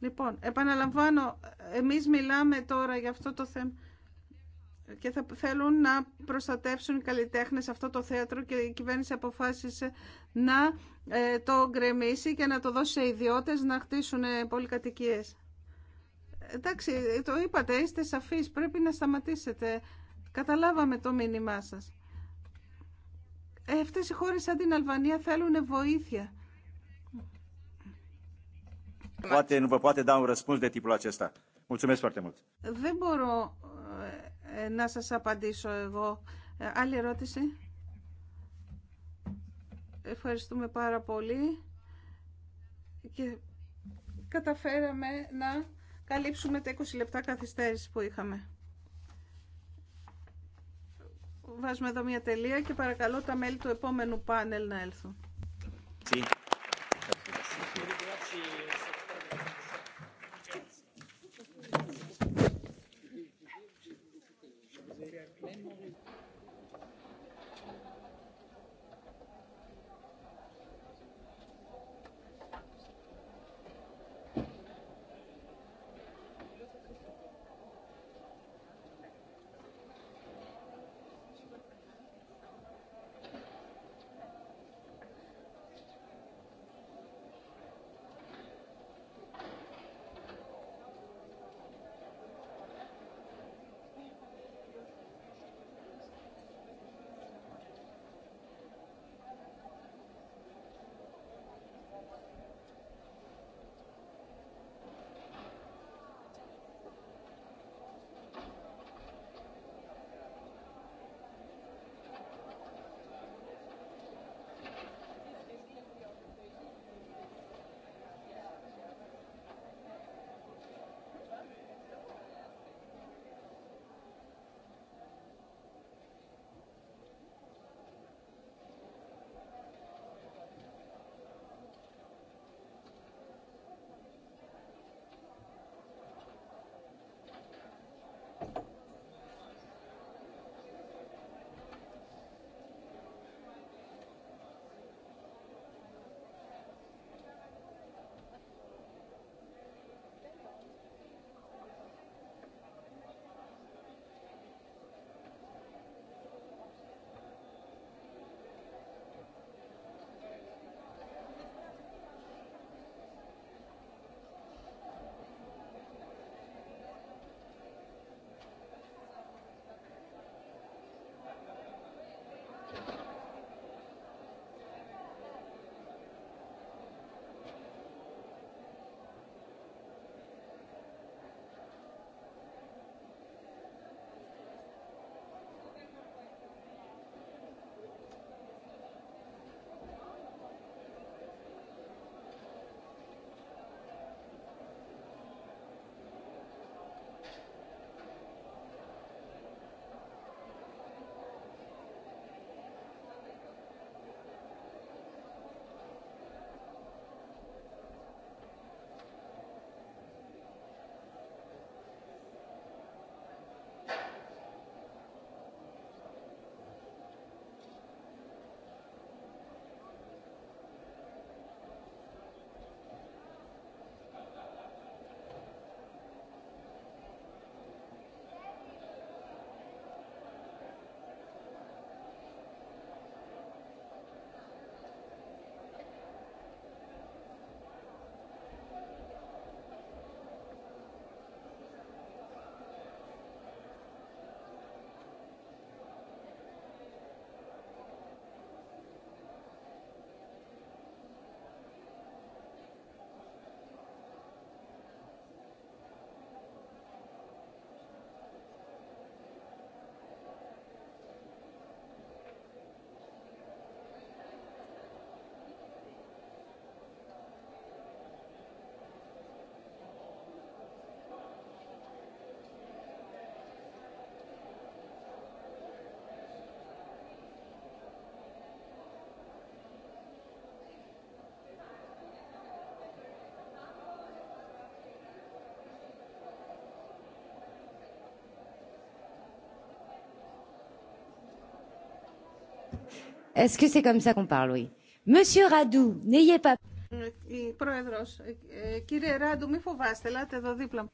Λοιπόν, επαναλαμβάνω, εμείς μιλάμε τώρα για αυτό το θέμα και θα θέλουν να προστατεύσουν οι καλλιτέχνες αυτό το θέατρο και η κυβέρνηση αποφάσισε να ε, το γκρεμίσει και να το δώσει σε ιδιώτες να χτίσουν πολυκατοικίες. Εντάξει, το είπατε, είστε σαφείς, πρέπει να σταματήσετε. Καταλάβαμε το μήνυμά σας. Ε, αυτές οι χώρες σαν την Αλβανία θέλουν βοήθεια. Poate, nu vă poate Δεν μπορώ ε, να σας απαντήσω εγώ. Ε, άλλη ερώτηση. Ευχαριστούμε πάρα πολύ. Και καταφέραμε να καλύψουμε τα 20 λεπτά καθυστέρηση που είχαμε. Βάζουμε εδώ μια τελεία και παρακαλώ τα μέλη του επόμενου πάνελ να έλθουν. Est-ce que c'est comme ça qu'on parle, oui. Monsieur Radou, n'ayez pas... Η πρόεδρος, κύριε Ράντου, μη φοβάστε, ελάτε εδώ δίπλα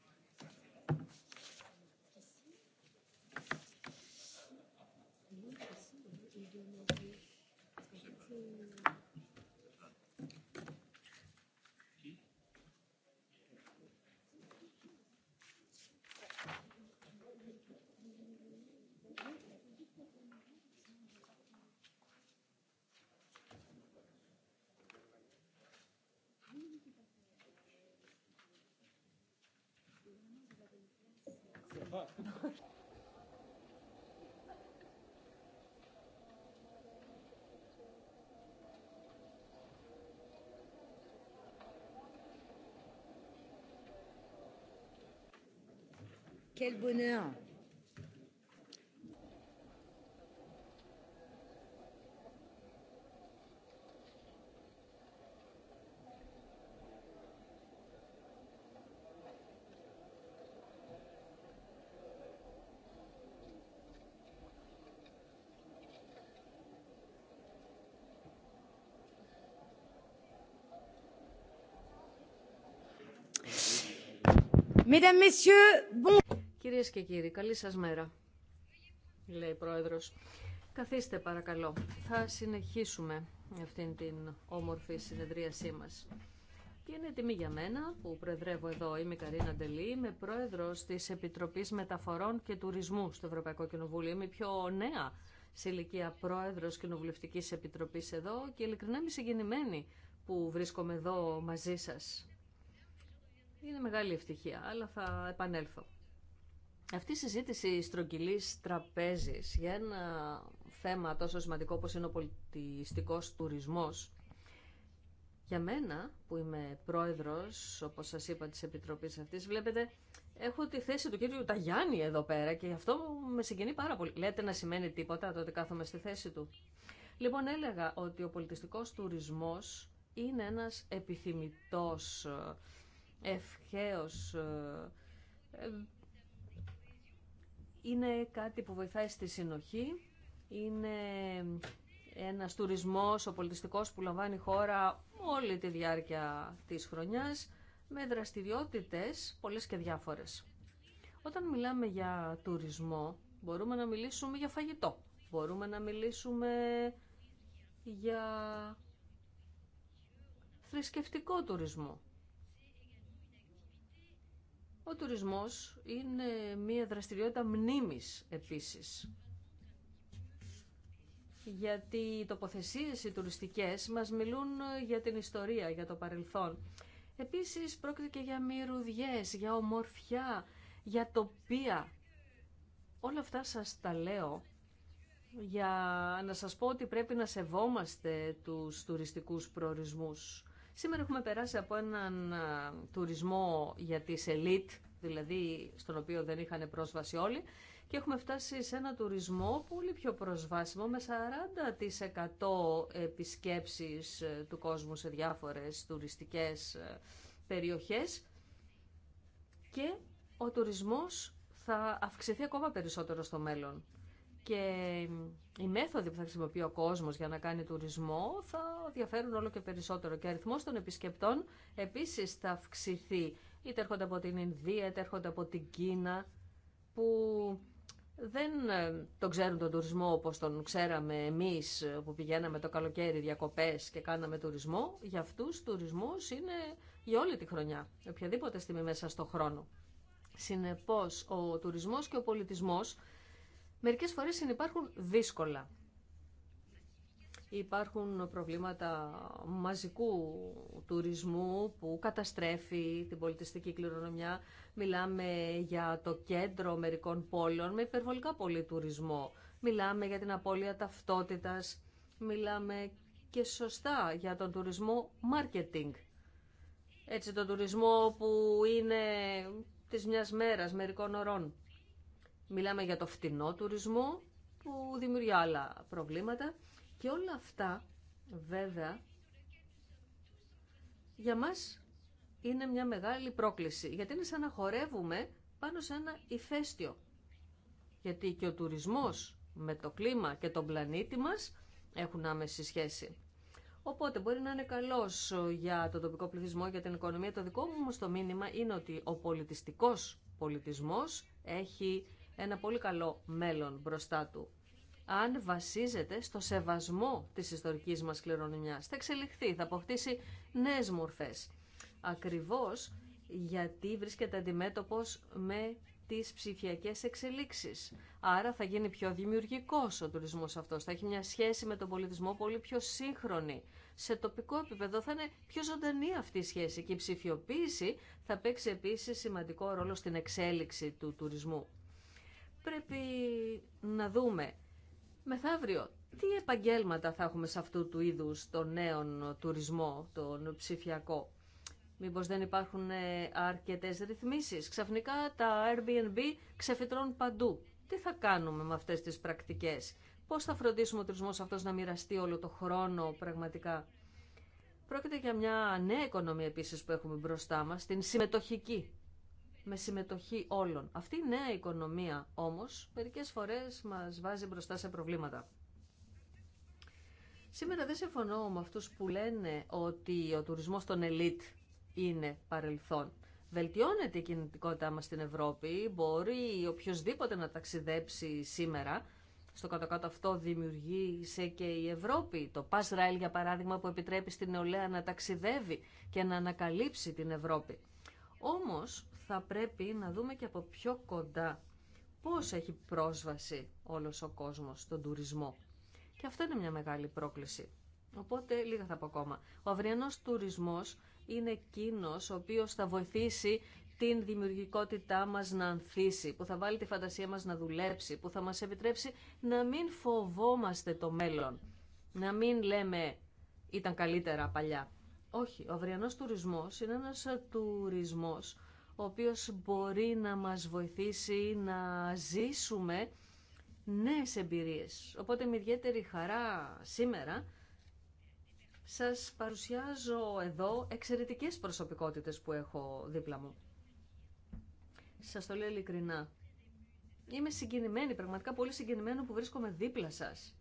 Quel bonheur Mesdames, Messieurs, bon... Κυρίες και κύριοι, καλή σας μέρα, λέει η Πρόεδρος. Καθίστε παρακαλώ. Θα συνεχίσουμε αυτήν την όμορφη συνεδρίασή μας. Και είναι τιμή για μένα που προεδρεύω εδώ. Είμαι η Καρίνα Ντελή, είμαι πρόεδρος της Επιτροπής Μεταφορών και Τουρισμού στο Ευρωπαϊκό Κοινοβούλιο. Είμαι η πιο νέα σε ηλικία πρόεδρος Κοινοβουλευτικής Επιτροπής εδώ και ειλικρινά είμαι συγκινημένη που βρίσκομαι εδώ μαζί σας. Είναι μεγάλη ευτυχία, αλλά θα επανέλθω. Αυτή η συζήτηση στρογγυλής τραπέζης για ένα θέμα τόσο σημαντικό όπω είναι ο πολιτιστικός τουρισμός για μένα που είμαι πρόεδρος, όπως σας είπα, τη επιτροπή αυτή, βλέπετε, έχω τη θέση του κύριου Ταγιάννη εδώ πέρα και αυτό με συγκινεί πάρα πολύ. Λέτε να σημαίνει τίποτα ότι κάθομαι στη θέση του. Λοιπόν, έλεγα ότι ο πολιτιστικό τουρισμό είναι ένα επιθυμητό, ε, ευχαίος, ε, ε, είναι κάτι που βοηθάει στη συνοχή, είναι ένα τουρισμός, ο πολιτιστικό που λαμβάνει χώρα όλη τη διάρκεια της χρονιάς, με δραστηριότητες πολλές και διάφορες. Όταν μιλάμε για τουρισμό, μπορούμε να μιλήσουμε για φαγητό, μπορούμε να μιλήσουμε για θρησκευτικό τουρισμό. Ο τουρισμός είναι μια δραστηριότητα μνήμης επίσης. Γιατί οι τοποθεσίες οι τουριστικές μας μιλούν για την ιστορία, για το παρελθόν. Επίσης πρόκειται και για μυρουδιές, για ομορφιά, για τοπία. Όλα αυτά σας τα λέω για να σας πω ότι πρέπει να σεβόμαστε τους τουριστικούς προορισμούς. Σήμερα έχουμε περάσει από έναν τουρισμό για τις ελίτ, δηλαδή στον οποίο δεν είχαν πρόσβαση όλοι, και έχουμε φτάσει σε ένα τουρισμό πολύ πιο προσβάσιμο με 40% επισκέψεις ε, του κόσμου σε διάφορες τουριστικές ε, περιοχές και ο τουρισμός θα αυξηθεί ακόμα περισσότερο στο μέλλον και οι μέθοδοι που θα χρησιμοποιεί ο κόσμος για να κάνει τουρισμό θα διαφέρουν όλο και περισσότερο και ο αριθμός των επισκεπτών επίσης θα αυξηθεί είτε έρχονται από την Ινδία, είτε έρχονται από την Κίνα που δεν ε, τον ξέρουν τον τουρισμό όπως τον ξέραμε εμείς που πηγαίναμε το καλοκαίρι διακοπές και κάναμε τουρισμό. Για αυτούς τουρισμός είναι για όλη τη χρονιά, οποιαδήποτε στιγμή μέσα στον χρόνο. Συνεπώς, ο τουρισμός και ο πολιτισμός Μερικές φορές συνεπάρχουν δύσκολα. Υπάρχουν προβλήματα μαζικού τουρισμού που καταστρέφει την πολιτιστική κληρονομιά. Μιλάμε για το κέντρο μερικών πόλεων με υπερβολικά πολύ τουρισμό. Μιλάμε για την απώλεια ταυτότητας. Μιλάμε και σωστά για τον τουρισμό marketing. Έτσι τον τουρισμό που είναι της μιας μέρας, μερικών ωρών. Μιλάμε για το φτηνό τουρισμό που δημιουργεί άλλα προβλήματα και όλα αυτά βέβαια για μας είναι μια μεγάλη πρόκληση γιατί είναι σαν να χορεύουμε πάνω σε ένα ηφαίστειο. Γιατί και ο τουρισμός με το κλίμα και τον πλανήτη μας έχουν άμεση σχέση. Οπότε μπορεί να είναι καλός για τον τοπικό πληθυσμό, για την οικονομία. Το δικό μου όμως το μήνυμα είναι ότι ο πολιτιστικός πολιτισμός έχει ένα πολύ καλό μέλλον μπροστά του. Αν βασίζεται στο σεβασμό της ιστορικής μας κληρονομιάς, θα εξελιχθεί, θα αποκτήσει νέες μορφές. Ακριβώς γιατί βρίσκεται αντιμέτωπος με τις ψηφιακές εξελίξεις. Άρα θα γίνει πιο δημιουργικός ο τουρισμός αυτός, θα έχει μια σχέση με τον πολιτισμό πολύ πιο σύγχρονη. Σε τοπικό επίπεδο θα είναι πιο ζωντανή αυτή η σχέση και η ψηφιοποίηση θα παίξει επίσης σημαντικό ρόλο στην εξέλιξη του τουρισμού πρέπει να δούμε μεθαύριο τι επαγγέλματα θα έχουμε σε αυτού του είδους τον νέο τουρισμό, τον ψηφιακό. Μήπως δεν υπάρχουν ε, αρκετές ρυθμίσεις. Ξαφνικά τα Airbnb ξεφυτρώνουν παντού. Τι θα κάνουμε με αυτές τις πρακτικές. Πώς θα φροντίσουμε ο τουρισμός αυτός να μοιραστεί όλο το χρόνο πραγματικά. Πρόκειται για μια νέα οικονομία επίσης που έχουμε μπροστά μας, την συμμετοχική με συμμετοχή όλων. Αυτή η νέα οικονομία όμως μερικές φορές μας βάζει μπροστά σε προβλήματα. Σήμερα δεν συμφωνώ με αυτούς που λένε ότι ο τουρισμός των ελίτ είναι παρελθόν. Βελτιώνεται η κινητικότητά μας στην Ευρώπη, μπορεί οποιοδήποτε να ταξιδέψει σήμερα. Στο κάτω-κάτω αυτό δημιουργήσε και η Ευρώπη. Το Rail, για παράδειγμα, που επιτρέπει στην νεολαία να ταξιδεύει και να ανακαλύψει την Ευρώπη. Όμως θα πρέπει να δούμε και από πιο κοντά πώς έχει πρόσβαση όλος ο κόσμος στον τουρισμό. Και αυτό είναι μια μεγάλη πρόκληση. Οπότε λίγα θα πω ακόμα. Ο αυριανός τουρισμός είναι εκείνο ο οποίος θα βοηθήσει την δημιουργικότητά μας να ανθίσει, που θα βάλει τη φαντασία μας να δουλέψει, που θα μας επιτρέψει να μην φοβόμαστε το μέλλον, να μην λέμε ήταν καλύτερα παλιά. Όχι, ο αυριανός τουρισμός είναι ένας τουρισμός ο οποίος μπορεί να μας βοηθήσει να ζήσουμε νέες εμπειρίες. Οπότε με ιδιαίτερη χαρά σήμερα σας παρουσιάζω εδώ εξαιρετικές προσωπικότητες που έχω δίπλα μου. Σας το λέω ειλικρινά. Είμαι συγκινημένη, πραγματικά πολύ συγκινημένη που βρίσκομαι δίπλα σας.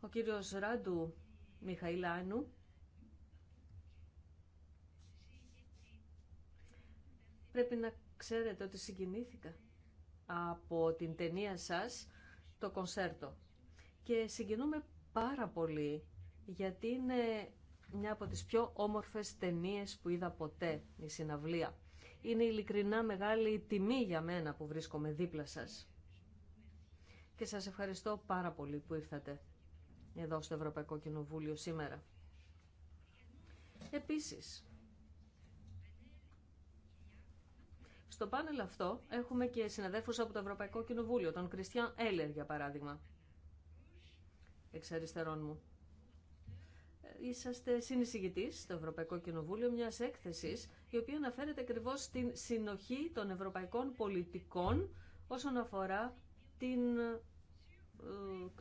Ο κύριος Ράντου Μιχαηλάνου Πρέπει να ξέρετε ότι συγκινήθηκα από την ταινία σας το κονσέρτο. Και συγκινούμε πάρα πολύ γιατί είναι μια από τις πιο όμορφες ταινίες που είδα ποτέ η συναυλία. Είναι ειλικρινά μεγάλη τιμή για μένα που βρίσκομαι δίπλα σας. Και σας ευχαριστώ πάρα πολύ που ήρθατε εδώ στο Ευρωπαϊκό Κοινοβούλιο σήμερα. Επίσης, Στο πάνελ αυτό έχουμε και συναδέλφου από το Ευρωπαϊκό Κοινοβούλιο, τον Κριστιαν Έλερ για παράδειγμα. Εξ αριστερών μου. Ε, είσαστε συνεισηγητή στο Ευρωπαϊκό Κοινοβούλιο μιας έκθεσης η οποία αναφέρεται ακριβώ στην συνοχή των ευρωπαϊκών πολιτικών όσον αφορά την, ε,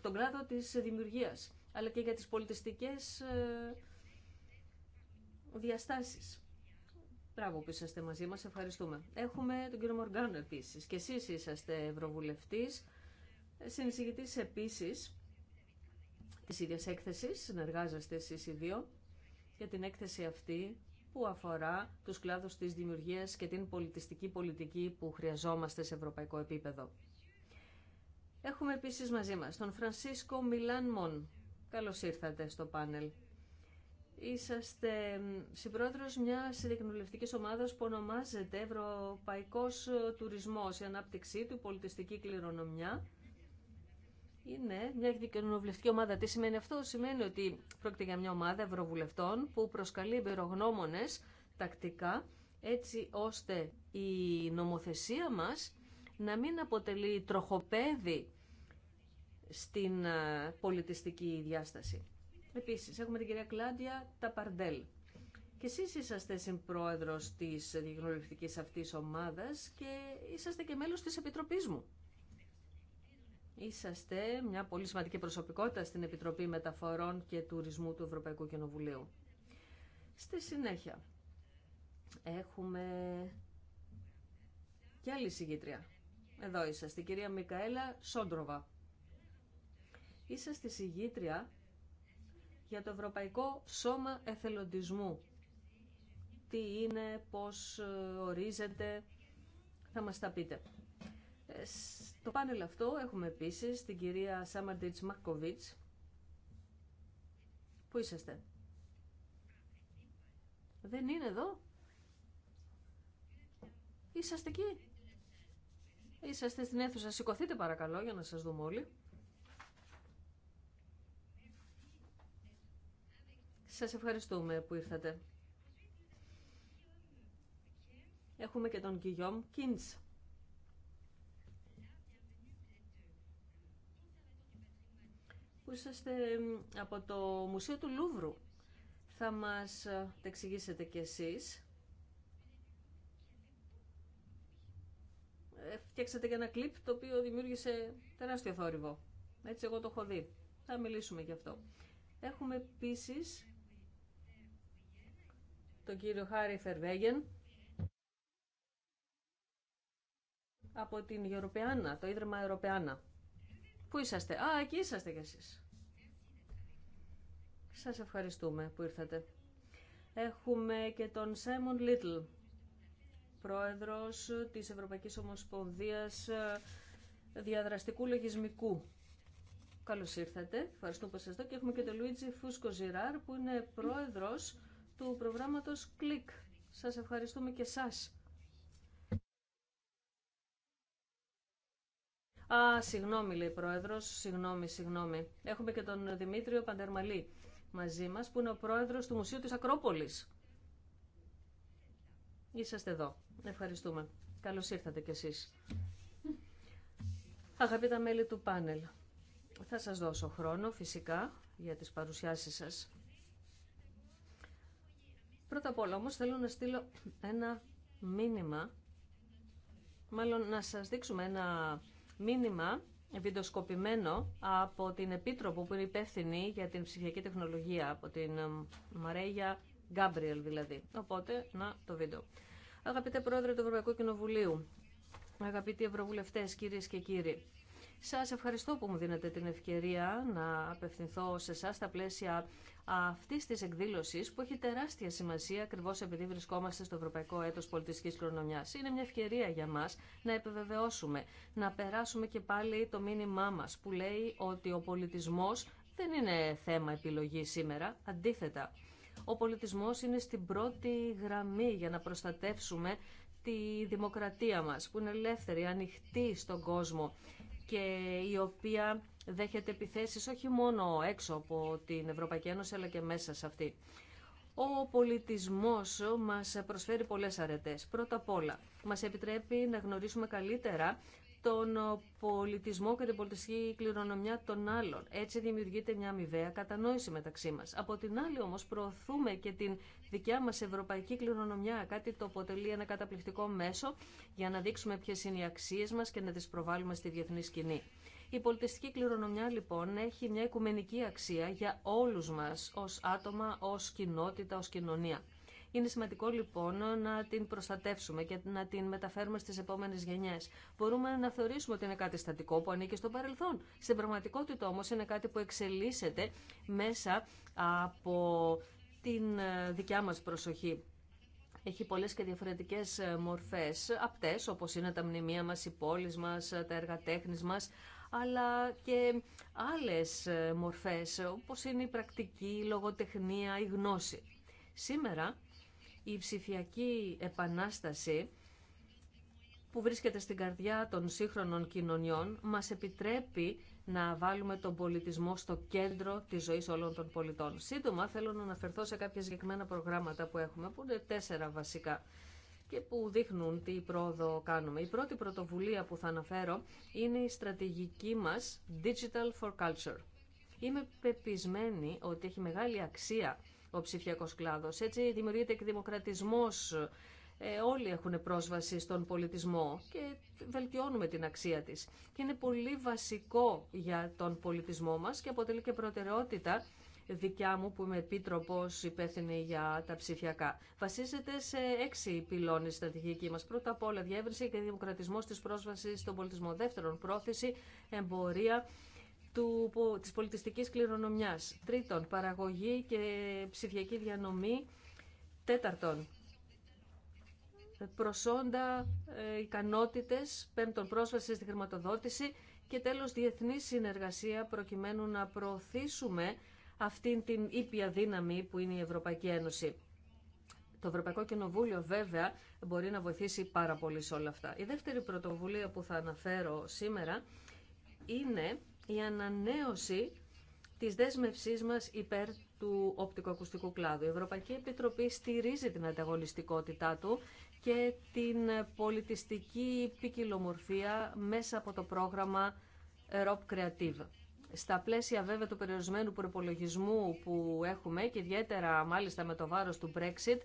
τον κλάδο της δημιουργία, αλλά και για τις πολιτιστικές ε, διαστάσεις. Μπράβο που είσαστε μαζί μας, ευχαριστούμε. Έχουμε τον κύριο Μοργάνο επίσης και εσείς είσαστε ευρωβουλευτής, συνεισηγητής επίσης της ίδιας έκθεσης, συνεργάζεστε εσείς οι δύο για την έκθεση αυτή που αφορά τους κλάδους της δημιουργίας και την πολιτιστική πολιτική που χρειαζόμαστε σε ευρωπαϊκό επίπεδο. Έχουμε επίσης μαζί μας τον Φρανσίσκο Μιλάν Μον. Καλώς ήρθατε στο πάνελ. Είσαστε συμπρόεδρος μιας διεκνουλευτικής ομάδας που ονομάζεται Ευρωπαϊκός Τουρισμός, η ανάπτυξή του, η πολιτιστική κληρονομιά. Είναι μια κοινοβουλευτική ομάδα. Τι σημαίνει αυτό, Σημαίνει ότι πρόκειται για μια ομάδα ευρωβουλευτών που προσκαλεί εμπειρογνώμονε τακτικά, έτσι ώστε η νομοθεσία μας να μην αποτελεί τροχοπέδι στην ε, πολιτιστική διάσταση. Επίσης, έχουμε την κυρία Κλάντια Ταπαρντέλ. Και εσείς είσαστε συμπρόεδρος της διαγνωριστική αυτής ομάδας και είσαστε και μέλος της Επιτροπής μου. Είσαστε μια πολύ σημαντική προσωπικότητα στην Επιτροπή Μεταφορών και Τουρισμού του Ευρωπαϊκού Κοινοβουλίου. Στη συνέχεια, έχουμε και άλλη συγγήτρια. Εδώ είσαστε, κυρία Μικαέλα Σόντροβα. Είσαστε συγγήτρια για το Ευρωπαϊκό Σώμα Εθελοντισμού. Τι είναι, πώς ε, ορίζεται, θα μας τα πείτε. Ε, στο πάνελ αυτό έχουμε επίσης την κυρία Σάμαντιτς Μακκοβίτς. Πού είσαστε? Δεν είναι εδώ. Είσαστε εκεί. Είσαστε στην αίθουσα. Σηκωθείτε παρακαλώ για να σας δούμε όλοι. Σας ευχαριστούμε που ήρθατε. Έχουμε και τον Κιγιόμ Κίντς. που είσαστε από το Μουσείο του Λούβρου. Θα μας ε, τα εξηγήσετε κι εσείς. Ε, φτιάξατε και ένα κλιπ το οποίο δημιούργησε τεράστιο θόρυβο. Έτσι εγώ το έχω δει. Θα μιλήσουμε γι' αυτό. Έχουμε επίσης τον κύριο Χάρη Φερβέγεν από την Ευρωπαίνα, το Ίδρυμα Ευρωπαϊκή. Πού είσαστε? Α, εκεί είσαστε κι εσείς. Σας ευχαριστούμε που ήρθατε. Έχουμε και τον Σέμον Λίτλ, πρόεδρος της Ευρωπαϊκής Ομοσπονδίας ε, Διαδραστικού Λογισμικού. Καλώς ήρθατε. Ευχαριστούμε που είστε εδώ. Και έχουμε και τον Λουίτζι Φούσκο Ζιράρ, που είναι πρόεδρος του προγράμματος Click. Σας ευχαριστούμε και σας. Α, συγγνώμη, λέει Πρόεδρος, συγγνώμη, συγγνώμη. Έχουμε και τον Δημήτριο Παντερμαλή μαζί μας, που είναι ο Πρόεδρος του Μουσείου της Ακρόπολης. Είσαστε εδώ. Ευχαριστούμε. Καλώς ήρθατε κι εσείς. Αγαπητά μέλη του πάνελ, θα σας δώσω χρόνο φυσικά για τις παρουσιάσεις σας. Πρώτα απ' όλα όμως θέλω να στείλω ένα μήνυμα, μάλλον να σας δείξουμε ένα μήνυμα βιντεοσκοπημένο από την Επίτροπο που είναι υπεύθυνη για την ψηφιακή τεχνολογία, από την Μαρέγια Γκάμπριελ δηλαδή. Οπότε, να το βίντεο. Αγαπητέ Πρόεδρε του Ευρωπαϊκού Κοινοβουλίου, αγαπητοί Ευρωβουλευτές, κυρίες και κύριοι, σας ευχαριστώ που μου δίνετε την ευκαιρία να απευθυνθώ σε εσά στα πλαίσια αυτής της εκδήλωσης που έχει τεράστια σημασία ακριβώς επειδή βρισκόμαστε στο Ευρωπαϊκό Έτος Πολιτιστικής Κληρονομιάς. Είναι μια ευκαιρία για μας να επιβεβαιώσουμε, να περάσουμε και πάλι το μήνυμά μας που λέει ότι ο πολιτισμός δεν είναι θέμα επιλογή σήμερα, αντίθετα. Ο πολιτισμός είναι στην πρώτη γραμμή για να προστατεύσουμε τη δημοκρατία μας, που είναι ελεύθερη, ανοιχτή στον κόσμο και η οποία δέχεται επιθέσεις όχι μόνο έξω από την Ευρωπαϊκή Ένωση αλλά και μέσα σε αυτή. Ο πολιτισμός μας προσφέρει πολλές αρετές. Πρώτα απ' όλα, μας επιτρέπει να γνωρίσουμε καλύτερα τον ε, πολιτισμό και την πολιτιστική κληρονομιά των άλλων. Έτσι δημιουργείται μια αμοιβαία κατανόηση μεταξύ μας. Από την άλλη όμως προωθούμε και την δικιά μας ευρωπαϊκή κληρονομιά, κάτι το αποτελεί ένα καταπληκτικό μέσο για να δείξουμε ποιε είναι οι αξίες μας και να τις προβάλλουμε στη διεθνή σκηνή. Η πολιτιστική κληρονομιά λοιπόν έχει μια οικουμενική αξία για όλους μας ως άτομα, ως κοινότητα, ως κοινωνία. Είναι σημαντικό λοιπόν να την προστατεύσουμε και να την μεταφέρουμε στις επόμενες γενιές. Μπορούμε να θεωρήσουμε ότι είναι κάτι στατικό που ανήκει στο παρελθόν. Στην πραγματικότητα όμω είναι κάτι που εξελίσσεται μέσα από την ε, δικιά μας προσοχή. Έχει πολλές και διαφορετικές ε, μορφές, απτές όπως είναι τα μνημεία μας, οι πόλεις μας, ε, τα έργα τέχνης μας, αλλά και άλλες μορφές όπως είναι η πρακτική, η λογοτεχνία, η γνώση. Σήμερα η ψηφιακή επανάσταση που βρίσκεται στην καρδιά των σύγχρονων κοινωνιών μας επιτρέπει να βάλουμε τον πολιτισμό στο κέντρο της ζωής όλων των πολιτών. Σύντομα θέλω να αναφερθώ σε κάποια συγκεκριμένα προγράμματα που έχουμε, που είναι τέσσερα βασικά και που δείχνουν τι πρόοδο κάνουμε. Η πρώτη πρωτοβουλία που θα αναφέρω είναι η στρατηγική μας Digital for Culture. Είμαι πεπισμένη ότι έχει μεγάλη αξία ο ψηφιακό κλάδο. Έτσι δημιουργείται και Ε, όλοι έχουν πρόσβαση στον πολιτισμό και βελτιώνουμε την αξία της. Και είναι πολύ βασικό για τον πολιτισμό μας και αποτελεί και προτεραιότητα δικιά μου που είμαι επίτροπος υπεύθυνη για τα ψηφιακά. Βασίζεται σε έξι πυλώνες στρατηγική μας. Πρώτα απ' όλα διεύρυνση και δημοκρατισμός της πρόσβασης στον πολιτισμό. Δεύτερον, πρόθεση, εμπορία του, της πολιτιστικής κληρονομιάς. Τρίτον, παραγωγή και ψηφιακή διανομή. Τέταρτον, προσόντα, ε, ικανότητες. Πέμπτον, πρόσβαση στη χρηματοδότηση. Και τέλος, διεθνή συνεργασία προκειμένου να προωθήσουμε αυτήν την ήπια δύναμη που είναι η Ευρωπαϊκή Ένωση. Το Ευρωπαϊκό Κοινοβούλιο βέβαια μπορεί να βοηθήσει πάρα πολύ σε όλα αυτά. Η δεύτερη πρωτοβουλία που θα αναφέρω σήμερα είναι η ανανέωση της δέσμευσής μας υπέρ του οπτικοακουστικού κλάδου. Η Ευρωπαϊκή Επιτροπή στηρίζει την ανταγωνιστικότητά του και την πολιτιστική ποικιλομορφία μέσα από το πρόγραμμα Europe Creative. Στα πλαίσια βέβαια του περιορισμένου προπολογισμού που έχουμε και ιδιαίτερα μάλιστα με το βάρος του Brexit,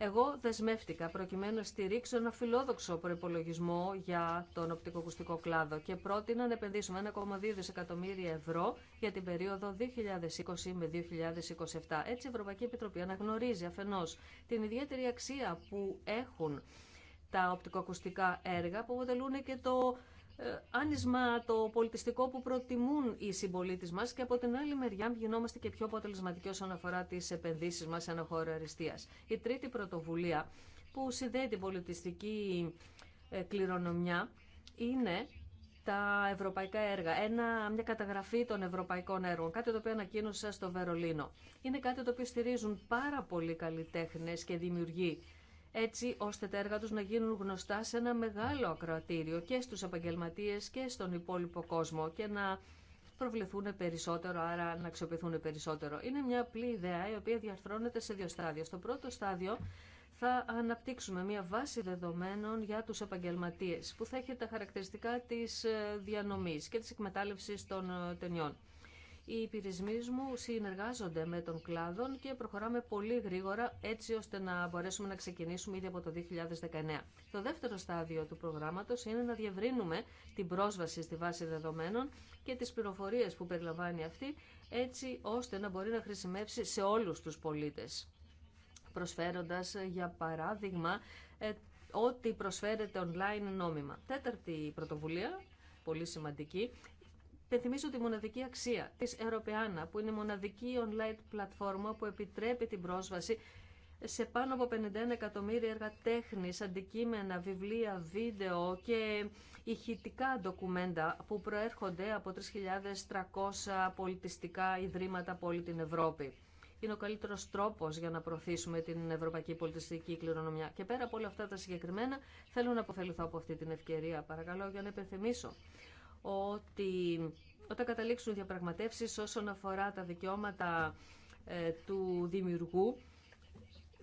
εγώ δεσμεύτηκα προκειμένου να στηρίξω ένα φιλόδοξο προπολογισμό για τον οπτικοακουστικό κλάδο και πρότεινα να επενδύσουμε 1,2 δισεκατομμύρια ευρώ για την περίοδο 2020 με 2027. Έτσι η Ευρωπαϊκή Επιτροπή αναγνωρίζει αφενός την ιδιαίτερη αξία που έχουν τα οπτικοακουστικά έργα που αποτελούν και το άνισμα το πολιτιστικό που προτιμούν οι συμπολίτε μα και από την άλλη μεριά γινόμαστε και πιο αποτελεσματικοί όσον αφορά τι επενδύσει μα σε ένα χώρο αριστεία. Η τρίτη πρωτοβουλία που συνδέει την πολιτιστική ε, κληρονομιά είναι τα ευρωπαϊκά έργα, ένα, μια καταγραφή των ευρωπαϊκών έργων, κάτι το οποίο ανακοίνωσα στο Βερολίνο. Είναι κάτι το οποίο στηρίζουν πάρα πολλοί καλλιτέχνε και δημιουργοί έτσι ώστε τα έργα τους να γίνουν γνωστά σε ένα μεγάλο ακροατήριο και στους επαγγελματίε και στον υπόλοιπο κόσμο και να προβληθούν περισσότερο, άρα να αξιοποιηθούν περισσότερο. Είναι μια απλή ιδέα η οποία διαρθρώνεται σε δύο στάδια. Στο πρώτο στάδιο θα αναπτύξουμε μια βάση δεδομένων για τους επαγγελματίες που θα έχει τα χαρακτηριστικά της ε, διανομής και της εκμετάλλευσης των ε, ταινιών. Οι υπηρεσμοί μου συνεργάζονται με τον κλάδο και προχωράμε πολύ γρήγορα έτσι ώστε να μπορέσουμε να ξεκινήσουμε ήδη από το 2019. Το δεύτερο στάδιο του προγράμματος είναι να διευρύνουμε την πρόσβαση στη βάση δεδομένων και τις πληροφορίες που περιλαμβάνει αυτή έτσι ώστε να μπορεί να χρησιμεύσει σε όλους τους πολίτες. Προσφέροντας για παράδειγμα ε, ό,τι προσφέρεται online νόμιμα. Τέταρτη πρωτοβουλία, πολύ σημαντική, Υπενθυμίζω τη μοναδική αξία τη Ευρωπαϊνα, που είναι η μοναδική online πλατφόρμα που επιτρέπει την πρόσβαση σε πάνω από 51 εκατομμύρια έργα τέχνης, αντικείμενα, βιβλία, βίντεο και ηχητικά ντοκουμέντα που προέρχονται από 3.300 πολιτιστικά ιδρύματα από όλη την Ευρώπη. Είναι ο καλύτερο τρόπο για να προωθήσουμε την ευρωπαϊκή πολιτιστική κληρονομιά. Και πέρα από όλα αυτά τα συγκεκριμένα, θέλω να αποφεληθώ από αυτή την ευκαιρία, παρακαλώ, για να υπενθυμίσω ότι όταν καταλήξουν διαπραγματεύσεις όσον αφορά τα δικαιώματα ε, του δημιουργού,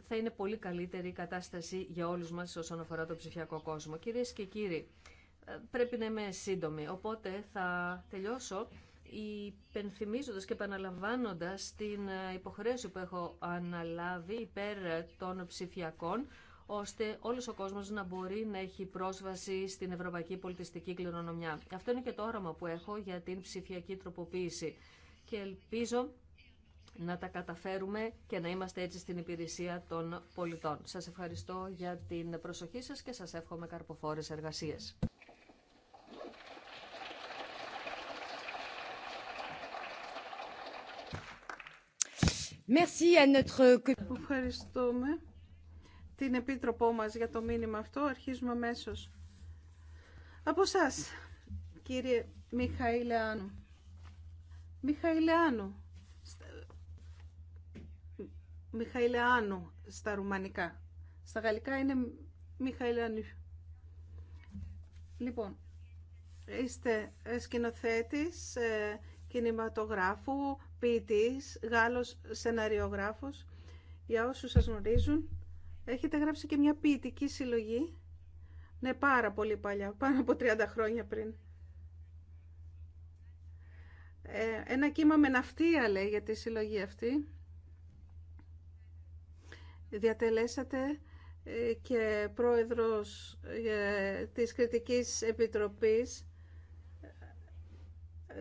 θα είναι πολύ καλύτερη η κατάσταση για όλους μας όσον αφορά το ψηφιακό κόσμο. Κυρίες και κύριοι, ε, πρέπει να είμαι σύντομη, οπότε θα τελειώσω υπενθυμίζοντα και επαναλαμβάνοντα την ε, υποχρέωση που έχω αναλάβει υπέρ των ψηφιακών ώστε όλος ο κόσμος να μπορεί να έχει πρόσβαση στην ευρωπαϊκή πολιτιστική κληρονομιά. Αυτό είναι και το όραμα που έχω για την ψηφιακή τροποποίηση και ελπίζω να τα καταφέρουμε και να είμαστε έτσι στην υπηρεσία των πολιτών. Σας ευχαριστώ για την προσοχή σας και σας εύχομαι καρποφόρες εργασίες. Merci à notre... Ευχαριστούμε την Επίτροπό μας για το μήνυμα αυτό. Αρχίζουμε αμέσω. Από εσά, κύριε Μιχαηλεάνου. Μιχαηλεάνου. Μιχαηλεάνου στα ρουμανικά. Στα γαλλικά είναι Μιχαηλεάνου. Λοιπόν, είστε σκηνοθέτης, ε, κινηματογράφου, ποιητής, Γάλλος σεναριογράφος. Για όσους σας γνωρίζουν, Έχετε γράψει και μια ποιητική συλλογή. Ναι, πάρα πολύ παλιά, πάνω από 30 χρόνια πριν. Ε, ένα κύμα με ναυτία, λέει, για τη συλλογή αυτή. Διατελέσατε ε, και πρόεδρος ε, της Κριτικής Επιτροπής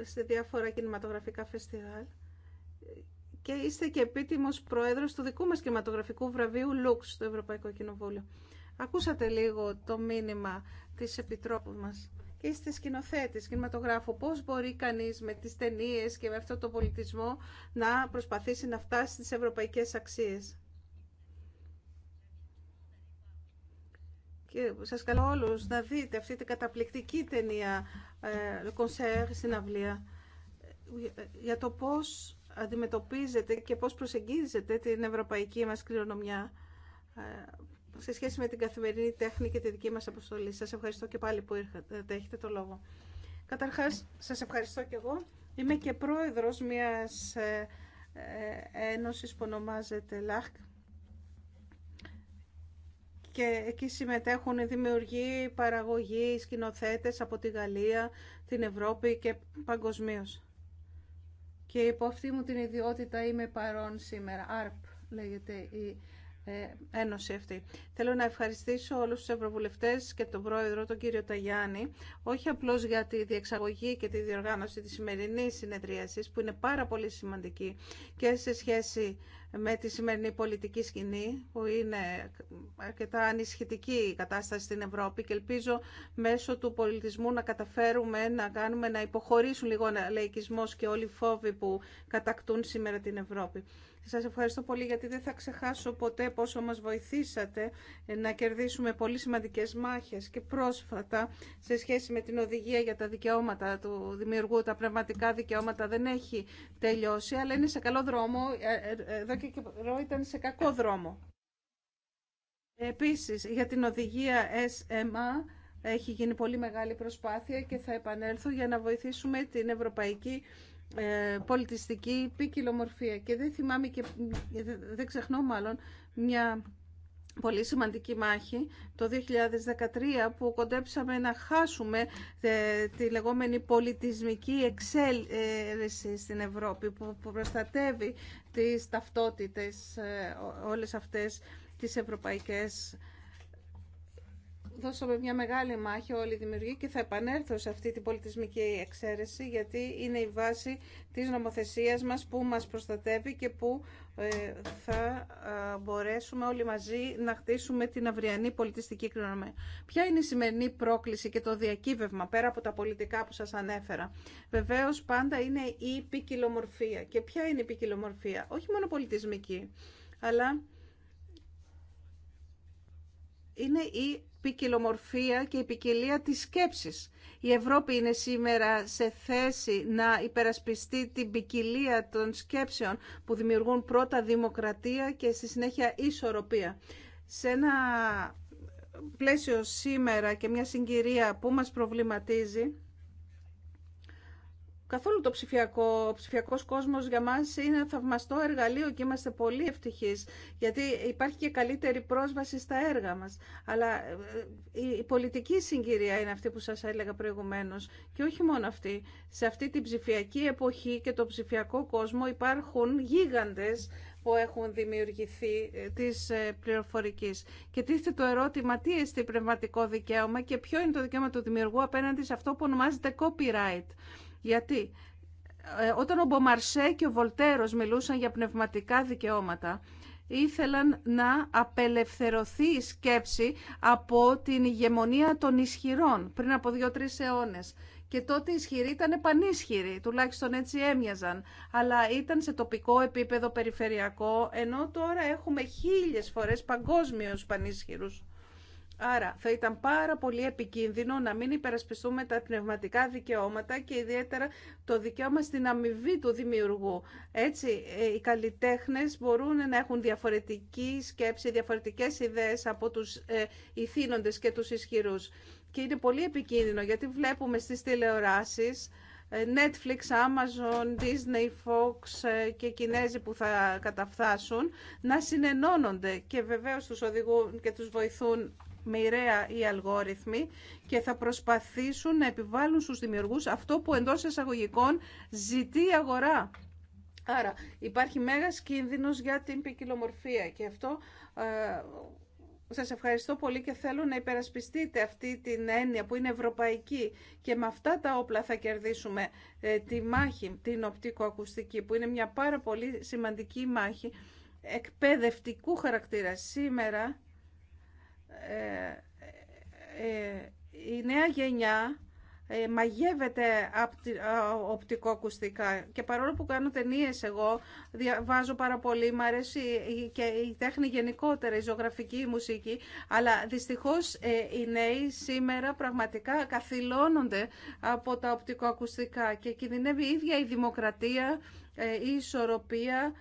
σε διάφορα κινηματογραφικά φεστιβάλ και είστε και επίτιμος πρόεδρος του δικού μας κινηματογραφικού βραβείου Λουξ στο Ευρωπαϊκό Κοινοβούλιο. Ακούσατε λίγο το μήνυμα της Επιτρόπου μας και είστε σκηνοθέτης, κινηματογράφο. Πώς μπορεί κανείς με τις ταινίε και με αυτό το πολιτισμό να προσπαθήσει να φτάσει στις ευρωπαϊκές αξίες. Και σας καλώ όλους να δείτε αυτή την καταπληκτική ταινία, ε, στην αυλία ε, για το πώς αντιμετωπίζετε και πώς προσεγγίζετε την ευρωπαϊκή μας κληρονομιά ε, σε σχέση με την καθημερινή τέχνη και τη δική μας αποστολή. Σας ευχαριστώ και πάλι που ήρθατε, έχετε το λόγο. Καταρχάς, σας ευχαριστώ και εγώ. Είμαι και πρόεδρος μιας ε, ε, ένωσης που ονομάζεται ΛΑΧΚ και εκεί συμμετέχουν δημιουργοί, παραγωγοί, σκηνοθέτες από τη Γαλλία, την Ευρώπη και παγκοσμίως και υπό αυτή μου την ιδιότητα είμαι παρόν σήμερα. ΑΡΠ λέγεται η ε, Ένωση αυτή. Θέλω να ευχαριστήσω όλους τους Ευρωβουλευτές και τον Πρόεδρο, τον κύριο Ταγιάννη, όχι απλώς για τη διεξαγωγή και τη διοργάνωση της σημερινής συνεδρίασης, που είναι πάρα πολύ σημαντική και σε σχέση με τη σημερινή πολιτική σκηνή που είναι αρκετά ανησυχητική η κατάσταση στην Ευρώπη και ελπίζω μέσω του πολιτισμού να καταφέρουμε να κάνουμε να υποχωρήσουν λίγο λαϊκισμός και όλοι οι φόβοι που κατακτούν σήμερα την Ευρώπη. Σας ευχαριστώ πολύ γιατί δεν θα ξεχάσω ποτέ πόσο μας βοηθήσατε να κερδίσουμε πολύ σημαντικές μάχες και πρόσφατα σε σχέση με την οδηγία για τα δικαιώματα του δημιουργού, τα πνευματικά δικαιώματα δεν έχει τελειώσει, αλλά είναι σε καλό δρόμο, ε, ε, ε, εδώ και καιρό ήταν σε κακό δρόμο. Επίσης, για την οδηγία SMA έχει γίνει πολύ μεγάλη προσπάθεια και θα επανέλθω για να βοηθήσουμε την Ευρωπαϊκή ε, πολιτιστική ποικιλομορφία. Και δεν θυμάμαι και ε, δεν ξεχνώ μάλλον μια πολύ σημαντική μάχη το 2013 που κοντέψαμε να χάσουμε ε, τη λεγόμενη πολιτισμική εξέλιξη στην Ευρώπη που προστατεύει τις ταυτότητες όλες αυτές τις ευρωπαϊκές δώσαμε μια μεγάλη μάχη όλη οι δημιουργοί και θα επανέλθω σε αυτή την πολιτισμική εξαίρεση γιατί είναι η βάση της νομοθεσίας μας που μας προστατεύει και που ε, θα μπορέσουμε όλοι μαζί να χτίσουμε την αυριανή πολιτιστική κληρονομία. Ποια είναι η σημερινή πρόκληση και το διακύβευμα πέρα από τα πολιτικά που σας ανέφερα. Βεβαίως πάντα είναι η ποικιλομορφία. Και ποια είναι η ποικιλομορφία. Όχι μόνο πολιτισμική, αλλά είναι η ποικιλομορφία και η ποικιλία της σκέψης. Η Ευρώπη είναι σήμερα σε θέση να υπερασπιστεί την ποικιλία των σκέψεων που δημιουργούν πρώτα δημοκρατία και στη συνέχεια ισορροπία. Σε ένα πλαίσιο σήμερα και μια συγκυρία που μας προβληματίζει, καθόλου το ψηφιακό. Ο ψηφιακός κόσμος για μας είναι θαυμαστό εργαλείο και είμαστε πολύ ευτυχείς γιατί υπάρχει και καλύτερη πρόσβαση στα έργα μας. Αλλά ε, η πολιτική συγκυρία είναι αυτή που σας έλεγα προηγουμένως και όχι μόνο αυτή. Σε αυτή την ψηφιακή εποχή και το ψηφιακό κόσμο υπάρχουν γίγαντες που έχουν δημιουργηθεί ε, της ε, πληροφορικής. Και τίθεται το ερώτημα τι εστί πνευματικό δικαίωμα και ποιο είναι το δικαίωμα του δημιουργού απέναντι σε αυτό που ονομάζεται copyright. Γιατί ε, όταν ο Μπομαρσέ και ο Βολτέρος μιλούσαν για πνευματικά δικαιώματα, ήθελαν να απελευθερωθεί η σκέψη από την ηγεμονία των ισχυρών πριν από δύο-τρεις αιώνες και τότε οι ισχυροί ήταν πανίσχυροι, τουλάχιστον έτσι έμοιαζαν, αλλά ήταν σε τοπικό επίπεδο, περιφερειακό, ενώ τώρα έχουμε χίλιες φορές παγκόσμιους πανίσχυρους. Άρα θα ήταν πάρα πολύ επικίνδυνο να μην υπερασπιστούμε τα πνευματικά δικαιώματα και ιδιαίτερα το δικαίωμα στην αμοιβή του δημιουργού. Έτσι ε, οι καλλιτέχνες μπορούν να έχουν διαφορετική σκέψη, διαφορετικές ιδέες από τους ε, και τους ισχυρούς και είναι πολύ επικίνδυνο γιατί βλέπουμε στις τηλεοράσεις ε, Netflix, Amazon, Disney, Fox ε, και Κινέζοι που θα καταφθάσουν να συνενώνονται και βεβαίως τους οδηγούν και τους βοηθούν μοιραία οι αλγόριθμοι και θα προσπαθήσουν να επιβάλλουν στους δημιουργούς αυτό που εντός εισαγωγικών ζητεί η αγορά. Άρα υπάρχει μέγας κίνδυνος για την ποικιλομορφία και αυτό ε, σας ευχαριστώ πολύ και θέλω να υπερασπιστείτε αυτή την έννοια που είναι ευρωπαϊκή και με αυτά τα όπλα θα κερδίσουμε ε, τη μάχη, την οπτικοακουστική, που είναι μια πάρα πολύ σημαντική μάχη εκπαιδευτικού χαρακτήρα. Σήμερα ε, ε, ε η νέα γενιά ε, μαγεύεται οπτικοακουστικά. Και παρόλο που κάνω ταινίε εγώ, διαβάζω πάρα πολύ, μου αρέσει και η τέχνη γενικότερα, η ζωγραφική, η μουσική, αλλά δυστυχώς ε, οι νέοι σήμερα πραγματικά καθυλώνονται από τα οπτικοακουστικά και κινδυνεύει η ίδια η δημοκρατία, ε, η ισορροπία,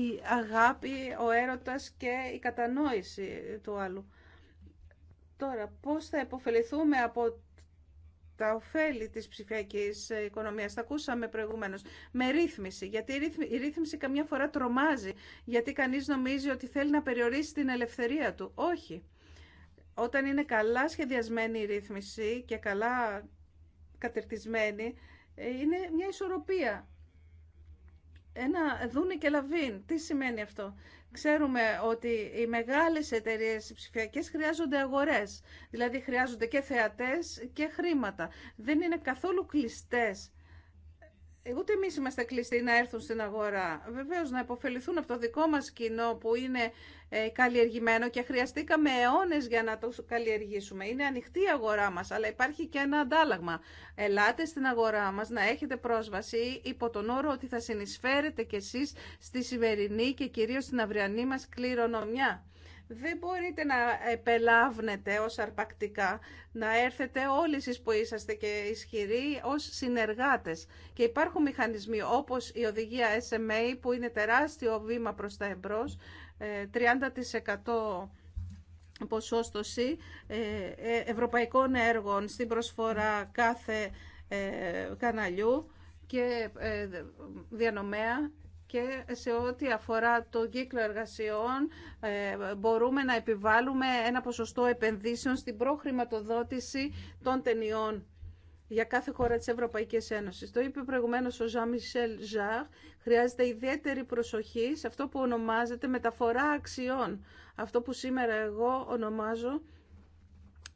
η αγάπη, ο έρωτας και η κατανόηση του άλλου. Τώρα, πώς θα υποφεληθούμε από τα ωφέλη της ψηφιακής οικονομίας. Τα ακούσαμε προηγουμένως. Με ρύθμιση. Γιατί η ρύθμιση, καμιά φορά τρομάζει. Γιατί κανείς νομίζει ότι θέλει να περιορίσει την ελευθερία του. Όχι. Όταν είναι καλά σχεδιασμένη η ρύθμιση και καλά κατερτισμένη, ε, είναι μια ισορροπία. Ένα δούνε και λαβίν. Τι σημαίνει αυτό. Ξέρουμε ότι οι μεγάλες εταιρείες ψηφιακές χρειάζονται αγορές, δηλαδή χρειάζονται και θεατές και χρήματα. Δεν είναι καθόλου κλειστές ούτε εμεί είμαστε κλειστοί να έρθουν στην αγορά. Βεβαίω να υποφεληθούν από το δικό μα κοινό που είναι ε, καλλιεργημένο και χρειαστήκαμε αιώνε για να το καλλιεργήσουμε. Είναι ανοιχτή η αγορά μα, αλλά υπάρχει και ένα αντάλλαγμα. Ελάτε στην αγορά μα να έχετε πρόσβαση υπό τον όρο ότι θα συνεισφέρετε κι εσεί στη σημερινή και κυρίω στην αυριανή μα κληρονομιά δεν μπορείτε να επελάβνετε ως αρπακτικά, να έρθετε όλοι εσείς που είσαστε και ισχυροί ως συνεργάτες. Και υπάρχουν μηχανισμοί όπως η οδηγία SMA που είναι τεράστιο βήμα προς τα εμπρός, 30% ε, ποσόστοση ε, ε, ευρωπαϊκών έργων στην προσφορά κάθε καναλιού και διανομέα και σε ό,τι αφορά το κύκλο εργασιών ε, μπορούμε να επιβάλλουμε ένα ποσοστό επενδύσεων στην προχρηματοδότηση των ταινιών για κάθε χώρα της Ευρωπαϊκής Ένωσης. Το είπε προηγουμένως ο Jean-Michel Jarre, χρειάζεται ιδιαίτερη προσοχή σε αυτό που ονομάζεται μεταφορά αξιών, αυτό που σήμερα εγώ ονομάζω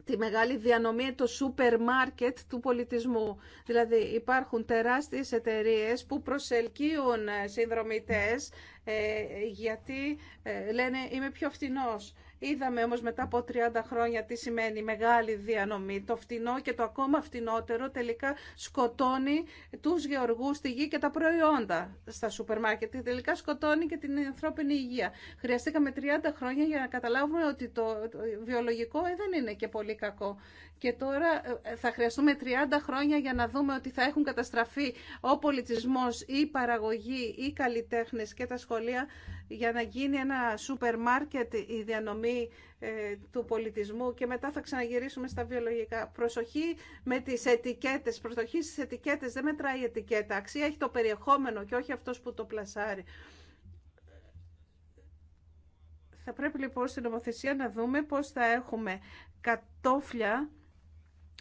τη μεγάλη διανομή, το σούπερ μάρκετ του πολιτισμού. Δηλαδή υπάρχουν τεράστιες εταιρείες που προσελκύουν συνδρομητές ε, γιατί ε, λένε είμαι πιο φθηνός. Είδαμε όμως μετά από 30 χρόνια τι σημαίνει μεγάλη διανομή. Το φτηνό και το ακόμα φτηνότερο τελικά σκοτώνει τους γεωργούς, στη γη και τα προϊόντα στα σούπερ μάρκετ. Τελικά σκοτώνει και την ανθρώπινη υγεία. Χρειαστήκαμε 30 χρόνια για να καταλάβουμε ότι το βιολογικό ε, δεν είναι και πολύ κακό. Και τώρα ε, ε, θα χρειαστούμε 30 χρόνια για να δούμε ότι θα έχουν καταστραφεί ο πολιτισμός, η παραγωγή, οι καλλιτέχνε και τα σχολεία για να γίνει ένα σούπερ μάρκετ η διανομή ε, του πολιτισμού και μετά θα ξαναγυρίσουμε στα βιολογικά. Προσοχή με τις ετικέτες, προσοχή στις ετικέτες, δεν μετράει η ετικέτα. Αξία έχει το περιεχόμενο και όχι αυτός που το πλασάρει. Θα πρέπει λοιπόν στην νομοθεσία να δούμε πώς θα έχουμε κατόφλια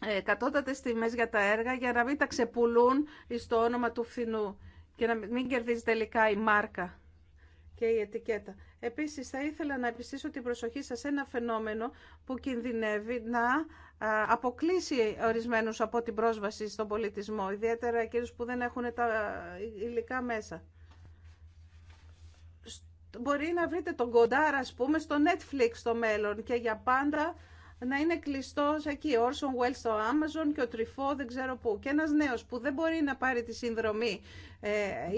ε, κατώτατε τιμέ για τα έργα για να μην τα ξεπουλούν στο όνομα του φθηνού και να μην κερδίζει τελικά η μάρκα και η ετικέτα. Επίσης, θα ήθελα να επιστήσω την προσοχή σας σε ένα φαινόμενο που κινδυνεύει να αποκλείσει ορισμένους από την πρόσβαση στον πολιτισμό, ιδιαίτερα εκείνους που δεν έχουν τα ε, υλικά μέσα. Μπορεί να βρείτε τον Κοντάρα, ας πούμε, στο Netflix στο μέλλον και για πάντα να είναι κλειστό, εκεί, Orson Welles στο Amazon και ο Τριφό δεν ξέρω πού. Και ένας νέος που δεν μπορεί να πάρει τη συνδρομή ε,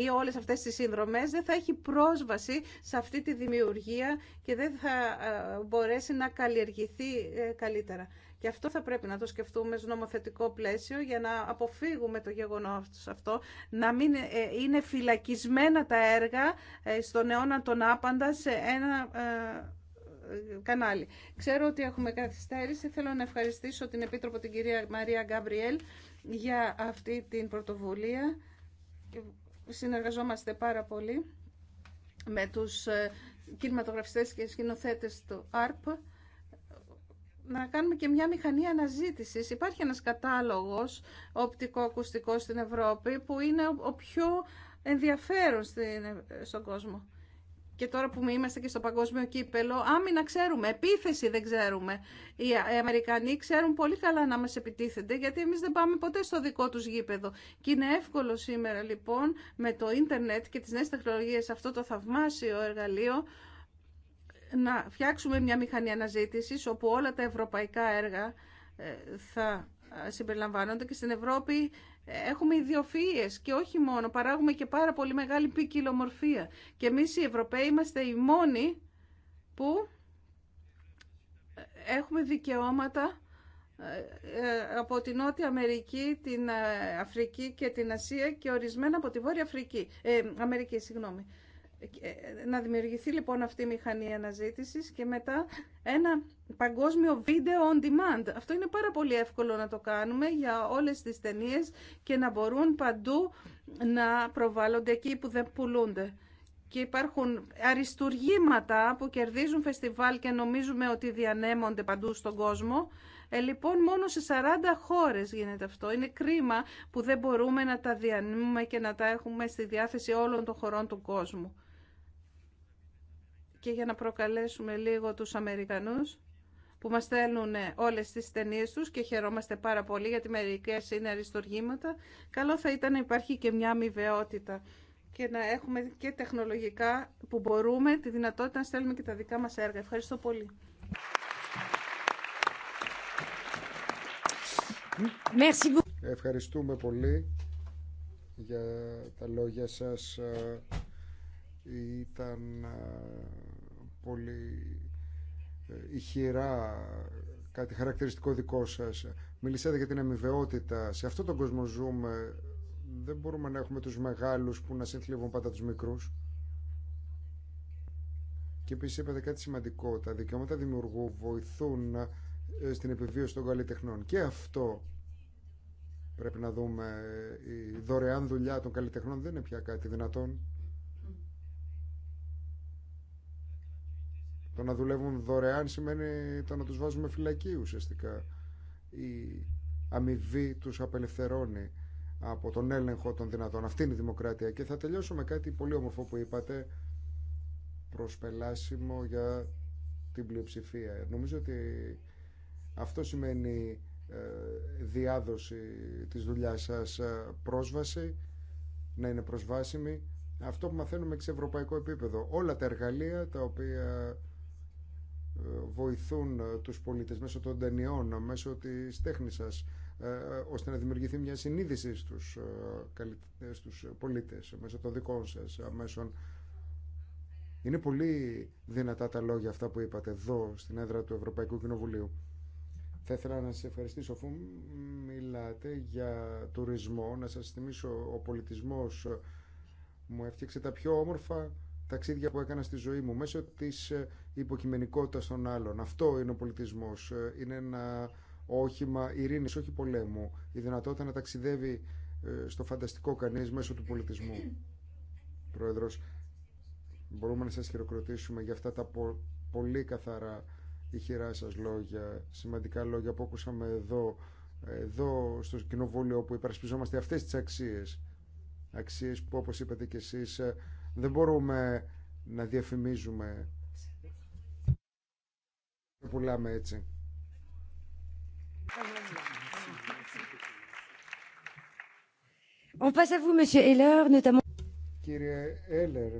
ή όλες αυτές τι συνδρομές δεν θα έχει πρόσβαση σε αυτή τη δημιουργία και δεν θα ε, μπορέσει να καλλιεργηθεί ε, καλύτερα. Και αυτό θα πρέπει να το σκεφτούμε στο νομοθετικό πλαίσιο για να αποφύγουμε το γεγονός αυτό, να μην είναι φυλακισμένα τα έργα στον αιώνα των άπαντα σε ένα κανάλι. Ξέρω ότι έχουμε καθυστέρηση. Θέλω να ευχαριστήσω την Επίτροπο την κυρία Μαρία Γκάμπριελ για αυτή την πρωτοβουλία. Συνεργαζόμαστε πάρα πολύ με τους ε, κινηματογραφιστές και σκηνοθέτες του ΑΡΠ να κάνουμε και μια μηχανή αναζήτησης. Υπάρχει ένας κατάλογος οπτικό-ακουστικό στην Ευρώπη που είναι ο πιο ενδιαφέρον ε, στον κόσμο και τώρα που είμαστε και στο παγκόσμιο κύπελο, άμυνα ξέρουμε, επίθεση δεν ξέρουμε. Ε, οι Αμερικανοί ξέρουν πολύ καλά να μας επιτίθενται, γιατί εμείς δεν πάμε ποτέ στο δικό τους γήπεδο. Και είναι εύκολο σήμερα λοιπόν με το ίντερνετ και τις νέες τεχνολογίες αυτό το θαυμάσιο εργαλείο, να φτιάξουμε μια μηχανή αναζήτησης όπου όλα τα ευρωπαϊκά έργα ε, θα ε, συμπεριλαμβάνονται και στην Ευρώπη έχουμε ιδιοφυΐες και όχι μόνο, παράγουμε και πάρα πολύ μεγάλη ποικιλομορφία. Και εμεί, οι Ευρωπαίοι είμαστε οι μόνοι που ε, έχουμε δικαιώματα ε, ε, από την Νότια Αμερική, την Αφρική και την Ασία και ορισμένα από τη Βόρεια Αφρική, Αμερική, συγγνώμη. Ε, ε, να δημιουργηθεί λοιπόν αυτή η μηχανή αναζήτησης και μετά ένα παγκόσμιο βίντεο on demand. Αυτό είναι πάρα πολύ εύκολο να το κάνουμε για όλες τις ταινίε και να μπορούν παντού να προβάλλονται εκεί που δεν πουλούνται. Και υπάρχουν αριστουργήματα που κερδίζουν φεστιβάλ και νομίζουμε ότι διανέμονται παντού στον κόσμο. Ε, λοιπόν, μόνο σε 40 χώρες γίνεται αυτό. Είναι κρίμα που δεν μπορούμε να τα διανύουμε και να τα έχουμε στη διάθεση όλων των χωρών του κόσμου και για να προκαλέσουμε λίγο τους Αμερικανούς που μας στέλνουν όλες τις ταινίε τους και χαιρόμαστε πάρα πολύ γιατί μερικές είναι αριστοργήματα. Καλό θα ήταν να υπάρχει και μια αμοιβαιότητα και να έχουμε και τεχνολογικά που μπορούμε τη δυνατότητα να στέλνουμε και τα δικά μας έργα. Ευχαριστώ πολύ. Ευχαριστούμε πολύ για τα λόγια σας. Ε, ήταν ε, πολύ ε, ηχηρά κάτι χαρακτηριστικό δικό σας. Μιλήσατε για την αμοιβαιότητα. Σε αυτόν τον κόσμο ζούμε. Δεν μπορούμε να έχουμε τους μεγάλους που να συνθλίβουν πάντα τους μικρούς. Και επίση είπατε κάτι σημαντικό. Τα δικαιώματα δημιουργού βοηθούν ε, στην επιβίωση των καλλιτεχνών. Και αυτό πρέπει να δούμε. Η δωρεάν δουλειά των καλλιτεχνών δεν είναι πια κάτι δυνατόν. Το να δουλεύουν δωρεάν σημαίνει το να τους βάζουμε φυλακή ουσιαστικά. Η αμοιβή τους απελευθερώνει από τον έλεγχο των δυνατών. Αυτή είναι η δημοκρατία. Και θα τελειώσω με κάτι πολύ όμορφο που είπατε, προσπελάσιμο για την πλειοψηφία. Νομίζω ότι αυτό σημαίνει ε, διάδοση της δουλειάς σας, ε, πρόσβαση, να είναι προσβάσιμη. Αυτό που μαθαίνουμε σε ευρωπαϊκό επίπεδο. Όλα τα εργαλεία τα οποία ε, βοηθούν ε, τους πολίτες μέσω των ταινιών, μέσω της τέχνης σας, ε, ώστε να δημιουργηθεί μια συνείδηση στους, στους πολίτες, μέσω των δικών σας αμέσων. Είναι πολύ δυνατά τα λόγια αυτά που είπατε εδώ, στην έδρα του Ευρωπαϊκού Κοινοβουλίου. Θα ήθελα να σας ευχαριστήσω αφού μιλάτε για τουρισμό, να σας θυμίσω ο πολιτισμός μου έφτιαξε τα πιο όμορφα ταξίδια που έκανα στη ζωή μου μέσω της υποκειμενικότητα των άλλων. Αυτό είναι ο πολιτισμό. Ε, είναι ένα όχημα ειρήνη, όχι πολέμου. Η δυνατότητα να ταξιδεύει ε, στο φανταστικό κανεί μέσω του πολιτισμού. Πρόεδρος, μπορούμε να σας χειροκροτήσουμε για αυτά τα πολύ καθαρά ηχηρά σας λόγια, σημαντικά λόγια που ακούσαμε εδώ, εδώ στο κοινοβούλιο που υπερασπιζόμαστε αυτές τι αξίε. Αξίε που όπω είπατε και εσεί ε, δεν μπορούμε να διαφημίζουμε το πουλάμε έτσι. On passe à vous, Monsieur Heller, notamment. Κύριε Έλερ,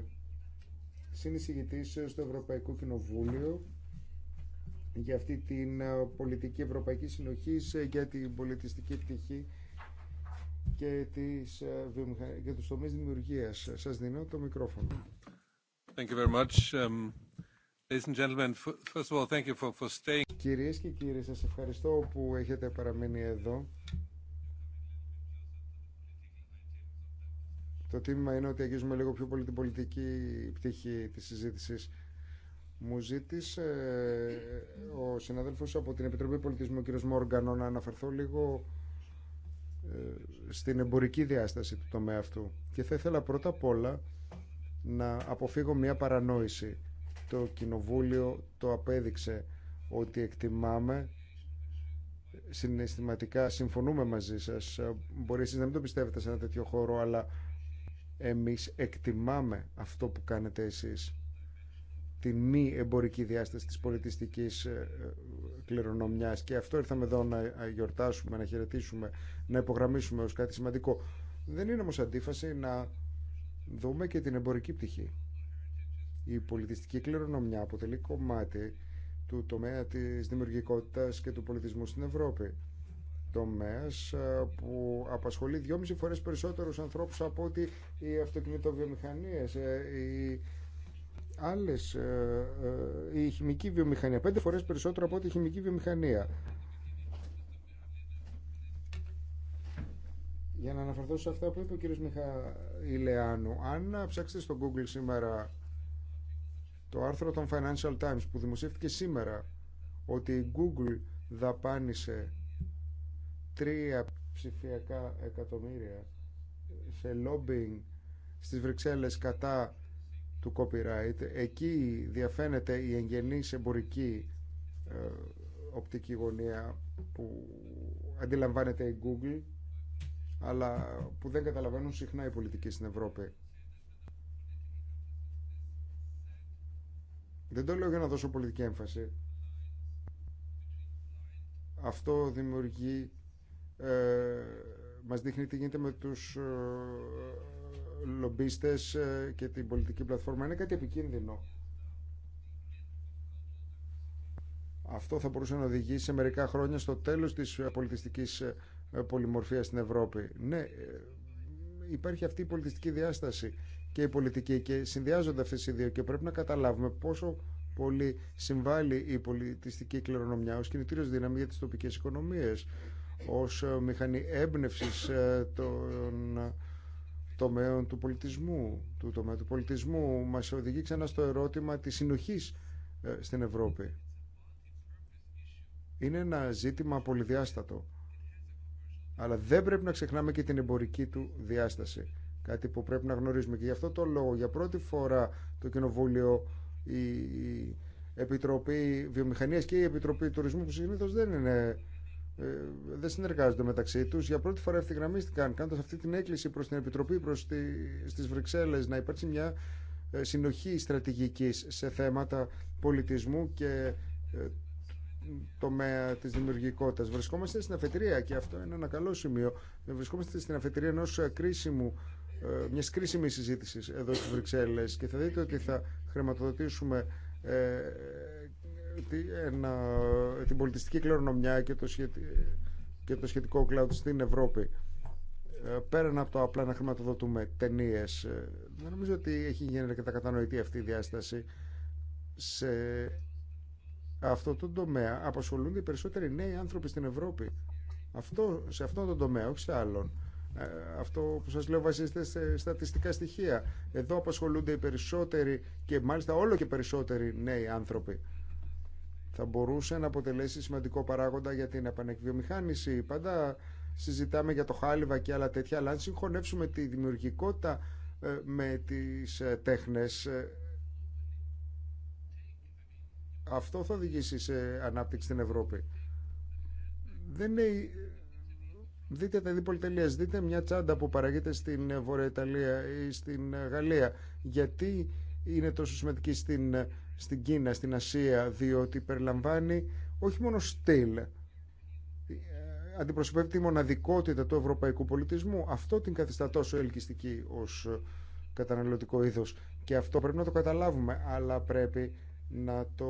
συνεισηγητή στο Ευρωπαϊκό Κοινοβούλιο για αυτή την ε, πολιτική ευρωπαϊκή συνοχή για την πολιτιστική πτυχή και, τις, και ε, τους τομείς δημιουργίας. Σας δίνω το μικρόφωνο. Thank you very much. Κυρίες και κύριοι, σας ευχαριστώ που έχετε παραμείνει εδώ. Το τίμημα είναι ότι αγγίζουμε λίγο πιο πολύ την πολιτική πτυχή της συζήτησης. Μου ζήτησε ε, ο συνάδελφος από την Επιτροπή Πολιτισμού, κ. Μόργανο, να αναφερθώ λίγο ε, στην εμπορική διάσταση του τομέα αυτού. Και θα ήθελα πρώτα απ' όλα να αποφύγω μια παρανόηση το Κοινοβούλιο το απέδειξε ότι εκτιμάμε συναισθηματικά συμφωνούμε μαζί σας. Μπορεί εσείς να μην το πιστεύετε σε ένα τέτοιο χώρο, αλλά εμείς εκτιμάμε αυτό που κάνετε εσείς. Την μη εμπορική διάσταση της πολιτιστικής ε, ε, κληρονομιάς. Και αυτό ήρθαμε εδώ να ε, γιορτάσουμε, να χαιρετήσουμε, να υπογραμμίσουμε ως κάτι σημαντικό. Δεν είναι όμως αντίφαση να δούμε και την εμπορική πτυχή. Η πολιτιστική κληρονομιά αποτελεί κομμάτι του τομέα της δημιουργικότητας και του πολιτισμού στην Ευρώπη. Τομέας ε, που απασχολεί 2,5 φορές περισσότερους ανθρώπους από ότι οι αυτοκινητοβιομηχανίες, ε, οι άλλες, ε, η χημική βιομηχανία, πέντε φορές περισσότερο από ό,τι η χημική βιομηχανία. Για να αναφερθώ σε αυτά που είπε ο κ. Μιχαηλεάνου, αν ψάξετε στο Google σήμερα το άρθρο των Financial Times που δημοσιεύτηκε σήμερα ότι η Google δαπάνησε τρία ψηφιακά εκατομμύρια σε lobbying στις Βρυξέλλες κατά του copyright εκεί διαφαίνεται η εγγενής εμπορική ε, οπτική γωνία που αντιλαμβάνεται η Google αλλά που δεν καταλαβαίνουν συχνά οι πολιτικοί στην Ευρώπη Δεν το λέω για να δώσω πολιτική έμφαση. Αυτό δημιουργεί, ε, μας δείχνει τι γίνεται με τους ε, λομπίστες ε, και την πολιτική πλατφόρμα. Είναι κάτι επικίνδυνο. Αυτό θα μπορούσε να οδηγήσει σε μερικά χρόνια στο τέλος της πολιτιστικής ε, πολυμορφίας στην Ευρώπη. Ναι, ε, υπάρχει αυτή η πολιτιστική διάσταση και η πολιτική και συνδυάζονται αυτές οι δύο και πρέπει να καταλάβουμε πόσο πολύ συμβάλλει η πολιτιστική κληρονομιά ως κινητήριος δύναμη για τις τοπικές οικονομίες, ως ε, μηχανή έμπνευσης ε, των τομέων του πολιτισμού, του τομέα του πολιτισμού. Μας οδηγεί ξανά στο ερώτημα της συνοχής ε, στην Ευρώπη. Είναι ένα ζήτημα πολυδιάστατο, αλλά δεν πρέπει να ξεχνάμε και την εμπορική του διάσταση Κάτι που πρέπει να γνωρίζουμε. Και γι' αυτό το λόγο, για πρώτη φορά το Κοινοβούλιο, η Επιτροπή Βιομηχανίας και η Επιτροπή Τουρισμού, που συνήθω δεν είναι ε, δεν συνεργάζονται μεταξύ τους. Για πρώτη φορά ευθυγραμμίστηκαν κάνοντας αυτή την έκκληση προς την Επιτροπή προς τη, στις Βρυξέλλες να υπάρξει μια ε, συνοχή στρατηγικής σε θέματα πολιτισμού και ε, τομέα της δημιουργικότητας. Βρισκόμαστε στην αφετηρία και αυτό είναι ένα καλό σημείο. Βρισκόμαστε στην αφετηρία ενό κρίσιμου ε, μια κρίσιμη συζήτηση εδώ στις Βρυξέλλες και θα δείτε ότι θα χρηματοδοτήσουμε ε, την πολιτιστική κληρονομιά και το, και το σχετικό κλάδο στην Ευρώπη ε, πέραν από το απλά να χρηματοδοτούμε ταινίε. Νομίζω ότι έχει γίνει αρκετά κατανοητή αυτή η διάσταση σε αυτό το τομέα απασχολούνται οι περισσότεροι νέοι άνθρωποι στην Ευρώπη. Αυτό, σε αυτό τον τομέα, όχι σε άλλον. Ε, αυτό που σας λέω βασίζεται σε στατιστικά στοιχεία. Εδώ απασχολούνται οι περισσότεροι και μάλιστα όλο και περισσότεροι νέοι άνθρωποι. Θα μπορούσε να αποτελέσει σημαντικό παράγοντα για την επανεκβιομηχάνηση. Πάντα συζητάμε για το χάλιβα και άλλα τέτοια, αλλά αν συγχωνεύσουμε τη δημιουργικότητα ε, με τις ε, τέχνες, αυτό θα οδηγήσει σε ανάπτυξη στην Ευρώπη. Δεν Δείτε τα πολυτελεία, δείτε μια τσάντα που παραγείται στην Βόρεια Ιταλία ή στην Γαλλία. Γιατί είναι τόσο σημαντική στην, στην Κίνα, στην Ασία, διότι περιλαμβάνει όχι μόνο στυλ, ε, αντιπροσωπεύει τη μοναδικότητα του ευρωπαϊκού πολιτισμού. Αυτό την καθιστά τόσο ελκυστική ως καταναλωτικό είδος. Και αυτό πρέπει να το καταλάβουμε, αλλά πρέπει να το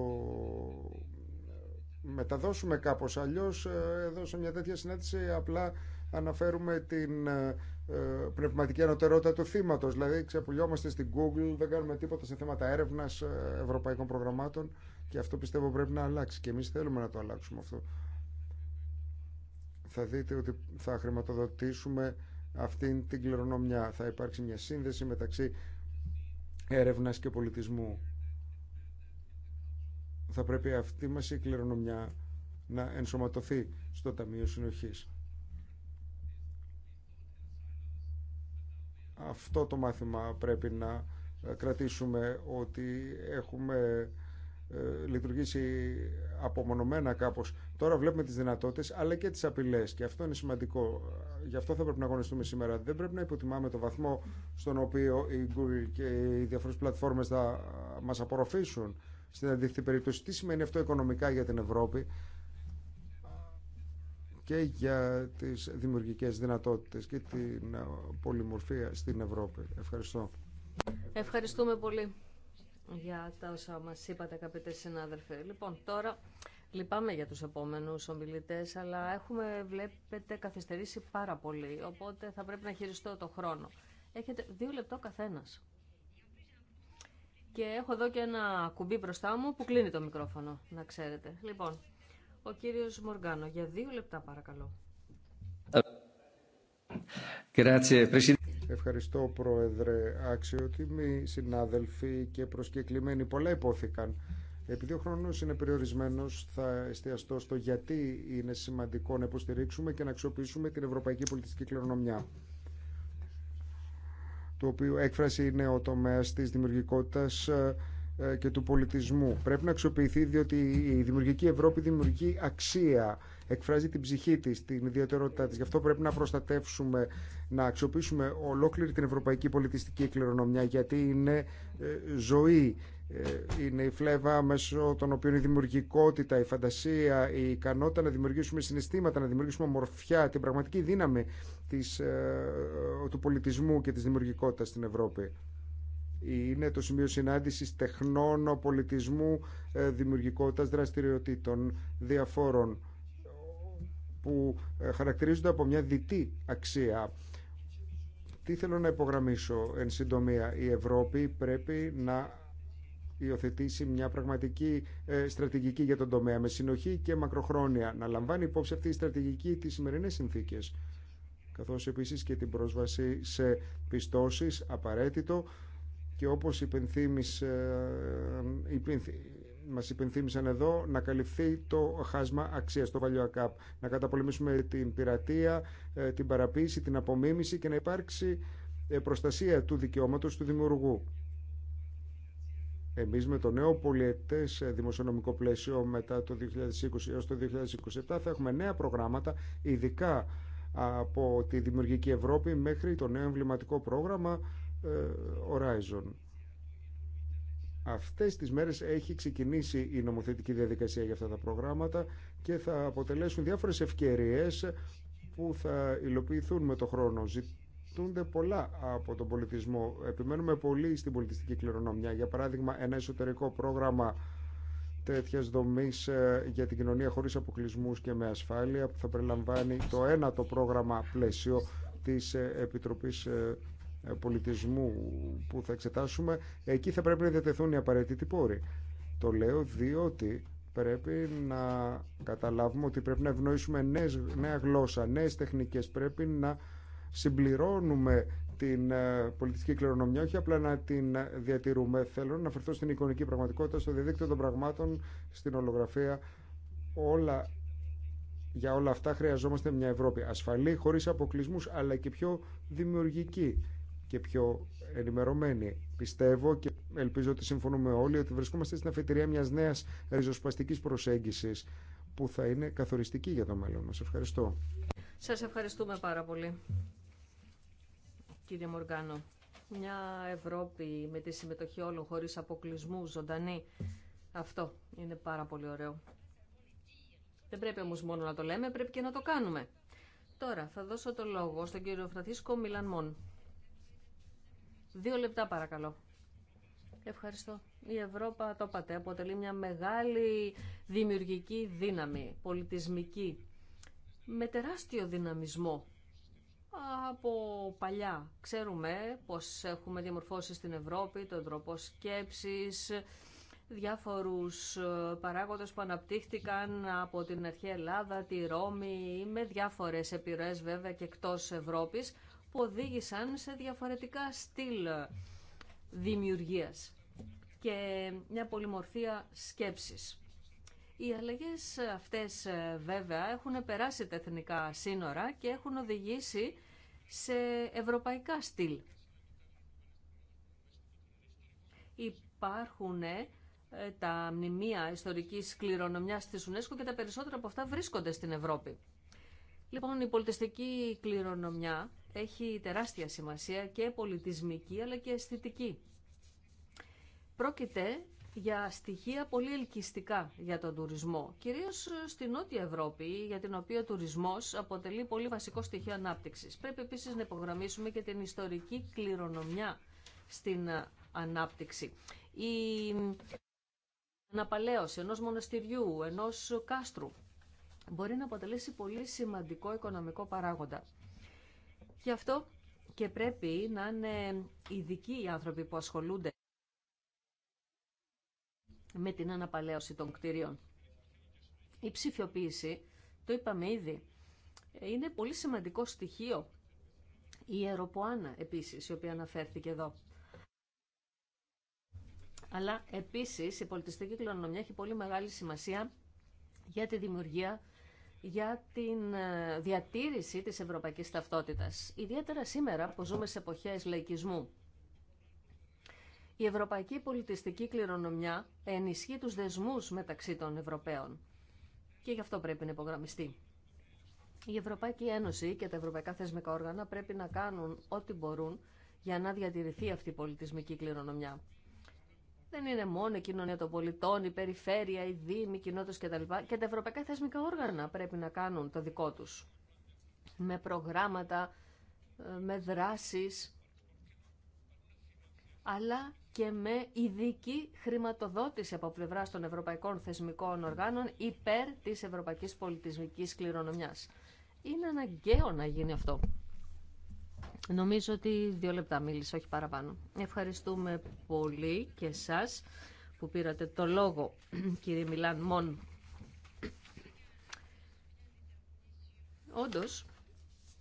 μεταδώσουμε κάπως αλλιώς ε, εδώ σε μια τέτοια συνάντηση απλά αναφέρουμε την ε, ε, πνευματική ανωτερότητα του θύματο. Δηλαδή, ξεπουλιόμαστε στην Google, δεν κάνουμε τίποτα σε θέματα έρευνα ε, ευρωπαϊκών προγραμμάτων και αυτό πιστεύω πρέπει να αλλάξει και εμεί θέλουμε να το αλλάξουμε αυτό. Θα δείτε ότι θα χρηματοδοτήσουμε αυτήν την κληρονομιά. Θα υπάρξει μια σύνδεση μεταξύ έρευνας και πολιτισμού. Θα πρέπει αυτή μας η κληρονομιά να ενσωματωθεί στο Ταμείο Συνοχής. αυτό το μάθημα πρέπει να ε, κρατήσουμε ότι έχουμε ε, λειτουργήσει απομονωμένα κάπως. Τώρα βλέπουμε τις δυνατότητες αλλά και τις απειλές και αυτό είναι σημαντικό. Γι' αυτό θα πρέπει να αγωνιστούμε σήμερα. Δεν πρέπει να υποτιμάμε το βαθμό στον οποίο η Google και οι διαφορές πλατφόρμες θα ε, μας απορροφήσουν. Στην αντίθετη περίπτωση, τι σημαίνει αυτό οικονομικά για την Ευρώπη, και για τις δημιουργικές δυνατότητες και την ε, πολυμορφία στην Ευρώπη. Ευχαριστώ. Ευχαριστούμε πολύ για τα όσα μας είπατε αγαπητέ συνάδελφοι. Λοιπόν, τώρα λυπάμαι για τους επόμενους ομιλητές, αλλά έχουμε, βλέπετε, καθυστερήσει πάρα πολύ, οπότε θα πρέπει να χειριστώ το χρόνο. Έχετε δύο λεπτό καθένας. Και έχω εδώ και ένα κουμπί μπροστά μου που κλείνει το μικρόφωνο, να ξέρετε. Λοιπόν, ο κύριος Μοργάνο, για δύο λεπτά παρακαλώ. Ευχαριστώ Πρόεδρε. Αξιότιμοι συνάδελφοι και προσκεκλημένοι πολλά υπόθηκαν. Επειδή ο χρόνος είναι περιορισμένος θα εστιαστώ στο γιατί είναι σημαντικό να υποστηρίξουμε και να αξιοποιήσουμε την ευρωπαϊκή πολιτιστική κληρονομιά το οποίο έκφραση είναι ο τομέας της δημιουργικότητας ε, και του πολιτισμού. Πρέπει να αξιοποιηθεί διότι η δημιουργική Ευρώπη δημιουργεί αξία, εκφράζει την ψυχή της, την ιδιαιτερότητά της. Γι' αυτό πρέπει να προστατεύσουμε, να αξιοποιήσουμε ολόκληρη την ευρωπαϊκή πολιτιστική κληρονομιά γιατί είναι ε, ζωή, ε, είναι η φλέβα μέσω των οποίων η δημιουργικότητα, η φαντασία, η ικανότητα να δημιουργήσουμε συναισθήματα, να δημιουργήσουμε ομορφιά, την πραγματική δύναμη της, του πολιτισμού και της δημιουργικότητας στην Ευρώπη είναι το σημείο συνάντησης τεχνών, πολιτισμού, ε, δημιουργικότητας, δραστηριοτήτων διαφόρων που ε, χαρακτηρίζονται από μια διτή αξία. Τι θέλω να υπογραμμίσω εν συντομία. Η Ευρώπη πρέπει να υιοθετήσει μια πραγματική ε, στρατηγική για τον τομέα με συνοχή και μακροχρόνια. Να λαμβάνει υπόψη αυτή η στρατηγική τις σημερινές συνθήκες καθώς επίσης και την πρόσβαση σε πιστώσεις απαραίτητο και όπως ε, μας υπενθύμησαν εδώ να καλυφθεί το χάσμα αξίας, το value ΑΚΑΠ. να καταπολεμήσουμε την πειρατεία, ε, την παραποίηση, την απομίμηση και να υπάρξει ε, προστασία του δικαιώματος του δημιουργού. Εμείς με το νέο πολιετές δημοσιονομικό πλαίσιο μετά το 2020 έως το 2027 θα έχουμε νέα προγράμματα ειδικά από τη Δημιουργική Ευρώπη μέχρι το νέο εμβληματικό πρόγραμμα ε, Horizon. Αυτές τις μέρες έχει ξεκινήσει η νομοθετική διαδικασία για αυτά τα προγράμματα και θα αποτελέσουν διάφορες ευκαιρίες που θα υλοποιηθούν με το χρόνο. Ζητούνται πολλά από τον πολιτισμό. Επιμένουμε πολύ στην πολιτιστική κληρονομιά. Για παράδειγμα, ένα εσωτερικό πρόγραμμα τέτοια δομή ε, για την κοινωνία χωρί αποκλεισμού και με ασφάλεια που θα περιλαμβάνει το ένατο πρόγραμμα πλαίσιο τη ε, Επιτροπή ε, πολιτισμού που θα εξετάσουμε, εκεί θα πρέπει να διατεθούν οι απαραίτητοι πόροι. Το λέω διότι πρέπει να καταλάβουμε ότι πρέπει να ευνοήσουμε νέες, νέα γλώσσα, νέες τεχνικές, πρέπει να συμπληρώνουμε την ε, πολιτιστική κληρονομιά, όχι απλά να την διατηρούμε. Θέλω να αναφερθώ στην εικονική πραγματικότητα, στο διαδίκτυο των πραγμάτων, στην ολογραφία. Όλα, για όλα αυτά χρειαζόμαστε μια Ευρώπη ασφαλή, χωρίς αποκλεισμούς, αλλά και πιο δημιουργική και πιο ενημερωμένη. Πιστεύω και ελπίζω ότι συμφωνούμε όλοι ότι βρισκόμαστε στην αφετηρία μιας νέας ριζοσπαστικής προσέγγισης που θα είναι καθοριστική για το μέλλον μας. Ευχαριστώ. Σας ευχαριστούμε πάρα πολύ, κύριε Μοργάνο. Μια Ευρώπη με τη συμμετοχή όλων χωρίς αποκλεισμού, ζωντανή. Αυτό είναι πάρα πολύ ωραίο. Δεν πρέπει όμως μόνο να το λέμε, πρέπει και να το κάνουμε. Τώρα θα δώσω το λόγο στον κύριο Φρανθίσκο Μιλανμόν. Δύο λεπτά παρακαλώ. Ευχαριστώ. Η Ευρώπη, το είπατε, αποτελεί μια μεγάλη δημιουργική δύναμη, πολιτισμική, με τεράστιο δυναμισμό. Από παλιά ξέρουμε πως έχουμε διαμορφώσει στην Ευρώπη τον τρόπο σκέψης, διάφορους ε, παράγοντες που αναπτύχθηκαν από την αρχαία Ελλάδα, τη Ρώμη, με διάφορες επιρροές βέβαια και εκτός Ευρώπης, που οδήγησαν σε διαφορετικά στυλ δημιουργίας και μια πολυμορφία σκέψης. Οι αλλαγές αυτές βέβαια έχουν περάσει τα εθνικά σύνορα και έχουν οδηγήσει σε ευρωπαϊκά στυλ. Υπάρχουν ε, τα μνημεία ιστορικής κληρονομιάς της UNESCO και τα περισσότερα από αυτά βρίσκονται στην Ευρώπη. Λοιπόν, η πολιτιστική κληρονομιά έχει τεράστια σημασία και πολιτισμική αλλά και αισθητική. Πρόκειται για στοιχεία πολύ ελκυστικά για τον τουρισμό, κυρίως στην Νότια Ευρώπη, για την οποία ο τουρισμός αποτελεί πολύ βασικό στοιχείο ανάπτυξης. Πρέπει επίσης να υπογραμμίσουμε και την ιστορική κληρονομιά στην ανάπτυξη. Η αναπαλαίωση ενός μοναστηριού, ενός κάστρου, μπορεί να αποτελέσει πολύ σημαντικό οικονομικό παράγοντα. Γι' αυτό και πρέπει να είναι ειδικοί οι άνθρωποι που ασχολούνται με την αναπαλαίωση των κτίριων. Η ψηφιοποίηση, το είπαμε ήδη, είναι πολύ σημαντικό στοιχείο. Η αεροποάνα επίσης, η οποία αναφέρθηκε εδώ. Αλλά επίσης η πολιτιστική κληρονομιά έχει πολύ μεγάλη σημασία για τη δημιουργία για την ε, διατήρηση της ευρωπαϊκής ταυτότητας, ιδιαίτερα σήμερα που ζούμε σε εποχές λαϊκισμού. Η ευρωπαϊκή πολιτιστική κληρονομιά ενισχύει τους δεσμούς μεταξύ των Ευρωπαίων και γι' αυτό πρέπει να υπογραμμιστεί. Η Ευρωπαϊκή Ένωση και τα ευρωπαϊκά θεσμικά όργανα πρέπει να κάνουν ό,τι μπορούν για να διατηρηθεί αυτή η πολιτισμική κληρονομιά δεν είναι μόνο η κοινωνία των πολιτών, η περιφέρεια, η δήμοι, οι κοινότητες κτλ. Και τα ευρωπαϊκά θεσμικά όργανα πρέπει να κάνουν το δικό τους. Με προγράμματα, ε, με δράσεις, αλλά και με ειδική χρηματοδότηση από πλευρά των ευρωπαϊκών θεσμικών οργάνων υπέρ της ευρωπαϊκής πολιτισμικής κληρονομιάς. Είναι αναγκαίο να γίνει αυτό. Νομίζω ότι δύο λεπτά μίλησα, όχι παραπάνω. Ευχαριστούμε πολύ και εσάς που πήρατε το λόγο, κύριε Μιλάν Μον. Όντως,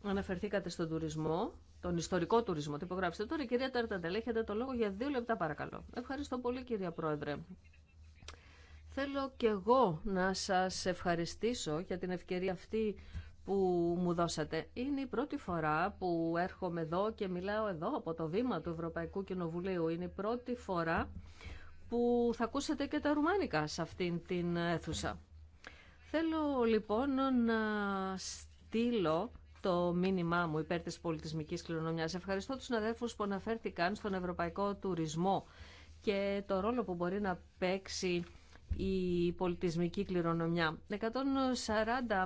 αναφερθήκατε στον τουρισμό, τον ιστορικό τουρισμό, το υπογράψετε τώρα. Κυρία Ταρταντελ, έχετε το λόγο για δύο λεπτά παρακαλώ. Ευχαριστώ πολύ κυρία Πρόεδρε. Θέλω και εγώ να σας ευχαριστήσω για την ευκαιρία αυτή που μου δώσατε. Είναι η πρώτη φορά που έρχομαι εδώ και μιλάω εδώ από το βήμα του Ευρωπαϊκού Κοινοβουλίου. Είναι η πρώτη φορά που θα ακούσετε και τα ρουμάνικα σε αυτήν την αίθουσα. Θέλω λοιπόν να στείλω το μήνυμά μου υπέρ της πολιτισμικής κληρονομιάς. Ευχαριστώ τους συναδέλφους που αναφέρθηκαν στον ευρωπαϊκό τουρισμό και το ρόλο που μπορεί να παίξει η πολιτισμική κληρονομιά. 140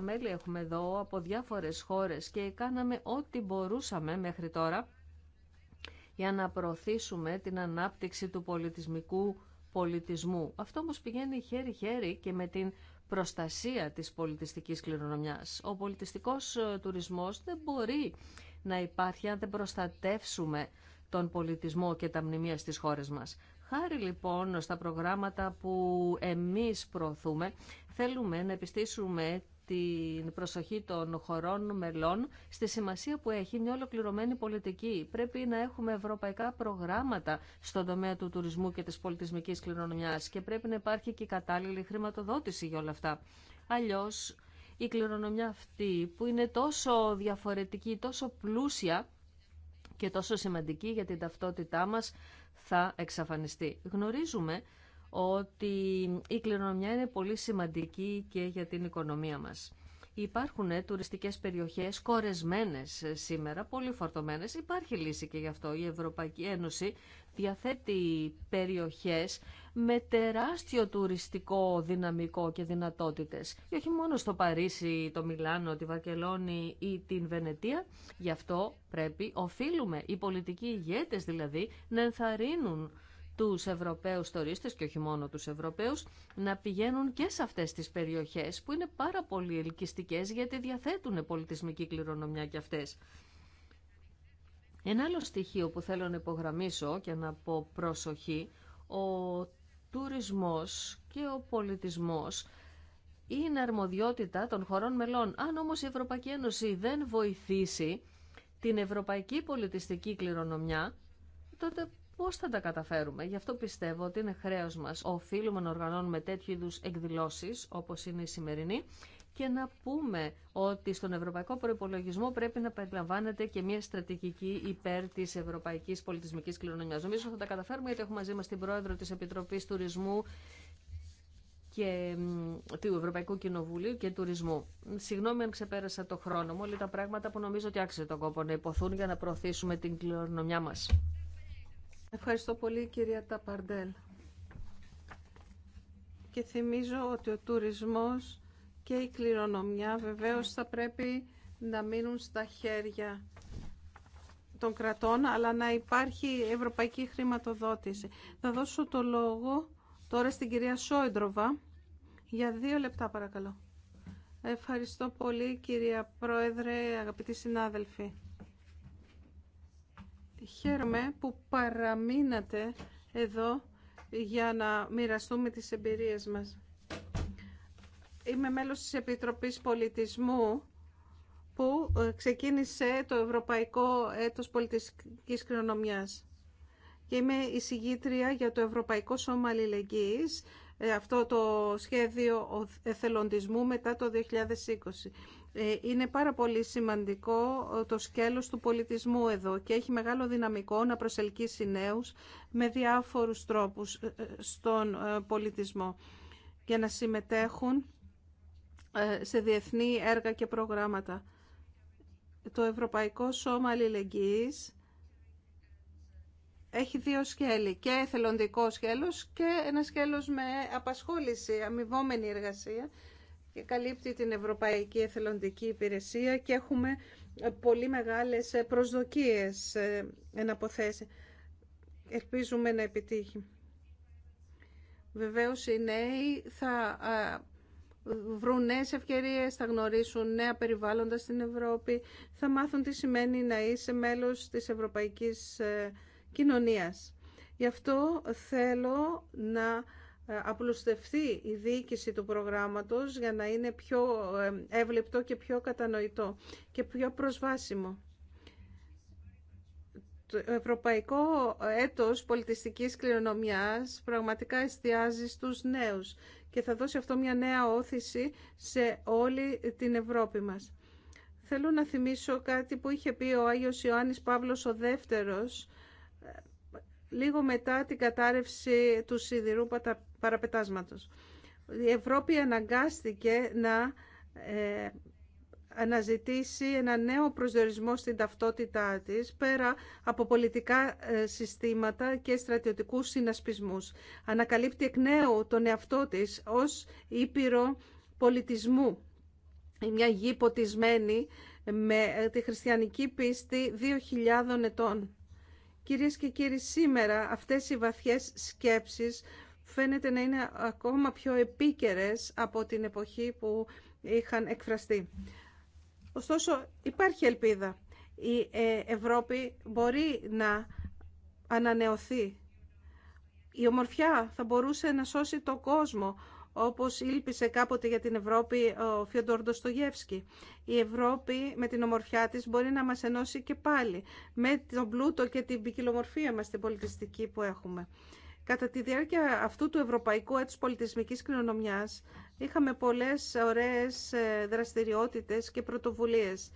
μέλη έχουμε εδώ από διάφορες χώρες και κάναμε ό,τι μπορούσαμε μέχρι τώρα για να προωθήσουμε την ανάπτυξη του πολιτισμικού πολιτισμού. Αυτό όμως πηγαίνει χέρι-χέρι και με την προστασία της πολιτιστικής κληρονομιάς. Ο πολιτιστικός ε, τουρισμός δεν μπορεί να υπάρχει αν δεν προστατεύσουμε τον πολιτισμό και τα μνημεία στις χώρες μας. Χάρη λοιπόν στα προγράμματα που εμείς προωθούμε, θέλουμε να επιστήσουμε την προσοχή των χωρών μελών στη σημασία που έχει μια ολοκληρωμένη πολιτική. Πρέπει να έχουμε ευρωπαϊκά προγράμματα στον τομέα του τουρισμού και της πολιτισμικής κληρονομιάς και πρέπει να υπάρχει και κατάλληλη χρηματοδότηση για όλα αυτά. Αλλιώς η κληρονομιά αυτή που είναι τόσο διαφορετική, τόσο πλούσια και τόσο σημαντική για την ταυτότητά μας θα εξαφανιστεί. Γνωρίζουμε ότι η κληρονομιά είναι πολύ σημαντική και για την οικονομία μας. Υπάρχουν ε, τουριστικές περιοχές κορεσμένες ε, σήμερα, πολύ φορτωμένες. Υπάρχει λύση και γι' αυτό. Η Ευρωπαϊκή Ένωση διαθέτει περιοχές με τεράστιο τουριστικό δυναμικό και δυνατότητες. Και όχι μόνο στο Παρίσι, το Μιλάνο, τη Βαρκελόνη ή την Βενετία. Γι' αυτό πρέπει, οφείλουμε, οι πολιτικοί ηγέτες δηλαδή, να ενθαρρύνουν τους Ευρωπαίους τουρίστες και όχι μόνο τους Ευρωπαίους να πηγαίνουν και σε αυτές τις περιοχές που είναι πάρα πολύ ελκυστικές γιατί διαθέτουν πολιτισμική κληρονομιά και αυτές. Ένα άλλο στοιχείο που θέλω να υπογραμμίσω και να πω προσοχή, ο τουρισμός και ο πολιτισμός είναι αρμοδιότητα των χωρών μελών. Αν όμως η Ευρωπαϊκή Ένωση δεν βοηθήσει την ευρωπαϊκή πολιτιστική κληρονομιά, τότε Πώ θα τα καταφέρουμε. Γι' αυτό πιστεύω ότι είναι χρέο μα Οφείλουμε να οργανώνουμε τέτοιου είδους εκδηλώσεις όπως είναι η σημερινή και να πούμε ότι στον ευρωπαϊκό προπολογισμό πρέπει να περιλαμβάνεται και μια στρατηγική υπέρ τη ευρωπαϊκή πολιτισμική κληρονομιά. Νομίζω θα τα καταφέρουμε γιατί έχουμε μαζί μα την πρόεδρο τη Επιτροπή Τουρισμού και του Ευρωπαϊκού Κοινοβουλίου και Τουρισμού. Συγγνώμη αν ξεπέρασα το χρόνο μου, όλοι τα πράγματα που νομίζω ότι άξιζε τον κόπο να υποθούν για να προωθήσουμε την κληρονομιά μας. Ευχαριστώ πολύ κυρία Ταπαρντέλ. Και θυμίζω ότι ο τουρισμός και η κληρονομιά βεβαίως θα πρέπει να μείνουν στα χέρια των κρατών, αλλά να υπάρχει ευρωπαϊκή χρηματοδότηση. Θα δώσω το λόγο τώρα στην κυρία Σόιντροβα. Για δύο λεπτά παρακαλώ. Ευχαριστώ πολύ κυρία Πρόεδρε, αγαπητοί συνάδελφοι. Χαίρομαι που παραμείνατε εδώ για να μοιραστούμε τις εμπειρίες μας. Είμαι μέλος της Επιτροπής Πολιτισμού που ε, ξεκίνησε το Ευρωπαϊκό Έτος Πολιτιστικής Κληρονομιάς. Και είμαι η συγγήτρια για το Ευρωπαϊκό Σώμα Αλληλεγγύης, ε, αυτό το σχέδιο εθελοντισμού μετά το 2020. Ε, είναι πάρα πολύ σημαντικό ε, το σκέλος του πολιτισμού εδώ και έχει μεγάλο δυναμικό να προσελκύσει νέους με διάφορους τρόπους ε, στον πολιτισμό για να συμμετέχουν σε διεθνή έργα και προγράμματα. Το Ευρωπαϊκό Σώμα Αλληλεγγύης έχει δύο σκέλη, και εθελοντικό σκέλος και ένα σκέλος με απασχόληση, αμοιβόμενη εργασία και καλύπτει την Ευρωπαϊκή Εθελοντική Υπηρεσία και έχουμε πολύ μεγάλες προσδοκίες ε, εν αποθέσει. Ελπίζουμε να επιτύχει. Βεβαίως οι νέοι θα βρουν νέες ευκαιρίες, θα γνωρίσουν νέα περιβάλλοντα στην Ευρώπη, θα μάθουν τι σημαίνει να είσαι μέλος της ευρωπαϊκής ε, κοινωνίας. Γι' αυτό θέλω να ε, απλουστευτεί η διοίκηση του προγράμματος για να είναι πιο ε, εύλεπτο και πιο κατανοητό και πιο προσβάσιμο. Το Ευρωπαϊκό Έτος Πολιτιστικής Κληρονομιάς πραγματικά εστιάζει στους νέους και θα δώσει αυτό μια νέα όθηση σε όλη την Ευρώπη μας. Θέλω να θυμίσω κάτι που είχε πει ο Άγιος Ιωάννης Παύλος ο Δεύτερος λίγο μετά την κατάρρευση του σιδηρού παραπετάσματος. Η Ευρώπη αναγκάστηκε να ε, αναζητήσει ένα νέο προσδιορισμό στην ταυτότητά της πέρα από πολιτικά ε, συστήματα και στρατιωτικούς συνασπισμούς. Ανακαλύπτει εκ νέου τον εαυτό της ως ήπειρο πολιτισμού. Μια γη ποτισμένη με ε, τη χριστιανική πίστη 2.000 ετών. Κυρίες και κύριοι, σήμερα αυτές οι βαθιές σκέψεις φαίνεται να είναι ακόμα πιο επίκαιρες από την εποχή που είχαν εκφραστεί. Ωστόσο, υπάρχει ελπίδα. Η ε, Ευρώπη μπορεί να ανανεωθεί. Η ομορφιά θα μπορούσε να σώσει τον κόσμο όπως ήλπισε κάποτε για την Ευρώπη ο Φιοντόρ Ντοστογεύσκη. Η Ευρώπη με την ομορφιά της μπορεί να μας ενώσει και πάλι με τον πλούτο και την ποικιλομορφία μας την πολιτιστική που έχουμε. Κατά τη διάρκεια αυτού του Ευρωπαϊκού Έτους Πολιτισμικής Κληρονομιάς είχαμε πολλές ωραίες ε, δραστηριότητες και πρωτοβουλίες.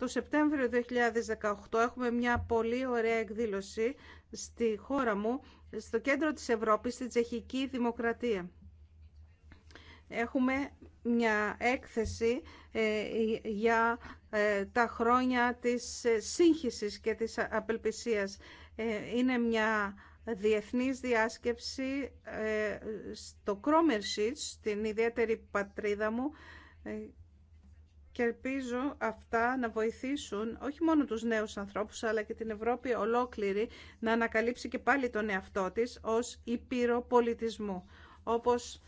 Το Σεπτέμβριο 2018 έχουμε μια πολύ ωραία εκδήλωση στη χώρα μου, στο κέντρο της Ευρώπης, στη Τσεχική Δημοκρατία. Έχουμε μια έκθεση ε, για ε, τα χρόνια της ε, σύγχυσης και της απελπισίας. Είναι μια διεθνής διάσκεψη στο Κρόμερσιτς, την ιδιαίτερη πατρίδα μου, και ελπίζω αυτά να βοηθήσουν όχι μόνο τους νέους ανθρώπους αλλά και την Ευρώπη ολόκληρη να ανακαλύψει και πάλι τον εαυτό της ως υπήρο πολιτισμού. Όπως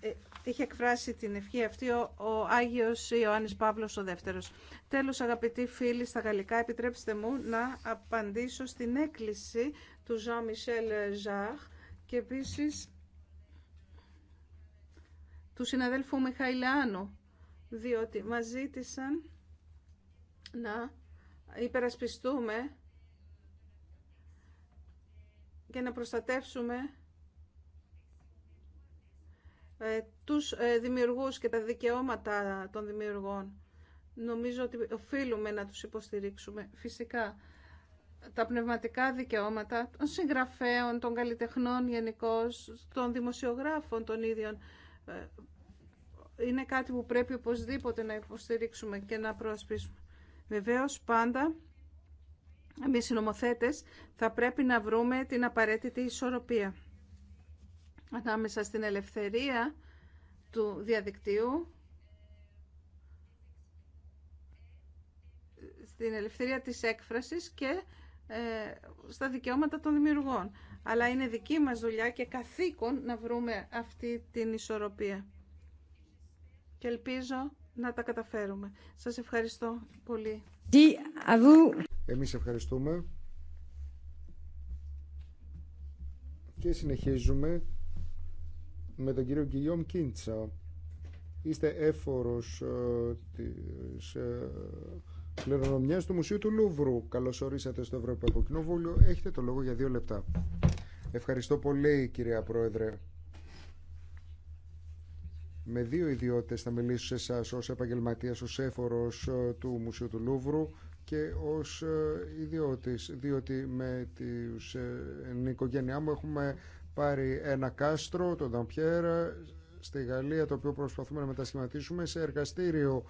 ε, είχε εκφράσει την ευχή αυτή ο, ο Άγιος Ιωάννης Παύλος ο Δεύτερος. Τέλος αγαπητοί φίλοι στα γαλλικά επιτρέψτε μου να απαντήσω στην έκκληση του Ζαν Μισελ Ζαχ και επίσης του συναδέλφου Μιχαηλάνου διότι μας ζήτησαν να υπερασπιστούμε και να προστατεύσουμε ε, τους ε, δημιουργούς και τα δικαιώματα των δημιουργών. Νομίζω ότι οφείλουμε να τους υποστηρίξουμε. Φυσικά, τα πνευματικά δικαιώματα των συγγραφέων, των καλλιτεχνών γενικώ, των δημοσιογράφων των ίδιων ε, είναι κάτι που πρέπει οπωσδήποτε να υποστηρίξουμε και να προασπίσουμε. Βεβαίως πάντα εμείς οι θα πρέπει να βρούμε την απαραίτητη ισορροπία ανάμεσα στην ελευθερία του διαδικτύου, στην ελευθερία της έκφρασης και ε, στα δικαιώματα των δημιουργών. Αλλά είναι δική μας δουλειά και καθήκον να βρούμε αυτή την ισορροπία και ελπίζω να τα καταφέρουμε. Σας ευχαριστώ πολύ. Εμείς ευχαριστούμε. Και συνεχίζουμε με τον κύριο Γκυλιόμ Κίντσα. Είστε έφορος ε, της ε, του Μουσείου του Λούβρου. Καλώς ορίσατε στο Ευρωπαϊκό Κοινοβούλιο. Έχετε το λόγο για δύο λεπτά. Ευχαριστώ πολύ κυρία Πρόεδρε με δύο ιδιότητες θα μιλήσω σε εσάς ως επαγγελματίας, ως έφορος ε, του Μουσείου του Λούβρου και ως ε, ιδιώτης, διότι με ε, την οικογένειά μου έχουμε πάρει ένα κάστρο, τον Νταμπιέρα, στη Γαλλία, το οποίο προσπαθούμε να μετασχηματίσουμε σε εργαστήριο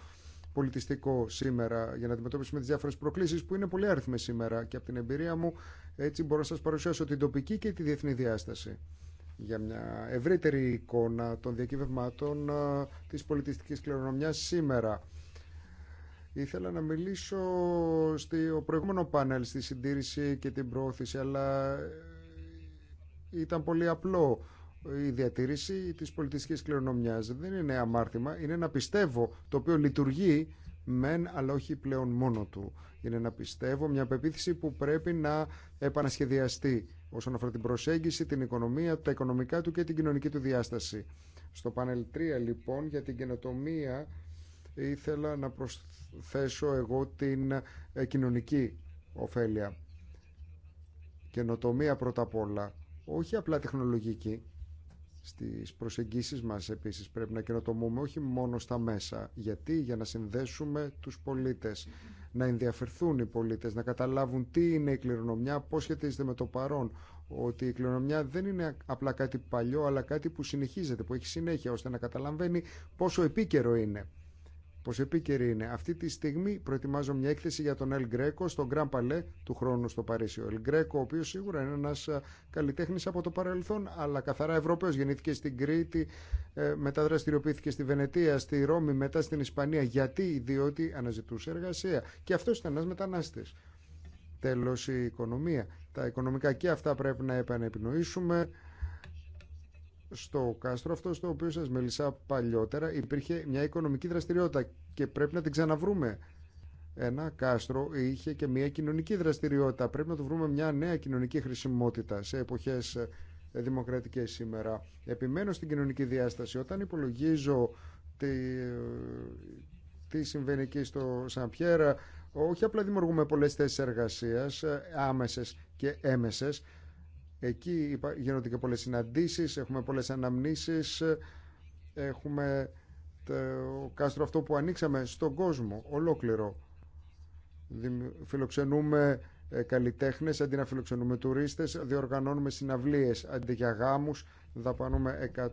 πολιτιστικό σήμερα για να αντιμετωπίσουμε τις διάφορες προκλήσεις που είναι πολύ αριθμές σήμερα και από την εμπειρία μου έτσι μπορώ να σας παρουσιάσω την τοπική και τη διεθνή διάσταση για μια ευρύτερη εικόνα των διακύβευμάτων της πολιτιστικής κληρονομιάς σήμερα. Ήθελα να μιλήσω στο προηγούμενο πάνελ στη συντήρηση και την προώθηση, αλλά ήταν πολύ απλό. Η διατήρηση της πολιτιστικής κληρονομιάς δεν είναι αμάρτημα, είναι ένα πιστεύω το οποίο λειτουργεί μεν, αλλά όχι πλέον μόνο του. Είναι να πιστεύω, μια πεποίθηση που πρέπει να επανασχεδιαστεί όσον αφορά την προσέγγιση, την οικονομία, τα οικονομικά του και την κοινωνική του διάσταση. Στο πάνελ 3 λοιπόν για την καινοτομία ήθελα να προσθέσω εγώ την ε, κοινωνική ωφέλεια. Καινοτομία πρώτα απ' όλα, όχι απλά τεχνολογική. Στις προσεγγίσεις μας επίσης πρέπει να καινοτομούμε όχι μόνο στα μέσα, γιατί για να συνδέσουμε τους πολίτες να ενδιαφερθούν οι πολίτες, να καταλάβουν τι είναι η κληρονομιά, πώς σχετίζεται με το παρόν, ότι η κληρονομιά δεν είναι απλά κάτι παλιό, αλλά κάτι που συνεχίζεται, που έχει συνέχεια, ώστε να καταλαβαίνει πόσο επίκαιρο είναι. Πώς επίκαιρη είναι. Αυτή τη στιγμή προετοιμάζω μια έκθεση για τον Ελ Γκρέκο στον Γκραν Palais του χρόνου στο Παρίσι. Ο Ελ Γκρέκο, ο οποίο σίγουρα είναι ένα ε, καλλιτέχνη από το παρελθόν, αλλά καθαρά Ευρωπαίο. Γεννήθηκε στην Κρήτη, ε, μετά δραστηριοποιήθηκε στη Βενετία, στη Ρώμη, μετά στην Ισπανία. Γιατί, διότι αναζητούσε εργασία. Και αυτό ήταν ένα μετανάστη. Τέλο, η οικονομία. Τα οικονομικά και αυτά πρέπει να επανεπινοήσουμε στο κάστρο αυτό στο οποίο σας μίλησα παλιότερα υπήρχε μια οικονομική δραστηριότητα και πρέπει να την ξαναβρούμε. Ένα κάστρο είχε και μια κοινωνική δραστηριότητα. Πρέπει να του βρούμε μια νέα κοινωνική χρησιμότητα σε εποχές ε, δημοκρατικές σήμερα. Επιμένω στην κοινωνική διάσταση. Όταν υπολογίζω τι, ε, τι συμβαίνει εκεί στο Σαμπιέρα, όχι απλά δημιουργούμε πολλές θέσεις εργασίας, ε, άμεσες και έμεσες, Εκεί γίνονται και πολλές συναντήσεις, έχουμε πολλές αναμνήσεις, έχουμε το κάστρο αυτό που ανοίξαμε στον κόσμο ολόκληρο. Φιλοξενούμε ε, καλλιτέχνες αντί να φιλοξενούμε τουρίστες, διοργανώνουμε συναυλίες αντί για γάμους, δαπανούμε 100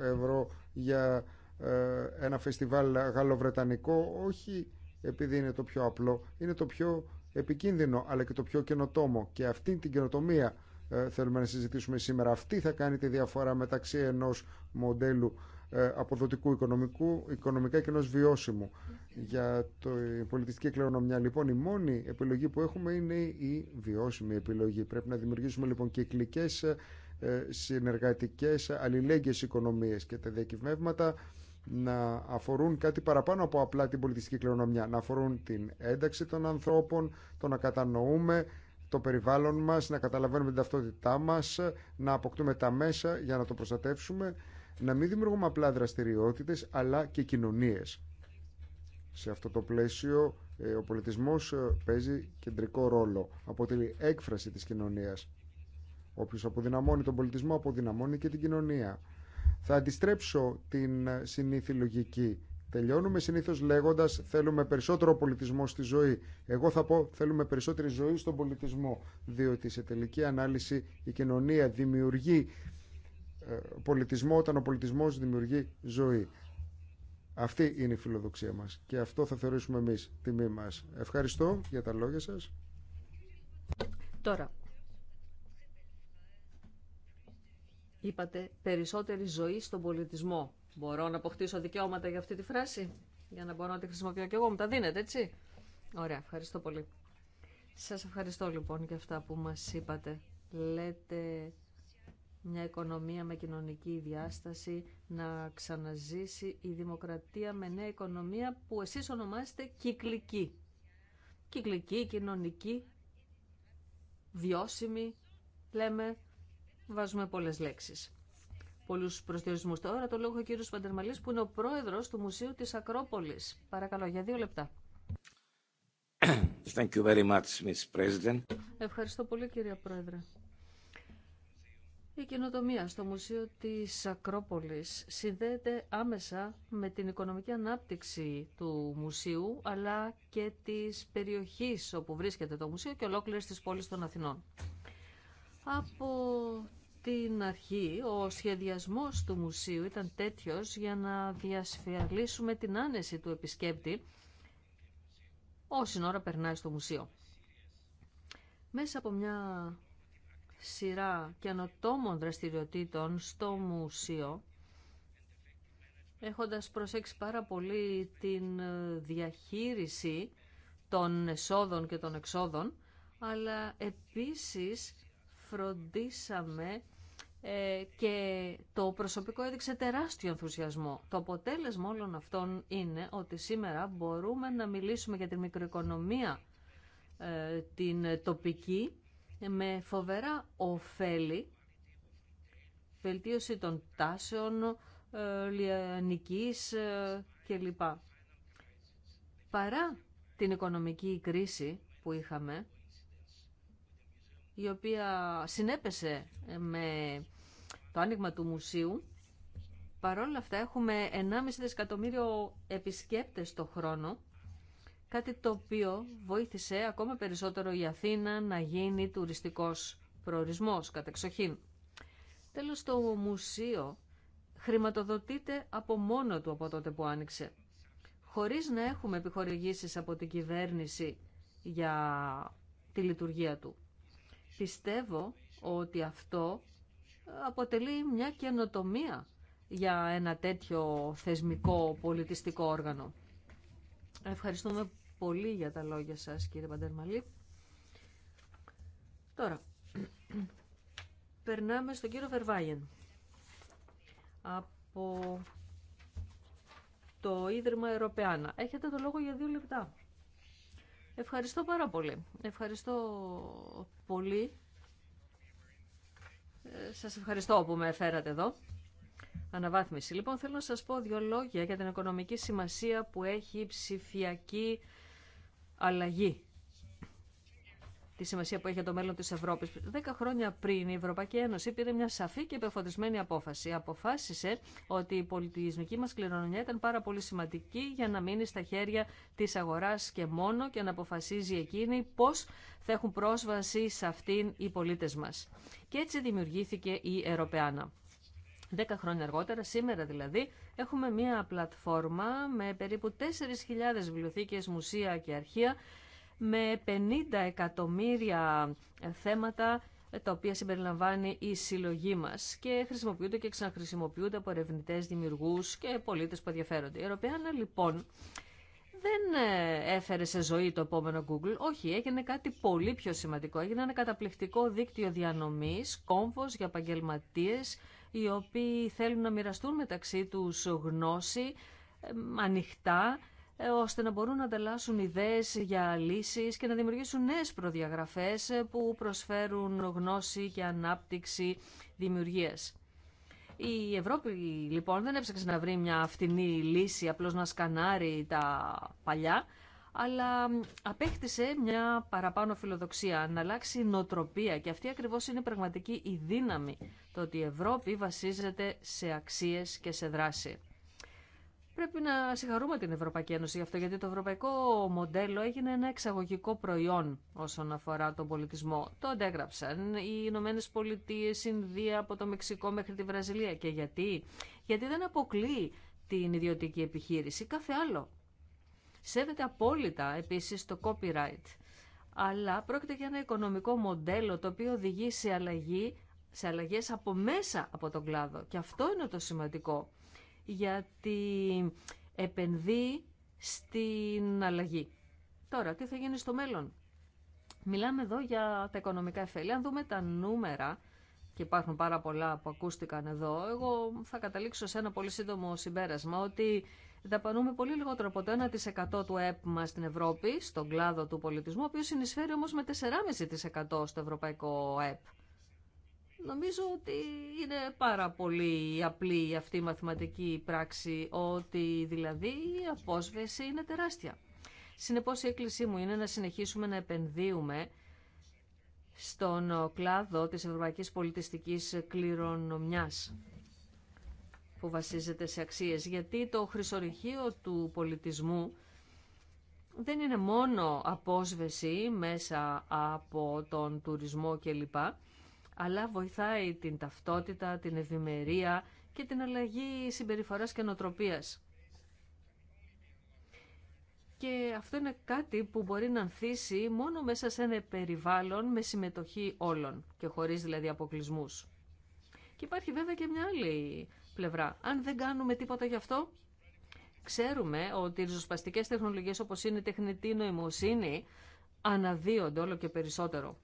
ευρώ για ε, ένα φεστιβάλ γαλλοβρετανικό, όχι επειδή είναι το πιο απλό, είναι το πιο επικίνδυνο αλλά και το πιο καινοτόμο και αυτή την καινοτομία ε, θέλουμε να συζητήσουμε σήμερα. Αυτή θα κάνει τη διαφορά μεταξύ ενός μοντέλου ε, αποδοτικού οικονομικού, οικονομικά και ενό βιώσιμου. Για το, πολιτιστική κληρονομιά, λοιπόν, η μόνη επιλογή που έχουμε είναι η βιώσιμη επιλογή. Πρέπει να δημιουργήσουμε λοιπόν κυκλικέ ε, συνεργατικέ αλληλέγγυε οικονομίε και τα διακυβεύματα να αφορούν κάτι παραπάνω από απλά την πολιτιστική κληρονομιά. Να αφορούν την ένταξη των ανθρώπων, το να κατανοούμε το περιβάλλον μας, να καταλαβαίνουμε την ταυτότητά μας, να αποκτούμε τα μέσα για να το προστατεύσουμε, να μην δημιουργούμε απλά δραστηριότητες αλλά και κοινωνίες. Σε αυτό το πλαίσιο ε, ο πολιτισμός ε, παίζει κεντρικό ρόλο, αποτελεί έκφραση της κοινωνίας. Όποιος αποδυναμώνει τον πολιτισμό αποδυναμώνει και την κοινωνία. Θα αντιστρέψω την ε, συνήθι λογική Τελειώνουμε συνήθως λέγοντας θέλουμε περισσότερο πολιτισμό στη ζωή. Εγώ θα πω θέλουμε περισσότερη ζωή στον πολιτισμό, διότι σε τελική ανάλυση η κοινωνία δημιουργεί ε, πολιτισμό όταν ο πολιτισμός δημιουργεί ζωή. Αυτή είναι η φιλοδοξία μας και αυτό θα θεωρήσουμε εμείς τιμή μα. Ευχαριστώ για τα λόγια σα. Τώρα, είπατε περισσότερη ζωή στον πολιτισμό. Μπορώ να αποκτήσω δικαιώματα για αυτή τη φράση, για να μπορώ να τη χρησιμοποιώ και εγώ. Μου τα δίνετε, έτσι. Ωραία, ευχαριστώ πολύ. Σας ευχαριστώ λοιπόν για αυτά που μας είπατε. Λέτε μια οικονομία με κοινωνική διάσταση να ξαναζήσει η δημοκρατία με νέα οικονομία που εσείς ονομάζετε κυκλική. Κυκλική, κοινωνική, βιώσιμη, λέμε, βάζουμε πολλές λέξεις πολλούς προσδιορισμού Τώρα το λόγο ο κύριο Παντερμαλής που είναι ο πρόεδρος του Μουσείου της Ακρόπολης. Παρακαλώ για δύο λεπτά. Thank you very much, Miss President. Ευχαριστώ πολύ κύριε Πρόεδρε. Η καινοτομία στο Μουσείο της Ακρόπολης συνδέεται άμεσα με την οικονομική ανάπτυξη του μουσείου αλλά και της περιοχής όπου βρίσκεται το μουσείο και ολόκληρης της πόλης των Αθηνών. Από την αρχή ο σχεδιασμός του μουσείου ήταν τέτοιος για να διασφαλίσουμε την άνεση του επισκέπτη όση ώρα περνάει στο μουσείο. Μέσα από μια σειρά καινοτόμων δραστηριοτήτων στο μουσείο, έχοντας προσέξει πάρα πολύ την διαχείριση των εσόδων και των εξόδων, αλλά επίσης φροντίσαμε ε, και το προσωπικό έδειξε τεράστιο ενθουσιασμό. Το αποτέλεσμα όλων αυτών είναι ότι σήμερα μπορούμε να μιλήσουμε για τη μικροοικονομία ε, την τοπική με φοβερά ωφέλη, βελτίωση των τάσεων, ε, λιανικής κλπ. Παρά την οικονομική κρίση που είχαμε, η οποία συνέπεσε με το άνοιγμα του μουσείου. Παρόλα αυτά έχουμε 1,5 δισεκατομμύριο επισκέπτες το χρόνο, κάτι το οποίο βοήθησε ακόμα περισσότερο η Αθήνα να γίνει τουριστικός προορισμός εξοχήν. Τέλος το μουσείο χρηματοδοτείται από μόνο του από τότε που άνοιξε. Χωρίς να έχουμε επιχορηγήσεις από την κυβέρνηση για τη λειτουργία του. Πιστεύω ότι αυτό αποτελεί μια καινοτομία για ένα τέτοιο θεσμικό πολιτιστικό όργανο. Ευχαριστούμε πολύ για τα λόγια σας κύριε Παντερμαλή. Τώρα, περνάμε στον κύριο Βερβάγεν από το Ίδρυμα Ευρωπαϊκά. Έχετε το λόγο για δύο λεπτά. Ευχαριστώ πάρα πολύ. Ευχαριστώ πολύ. Ε, σας ευχαριστώ που με φέρατε εδώ. Αναβάθμιση. Λοιπόν, θέλω να σας πω δύο λόγια για την οικονομική σημασία που έχει η ψηφιακή αλλαγή τη σημασία που έχει για το μέλλον τη Ευρώπη. Δέκα χρόνια πριν η Ευρωπαϊκή Ένωση πήρε μια σαφή και επεφοδισμένη απόφαση. Αποφάσισε ότι η πολιτισμική μα κληρονομιά ήταν πάρα πολύ σημαντική για να μείνει στα χέρια τη αγορά και μόνο και να αποφασίζει εκείνη πώ θα έχουν πρόσβαση σε αυτήν οι πολίτε μα. Και έτσι δημιουργήθηκε η Ευρωπαϊκή. Δέκα χρόνια αργότερα, σήμερα δηλαδή, έχουμε μία πλατφόρμα με περίπου 4.000 βιβλιοθήκες, μουσεία και αρχεία με 50 εκατομμύρια θέματα τα οποία συμπεριλαμβάνει η συλλογή μα και χρησιμοποιούνται και ξαναχρησιμοποιούνται από ερευνητέ, δημιουργού και πολίτε που ενδιαφέρονται. Η Ευρωπαϊκή λοιπόν δεν ε, έφερε σε ζωή το επόμενο Google. Όχι, έγινε κάτι πολύ πιο σημαντικό. Έγινε ένα καταπληκτικό δίκτυο διανομή, κόμβο για επαγγελματίε οι οποίοι θέλουν να μοιραστούν μεταξύ τους γνώση ε, ανοιχτά ε, ώστε να μπορούν να ανταλλάσσουν ιδέες για λύσεις και να δημιουργήσουν νέες προδιαγραφές που προσφέρουν γνώση και ανάπτυξη δημιουργίας. Η Ευρώπη λοιπόν δεν έψαξε να βρει μια φτηνή λύση απλώς να σκανάρει τα παλιά, αλλά απέκτησε μια παραπάνω φιλοδοξία, να αλλάξει νοτροπία και αυτή ακριβώς είναι πραγματική η δύναμη, το ότι η Ευρώπη βασίζεται σε αξίες και σε δράση. Πρέπει να συγχαρούμε την Ευρωπαϊκή Ένωση γι' αυτό, γιατί το ευρωπαϊκό μοντέλο έγινε ένα εξαγωγικό προϊόν όσον αφορά τον πολιτισμό. Το αντέγραψαν οι Ηνωμένε Πολιτείε, Ινδία, από το Μεξικό μέχρι τη Βραζιλία. Και γιατί, γιατί δεν αποκλεί την ιδιωτική επιχείρηση, κάθε άλλο. Σέβεται απόλυτα επίσης το copyright, αλλά πρόκειται για ένα οικονομικό μοντέλο το οποίο οδηγεί σε, αλλαγή, σε αλλαγές από μέσα από τον κλάδο. Και αυτό είναι το σημαντικό γιατί επενδύει στην αλλαγή. Τώρα, τι θα γίνει στο μέλλον. Μιλάμε εδώ για τα οικονομικά εφέλη. Αν δούμε τα νούμερα, και υπάρχουν πάρα πολλά που ακούστηκαν εδώ, εγώ θα καταλήξω σε ένα πολύ σύντομο συμπέρασμα ότι δαπανούμε πολύ λιγότερο από το 1% του ΕΠ μας στην Ευρώπη, στον κλάδο του πολιτισμού, ο οποίος συνεισφέρει όμως με 4,5% στο ευρωπαϊκό ΕΠ. Νομίζω ότι είναι πάρα πολύ απλή αυτή η μαθηματική πράξη, ότι δηλαδή η απόσβεση είναι τεράστια. Συνεπώς η έκκλησή μου είναι να συνεχίσουμε να επενδύουμε στον κλάδο της ευρωπαϊκής πολιτιστικής κληρονομιάς που βασίζεται σε αξίες. Γιατί το χρυσορυχείο του πολιτισμού δεν είναι μόνο απόσβεση μέσα από τον τουρισμό κλπ αλλά βοηθάει την ταυτότητα, την ευημερία και την αλλαγή συμπεριφοράς και νοτροπίας. Και αυτό είναι κάτι που μπορεί να ανθίσει μόνο μέσα σε ένα περιβάλλον με συμμετοχή όλων και χωρίς δηλαδή αποκλεισμού. Και υπάρχει βέβαια και μια άλλη πλευρά. Αν δεν κάνουμε τίποτα γι' αυτό, ξέρουμε ότι οι ριζοσπαστικές τεχνολογίες όπως είναι η τεχνητή νοημοσύνη αναδύονται όλο και περισσότερο.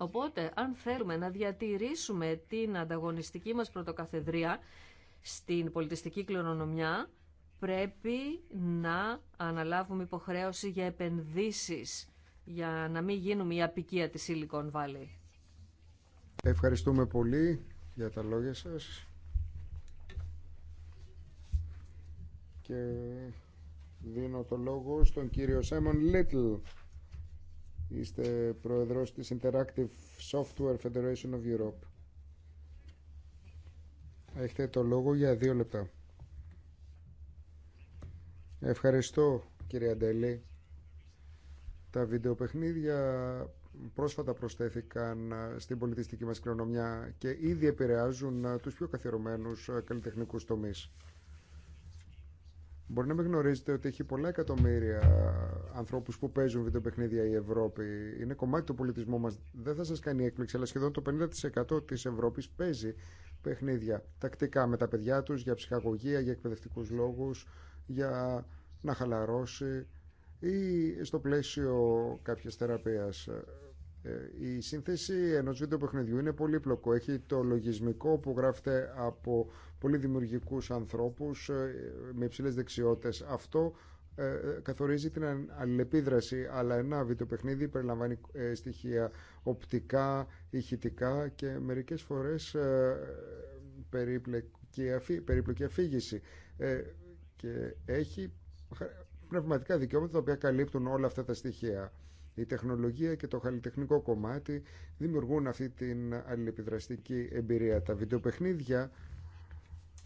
Οπότε, αν θέλουμε να διατηρήσουμε την ανταγωνιστική μας πρωτοκαθεδρία στην πολιτιστική κληρονομιά, πρέπει να αναλάβουμε υποχρέωση για επενδύσεις, για να μην γίνουμε η απικία της Silicon Valley. Ευχαριστούμε πολύ για τα λόγια σας. Και δίνω το λόγο στον κύριο Σέμον Λίτλ. Είστε πρόεδρος της Interactive Software Federation of Europe. Έχετε το λόγο για δύο λεπτά. Ευχαριστώ κύριε Αντέλη. Τα βιντεοπαιχνίδια πρόσφατα προσθέθηκαν ε, στην πολιτιστική μας κληρονομιά και ήδη επηρεάζουν ε, τους πιο καθιερωμένους ε, καλλιτεχνικούς τομείς. Μπορεί να μην γνωρίζετε ότι έχει πολλά εκατομμύρια ανθρώπου που παίζουν βιντεοπαιχνίδια η Ευρώπη. Είναι κομμάτι του πολιτισμού μα. Δεν θα σα κάνει έκπληξη, αλλά σχεδόν το 50% τη Ευρώπη παίζει παιχνίδια τακτικά με τα παιδιά του για ψυχαγωγία, για εκπαιδευτικού λόγου, για να χαλαρώσει ή στο πλαίσιο κάποια θεραπεία. Ε, η σύνθεση ενό βίντεο παιχνιδιού βιντεοπαιχνιδιου πολύπλοκο. Έχει το λογισμικό που γράφεται από πολύ δημιουργικούς ανθρώπους ε, με υψηλές δεξιότητες. Αυτό ε, ε, καθορίζει την αλληλεπίδραση, αλλά ένα βιντεοπαιχνίδι περιλαμβάνει στοιχεία οπτικά, ηχητικά και μερικές φορές περίπλοκη αφήγηση. Και έχει πνευματικά δικαιώματα τα οποία καλύπτουν όλα αυτά τα στοιχεία. Η τεχνολογία και το χαλιτεχνικό κομμάτι δημιουργούν αυτή την αλληλεπιδραστική εμπειρία. Τα βιντεοπαιχνίδια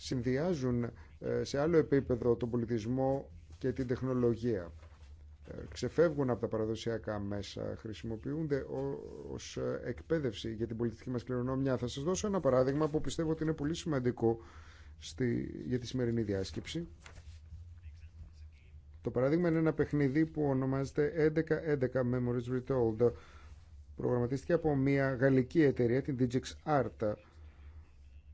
συνδυάζουν ε, σε άλλο επίπεδο τον πολιτισμό και την τεχνολογία. Ε, ξεφεύγουν από τα παραδοσιακά μέσα, χρησιμοποιούνται ως εκπαίδευση για την πολιτική μας κληρονομιά. Θα σας δώσω ένα παράδειγμα που πιστεύω ότι είναι πολύ σημαντικό στη, για τη σημερινή διάσκεψη. Το παράδειγμα είναι ένα παιχνίδι που ονομάζεται 1111 Memories Retold. Προγραμματίστηκε από μια γαλλική εταιρεία, την Digix Art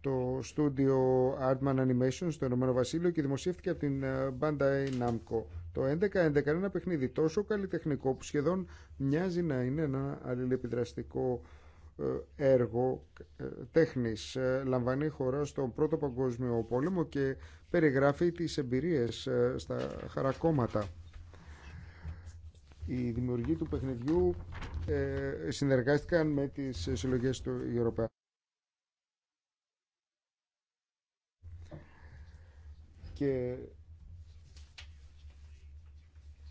το στούντιο Artman Animation στο Ηνωμένο Βασίλειο και δημοσιεύτηκε από την ε, Bandai Namco. Το 11 είναι ένα παιχνίδι τόσο καλλιτεχνικό που σχεδόν μοιάζει να είναι ένα αλληλεπιδραστικό ε, έργο ε, τέχνης. Λαμβάνει χώρα στον Πρώτο Παγκόσμιο Πόλεμο και περιγράφει τις εμπειρίες στα χαρακόμματα. Οι δημιουργοί του παιχνιδιού συνεργάστηκαν με τις συλλογές του Ευρωπαϊκού. και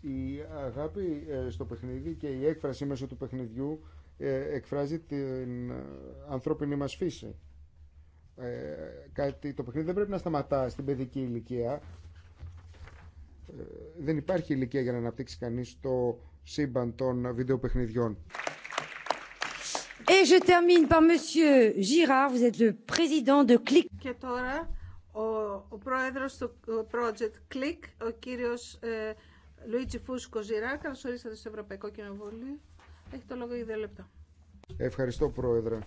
η αγάπη ε, στο παιχνίδι και η έκφραση μέσω του παιχνιδιού ε, εκφράζει την ε, ανθρώπινη μας φύση. κάτι, το παιχνίδι δεν πρέπει να σταματά στην παιδική ηλικία. δεν υπάρχει ηλικία για να αναπτύξει κανείς το σύμπαν των βιντεοπαιχνιδιών. Et Και τώρα ο πρόεδρος του Project Click, ο κύριος ε, Λουίτζι Φούσκο Ζηρά. Καλώς ορίσατε στο Ευρωπαϊκό Κοινοβούλιο. Έχει το λόγο για δύο λεπτά. Ευχαριστώ, Πρόεδρε.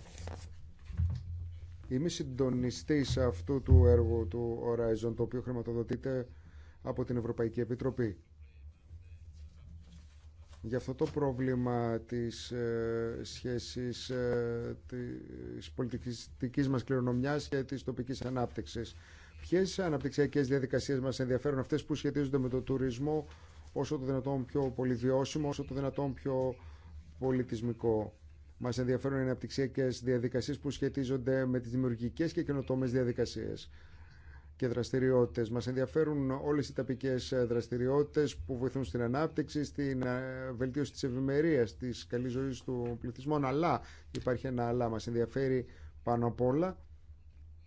Είμαι συντονιστή αυτού του έργου του Horizon, το οποίο χρηματοδοτείται από την Ευρωπαϊκή Επιτροπή. Για αυτό το πρόβλημα της ε, σχέσης ε, της πολιτικής μας κληρονομιάς και της τοπικής ανάπτυξης. Ποιε αναπτυξιακέ διαδικασίε μα ενδιαφέρουν αυτέ που σχετίζονται με το τουρισμό όσο το δυνατόν πιο πολυβιώσιμο, όσο το δυνατόν πιο πολιτισμικό. Μα ενδιαφέρουν οι αναπτυξιακέ διαδικασίε που σχετίζονται με τι δημιουργικέ και καινοτόμε διαδικασίε και δραστηριότητε. Μα ενδιαφέρουν όλε οι ταπικέ δραστηριότητε που βοηθούν στην ανάπτυξη, στην ε, βελτίωση τη ευημερία, τη καλή ζωή του πληθυσμών. Αλλά υπάρχει ένα αλλά. Μα ενδιαφέρει πάνω απ' όλα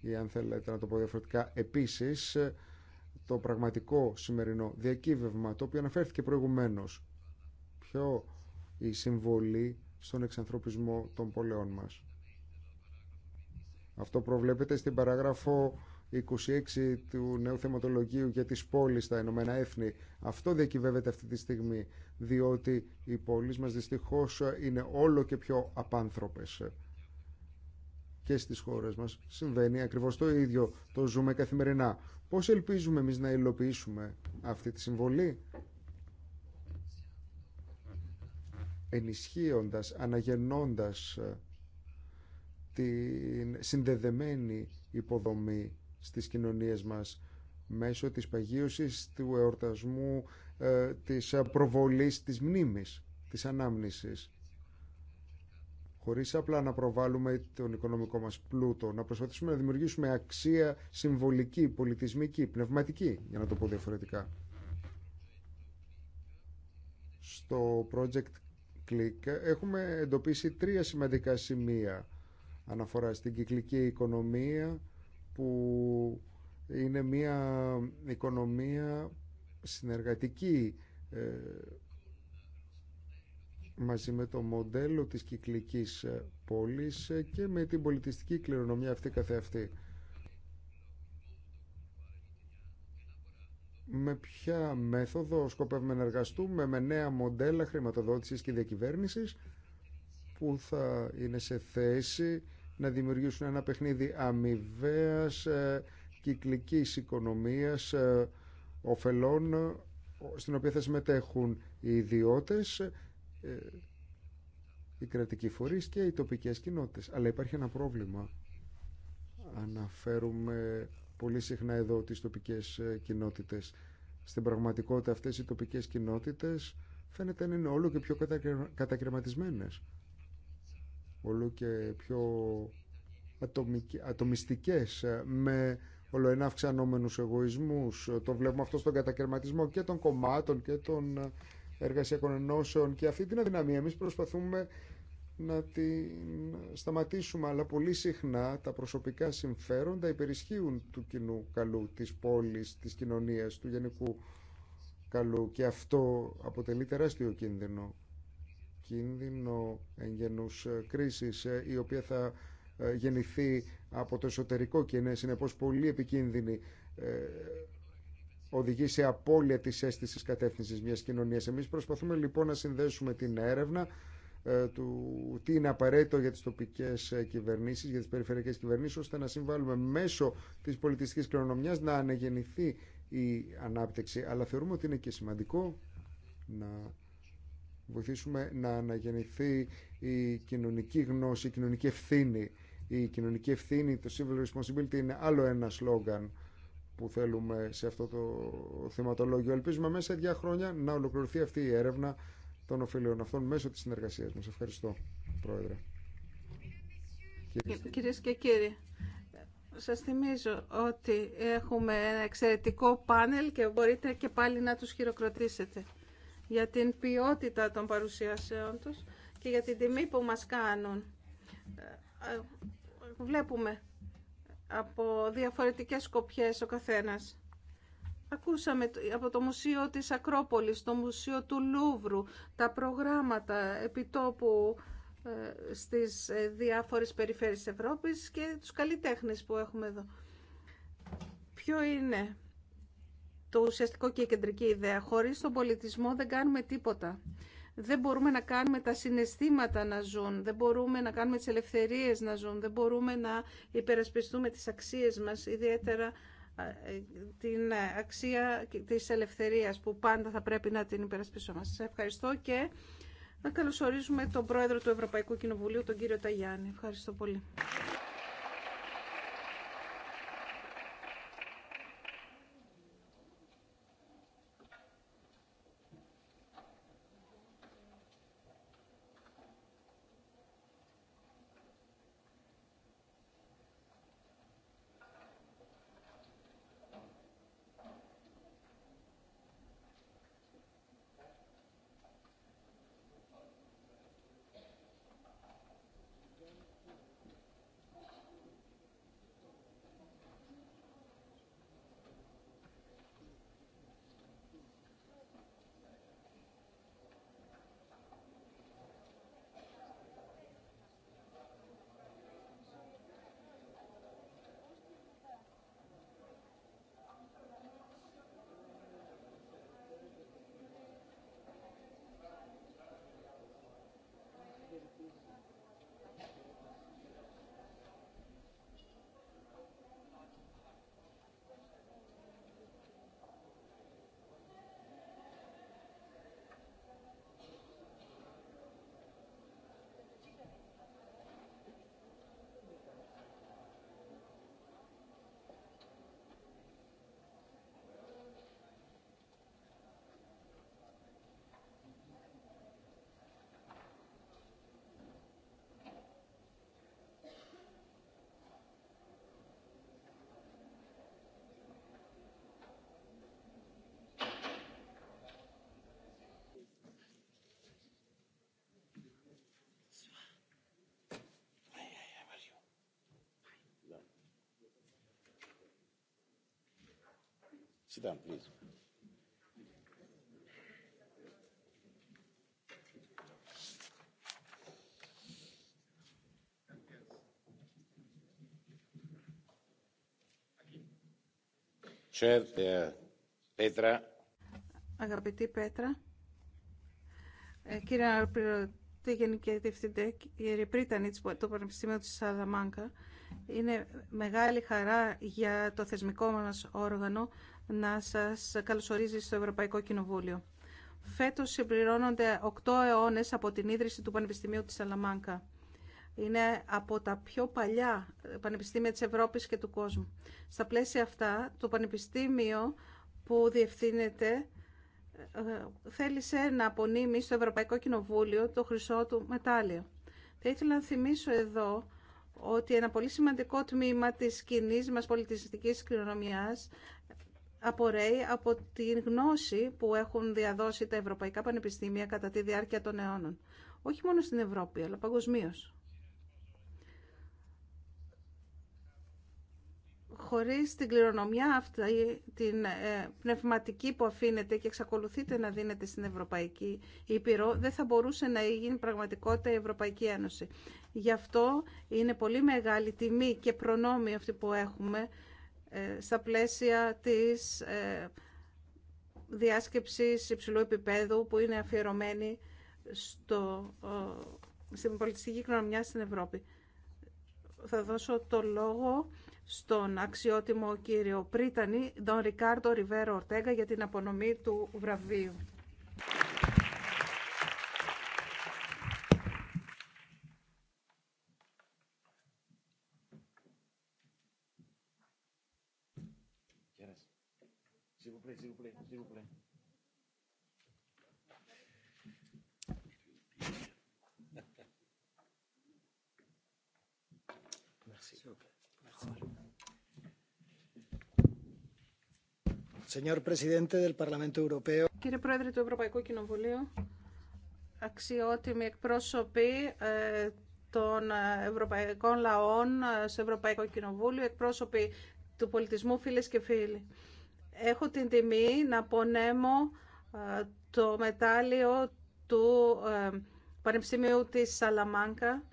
ή αν θέλετε να το πω διαφορετικά επίσης το πραγματικό σημερινό διακύβευμα το οποίο αναφέρθηκε προηγουμένως ποιο η συμβολή στον εξανθρωπισμό των πολεών μας. Αυτό προβλέπεται στην παράγραφο 26 του νέου θεματολογίου για τις πόλεις στα Ηνωμένα Έθνη. Αυτό διακυβεύεται αυτή τη στιγμή, διότι οι πόλεις μας δυστυχώς είναι όλο και πιο απάνθρωπες και στις χώρες μας συμβαίνει ακριβώς το ίδιο. Το ζούμε καθημερινά. Πώς ελπίζουμε εμείς να υλοποιήσουμε αυτή τη συμβολή ενισχύοντας, αναγεννώντας ε, την συνδεδεμένη υποδομή στις κοινωνίες μας μέσω της παγίωσης, του εορτασμού, ε, της προβολής της μνήμης, της ανάμνησης χωρίς απλά να προβάλλουμε τον οικονομικό μας πλούτο, να προσπαθήσουμε να δημιουργήσουμε αξία συμβολική, πολιτισμική, πνευματική, για να το πω διαφορετικά. Στο project Click έχουμε εντοπίσει τρία σημαντικά σημεία αναφορά στην κυκλική οικονομία που είναι μια οικονομία συνεργατική ε, μαζί με το μοντέλο της κυκλικής ε, πόλης ε, και με την πολιτιστική κληρονομιά αυτή καθεαυτή. Με ποια μέθοδο σκοπεύουμε να εργαστούμε με νέα μοντέλα χρηματοδότησης και διακυβέρνησης που θα είναι σε θέση να δημιουργήσουν ένα παιχνίδι αμοιβαία ε, κυκλικής οικονομίας ωφελών στην οποία θα συμμετέχουν οι ιδιώτες ε, οι κρατικοί φορείς και οι τοπικές κοινότητες. Αλλά υπάρχει ένα πρόβλημα. Αναφέρουμε πολύ συχνά εδώ τις τοπικές ε, κοινότητες. Στην πραγματικότητα αυτές οι τοπικές κοινότητες φαίνεται να είναι όλο και πιο κατακρεματισμένες. Όλο και πιο ατομιστικές ε, με ολοένα αυξανόμενους εγωισμούς. Το βλέπουμε αυτό στον κατακαιρματισμό και των κομμάτων και των εργασιακών ενώσεων και αυτή την αδυναμία εμείς προσπαθούμε να την σταματήσουμε αλλά πολύ συχνά τα προσωπικά συμφέροντα υπερισχύουν του κοινού καλού, της πόλης, της κοινωνίας, του γενικού καλού και αυτό αποτελεί τεράστιο κίνδυνο κίνδυνο εγγενούς ε, κρίσης ε, η οποία θα ε, γεννηθεί από το εσωτερικό και είναι συνεπώς πολύ επικίνδυνη οδηγεί σε απώλεια της αίσθησης κατεύθυνσης μιας κοινωνίας. Εμείς προσπαθούμε λοιπόν να συνδέσουμε την έρευνα ε, του τι είναι απαραίτητο για τις τοπικές ε, κυβερνήσεις, για τις περιφερειακές κυβερνήσεις, ώστε να συμβάλλουμε μέσω της πολιτιστικής κληρονομιάς να αναγεννηθεί η ανάπτυξη. Αλλά θεωρούμε ότι είναι και σημαντικό να βοηθήσουμε να αναγεννηθεί η κοινωνική γνώση, η κοινωνική ευθύνη. Η κοινωνική ευθύνη, το civil responsibility είναι άλλο ένα σλόγγαν που θέλουμε σε αυτό το θεματολόγιο. Ελπίζουμε μέσα σε δύο χρόνια να ολοκληρωθεί αυτή η έρευνα των οφείλειων αυτών μέσω της συνεργασίας μας. Ευχαριστώ, Πρόεδρε. Κυρίες και κύριοι, σας θυμίζω ότι έχουμε ένα εξαιρετικό πάνελ και μπορείτε και πάλι να τους χειροκροτήσετε για την ποιότητα των παρουσιάσεων τους και για την τιμή που μας κάνουν. Ε, ε, βλέπουμε από διαφορετικές σκοπιές ο καθένας. Ακούσαμε από το Μουσείο της Ακρόπολης, το Μουσείο του Λούβρου, τα προγράμματα επιτόπου ε, στις ε, διάφορες περιφέρειες της Ευρώπης και τους καλλιτέχνες που έχουμε εδώ. Ποιο είναι το ουσιαστικό και κεντρική ιδέα. Χωρίς τον πολιτισμό δεν κάνουμε τίποτα δεν μπορούμε να κάνουμε τα συναισθήματα να ζουν, δεν μπορούμε να κάνουμε τις ελευθερίες να ζουν, δεν μπορούμε να υπερασπιστούμε τις αξίες μας, ιδιαίτερα ε, την αξία της ελευθερίας που πάντα θα πρέπει να την υπερασπισόμαστε. Σας ευχαριστώ και να καλωσορίζουμε τον Πρόεδρο του Ευρωπαϊκού Κοινοβουλίου, τον κύριο Ταγιάννη. Ευχαριστώ πολύ. Sit down, please. Chair, uh, Petra. Αγαπητή Πέτρα, ε, κύριε Αναπληρωτή Γενική Διευθυντή, κύριε Πρίτανη του Πανεπιστημίου της Σαλαμάνκα, είναι μεγάλη χαρά για το θεσμικό μας όργανο να σας καλωσορίζει στο Ευρωπαϊκό Κοινοβούλιο. Φέτος συμπληρώνονται 8 αιώνες από την ίδρυση του Πανεπιστημίου της Σαλαμάνκα. Είναι από τα πιο παλιά πανεπιστήμια της Ευρώπης και του κόσμου. Στα πλαίσια αυτά, το πανεπιστήμιο που διευθύνεται ε, θέλησε να απονείμει στο Ευρωπαϊκό Κοινοβούλιο το χρυσό του μετάλλιο. Θα ήθελα να θυμίσω εδώ ότι ένα πολύ σημαντικό τμήμα της κοινή μας πολιτιστικής κληρονομιάς απορρέει από την γνώση που έχουν διαδώσει τα ευρωπαϊκά πανεπιστήμια κατά τη διάρκεια των αιώνων. Όχι μόνο στην Ευρώπη, αλλά παγκοσμίω. χωρίς την κληρονομιά αυτή, την ε, πνευματική που αφήνεται και εξακολουθείτε να δίνετε στην Ευρωπαϊκή Ήπειρο, δεν θα μπορούσε να γίνει πραγματικότητα η Ευρωπαϊκή Ένωση. Γι' αυτό είναι πολύ μεγάλη τιμή και προνόμιο αυτή που έχουμε ε, στα πλαίσια της ε, διάσκεψης υψηλού επίπεδου που είναι αφιερωμένη στο, στην πολιτιστική κληρονομιά στην Ευρώπη. Θα δώσω το λόγο στον αξιότιμο κύριο Πρίτανη, τον Ρικάρτο Ριβέρο Ορτέγα, για την απονομή του βραβείου. Κύριε Πρόεδρε του Ευρωπαϊκού Κοινοβουλίου, αξιότιμοι εκπρόσωποι ε, των ε, ευρωπαϊκών λαών ε, στο Ευρωπαϊκό Κοινοβούλιο, εκπρόσωποι του πολιτισμού, φίλες και φίλοι. Έχω την τιμή να πονέμω το μετάλλιο του Πανεπιστημίου της Σαλαμάνκα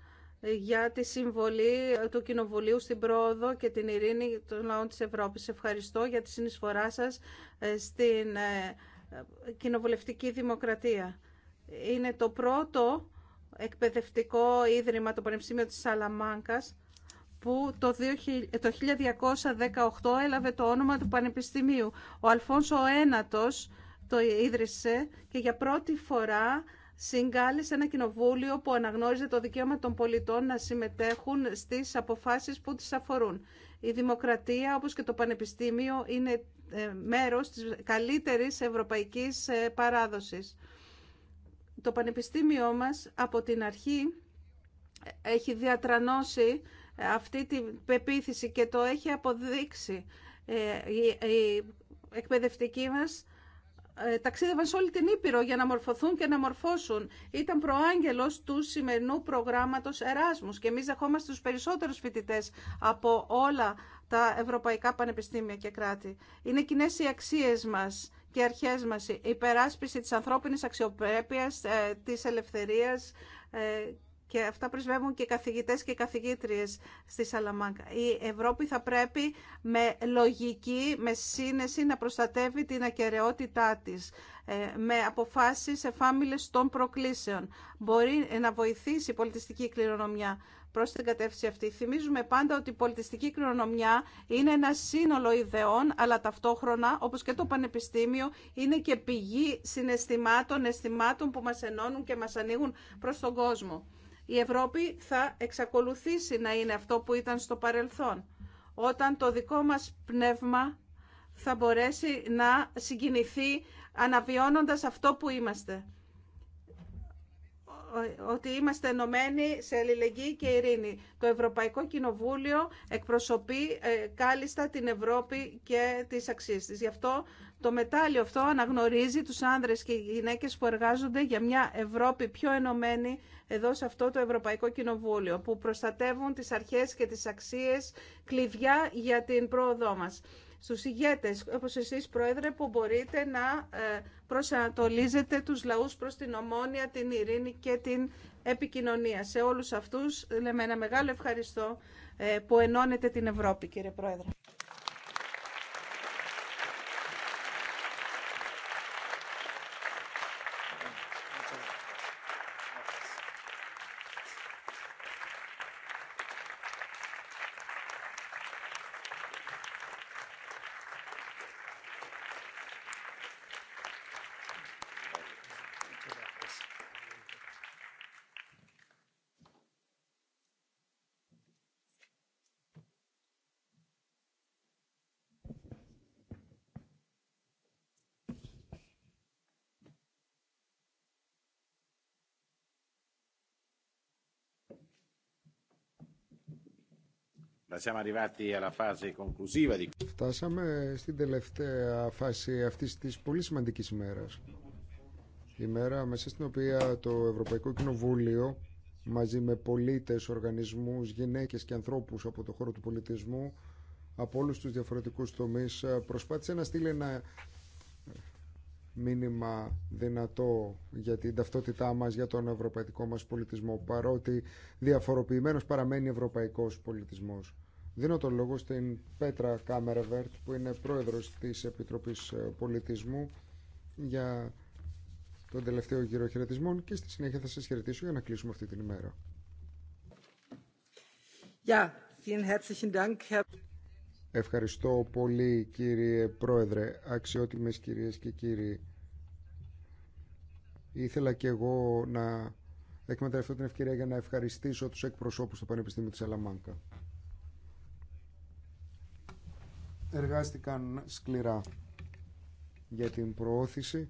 για τη συμβολή του Κοινοβουλίου στην πρόοδο και την ειρήνη των λαών της Ευρώπης. Ευχαριστώ για τη συνεισφορά σας ε, στην ε, κοινοβουλευτική δημοκρατία. Είναι το πρώτο εκπαιδευτικό ίδρυμα, το Πανεπιστήμιο της Σαλαμάνκας, που το 1218 έλαβε το όνομα του Πανεπιστημίου. Ο Αλφόνσο Ένατος το ίδρυσε και για πρώτη φορά συγκάλεσε ένα κοινοβούλιο που αναγνώριζε το δικαίωμα των πολιτών να συμμετέχουν στις αποφάσεις που τις αφορούν. Η δημοκρατία, όπως και το πανεπιστήμιο, είναι ε, μέρος της καλύτερης ευρωπαϊκής ε, παράδοσης. Το πανεπιστήμιό μας από την αρχή έχει διατρανώσει ε, αυτή την πεποίθηση και το έχει αποδείξει η εκπαιδευτική μας ε, ταξίδευαν σε όλη την Ήπειρο για να μορφωθούν και να μορφώσουν. Ήταν προάγγελος του σημερινού προγράμματος Εράσμους και εμείς δεχόμαστε τους περισσότερους φοιτητές από όλα τα ευρωπαϊκά πανεπιστήμια και κράτη. Είναι κοινέ οι αξίες μας και αρχές μας, η υπεράσπιση της ανθρώπινης αξιοπρέπειας, ε, της ελευθερίας ε, και αυτά πρεσβεύουν και καθηγητές και καθηγήτριες στη Σαλαμάνκα. Η Ευρώπη θα πρέπει με λογική, με σύνεση να προστατεύει την ακαιρεότητά της ε, με αποφάσεις εφάμιλες των προκλήσεων. Μπορεί να βοηθήσει η πολιτιστική κληρονομιά προς την κατεύθυνση αυτή. Θυμίζουμε πάντα ότι η πολιτιστική κληρονομιά είναι ένα σύνολο ιδεών, αλλά ταυτόχρονα, όπως και το Πανεπιστήμιο, είναι και πηγή συναισθημάτων, αισθημάτων που μας ενώνουν και μας ανοίγουν προς τον κόσμο η Ευρώπη θα εξακολουθήσει να είναι αυτό που ήταν στο παρελθόν. Όταν το δικό μας πνεύμα θα μπορέσει να συγκινηθεί αναβιώνοντας αυτό που είμαστε ότι είμαστε ενωμένοι σε αλληλεγγύη και ειρήνη. Το Ευρωπαϊκό Κοινοβούλιο εκπροσωπεί ε, κάλλιστα την Ευρώπη και τις αξίες της. Γι' αυτό το μετάλλιο αυτό αναγνωρίζει τους άνδρες και γυναίκες που εργάζονται για μια Ευρώπη πιο ενωμένη εδώ σε αυτό το Ευρωπαϊκό Κοινοβούλιο, που προστατεύουν τις αρχές και τις αξίες κλειδιά για την πρόοδό μας στους ηγέτες, όπως εσείς Πρόεδρε, που μπορείτε να ε, προσανατολίζετε τους λαούς προς την ομόνια, την ειρήνη και την επικοινωνία. Σε όλους αυτούς λέμε ένα μεγάλο ευχαριστώ ε, που ενώνετε την Ευρώπη, κύριε Πρόεδρε. Φτάσαμε στην τελευταία φάση αυτή τη πολύ σημαντική ημέρα. Η μέρα μέσα στην οποία το Ευρωπαϊκό Κοινοβούλιο μαζί με πολίτε οργανισμού, γυναίκε και ανθρώπου από το χώρο του πολιτισμού από όλου του διαφορετικού τομεί, προσπάθησε να στείλει ένα μήνυμα δυνατό για την ταυτότητά μας, για τον ευρωπαϊκό μας πολιτισμό παρότι διαφοροποιημένος παραμένει ευρωπαϊκός πολιτισμός. Δίνω το λόγο στην Πέτρα Κάμερεβερτ που είναι πρόεδρος της Επιτροπής ε, Πολιτισμού για τον τελευταίο γύρο χαιρετισμών και στη συνέχεια θα σας χαιρετήσω για να κλείσουμε αυτή την ημέρα. Ευχαριστώ πολύ κύριε Πρόεδρε, αξιότιμες κυρίες και κύριοι. Ήθελα και εγώ να εκμεταλλευτώ την ευκαιρία για να ευχαριστήσω τους εκπροσώπους του Πανεπιστήμιου της Αλαμάνκα. εργάστηκαν σκληρά για την προώθηση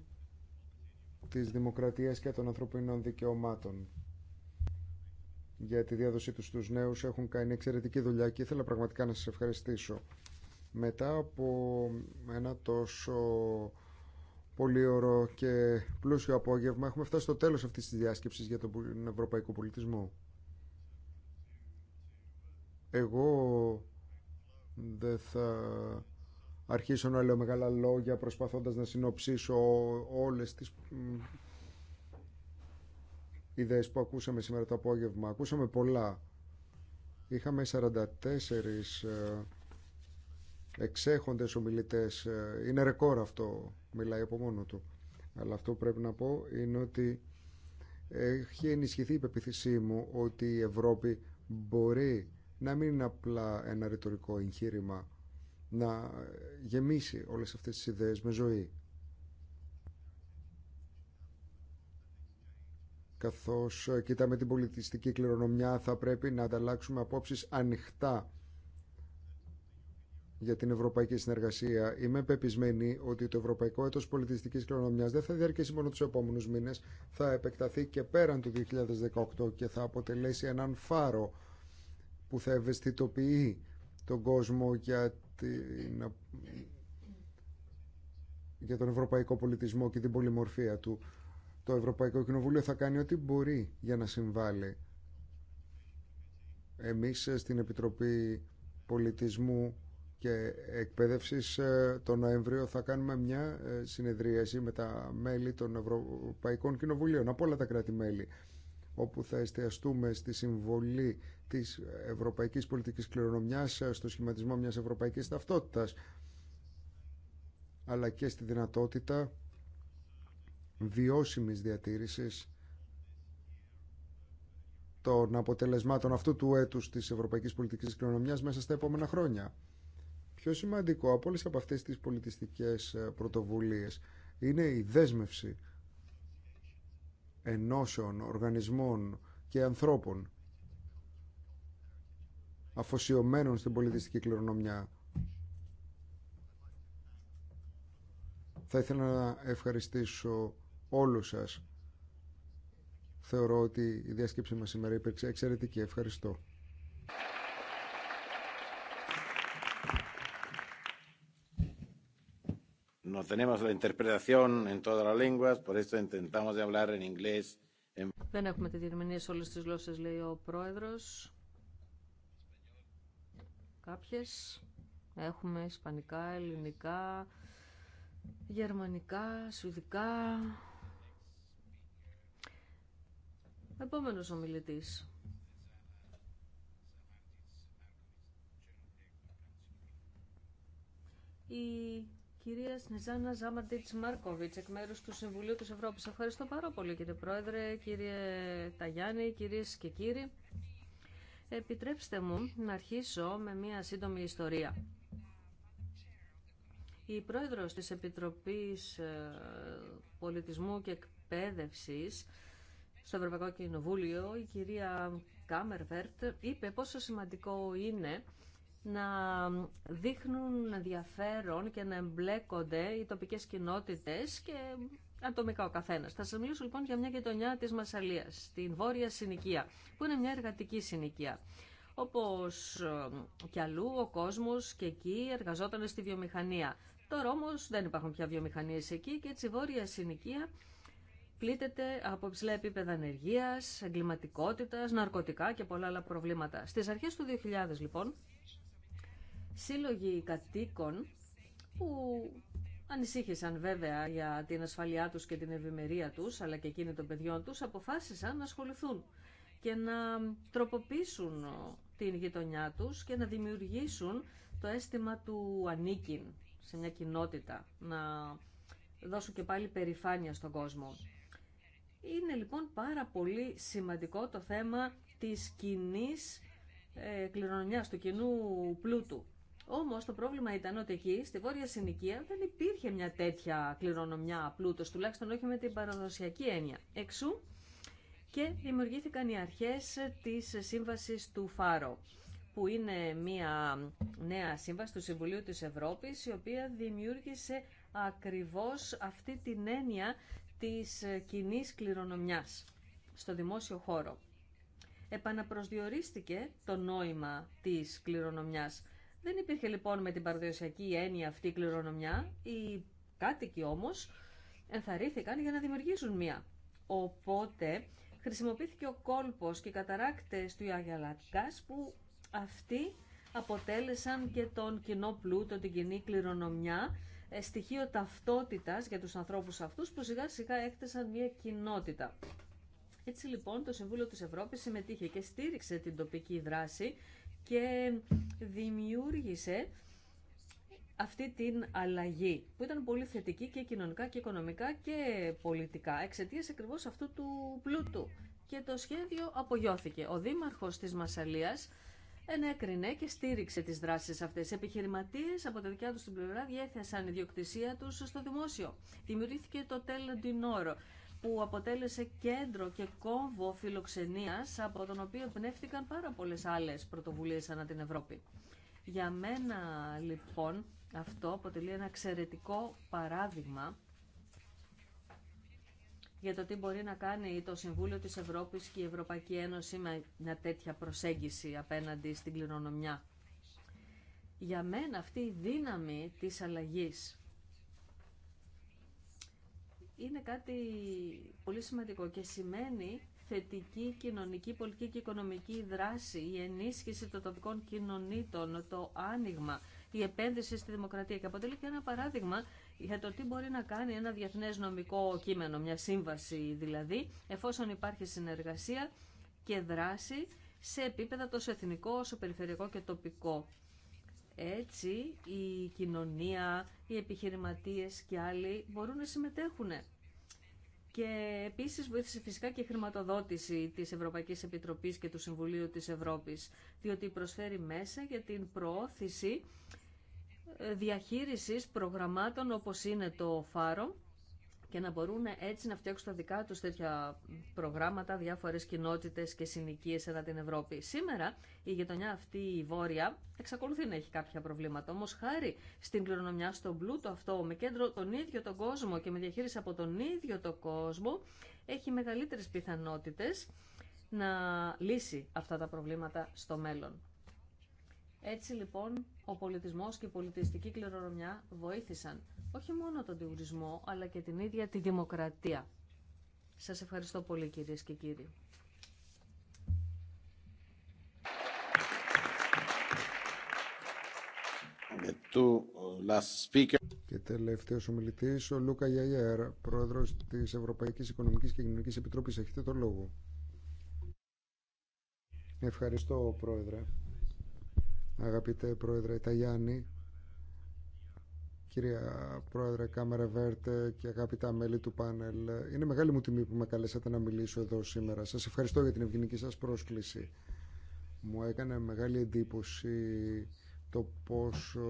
της δημοκρατίας και των ανθρωπίνων δικαιωμάτων. Για τη διάδοσή τους στους νέους έχουν κάνει εξαιρετική δουλειά και ήθελα πραγματικά να σας ευχαριστήσω. Μετά από ένα τόσο πολύ ωραίο και πλούσιο απόγευμα έχουμε φτάσει στο τέλος αυτής της διάσκεψης για τον ευρωπαϊκό πολιτισμό. Εγώ δεν θα αρχίσω να λέω μεγάλα λόγια προσπαθώντας να συνοψίσω όλες τις ιδέες που ακούσαμε σήμερα το απόγευμα. Ακούσαμε πολλά. Είχαμε 44 ε, εξέχοντες ομιλητές. Ε, είναι ρεκόρ αυτό, μιλάει από μόνο του. Αλλά αυτό που πρέπει να πω είναι ότι έχει ενισχυθεί η πεποίθησή μου ότι η Ευρώπη μπορεί να μην είναι απλά ένα ρητορικό εγχείρημα να γεμίσει όλες αυτές τις ιδέες με ζωή. Καθώς ε, κοιτάμε την πολιτιστική κληρονομιά θα πρέπει να ανταλλάξουμε απόψεις ανοιχτά για την ευρωπαϊκή συνεργασία. Είμαι πεπισμένη ότι το Ευρωπαϊκό Έτος Πολιτιστικής Κληρονομιάς δεν θα διαρκέσει μόνο τους επόμενους μήνες, θα επεκταθεί και πέραν του 2018 και θα αποτελέσει έναν φάρο που θα ευαισθητοποιεί τον κόσμο για, τον ευρωπαϊκό πολιτισμό και την πολυμορφία του. Το Ευρωπαϊκό Κοινοβούλιο θα κάνει ό,τι μπορεί για να συμβάλλει. Εμείς ε, στην Επιτροπή Πολιτισμού και Εκπαίδευσης ε, το Νοέμβριο θα κάνουμε μια ε, συνεδρίαση με τα μέλη των Ευρωπαϊκών Κοινοβουλίων από όλα τα κράτη-μέλη όπου θα εστιαστούμε στη συμβολή της ευρωπαϊκής πολιτικής κληρονομιάς ε, στο σχηματισμό μιας ευρωπαϊκής ταυτότητας αλλά και στη δυνατότητα βιώσιμης διατήρησης των αποτελεσμάτων αυτού του έτους της ευρωπαϊκής πολιτικής κληρονομιάς μέσα στα επόμενα χρόνια. Πιο σημαντικό από όλες από αυτές τις πολιτιστικές ε, πρωτοβουλίες είναι η δέσμευση ενώσεων, οργανισμών και ανθρώπων αφοσιωμένων στην πολιτιστική κληρονομιά. Θα ήθελα να ευχαριστήσω όλους σας. Θεωρώ ότι η διάσκεψη μας σήμερα υπήρξε εξαιρετική. Ευχαριστώ. no tenemos la interpretación en todas las lenguas, por eso intentamos de hablar en inglés. Δεν έχουμε τη διερμηνία σε όλες τις γλώσσες, λέει ο πρόεδρος. Κάποιες έχουμε ισπανικά, ελληνικά, γερμανικά, σουηδικά. Επόμενος ομιλητής. Η κυρία Σνιζάνα Ζάμαντιτ Μάρκοβιτ, εκ μέρου του Συμβουλίου τη Ευρώπη. Ευχαριστώ πάρα πολύ, κύριε Πρόεδρε, κύριε Ταγιάννη, κυρίε και κύριοι. Επιτρέψτε μου να αρχίσω με μια σύντομη ιστορία. Η πρόεδρος της Επιτροπής ε, Πολιτισμού και Εκπαίδευσης στο Ευρωπαϊκό Κοινοβούλιο, η κυρία Κάμερβερτ, είπε πόσο σημαντικό είναι να δείχνουν ενδιαφέρον και να εμπλέκονται οι τοπικές κοινότητες και ατομικά ο καθένας. Θα σας μιλήσω λοιπόν για μια γειτονιά της Μασαλίας, την Βόρεια Συνοικία, που είναι μια εργατική συνοικία. Όπως ε, κι αλλού ο κόσμος και εκεί εργαζόταν στη βιομηχανία. Τώρα όμως δεν υπάρχουν πια βιομηχανίες εκεί και έτσι η Βόρεια Συνοικία πλήττεται από ψηλά επίπεδα ανεργία, εγκληματικότητα, ναρκωτικά και πολλά άλλα προβλήματα. Στι αρχέ του 2000, λοιπόν, σύλλογοι κατοίκων που ανησύχησαν βέβαια για την ασφαλειά τους και την ευημερία τους, αλλά και εκείνη των παιδιών τους, αποφάσισαν να ασχοληθούν και να τροποποιήσουν την γειτονιά τους και να δημιουργήσουν το αίσθημα του ανήκειν σε μια κοινότητα, να δώσουν και πάλι περηφάνεια στον κόσμο. Είναι λοιπόν πάρα πολύ σημαντικό το θέμα της κοινή ε, κληρονομιάς, του κοινού πλούτου. Όμω, το πρόβλημα ήταν ότι εκεί στη Βόρεια Συνοικία δεν υπήρχε μια τέτοια κληρονομιά πλούτο, τουλάχιστον όχι με την παραδοσιακή έννοια. Εξού και δημιουργήθηκαν οι αρχές της σύμβασης του Φάρο που είναι μια νέα σύμβαση του Συμβουλίου της Ευρώπη, η οποία δημιούργησε ακριβώ αυτή την έννοια της κοινή κληρονομιά στο δημόσιο χώρο. Επαναπροσδιορίστηκε το νόημα της κληρονομιάς δεν υπήρχε λοιπόν με την παραδοσιακή έννοια αυτή η κληρονομιά. Οι κάτοικοι όμω ενθαρρύνθηκαν για να δημιουργήσουν μία. Οπότε χρησιμοποιήθηκε ο κόλπος και οι καταράκτες του Ιαγιαλατκάς που αυτοί αποτέλεσαν και τον κοινό πλούτο, την κοινή κληρονομιά, ε, στοιχείο ταυτότητας για τους ανθρώπους αυτούς που σιγά σιγά έκτασαν μια κοινότητα. Έτσι λοιπόν το Συμβούλιο της Ευρώπης συμμετείχε και στήριξε την τοπική δράση και δημιούργησε αυτή την αλλαγή που ήταν πολύ θετική και κοινωνικά και οικονομικά και πολιτικά εξαιτία ακριβώ αυτού του πλούτου. Και το σχέδιο απογιώθηκε. Ο δήμαρχος της Μασαλίας ενέκρινε και στήριξε τις δράσεις αυτές. Επιχειρηματίες από τα δικιά τους την πλευρά διέθεσαν ιδιοκτησία τους στο δημόσιο. Δημιουργήθηκε το Τέλ που αποτέλεσε κέντρο και κόμβο φιλοξενίας από τον οποίο πνεύτηκαν πάρα πολλές άλλες πρωτοβουλίες ανά την Ευρώπη. Για μένα λοιπόν αυτό αποτελεί ένα εξαιρετικό παράδειγμα για το τι μπορεί να κάνει το Συμβούλιο της Ευρώπης και η Ευρωπαϊκή Ένωση με μια τέτοια προσέγγιση απέναντι στην κληρονομιά. Για μένα αυτή η δύναμη της αλλαγής είναι κάτι πολύ σημαντικό και σημαίνει θετική κοινωνική, πολιτική και οικονομική δράση, η ενίσχυση των τοπικών κοινωνίτων, το άνοιγμα, η επένδυση στη δημοκρατία και αποτελεί και ένα παράδειγμα για το τι μπορεί να κάνει ένα διεθνές νομικό κείμενο, μια σύμβαση δηλαδή, εφόσον υπάρχει συνεργασία και δράση σε επίπεδα τόσο εθνικό όσο περιφερειακό και τοπικό. Έτσι η κοινωνία, οι επιχειρηματίες και άλλοι μπορούν να συμμετέχουν και επίσης βοήθησε φυσικά και η χρηματοδότηση της Ευρωπαϊκής Επιτροπής και του Συμβουλίου της Ευρώπης, διότι προσφέρει μέσα για την προώθηση ε, διαχείρισης προγραμμάτων όπως είναι το ΦΑΡΟ και να μπορούν έτσι να φτιάξουν τα δικά τους τέτοια προγράμματα, διάφορες κοινότητες και συνοικίες ανά την Ευρώπη. Σήμερα η γειτονιά αυτή η βόρεια εξακολουθεί να έχει κάποια προβλήματα, όμως χάρη στην κληρονομιά, στον πλούτο αυτό, με κέντρο τον ίδιο τον κόσμο και με διαχείριση από τον ίδιο τον κόσμο, έχει μεγαλύτερες πιθανότητες να λύσει αυτά τα προβλήματα στο μέλλον. Έτσι λοιπόν ο πολιτισμός και η πολιτιστική κληρονομιά βοήθησαν όχι μόνο τον τουρισμό, αλλά και την ίδια τη δημοκρατία. Σας ευχαριστώ πολύ κυρίες και κύριοι. Και τελευταίο ομιλητή, ο Λούκα Γιαγιέρ, πρόεδρο τη Ευρωπαϊκή Οικονομική και Κοινωνική Επιτροπή. Έχετε το λόγο. Ευχαριστώ, πρόεδρε. Αγαπητέ πρόεδρε Ταγιάννη, Κυρία Πρόεδρε Κάμερα Βέρτε και αγαπητά μέλη του πάνελ, είναι μεγάλη μου τιμή που με καλέσατε να μιλήσω εδώ σήμερα. Σας ευχαριστώ για την ευγενική σας πρόσκληση. Μου έκανε μεγάλη εντύπωση το πόσο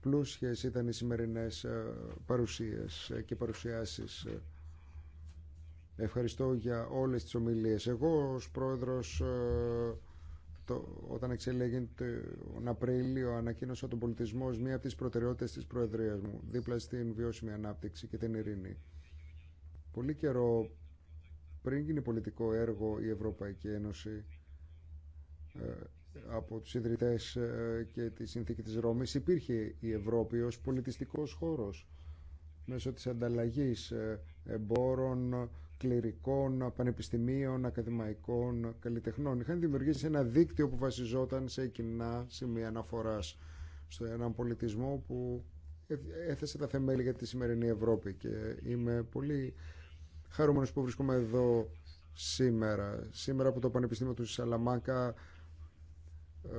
πλούσιες ήταν οι σημερινές ε, παρουσίες ε, και παρουσιάσεις. Ευχαριστώ για όλες τις ομιλίες. Εγώ ως πρόεδρος ε, όταν εξελέγει τον Απρίλιο ανακοίνωσα τον πολιτισμό ως μία από τις προτεραιότητες της Προεδρίας μου, δίπλα στην βιώσιμη ανάπτυξη και την ειρήνη. Πολύ καιρό πριν γίνει πολιτικό έργο η Ευρωπαϊκή Ένωση ε, από τους ιδρυτές ε, και τη συνθήκη της Ρώμης υπήρχε η Ευρώπη ως πολιτιστικός χώρος μέσω της ανταλλαγής ε, εμπόρων, κληρικών, πανεπιστημίων, ακαδημαϊκών, καλλιτεχνών. Είχαν δημιουργήσει ένα δίκτυο που βασιζόταν σε κοινά σημεία αναφορά σε έναν πολιτισμό που ε, έθεσε τα θεμέλια για τη σημερινή Ευρώπη και είμαι πολύ χαρούμενος που βρίσκομαι εδώ σήμερα. Σήμερα από το Πανεπιστήμιο του Σαλαμάκα ε,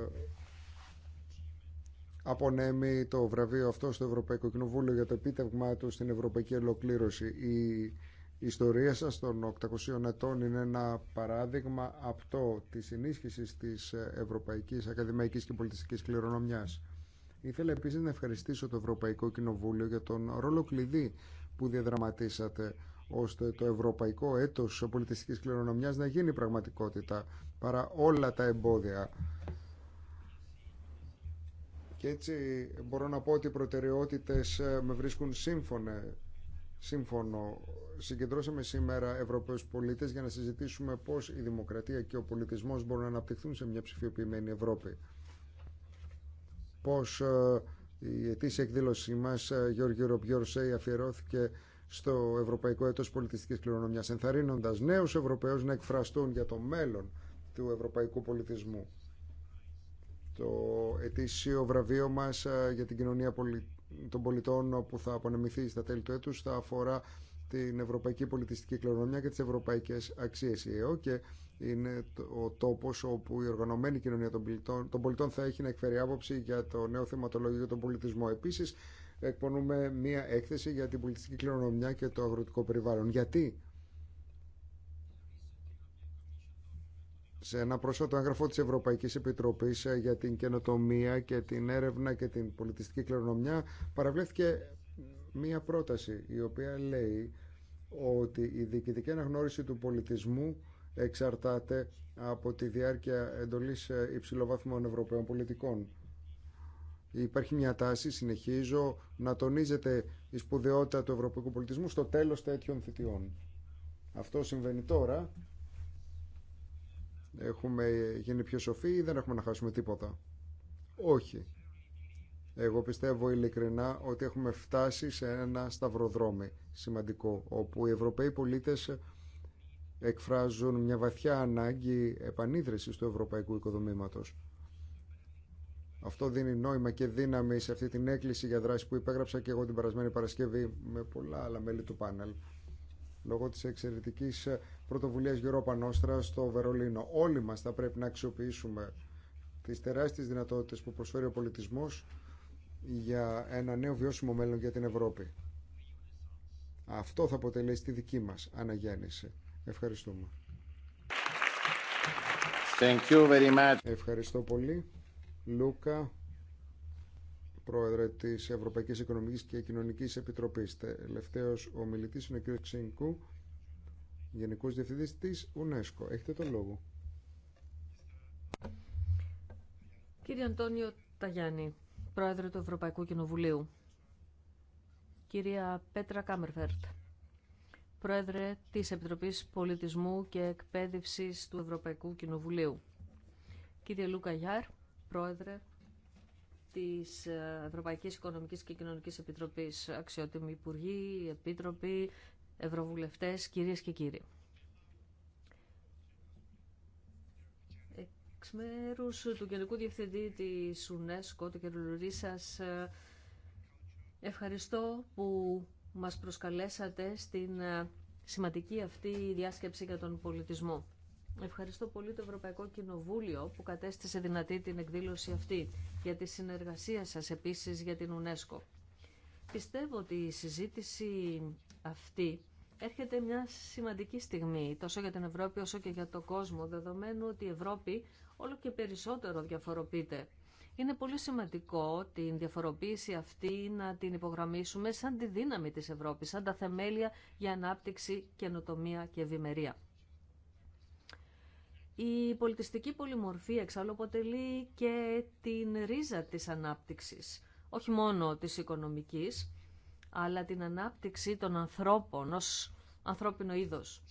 απονέμει το βραβείο αυτό στο Ευρωπαϊκό Κοινοβούλιο για το επίτευγμά του στην Ευρωπαϊκή Ολοκλήρωση. Η η ιστορία σας των 800 ετών είναι ένα παράδειγμα αυτό της ενίσχυση της Ευρωπαϊκής Ακαδημαϊκής και Πολιτιστικής Κληρονομιάς. Ήθελα επίσης να ευχαριστήσω το Ευρωπαϊκό Κοινοβούλιο για τον ρόλο κλειδί που διαδραματίσατε ώστε το ευρωπαϊκό έτος πολιτιστικής κληρονομιάς να γίνει πραγματικότητα παρά όλα τα εμπόδια. Και έτσι μπορώ να πω ότι οι προτεραιότητες με βρίσκουν σύμφωνες Σύμφωνο. Συγκεντρώσαμε σήμερα Ευρωπαίους πολίτες για να συζητήσουμε πώς η δημοκρατία και ο πολιτισμός μπορούν να αναπτυχθούν σε μια ψηφιοποιημένη Ευρώπη. Πώς ε, η ετήσια εκδήλωσή μας, ε, Γιώργη Ροπιόρσεϊ, αφιερώθηκε στο Ευρωπαϊκό Έτος Πολιτιστικής Κληρονομιάς, ενθαρρύνοντας νέους Ευρωπαίους να εκφραστούν για το μέλλον του ευρωπαϊκού πολιτισμού. Το ετήσιο βραβείο μας ε, για την κοινωνία πολιτισμού των πολιτών που θα απονεμηθεί στα τέλη του έτους θα αφορά την ευρωπαϊκή πολιτιστική κληρονομιά και τις ευρωπαϊκές αξίες. Η ΕΟ και είναι ο τόπος όπου η οργανωμένη κοινωνία των πολιτών, των πολιτών θα έχει να εκφέρει άποψη για το νέο θεματολόγιο τον πολιτισμό. Επίσης, εκπονούμε μία έκθεση για την πολιτιστική κληρονομιά και το αγροτικό περιβάλλον. Γιατί Σε ένα πρόσφατο έγγραφο της Ευρωπαϊκής Επιτροπής ε, για την καινοτομία και την έρευνα και την πολιτιστική κληρονομιά παραβλέφθηκε μία πρόταση η οποία λέει ότι η διοικητική αναγνώριση του πολιτισμού εξαρτάται από τη διάρκεια εντολής ε, υψηλοβάθμων Ευρωπαίων πολιτικών. Υπάρχει μια τάση, συνεχίζω, να τονίζεται η σπουδαιότητα του ευρωπαϊκού πολιτισμού στο τέλος τέτοιων θητιών. Αυτό συμβαίνει τώρα Έχουμε γίνει πιο σοφοί ή δεν έχουμε να χάσουμε τίποτα. Όχι. Εγώ πιστεύω ειλικρινά ότι έχουμε φτάσει σε ένα σταυροδρόμι σημαντικό, όπου οι Ευρωπαίοι πολίτες εκφράζουν μια βαθιά ανάγκη επανίδρυσης του ευρωπαϊκού οικοδομήματος. Αυτό δίνει νόημα και δύναμη σε αυτή την έκκληση για δράση που υπέγραψα και εγώ την περασμένη Παρασκευή με πολλά άλλα μέλη του πάνελ λόγω της εξαιρετικής ε, πρωτοβουλίας Europa Nostra στο Βερολίνο. Όλοι μας θα πρέπει να αξιοποιήσουμε τις τεράστιες δυνατότητες που προσφέρει ο πολιτισμός για ένα νέο βιώσιμο μέλλον για την Ευρώπη. Αυτό θα αποτελέσει τη δική μας αναγέννηση. Ευχαριστούμε. Thank you very Ευχαριστώ πολύ. Λούκα πρόεδρε της Ευρωπαϊκής Οικονομικής και Κοινωνική Επιτροπής. Τελευταίος ο μιλητής είναι ο κ. Ξενικού, Γενικός Διευθυντής της UNESCO. Έχετε τον λόγο. Κύριε Αντώνιο Ταγιάννη, Πρόεδρε του Ευρωπαϊκού Κοινοβουλίου. Κυρία Πέτρα Κάμερφερτ, Πρόεδρε της Επιτροπής Πολιτισμού και Εκπαίδευσης του Ευρωπαϊκού Κοινοβουλίου. Κύριε Λούκα Γιάρ, Πρόεδρε της Ευρωπαϊκής Οικονομικής και Κοινωνικής Επιτροπής, αξιότιμοι υπουργοί, επίτροποι, ευρωβουλευτές, κυρίες και κύριοι. Εξ μέρους του Γενικού Διευθυντή της UNESCO, του κ. Λουρίσας, ε, ευχαριστώ που μας προσκαλέσατε στην ε, σημαντική αυτή διάσκεψη για τον πολιτισμό. Ευχαριστώ πολύ το Ευρωπαϊκό Κοινοβούλιο που κατέστησε δυνατή την εκδήλωση αυτή, για τη συνεργασία σας επίσης για την UNESCO. Πιστεύω ότι η συζήτηση αυτή έρχεται μια σημαντική στιγμή, τόσο για την Ευρώπη όσο και για τον κόσμο, δεδομένου ότι η Ευρώπη όλο και περισσότερο διαφοροποιείται. Είναι πολύ σημαντικό την διαφοροποίηση αυτή να την υπογραμμίσουμε σαν τη δύναμη της Ευρώπης, σαν τα θεμέλια για ανάπτυξη, καινοτομία και ευημερία. Η πολιτιστική πολυμορφία εξάλλου αποτελεί και την ρίζα της ανάπτυξης, όχι μόνο της οικονομικής, αλλά την ανάπτυξη των ανθρώπων ως ανθρώπινο είδος.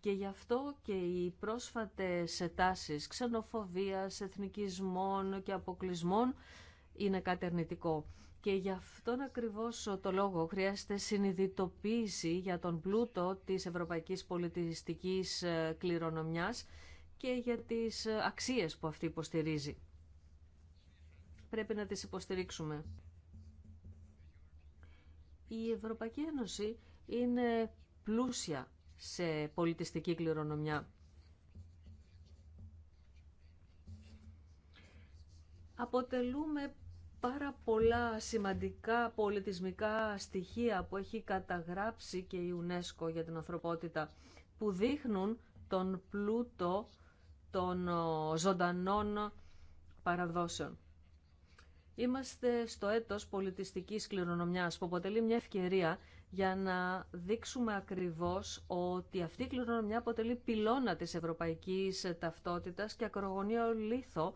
Και γι' αυτό και οι πρόσφατες ετάσεις ξενοφοβίας, εθνικισμών και αποκλεισμών είναι κατερνητικό. Και γι' αυτόν ακριβώς το λόγο χρειάζεται συνειδητοποίηση για τον πλούτο της ευρωπαϊκής πολιτιστικής κληρονομιάς και για τις ε, αξίες που αυτή υποστηρίζει. Πρέπει να τις υποστηρίξουμε. Η Ευρωπαϊκή Ένωση είναι πλούσια σε πολιτιστική κληρονομιά. Αποτελούμε πάρα πολλά σημαντικά πολιτισμικά στοιχεία που έχει καταγράψει και η UNESCO για την ανθρωπότητα που δείχνουν τον πλούτο των ζωντανών παραδόσεων. Είμαστε στο έτος πολιτιστικής κληρονομιάς που αποτελεί μια ευκαιρία για να δείξουμε ακριβώς ότι αυτή η κληρονομιά αποτελεί πυλώνα της ευρωπαϊκής ταυτότητας και ακρογωνίο λίθο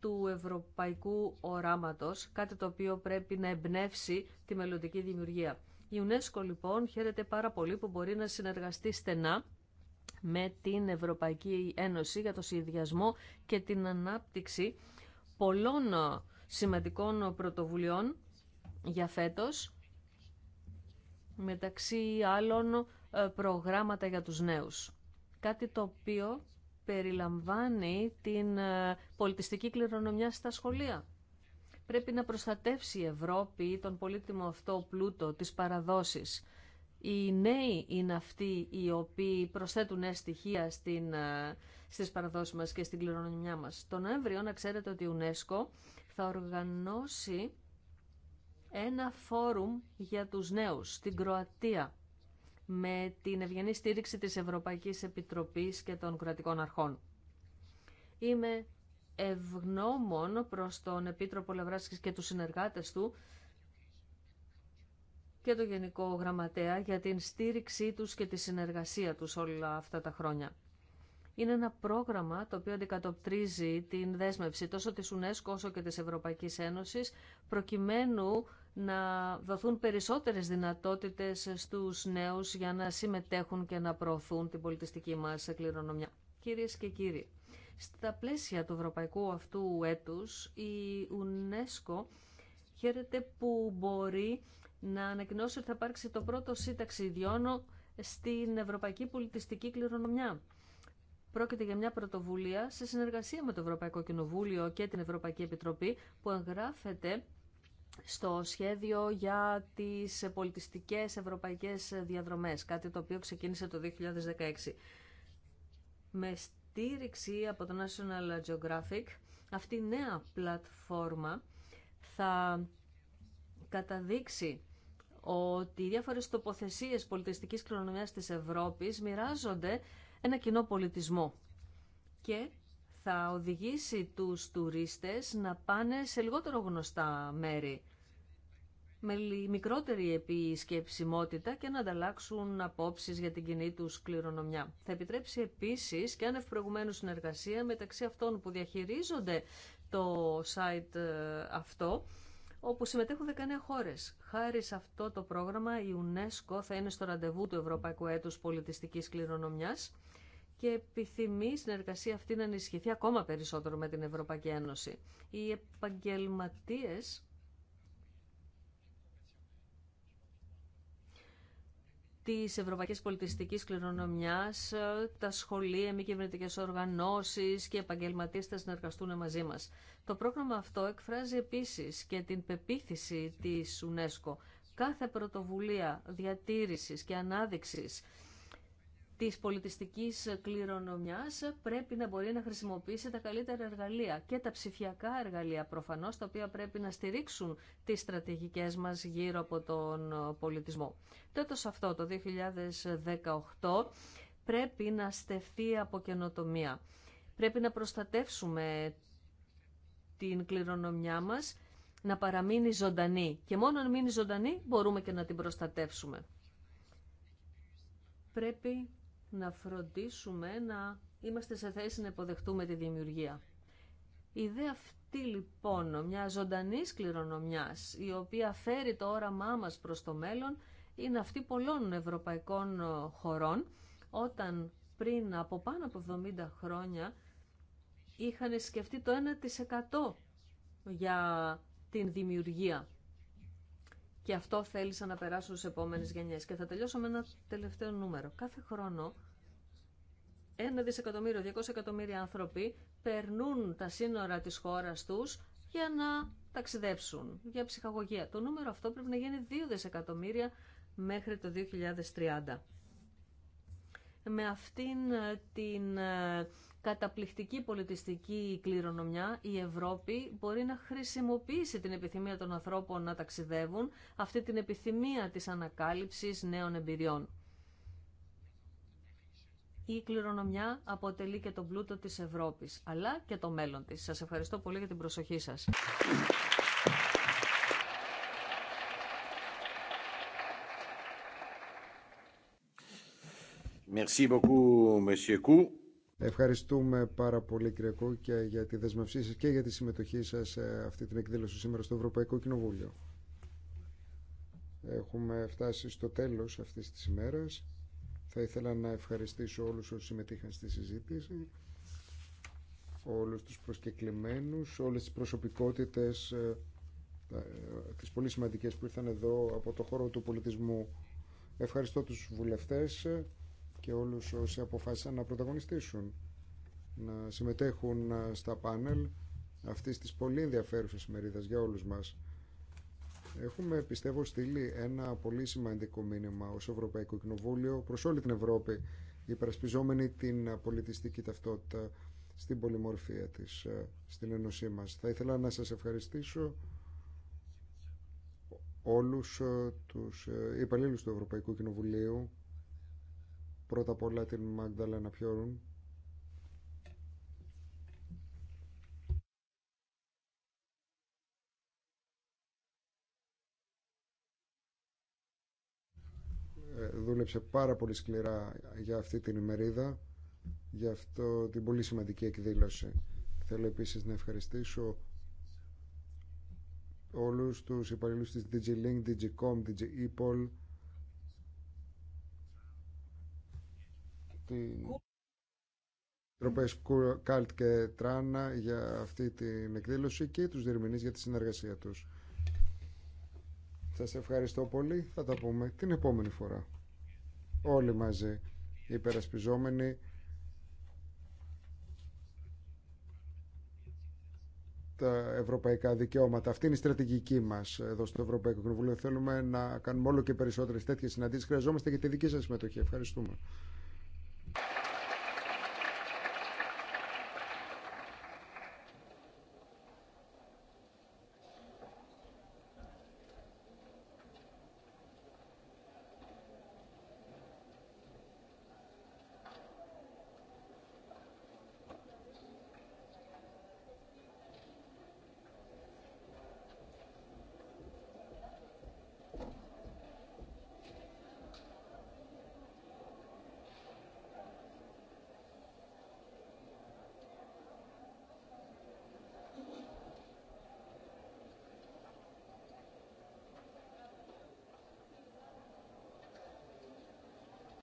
του ευρωπαϊκού οράματος, κάτι το οποίο πρέπει να εμπνεύσει τη μελλοντική δημιουργία. Η UNESCO λοιπόν χαίρεται πάρα πολύ που μπορεί να συνεργαστεί στενά με την Ευρωπαϊκή Ένωση για το συνδυασμό και την ανάπτυξη πολλών ε, σημαντικών πρωτοβουλειών για φέτος, μεταξύ άλλων ε, προγράμματα για τους νέους. Κάτι το οποίο περιλαμβάνει την ε, πολιτιστική κληρονομιά στα σχολεία. Πρέπει να προστατεύσει η Ευρώπη τον πολύτιμο αυτό πλούτο, της παραδόσεις. Οι νέοι είναι αυτοί οι οποίοι προσθέτουν νέα στοιχεία στην, ε, στις παραδόσεις μας και στην κληρονομιά μας. Το Νοέμβριο, να ξέρετε ότι η UNESCO θα οργανώσει ένα φόρουμ για τους νέους στην Κροατία με την ευγενή στήριξη της Ευρωπαϊκής Επιτροπής και των κρατικών αρχών. Είμαι ευγνώμων προς τον Επίτροπο Λευράσκης και τους συνεργάτες του και το Γενικό Γραμματέα για την στήριξή τους και τη συνεργασία τους όλα αυτά τα χρόνια. Είναι ένα πρόγραμμα το οποίο αντικατοπτρίζει την δέσμευση τόσο της UNESCO όσο και της Ευρωπαϊκής Ένωσης προκειμένου να δοθούν περισσότερες δυνατότητες στους νέους για να συμμετέχουν και να προωθούν την πολιτιστική μας κληρονομιά. Κυρίες και κύριοι, στα πλαίσια του ευρωπαϊκού αυτού έτους η UNESCO χαίρεται που μπορεί να ανακοινώσει ότι θα υπάρξει το πρώτο σύνταξη ιδιώνο στην Ευρωπαϊκή Πολιτιστική Κληρονομιά. Πρόκειται για μια πρωτοβουλία σε συνεργασία με το Ευρωπαϊκό Κοινοβούλιο και την Ευρωπαϊκή Επιτροπή που εγγράφεται στο σχέδιο για τις πολιτιστικές ευρωπαϊκές διαδρομές, κάτι το οποίο ξεκίνησε το 2016. Με στήριξη από το National Geographic, αυτή η νέα πλατφόρμα θα καταδείξει ότι οι διάφορες τοποθεσίες πολιτιστικής κληρονομιάς της Ευρώπης μοιράζονται ένα κοινό πολιτισμό και θα οδηγήσει τους τουρίστες να πάνε σε λιγότερο γνωστά μέρη με μικρότερη επισκεψιμότητα και να ανταλλάξουν απόψεις για την κοινή τους κληρονομιά. Θα επιτρέψει επίσης και ανευπροηγουμένου συνεργασία μεταξύ αυτών που διαχειρίζονται το site ε, αυτό όπου συμμετέχουν 19 χώρε Χάρη σε αυτό το πρόγραμμα η UNESCO θα είναι στο ραντεβού του Ευρωπαϊκού Έτους Πολιτιστικής Κληρονομιάς και επιθυμεί η συνεργασία αυτή να ενισχυθεί ακόμα περισσότερο με την Ευρωπαϊκή Ένωση. Οι επαγγελματίες τη Ευρωπαϊκή Πολιτιστική Κληρονομιάς, ε, τα σχολεία, μη κυβερνητικέ οργανώσεις και επαγγελματίε θα συνεργαστούν μαζί μας. Το πρόγραμμα αυτό εκφράζει επίσης και την πεποίθηση της UNESCO. Κάθε πρωτοβουλία διατήρηση και ανάδειξη της πολιτιστικής κληρονομιάς πρέπει να μπορεί να χρησιμοποιήσει τα καλύτερα εργαλεία και τα ψηφιακά εργαλεία προφανώς τα οποία πρέπει να στηρίξουν τι στρατηγικέ μας γύρω από τον πολιτισμό. Τέτο αυτό το 2018 πρέπει να στεφθεί από καινοτομία. Πρέπει να προστατεύσουμε την κληρονομιά μας να παραμείνει ζωντανή και μόνο αν μείνει ζωντανή μπορούμε και να την προστατεύσουμε πρέπει να φροντίσουμε να είμαστε σε θέση να υποδεχτούμε τη δημιουργία. Η ιδέα αυτή λοιπόν μια ζωντανή κληρονομιά, η οποία φέρει το όραμά μα προς το μέλλον είναι αυτή πολλών ευρωπαϊκών ε, χωρών όταν πριν από πάνω από 70 χρόνια είχαν σκεφτεί το 1% για την δημιουργία και αυτό θέλησα να περάσω στις επόμενες γενιές. Και θα τελειώσω με ένα τελευταίο νούμερο. Κάθε χρόνο ένα δισεκατομμύριο, 200 εκατομμύρια άνθρωποι περνούν τα σύνορα της χώρας τους για να ταξιδέψουν, για ψυχαγωγία. Το νούμερο αυτό πρέπει να γίνει 2 δισεκατομμύρια μέχρι το 2030. Με αυτήν ε, την ε, καταπληκτική πολιτιστική κληρονομιά, η Ευρώπη μπορεί να χρησιμοποιήσει την επιθυμία των ανθρώπων να ταξιδεύουν, αυτή την επιθυμία της ανακάλυψης νέων εμπειριών. Η κληρονομιά αποτελεί και τον πλούτο της Ευρώπης, αλλά και το μέλλον της. Σας ευχαριστώ πολύ για την προσοχή σας. Merci beaucoup, Ευχαριστούμε πάρα πολύ κύριε Κούκια για τη δεσμευσή σας και για τη συμμετοχή σας σε αυτή την εκδήλωση σήμερα στο Ευρωπαϊκό Κοινοβούλιο. Έχουμε φτάσει στο τέλος αυτής της ημέρας. Θα ήθελα να ευχαριστήσω όλους όσους συμμετείχαν στη συζήτηση, όλους τους προσκεκλημένους, όλες τις προσωπικότητες, ε, ε, τις πολύ σημαντικές που ήρθαν εδώ από το χώρο του πολιτισμού. Ευχαριστώ τους βουλευτές και όλους όσοι αποφάσισαν να πρωταγωνιστήσουν, να συμμετέχουν ε, στα πάνελ αυτής της πολύ ενδιαφέρουσας ημερίδας για όλους μας. Έχουμε, πιστεύω, στείλει ένα πολύ σημαντικό μήνυμα ως Ευρωπαϊκό Κοινοβούλιο προς όλη την Ευρώπη, υπερασπιζόμενη την πολιτιστική ταυτότητα στην πολυμορφία της, ε, στην Ένωσή μας. Θα ήθελα να σας ευχαριστήσω όλους ε, τους υπαλλήλους του Ευρωπαϊκού Κοινοβουλίου Πρώτα απ' όλα την Μαγδαλένα Πιόρουν. Ε, δούλεψε πάρα πολύ σκληρά για αυτή την ημερίδα, για αυτό την πολύ σημαντική εκδήλωση. Θέλω επίσης να ευχαριστήσω όλους τους υπαλλήλους της DigiLink, DigiCom, DigiEpol, την Ευρωπαϊκή Καλτ και Τράνα για αυτή την εκδήλωση και τους διερμηνείς για τη συνεργασία τους. Σας ευχαριστώ πολύ. Θα τα πούμε την επόμενη φορά. Όλοι μαζί υπερασπιζόμενοι τα ευρωπαϊκά δικαιώματα. Αυτή είναι η στρατηγική μα εδώ στο Ευρωπαϊκό Κοινοβούλιο. Θέλουμε να κάνουμε όλο και περισσότερε τέτοιε συναντήσει. Χρειαζόμαστε και τη δική σα συμμετοχή. Ευχαριστούμε.